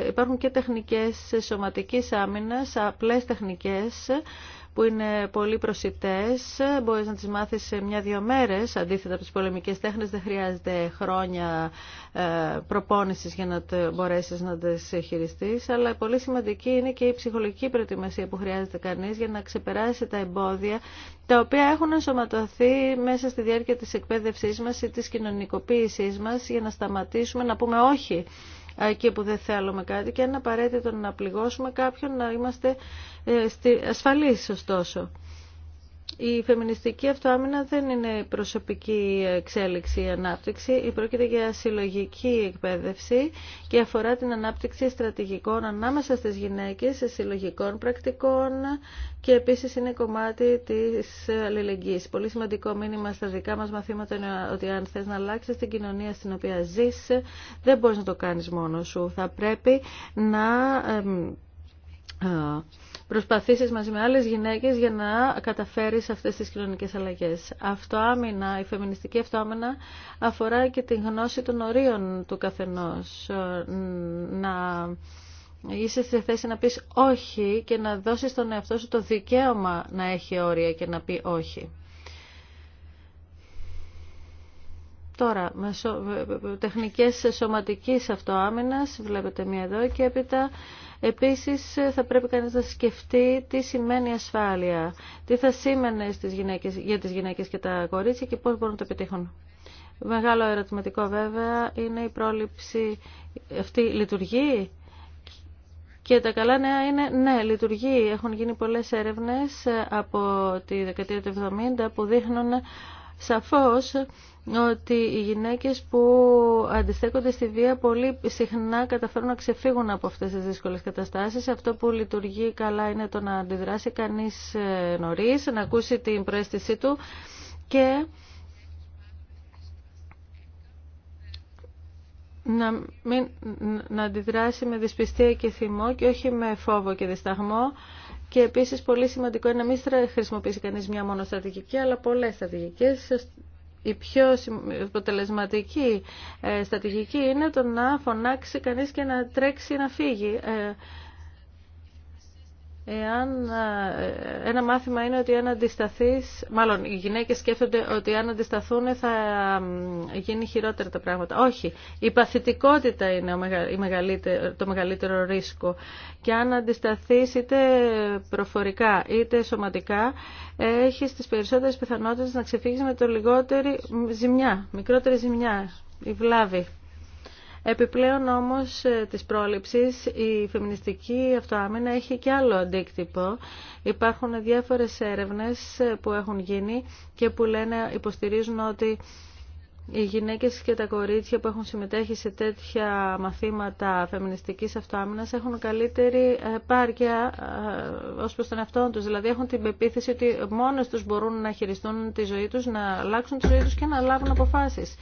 υπάρχουν και τεχνικές σωματικής άμυνας, απλές τεχνικές που είναι πολύ προσιτές. Μπορείς να τις μάθεις σε μια-δυο μέρες, αντίθετα από τις πολεμικές τέχνες. Δεν χρειάζεται χρόνια ε, προπόνησης για να μπορέσεις να τις χειριστείς. Αλλά πολύ σημαντική είναι και η ψυχολογική προετοιμασία που χρειάζεται κανείς για να ξεπεράσει τα εμπόδια τα οποία έχουν ενσωματωθεί μέσα στη διάρκεια της εκπαίδευσή μας ή της κοινωνικοποίησή μας για να σταματήσουμε να πούμε όχι εκεί που δεν θέλουμε κάτι και είναι απαραίτητο να πληγώσουμε κάποιον να είμαστε ε, ασφαλείς ωστόσο. Η φεμινιστική αυτοάμυνα δεν είναι προσωπική εξέλιξη ή ανάπτυξη, πρόκειται για συλλογική εκπαίδευση και αφορά την ανάπτυξη στρατηγικών ανάμεσα στις γυναίκες, σε συλλογικών πρακτικών και επίσης είναι κομμάτι της αλληλεγγύης. Πολύ σημαντικό μήνυμα στα δικά μας μαθήματα είναι ότι αν θες να αλλάξει την κοινωνία στην οποία ζεις, δεν μπορείς να το κάνεις μόνος σου. Θα πρέπει να προσπαθήσεις μαζί με άλλες γυναίκες για να καταφέρεις αυτές τις κοινωνικές αλλαγές. Αυτοάμυνα, η φεμινιστική αυτοάμυνα αφορά και την γνώση των ορίων του καθενός. Να είσαι σε θέση να πεις όχι και να δώσεις στον εαυτό σου το δικαίωμα να έχει όρια και να πει όχι. Τώρα, με τεχνικές σωματικής αυτοάμυνας, βλέπετε μία εδώ και έπειτα, επίσης θα πρέπει κανείς να σκεφτεί τι σημαίνει ασφάλεια, τι θα σήμαινε στις γυναίκες, για τις γυναίκες και τα κορίτσια και πώς μπορούν να το πετύχουν. Μεγάλο ερωτηματικό βέβαια είναι η πρόληψη αυτή λειτουργεί και τα καλά νέα είναι, ναι, λειτουργεί. Έχουν γίνει πολλές έρευνες από τη δεκαετία του 70 που δείχνουν Σαφώς ότι οι γυναίκες που αντιστέκονται στη βία πολύ συχνά καταφέρουν να ξεφύγουν από αυτές τις δύσκολες καταστάσεις. Αυτό που λειτουργεί καλά είναι το να αντιδράσει κανείς ε, νωρίς, να ακούσει την προέστησή του και να, μην, να αντιδράσει με δυσπιστία και θυμό και όχι με φόβο και δισταγμό και επίση πολύ σημαντικό είναι να μην χρησιμοποιήσει κανείς μια μόνο στρατηγική, αλλά πολλές στρατηγικέ. Η πιο αποτελεσματική ε, στρατηγική είναι το να φωνάξει κανείς και να τρέξει να φύγει. Ε, εάν ένα μάθημα είναι ότι αν αντισταθείς, μάλλον οι γυναίκες σκέφτονται ότι αν αντισταθούν θα γίνει χειρότερα τα πράγματα. Όχι, η παθητικότητα είναι το μεγαλύτερο ρίσκο και αν αντισταθείς είτε προφορικά είτε σωματικά έχεις τις περισσότερες πιθανότητες να ξεφύγεις με το λιγότερη ζημιά, μικρότερη ζημιά, η βλάβη. Επιπλέον όμως ε, της πρόληψης η φεμινιστική αυτοάμυνα έχει και άλλο αντίκτυπο. Υπάρχουν διάφορες έρευνες ε, που έχουν γίνει και που λένε, υποστηρίζουν ότι οι γυναίκες και τα κορίτσια που έχουν συμμετέχει σε τέτοια μαθήματα φεμινιστικής αυτοάμυνας έχουν καλύτερη ε, πάρκια ως προς τον εαυτό τους. Δηλαδή έχουν την πεποίθηση ότι μόνες τους μπορούν να χειριστούν τη ζωή τους, να αλλάξουν τη ζωή τους και να λάβουν αποφάσεις.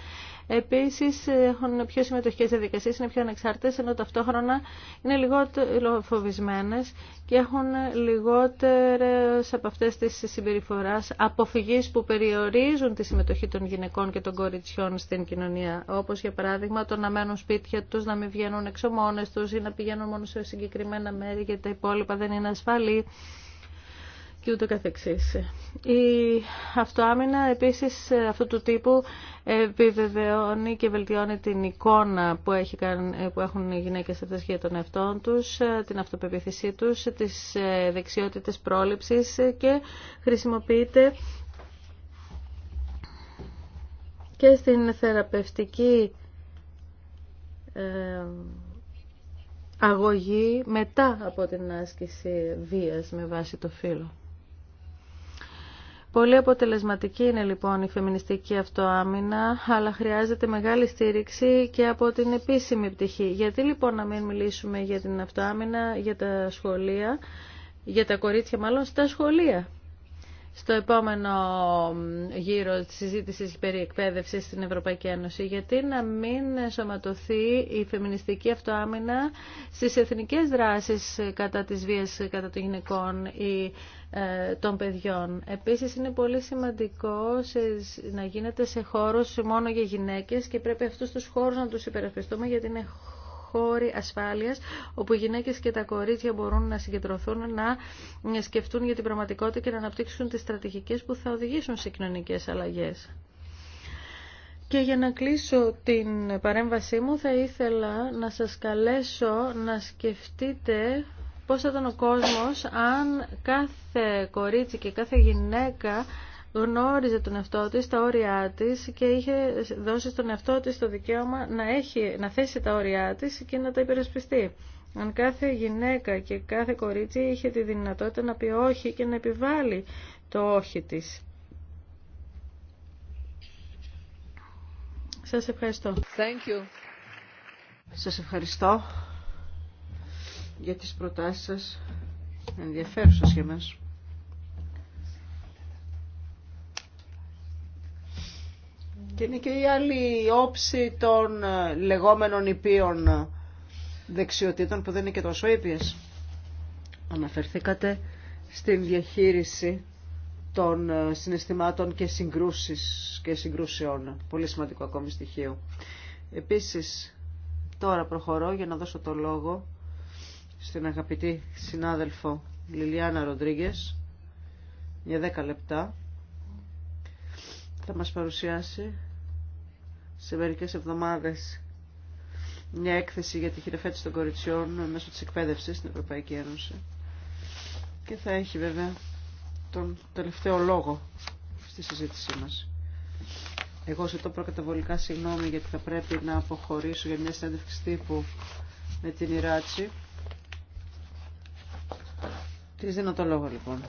Επίση, έχουν πιο συμμετοχικές διαδικασίε, είναι πιο ανεξάρτητες, ενώ ταυτόχρονα είναι λιγότερο φοβισμένε και έχουν λιγότερες από αυτέ τι συμπεριφορές αποφυγή που περιορίζουν τη συμμετοχή των γυναικών και των κοριτσιών στην κοινωνία. Όπως για παράδειγμα το να μένουν σπίτια τους, να μην βγαίνουν εξωμόνες του ή να πηγαίνουν μόνο σε συγκεκριμένα μέρη γιατί τα υπόλοιπα δεν είναι ασφαλή και ούτω καθεξής. Η αυτοάμυνα επίσης αυτού του τύπου επιβεβαιώνει και βελτιώνει την εικόνα που, έχει, που έχουν οι γυναίκες αυτές για τον εαυτό τους, την αυτοπεποίθησή τους, τις ε, δεξιότητες πρόληψης και χρησιμοποιείται και στην θεραπευτική ε, αγωγή μετά από την άσκηση βίας με βάση το φύλλο. Πολύ αποτελεσματική είναι λοιπόν η φεμινιστική αυτοάμυνα, αλλά χρειάζεται μεγάλη στήριξη και από την επίσημη πτυχή. Γιατί λοιπόν να μην μιλήσουμε για την αυτοάμυνα, για τα σχολεία, για τα κορίτσια μάλλον στα σχολεία. Στο επόμενο γύρο της συζήτησης περί εκπαίδευσης στην Ευρωπαϊκή Ένωση, γιατί να μην σωματωθεί η φεμινιστική αυτοάμυνα στις εθνικές δράσεις κατά της βίας κατά των γυναικών, η ε, των παιδιών. Επίσης είναι πολύ σημαντικό σε, να γίνεται σε χώρους μόνο για γυναίκες και πρέπει αυτούς τους χώρους να τους υπερασπιστούμε γιατί είναι χώροι ασφάλειας όπου οι γυναίκες και τα κορίτσια μπορούν να συγκεντρωθούν, να σκεφτούν για την πραγματικότητα και να αναπτύξουν τις στρατηγικές που θα οδηγήσουν σε κοινωνικές αλλαγές. Και για να κλείσω την παρέμβασή μου θα ήθελα να σας καλέσω να σκεφτείτε πώς θα ήταν ο κόσμος αν κάθε κορίτσι και κάθε γυναίκα γνώριζε τον εαυτό της, τα όρια της και είχε δώσει στον εαυτό της το δικαίωμα να, έχει, να θέσει τα όρια της και να τα υπερασπιστεί. Αν κάθε γυναίκα και κάθε κορίτσι είχε τη δυνατότητα να πει όχι και να επιβάλλει το όχι της. Σας ευχαριστώ. Thank you. Σας ευχαριστώ για τις προτάσεις σας ενδιαφέρουσες για μας. Και είναι και η άλλη όψη των ε, λεγόμενων υπείων ε, δεξιοτήτων που δεν είναι και τόσο ήπιες. Αναφερθήκατε στην διαχείριση των ε, συναισθημάτων και, συγκρούσεις, και συγκρούσεων. Πολύ σημαντικό ακόμη στοιχείο. Επίσης, τώρα προχωρώ για να δώσω το λόγο στην αγαπητή συνάδελφο Λιλιάνα Ροντρίγκες για 10 λεπτά θα μας παρουσιάσει σε μερικές εβδομάδες μια έκθεση για τη χειρεφέτηση των κοριτσιών μέσω της εκπαίδευσης στην Ευρωπαϊκή Ένωση και θα έχει βέβαια τον τελευταίο λόγο στη συζήτησή μας. Εγώ ζητώ προκαταβολικά συγγνώμη γιατί θα πρέπει να αποχωρήσω για μια συνέντευξη τύπου με την Ιράτσι Τη δίνω το λόγο λοιπόν.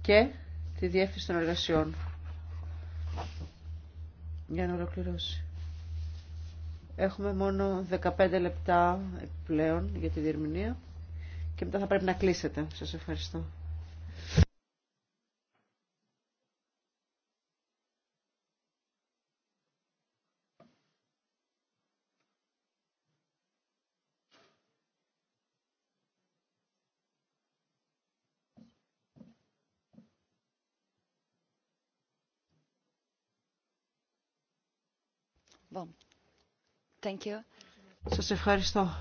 Και τη διεύθυνση των εργασιών. Για να ολοκληρώσει. Έχουμε μόνο 15 λεπτά επιπλέον για τη διερμηνία και μετά θα πρέπει να κλείσετε. Σας ευχαριστώ. Thank you. Σας ευχαριστώ.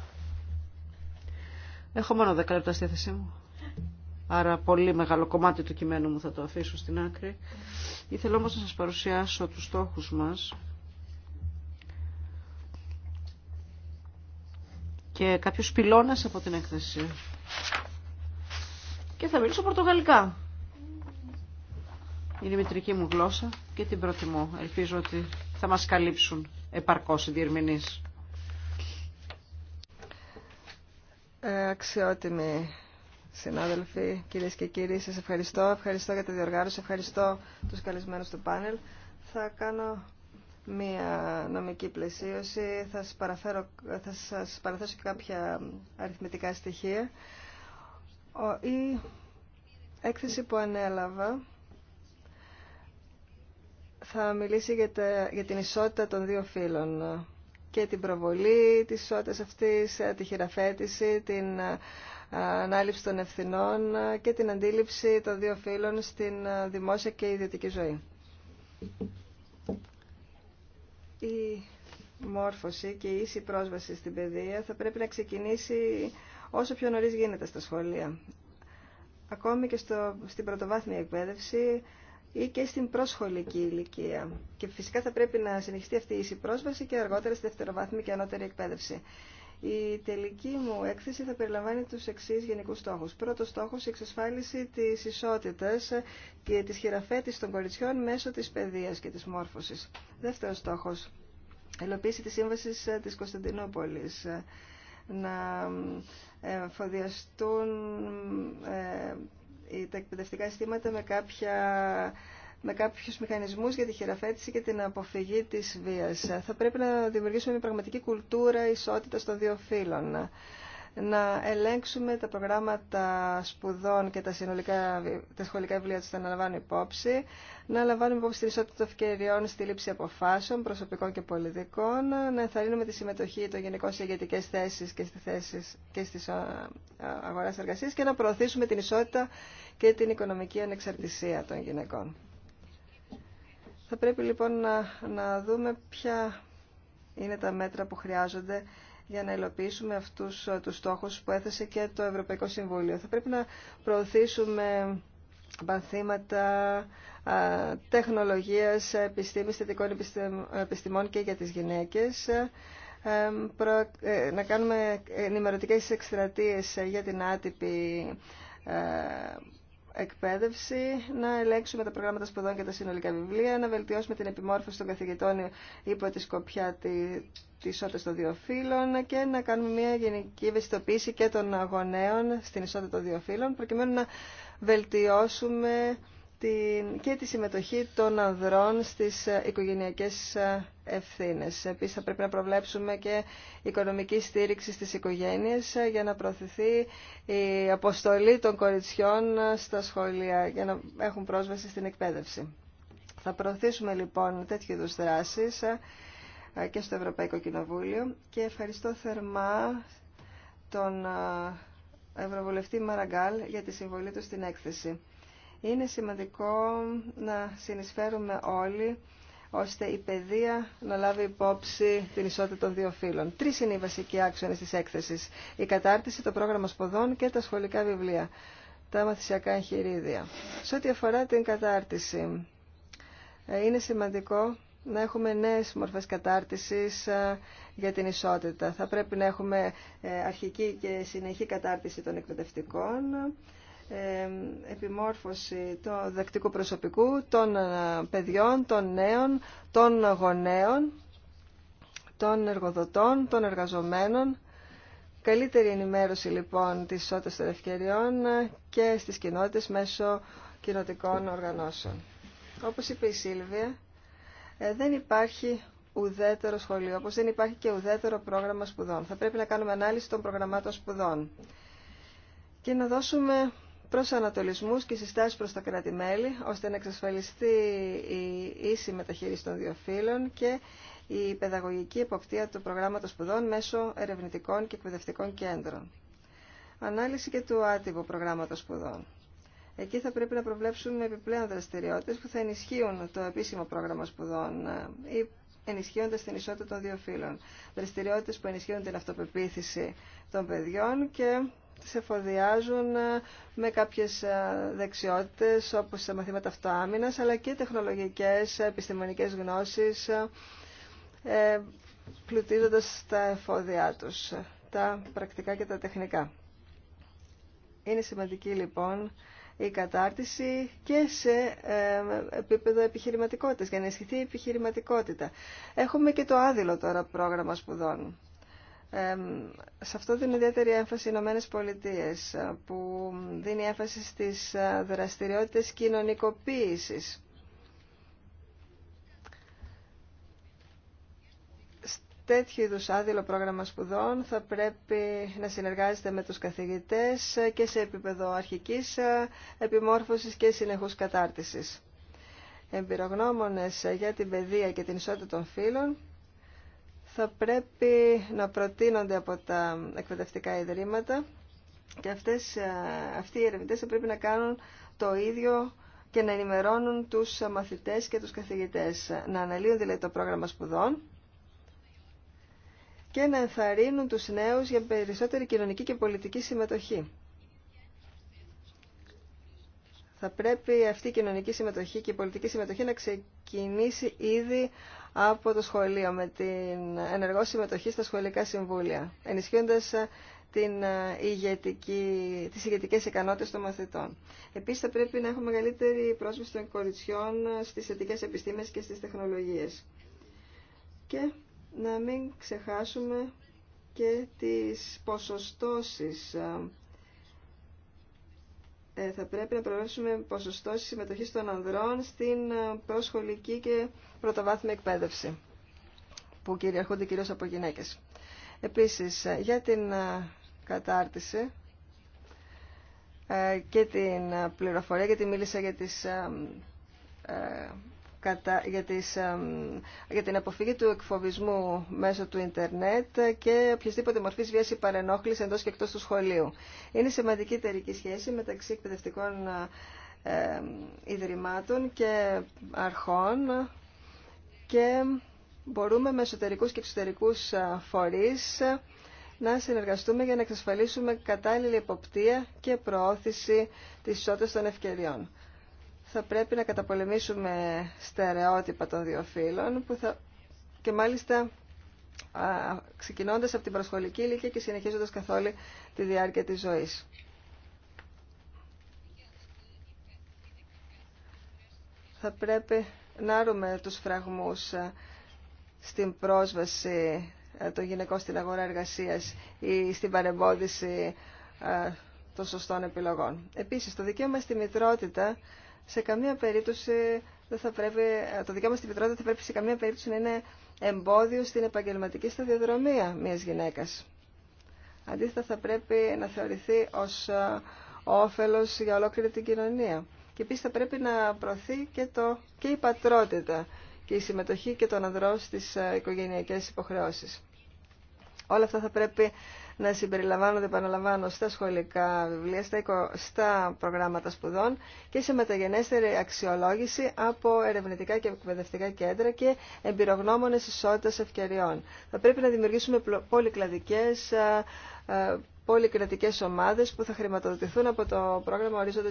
Έχω μόνο 10 λεπτά στη θέση μου. Άρα πολύ μεγάλο κομμάτι του κειμένου μου θα το αφήσω στην άκρη. Ήθελα όμως να σας παρουσιάσω τους στόχους μας και κάποιους πυλώνες από την έκθεση. Και θα μιλήσω πορτογαλικά. Είναι η μητρική μου γλώσσα και την προτιμώ. Ελπίζω ότι θα μας καλύψουν επαρκώς οι διερμηνείς. Ε, αξιότιμοι συνάδελφοι, κυρίες και κύριοι, σας ευχαριστώ. Ευχαριστώ για τη διοργάνωση, ευχαριστώ τους καλεσμένους του πάνελ. Θα κάνω μία νομική πλαισίωση, θα σας, παραφέρω, θα σας παραθέσω και κάποια αριθμητικά στοιχεία. Η έκθεση που ανέλαβα θα μιλήσει για, την ισότητα των δύο φίλων και την προβολή της ισότητας αυτής, ε, τη χειραφέτηση, την ε, ανάληψη των ευθυνών ε, και την αντίληψη των δύο φίλων στην δημόσια και ιδιωτική ζωή. Η μόρφωση και η ίση πρόσβαση στην παιδεία θα πρέπει να ξεκινήσει όσο πιο νωρίς γίνεται στα σχολεία. Ακόμη και στο, στην πρωτοβάθμια εκπαίδευση ή και στην προσχολική ηλικία. Και φυσικά θα πρέπει να συνεχιστεί αυτή η συμπρόσβαση και αργότερα στη δευτεροβάθμια και ανώτερη εκπαίδευση. Η τελική μου έκθεση θα περιλαμβάνει τους εξής γενικούς στόχους. Πρώτος στόχος, η εξασφάλιση της ισότητας και της χειραφέτησης των κοριτσιών μέσω της παιδείας και της μόρφωσης. Δεύτερος στόχος, ελοποίηση της σύμβασης ε, της Κωνσταντινούπολης να ε, ε, ε, τα εκπαιδευτικά συστήματα με, κάποια, με κάποιους μηχανισμούς για τη χειραφέτηση και την αποφυγή της βίας. Θα πρέπει να δημιουργήσουμε μια πραγματική κουλτούρα ισότητας των δύο φύλων να ελέγξουμε τα προγράμματα σπουδών και τα, συνολικά, τα σχολικά βιβλία του να αναλαμβάνουν υπόψη, να λαμβάνουμε υπόψη τη ισότητα των ευκαιριών στη λήψη αποφάσεων προσωπικών και πολιτικών, να ενθαρρύνουμε τη συμμετοχή των γενικών σε ηγετικέ θέσει και στι θέσει και στις αγοράς εργασία και να προωθήσουμε την ισότητα και την οικονομική ανεξαρτησία των γυναικών. Θα πρέπει λοιπόν να, να δούμε ποια είναι τα μέτρα που χρειάζονται για να υλοποιήσουμε αυτούς ε, τους στόχους που έθεσε και το Ευρωπαϊκό Συμβούλιο. Θα πρέπει να προωθήσουμε μπαθήματα ε, τεχνολογίας, επιστήμης, θετικών επιστημών και για τις γυναίκες, ε, να κάνουμε ενημερωτικές εκστρατείες για την άτυπη εκπαίδευση, να ελέγξουμε τα προγράμματα σπουδών και τα συνολικά βιβλία, να βελτιώσουμε την επιμόρφωση των καθηγητών υπό τη σκοπιά τη ισότητα των δύο φύλων και να κάνουμε μια γενική ευαισθητοποίηση και των γονέων στην ισότητα των δύο φύλων, προκειμένου να βελτιώσουμε την, και τη συμμετοχή των ανδρών στις ε, οικογενειακές ε, ευθύνες. Επίσης θα πρέπει να προβλέψουμε και οικονομική στήριξη στις οικογένειες ε, για να προωθηθεί η αποστολή των κοριτσιών στα σχολεία για να έχουν πρόσβαση στην εκπαίδευση. Θα προωθήσουμε λοιπόν τέτοιου είδους δράσεις και στο Ευρωπαϊκό Κοινοβούλιο και ευχαριστώ θερμά τον Ευρωβουλευτή Μαραγκάλ για τη συμβολή του στην έκθεση είναι σημαντικό να συνεισφέρουμε όλοι ώστε η παιδεία να λάβει υπόψη την ισότητα των δύο φύλων. Τρεις είναι οι βασικοί άξονες της έκθεσης. Η κατάρτιση, το πρόγραμμα σποδών και τα σχολικά βιβλία. Τα μαθησιακά εγχειρίδια. Σε ό,τι αφορά την κατάρτιση, ε, είναι σημαντικό να έχουμε νέες μορφές κατάρτισης ε, για την ισότητα. Θα πρέπει να έχουμε ε, αρχική και συνεχή κατάρτιση των εκπαιδευτικών, επιμόρφωση του δεκτικού προσωπικού, των ε, παιδιών, των νέων, των γονέων, των εργοδοτών, των εργαζομένων. Καλύτερη ενημέρωση λοιπόν της ισότητας των ευκαιριών και στις κοινότητες μέσω κοινοτικών οργανώσεων. Όπως είπε η Σίλβια, ε, δεν υπάρχει ουδέτερο σχολείο, όπως δεν υπάρχει και ουδέτερο πρόγραμμα σπουδών. Θα πρέπει να κάνουμε ανάλυση των προγραμμάτων σπουδών και να δώσουμε ανατολισμούς και συστάσεις προς τα κράτη-μέλη, ώστε να εξασφαλιστεί η ίση μεταχείριση των δύο φύλων και η παιδαγωγική εποπτεία του προγράμματος σπουδών μέσω ερευνητικών και εκπαιδευτικών κέντρων. Ανάλυση και του άτυπου προγράμματος σπουδών. Εκεί θα πρέπει να προβλέψουμε επιπλέον δραστηριότητες που θα ενισχύουν το επίσημο πρόγραμμα σπουδών ε, ή ενισχύοντα την ισότητα των δύο φύλων. Δραστηριότητε που ενισχύουν την αυτοπεποίθηση των παιδιών και τις εφοδιάζουν ε, με κάποιες ε, δεξιότητες όπως τα μαθήματα αυτοάμυνας αλλά και τεχνολογικές επιστημονικές γνώσεις ε, πλουτίζοντας τα εφόδια τους, τα πρακτικά και τα τεχνικά. Είναι σημαντική λοιπόν η κατάρτιση και σε επίπεδο επιχειρηματικότητας για να ισχυθεί η επιχειρηματικότητα. Έχουμε και το άδειλο τώρα πρόγραμμα σπουδών σε αυτό δίνει ιδιαίτερη έμφαση οι Ηνωμένε Πολιτείε, ε, που δίνει έμφαση στις ε, δραστηριότητες κοινωνικοποίησης. τέτοιου είδου άδειλο πρόγραμμα σπουδών θα πρέπει να συνεργάζεται με τους καθηγητές ε, και σε επίπεδο αρχικής επιμόρφωσης και συνεχούς κατάρτισης. Εμπειρογνώμονες για την παιδεία και την ισότητα των φύλων θα πρέπει να προτείνονται από τα εκπαιδευτικά ιδρύματα και αυτές, ε, αυτοί οι ερευνητές θα πρέπει να κάνουν το ίδιο και να ενημερώνουν τους μαθητές και τους καθηγητές. Να αναλύουν δηλαδή το πρόγραμμα σπουδών και να ενθαρρύνουν τους νέους για περισσότερη κοινωνική και πολιτική συμμετοχή. Θα πρέπει αυτή η κοινωνική συμμετοχή και η πολιτική συμμετοχή να ξεκινήσει ήδη από το σχολείο με την ενεργό συμμετοχή στα σχολικά συμβούλια, ενισχύοντας ε, την ε, ηγετική, τις ηγετικές ικανότητες των μαθητών. Επίσης θα πρέπει να έχουμε μεγαλύτερη πρόσβαση των κοριτσιών ε, στις θετικές επιστήμες και στις τεχνολογίες. Και να μην ξεχάσουμε και τις ποσοστώσεις ε, θα πρέπει να προβλέψουμε ποσοστό συμμετοχή των ανδρών στην ε, προσχολική και πρωτοβάθμια εκπαίδευση που κυριαρχούνται κυρίως από γυναίκες. Επίσης, ε, για την κατάρτιση και την πληροφορία, γιατί μίλησα για τις κατά, για, τις, την αποφυγή του εκφοβισμού μέσω του ίντερνετ και οποιασδήποτε μορφής βίας ή παρενόχληση εντός και εκτός του σχολείου. Είναι σημαντική εταιρική σχέση μεταξύ εκπαιδευτικών ιδρυμάτων και αρχών και μπορούμε με εσωτερικούς και εξωτερικούς ε, φορείς ε, να συνεργαστούμε για να εξασφαλίσουμε κατάλληλη εποπτεία και προώθηση της ισότητας των ευκαιριών θα πρέπει να καταπολεμήσουμε στερεότυπα των δύο φύλων που θα... και μάλιστα α, ξεκινώντας από την προσχολική ηλικία και συνεχίζοντας καθόλου τη διάρκεια της ζωής. Θα πρέπει να άρουμε τους φραγμούς στην πρόσβαση των γυναικών στην αγορά εργασίας ή στην παρεμπόδιση των σωστών επιλογών. Επίσης, το δικαίωμα στη μητρότητα σε καμία περίπτωση δεν θα πρέπει, το δικαίωμα στην πιτρότητα θα πρέπει σε καμία περίπτωση να είναι εμπόδιο στην επαγγελματική σταδιοδρομία μιας γυναίκας. Αντίθετα θα πρέπει να θεωρηθεί ω ε, όφελος για ολόκληρη την κοινωνία. Και επίση θα πρέπει να προωθεί και, το, και η πατρότητα και η συμμετοχή και των ανδρών στι ε, οικογενειακέ υποχρεώσει. Όλα αυτά θα πρέπει να συμπεριλαμβάνονται, επαναλαμβάνω, στα σχολικά βιβλία, στα, στα προγράμματα σπουδών και σε μεταγενέστερη αξιολόγηση από ερευνητικά και εκπαιδευτικά κέντρα και εμπειρογνώμονε ισότητα ευκαιριών. Θα πρέπει να δημιουργήσουμε πολυκλαδικέ πολυκρατικέ ομάδε που θα χρηματοδοτηθούν από το πρόγραμμα Ορίζοντα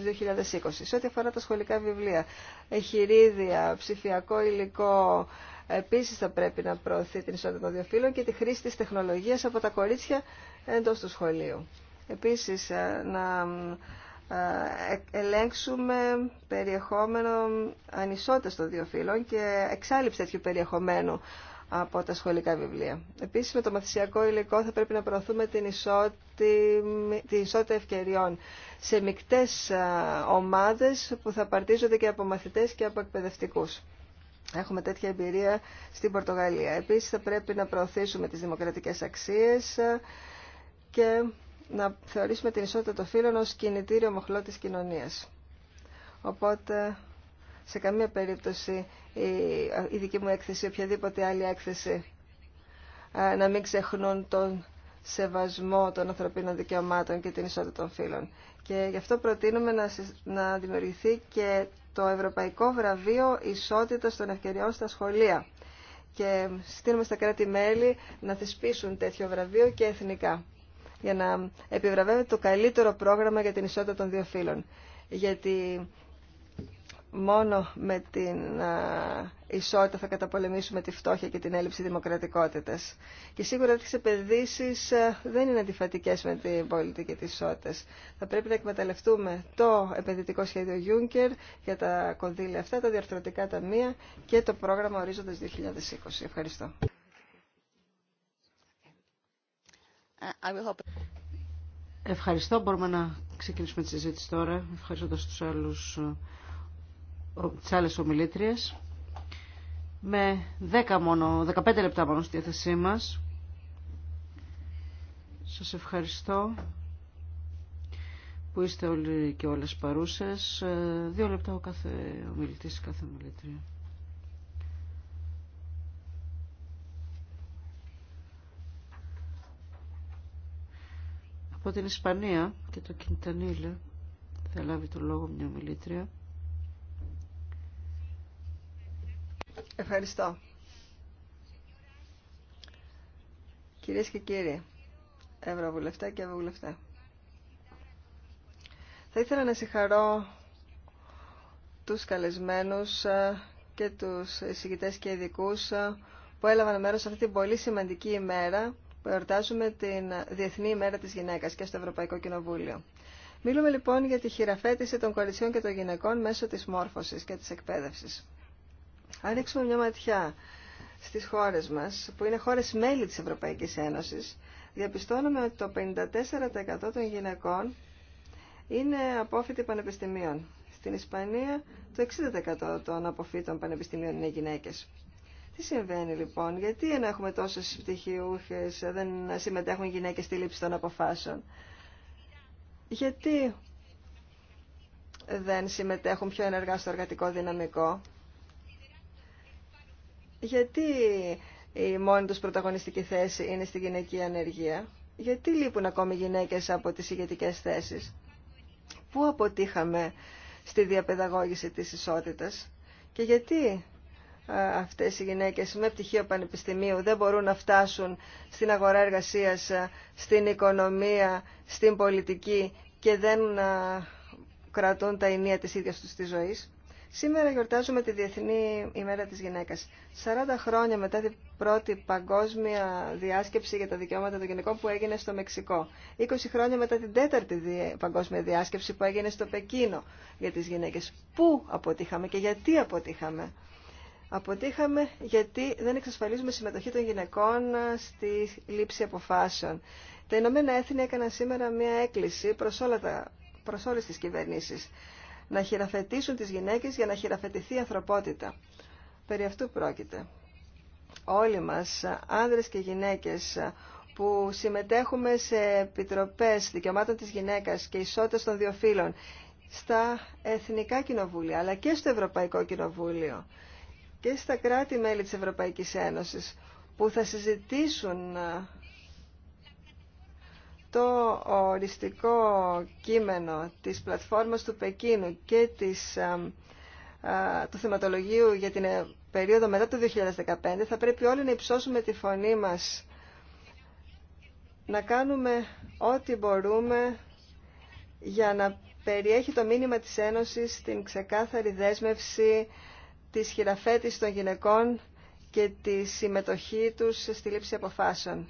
2020. Σε ό,τι αφορά τα σχολικά βιβλία, εχειρίδια, ψηφιακό υλικό, επίση θα πρέπει να προωθεί την ισότητα των δύο φύλων και τη χρήση τη τεχνολογία από τα κορίτσια εντός του σχολείου. Επίσης, ε, να ε, ε, ελέγξουμε περιεχόμενο ανισότητα των δύο φύλων και εξάλληψη τέτοιου περιεχομένου από τα σχολικά βιβλία. Επίσης με το μαθησιακό υλικό θα πρέπει να προωθούμε την, την ισότητα ευκαιριών σε μικτές ομάδες που θα παρτίζονται και από μαθητές και από εκπαιδευτικούς. Έχουμε τέτοια εμπειρία στην Πορτογαλία. Επίσης θα πρέπει να προωθήσουμε τις δημοκρατικές αξίες και να θεωρήσουμε την ισότητα των φύλων ως κινητήριο μοχλό της κοινωνίας. Οπότε, σε καμία περίπτωση η, δική μου έκθεση, οποιαδήποτε άλλη έκθεση, ε, να μην ξεχνούν τον σεβασμό των ανθρωπίνων δικαιωμάτων και την ισότητα των φύλων. Και γι' αυτό προτείνουμε να, να δημιουργηθεί και το Ευρωπαϊκό Βραβείο Ισότητας των Ευκαιριών στα Σχολεία. Και στείλουμε στα κράτη-μέλη να θεσπίσουν τέτοιο βραβείο και εθνικά για να επιβραβεύεται το καλύτερο πρόγραμμα για την ισότητα των δύο φύλων. Γιατί μόνο με την ισότητα θα καταπολεμήσουμε τη φτώχεια και την έλλειψη δημοκρατικότητας. Και σίγουρα τις επενδύσεις δεν είναι αντιφατικές με την πολιτική της ισότητας. Θα πρέπει να εκμεταλλευτούμε το επενδυτικό σχέδιο Juncker για τα κονδύλια αυτά, τα διαρθρωτικά ταμεία και το πρόγραμμα Ορίζοντας 2020. Ευχαριστώ. Ευχαριστώ. Μπορούμε να ξεκινήσουμε τη συζήτηση τώρα, ευχαριστώντας τους άλλους, τις άλλες Με 10 μόνο, 15 λεπτά μόνο στη θέση μας. Σας ευχαριστώ που είστε όλοι και όλες παρούσες. Ε, δύο λεπτά ο κάθε ομιλητής, κάθε ομιλήτρια. από την Ισπανία και το Κιντανίλε θα λάβει το λόγο μια μιλήτρια. Ευχαριστώ. Κυρίες και κύριοι, Ευρωβουλευτέ και Ευρωβουλευτέ, Θα ήθελα να συγχαρώ τους καλεσμένους ε, και τους εισηγητές και ειδικού ε, που έλαβαν μέρος σε αυτή την πολύ σημαντική ημέρα που εορτάζουμε την Διεθνή ημέρα της γυναίκας και στο Ευρωπαϊκό Κοινοβούλιο. Μιλούμε λοιπόν για τη χειραφέτηση των κοριτσιών και των γυναικών μέσω της μόρφωσης και της εκπαίδευσης. Ανοίξουμε μια ματιά στις χώρες μας, που είναι χώρες μέλη της Ευρωπαϊκής Ένωσης, διαπιστώνουμε ότι το 54% των γυναικών είναι απόφοιτοι πανεπιστημίων. Στην Ισπανία το 60% των αποφύτων πανεπιστημίων είναι γυναίκες. Τι συμβαίνει λοιπόν, γιατί να έχουμε τόσες πτυχιούχες δεν συμμετέχουν γυναίκες στη λήψη των αποφάσεων. Γιατί δεν συμμετέχουν πιο ενεργά στο εργατικό δυναμικό. Γιατί η μόνη τους πρωταγωνιστική θέση είναι στη γυναική ανεργία. Γιατί λείπουν ακόμη γυναίκες από τις ηγετικέ θέσεις. Πού αποτύχαμε στη διαπαιδαγώγηση της ισότητας και γιατί αυτές οι γυναίκες με πτυχίο πανεπιστημίου δεν μπορούν να φτάσουν στην αγορά εργασίας, στην οικονομία, στην πολιτική και δεν κρατούν τα ενία της ίδιας τους της ζωής. Σήμερα γιορτάζουμε τη Διεθνή ημέρα της γυναίκας. 40 χρόνια μετά την πρώτη παγκόσμια διάσκεψη για τα δικαιώματα των γυναικών που έγινε στο Μεξικό. 20 χρόνια μετά την τέταρτη παγκόσμια διάσκεψη που έγινε στο Πεκίνο για τις γυναίκες. Πού αποτύχαμε και γιατί αποτύχαμε αποτύχαμε γιατί δεν εξασφαλίζουμε συμμετοχή των γυναικών ε, στη λήψη αποφάσεων. Τα Ηνωμένα Έθνη έκαναν σήμερα μια έκκληση προς, όλα τα, προς όλες τις κυβερνήσεις να χειραφετήσουν τις γυναίκες για να χειραφετηθεί η ανθρωπότητα. Περί αυτού πρόκειται. Όλοι μας, άνδρες και γυναίκες, που συμμετέχουμε σε επιτροπές δικαιωμάτων της γυναίκας και ισότητας των δύο φύλων στα Εθνικά Κοινοβούλια, αλλά και στο Ευρωπαϊκό Κοινοβούλιο, και στα κράτη-μέλη της Ευρωπαϊκής Ένωσης που θα συζητήσουν ε, το οριστικό κείμενο της πλατφόρμας του Πεκίνου και της, ε, ε, του θεματολογίου για την περίοδο μετά το 2015 θα πρέπει όλοι να υψώσουμε τη φωνή μας να κάνουμε ό,τι μπορούμε για να περιέχει το μήνυμα της Ένωσης την ξεκάθαρη δέσμευση της χειραφέτησης των γυναικών και τη συμμετοχή τους στη λήψη αποφάσεων.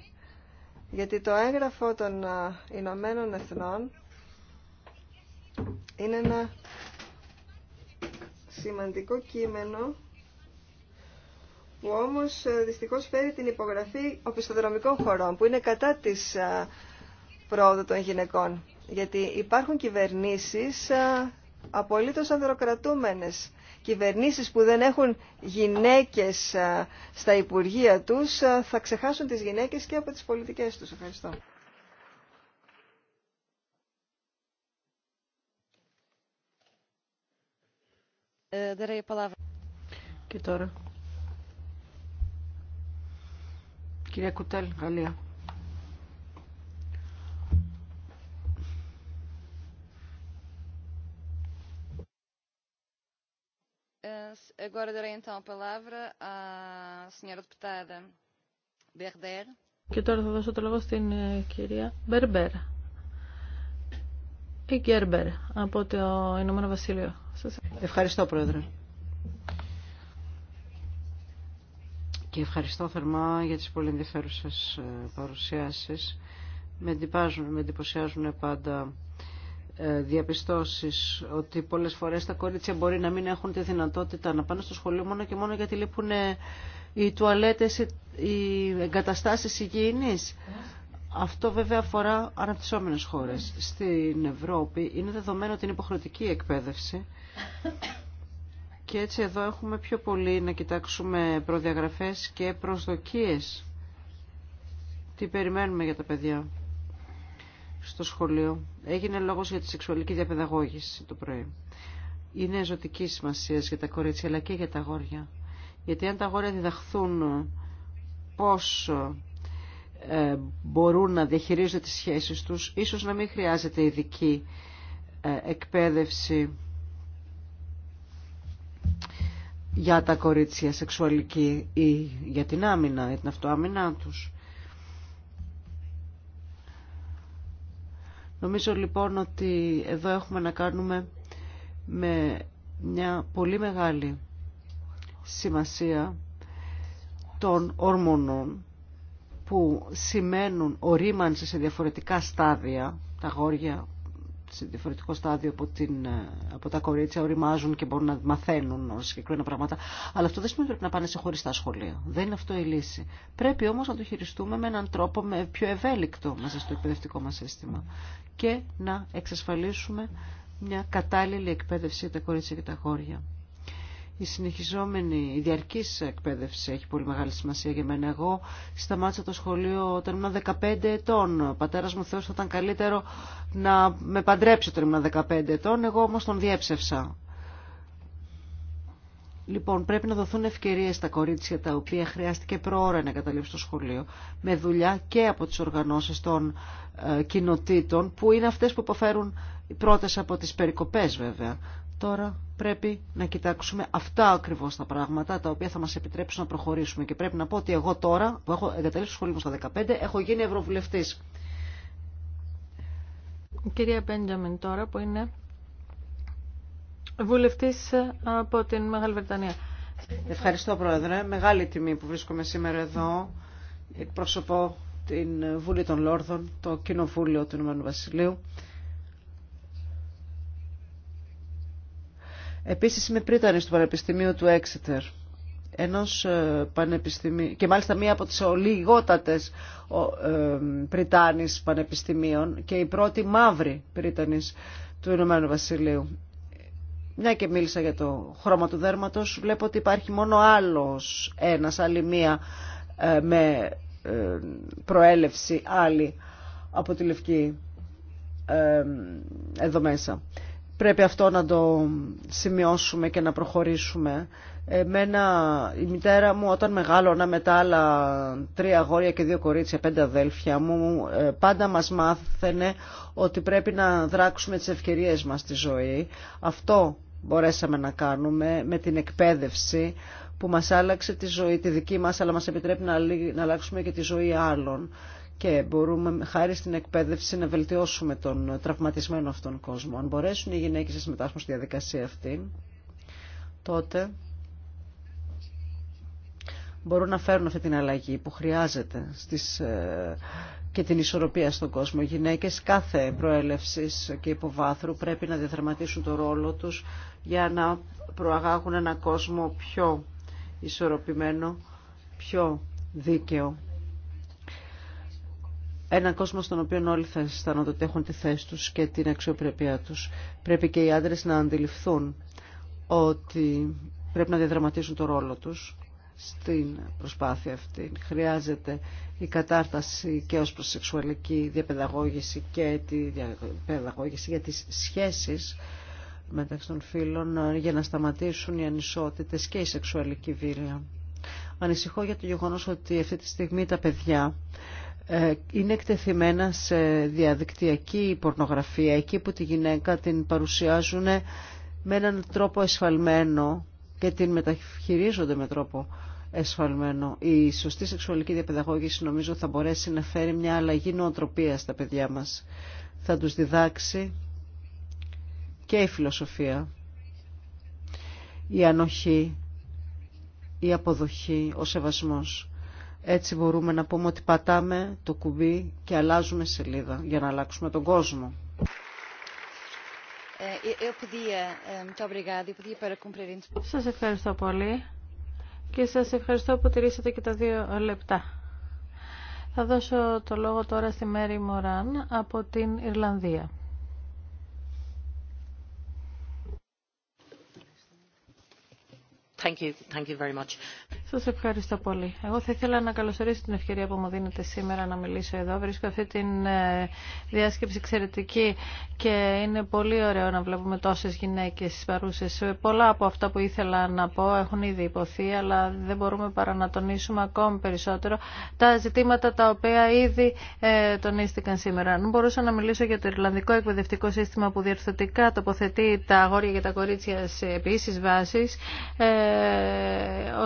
Γιατί το έγγραφο των Ηνωμένων Εθνών είναι ένα σημαντικό κείμενο που όμως ε, δυστυχώς φέρει την υπογραφή οπισθοδρομικών χωρών που είναι κατά της πρόοδου των γυναικών. Γιατί υπάρχουν κυβερνήσεις απολύτως ανδροκρατούμενες κυβερνήσεις που δεν έχουν γυναίκες στα Υπουργεία τους θα ξεχάσουν τις γυναίκες και από τις πολιτικές τους. Ευχαριστώ. Και τώρα. Κυρία Κουτέλ, Γαλλία. Και τώρα θα δώσω το λόγο στην ε, κυρία Μπερμπέρ. Η Γκέρμπερ από το Ηνωμένο Βασίλειο. Ευχαριστώ, Πρόεδρε. Και ευχαριστώ θερμά για τις πολύ ενδιαφέρουσες ε, παρουσιάσεις. Με, με εντυπωσιάζουν πάντα ε, διαπιστώσεις ότι πολλές φορές τα κορίτσια μπορεί να μην έχουν τη δυνατότητα να πάνε στο σχολείο μόνο και μόνο γιατί λείπουν ε, οι τουαλέτες, ε, οι εγκαταστάσεις υγιεινής. Αυτό βέβαια αφορά αναπτυσσόμενες χώρες. Στην Ευρώπη είναι δεδομένο την υποχρεωτική εκπαίδευση και έτσι εδώ έχουμε πιο πολύ να κοιτάξουμε προδιαγραφές και προσδοκίες. Τι περιμένουμε για τα παιδιά στο σχολείο έγινε λόγος για τη σεξουαλική διαπαιδαγώγηση το πρωί. Είναι ζωτική σημασία για τα κορίτσια αλλά και για τα αγόρια. Γιατί αν τα αγόρια διδαχθούν ε, πώς ε, μπορούν να διαχειρίζονται τις σχέσεις τους, ίσως να μην χρειάζεται ειδική ε, εκπαίδευση για τα κορίτσια σεξουαλική ή για την άμυνα, για την αυτοάμυνά τους. Νομίζω λοιπόν ότι εδώ έχουμε να κάνουμε με μια πολύ μεγάλη σημασία των ορμονών που σημαίνουν ορίμανση σε διαφορετικά στάδια, τα γόρια σε διαφορετικό στάδιο από, την, ε, από τα κορίτσια, οριμάζουν και μπορούν να μαθαίνουν συγκεκριμένα πράγματα. Αλλά αυτό δεν σημαίνει ότι πρέπει να πάνε σε χωριστά σχολεία. Δεν είναι αυτό η λύση. Πρέπει όμω να το χειριστούμε με έναν τρόπο πιο ευέλικτο μέσα στο εκπαιδευτικό μα σύστημα και να εξασφαλίσουμε μια κατάλληλη εκπαίδευση για τα κορίτσια και τα χώρια η συνεχιζόμενη, η διαρκή εκπαίδευση έχει πολύ μεγάλη σημασία για μένα. Εγώ σταμάτησα το σχολείο όταν ήμουν 15 ετών. Ο πατέρας μου θεώρησε ότι ήταν καλύτερο να με παντρέψει όταν ήμουν 15 ετών. Εγώ όμως τον διέψευσα. Λοιπόν, πρέπει να δοθούν ευκαιρίες στα κορίτσια τα οποία χρειάστηκε προώρα να καταλήψουν το σχολείο με δουλειά και από τις οργανώσεις των ε, κοινοτήτων που είναι αυτές που υποφέρουν οι πρώτες από τις περικοπές βέβαια Τώρα πρέπει να κοιτάξουμε αυτά ακριβώς τα πράγματα τα οποία θα μας επιτρέψουν να προχωρήσουμε. Και πρέπει να πω ότι εγώ τώρα που έχω εγκαταλείψει σχολείο μου στα 15 έχω γίνει ευρωβουλευτής. κυρία Μπέντζαμιν τώρα που είναι βουλευτής από την Μεγάλη Βρετανία. Ευχαριστώ Πρόεδρε. Μεγάλη τιμή που βρίσκομαι σήμερα εδώ. Εκπροσωπώ την Βούλη των Λόρδων, το Κοινοβούλιο του Ηνωμένου Βασιλείου. Επίσης είμαι πρίτανης του Πανεπιστημίου του Έξιτερ ενός ε, πανεπιστημίου και μάλιστα μία από τις λιγότατες ε, πριτάνης πανεπιστημίων και η πρώτη μαύρη πρίτανης του Ηνωμένου Βασιλείου. Μια και μίλησα για το χρώμα του δέρματος, βλέπω ότι υπάρχει μόνο άλλος ένας, άλλη μία ε, με προέλευση άλλη από τη Λευκή εδώ μέσα. Πρέπει αυτό να το σημειώσουμε και να προχωρήσουμε. Εμένα, η μητέρα μου όταν μεγάλωνα με τα άλλα τρία αγόρια και δύο κορίτσια, πέντε αδέλφια μου, ε, πάντα μας μάθαινε ότι πρέπει να δράξουμε τις ευκαιρίες μας στη ζωή. Αυτό μπορέσαμε να κάνουμε με την εκπαίδευση που μας άλλαξε τη ζωή, τη δική μας, αλλά μας επιτρέπει να αλλάξουμε και τη ζωή άλλων και μπορούμε χάρη στην εκπαίδευση να βελτιώσουμε τον τραυματισμένο αυτόν κόσμο. Αν μπορέσουν οι γυναίκες να συμμετάσχουν στη διαδικασία αυτή, τότε μπορούν να φέρουν αυτή την αλλαγή που χρειάζεται στις, ε, και την ισορροπία στον κόσμο. Οι γυναίκες κάθε προέλευσης και υποβάθρου πρέπει να διαδραματίσουν το ρόλο τους για να προαγάγουν ένα κόσμο πιο ισορροπημένο, πιο δίκαιο έναν κόσμο στον οποίο όλοι θα αισθάνονται ότι έχουν τη θέση τους και την αξιοπρέπειά τους. Πρέπει και οι άντρες να αντιληφθούν ότι πρέπει να διαδραματίσουν το ρόλο τους στην προσπάθεια αυτή. Χρειάζεται η κατάρταση και ως προς σεξουαλική διαπαιδαγώγηση και τη διαπαιδαγώγηση για τις σχέσεις μεταξύ των φίλων για να σταματήσουν οι ανισότητες και η σεξουαλική βία. Ανησυχώ για το γεγονός ότι αυτή τη στιγμή τα παιδιά ε, είναι εκτεθειμένα σε διαδικτυακή πορνογραφία εκεί που τη γυναίκα την παρουσιάζουν με έναν τρόπο εσφαλμένο και την μεταχειρίζονται με τρόπο εσφαλμένο. Η σωστή σεξουαλική διαπαιδαγώγηση νομίζω θα μπορέσει να φέρει μια αλλαγή νοοτροπία στα παιδιά μας. Θα τους διδάξει και η φιλοσοφία, η ανοχή, η αποδοχή, ο σεβασμός. Έτσι μπορούμε να πούμε ότι πατάμε το κουμπί και αλλάζουμε σελίδα για να αλλάξουμε τον κόσμο. Σας ευχαριστώ πολύ και σας ευχαριστώ που τηρήσατε και τα δύο λεπτά. Θα δώσω το λόγο τώρα στη Μέρη Μοράν από την Ιρλανδία. Thank Σα ευχαριστώ πολύ. Εγώ θα ήθελα να καλωσορίσω την ευκαιρία που μου δίνετε σήμερα να μιλήσω εδώ. Βρίσκω αυτή τη ε, διάσκεψη εξαιρετική και είναι πολύ ωραίο να βλέπουμε τόσες γυναίκες παρούσες. Πολλά από αυτά που ήθελα να πω έχουν ήδη υποθεί, αλλά δεν μπορούμε παρά να τονίσουμε ακόμη περισσότερο τα ζητήματα τα οποία ήδη ε, τονίστηκαν σήμερα. Αν μπορούσα να μιλήσω για το Ιρλανδικό εκπαιδευτικό σύστημα που διορθωτικά τοποθετεί τα αγόρια και τα κορίτσια σε βάσει, βάσεις, ε,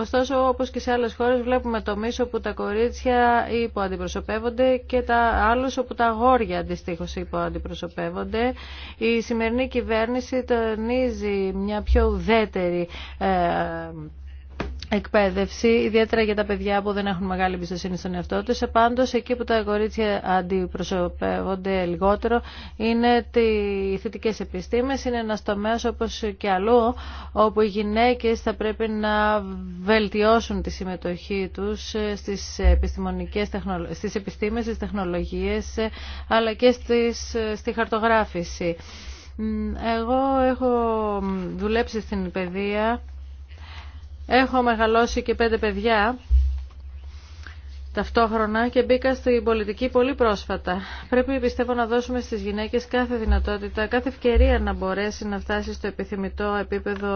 ωστόσο όπως και σε άλλες χώρες βλέπουμε το μίσο που τα κορίτσια υποαντιπροσωπεύονται και τα άλλους όπου τα αγόρια αντιστοίχως υποαντιπροσωπεύονται. Η σημερινή κυβέρνηση τονίζει μια πιο ουδέτερη ε, εκπαίδευση, ιδιαίτερα για τα παιδιά που δεν έχουν μεγάλη εμπιστοσύνη στον εαυτό του. Επάντω, εκεί που τα κορίτσια αντιπροσωπεύονται λιγότερο είναι οι θετικέ επιστήμες. Είναι ένα τομέας όπως και αλλού, όπου οι γυναίκε θα πρέπει να βελτιώσουν τη συμμετοχή τους στις, επιστημονικές, στις επιστήμες, στις τεχνολογίες, αλλά και στις, στη χαρτογράφηση. Εγώ έχω δουλέψει στην παιδεία Έχω μεγαλώσει και πέντε παιδιά ταυτόχρονα και μπήκα στην πολιτική πολύ πρόσφατα. Πρέπει πιστεύω να δώσουμε στις γυναίκες κάθε δυνατότητα, κάθε ευκαιρία να μπορέσει να φτάσει στο επιθυμητό επίπεδο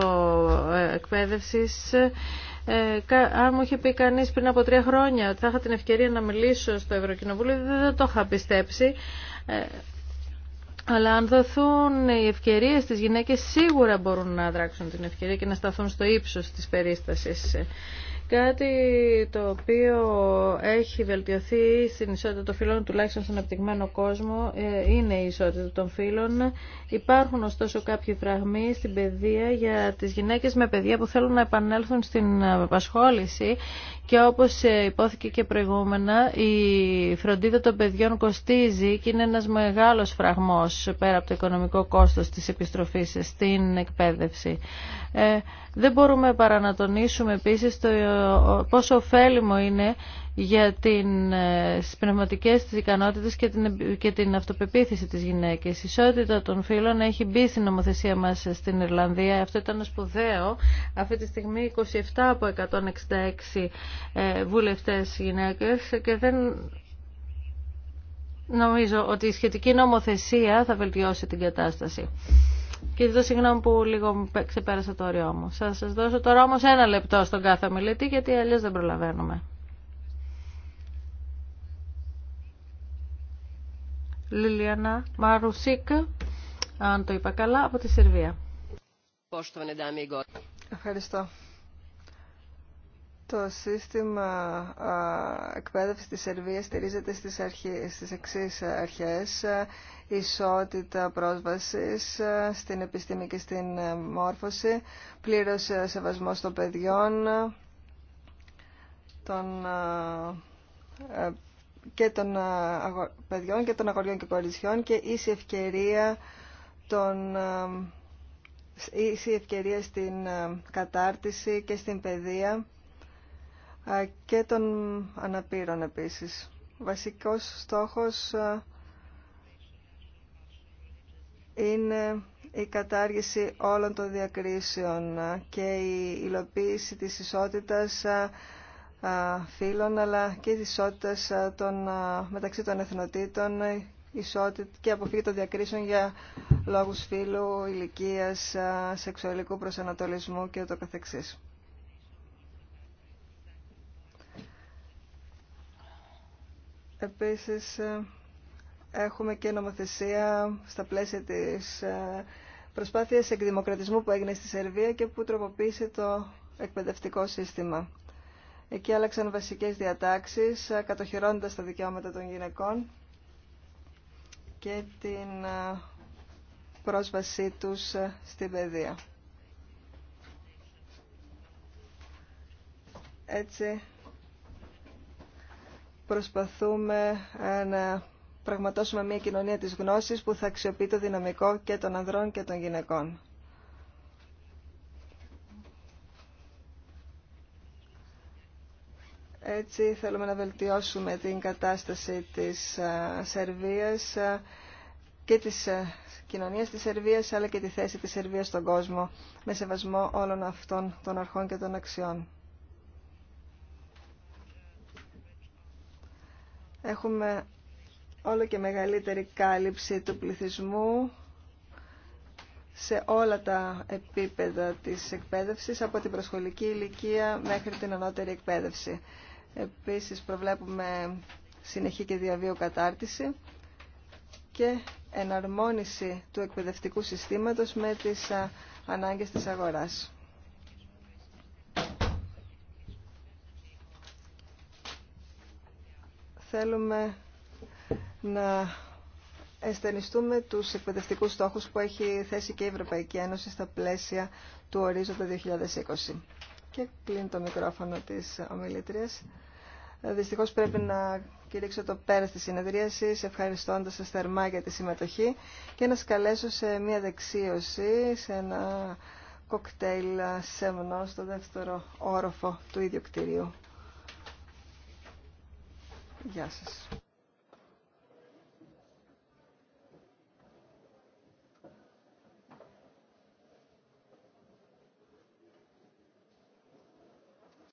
ε, εκπαίδευσης. Ε, αν μου είχε πει κανεί πριν από τρία χρόνια ότι θα είχα την ευκαιρία να μιλήσω στο Ευρωκοινοβούλιο, δεν, το είχα πιστέψει. Ε, αλλά αν δοθούν οι ευκαιρίες τι γυναίκες σίγουρα μπορούν να δράξουν την ευκαιρία και να σταθούν στο ύψο της περίσταση. Κάτι το οποίο έχει βελτιωθεί στην ισότητα των φύλων, τουλάχιστον στον απτυγμένο κόσμο, ε, είναι η ισότητα των φύλων. Υπάρχουν ωστόσο κάποιοι φραγμοί στην παιδεία για τις γυναίκες με παιδιά που θέλουν να επανέλθουν στην απασχόληση και όπως ε, υπόθηκε και προηγούμενα, η φροντίδα των παιδιών κοστίζει και είναι ένας μεγάλος φραγμός πέρα από το οικονομικό κόστος της επιστροφής στην εκπαίδευση. Ε, δεν μπορούμε παρά να τονίσουμε επίσης το, ε, πόσο ωφέλιμο είναι για ε, τις πνευματικές της ικανότητες και την, και την αυτοπεποίθηση της γυναίκας. Η ισότητα των φύλων έχει μπει στην νομοθεσία μας στην Ιρλανδία. Αυτό ήταν σπουδαίο. Αυτή τη στιγμή 27 από 166 ε, βουλευτές γυναίκες και δεν νομίζω ότι η σχετική νομοθεσία θα βελτιώσει την κατάσταση. Και ζητώ συγγνώμη που λίγο ξεπέρασα το όριό μου. Θα σας δώσω τώρα όμως ένα λεπτό στον κάθε μιλητή γιατί αλλιώς δεν προλαβαίνουμε. Λιλιανά Μαρουσίκ, αν το είπα καλά, από τη Σερβία. Ευχαριστώ. Το σύστημα α, εκπαίδευσης της Σερβίας στηρίζεται στις, αρχές, στις εξής αρχές. Ισότητα πρόσβασης στην επιστήμη και στην ε, μόρφωση, πλήρως ε, σεβασμός των παιδιών, των ε, και των ε, παιδιών και των αγοριών και κοριτσιών και ίση ευκαιρία των ε, ίση ευκαιρία στην ε, κατάρτιση και στην παιδεία και των αναπήρων επίσης. Βασικός στόχος είναι η κατάργηση όλων των διακρίσεων και η υλοποίηση της ισότητας φύλων αλλά και της ισότητας μεταξύ των εθνοτήτων ισότητα και αποφύγει των διακρίσεων για λόγους φύλου, ηλικίας, σεξουαλικού προσανατολισμού και το καθεξής. Επίσης, έχουμε και νομοθεσία στα πλαίσια της προσπάθειας εκδημοκρατισμού που έγινε στη Σερβία και που τροποποίησε το εκπαιδευτικό σύστημα. Εκεί άλλαξαν βασικές διατάξεις, ε, κατοχυρώνοντας τα δικαιώματα των γυναικών και την ε, πρόσβασή τους ε, στην παιδεία. Έτσι προσπαθούμε να πραγματώσουμε μια κοινωνία της γνώσης που θα αξιοποιεί το δυναμικό και των ανδρών και των γυναικών. Έτσι θέλουμε να βελτιώσουμε την κατάσταση της ε, Σερβίας ε, και της ε, κοινωνίας της Σερβίας αλλά και τη θέση της Σερβίας στον κόσμο με σεβασμό όλων αυτών των αρχών και των αξιών. Έχουμε όλο και μεγαλύτερη κάλυψη του πληθυσμού σε όλα τα επίπεδα της εκπαίδευσης από την προσχολική ηλικία μέχρι την ανώτερη εκπαίδευση. Επίσης προβλέπουμε συνεχή και διαβίω κατάρτιση και εναρμόνιση του εκπαιδευτικού συστήματος με τις ανάγκες της αγοράς. Θέλουμε να εστενιστούμε τους εκπαιδευτικούς στόχους που έχει θέσει και η Ευρωπαϊκή Ένωση στα πλαίσια του ορίζοντα 2020 και κλείνει το μικρόφωνο της ομιλήτριας. Δυστυχώς πρέπει να κηρύξω το πέρας της συνεδρίασης, ευχαριστώντας σας θερμά για τη συμμετοχή και να σας καλέσω σε μια δεξίωση, σε ένα κοκτέιλ σεμνό στο δεύτερο όροφο του ίδιου κτηρίου. Γεια σας.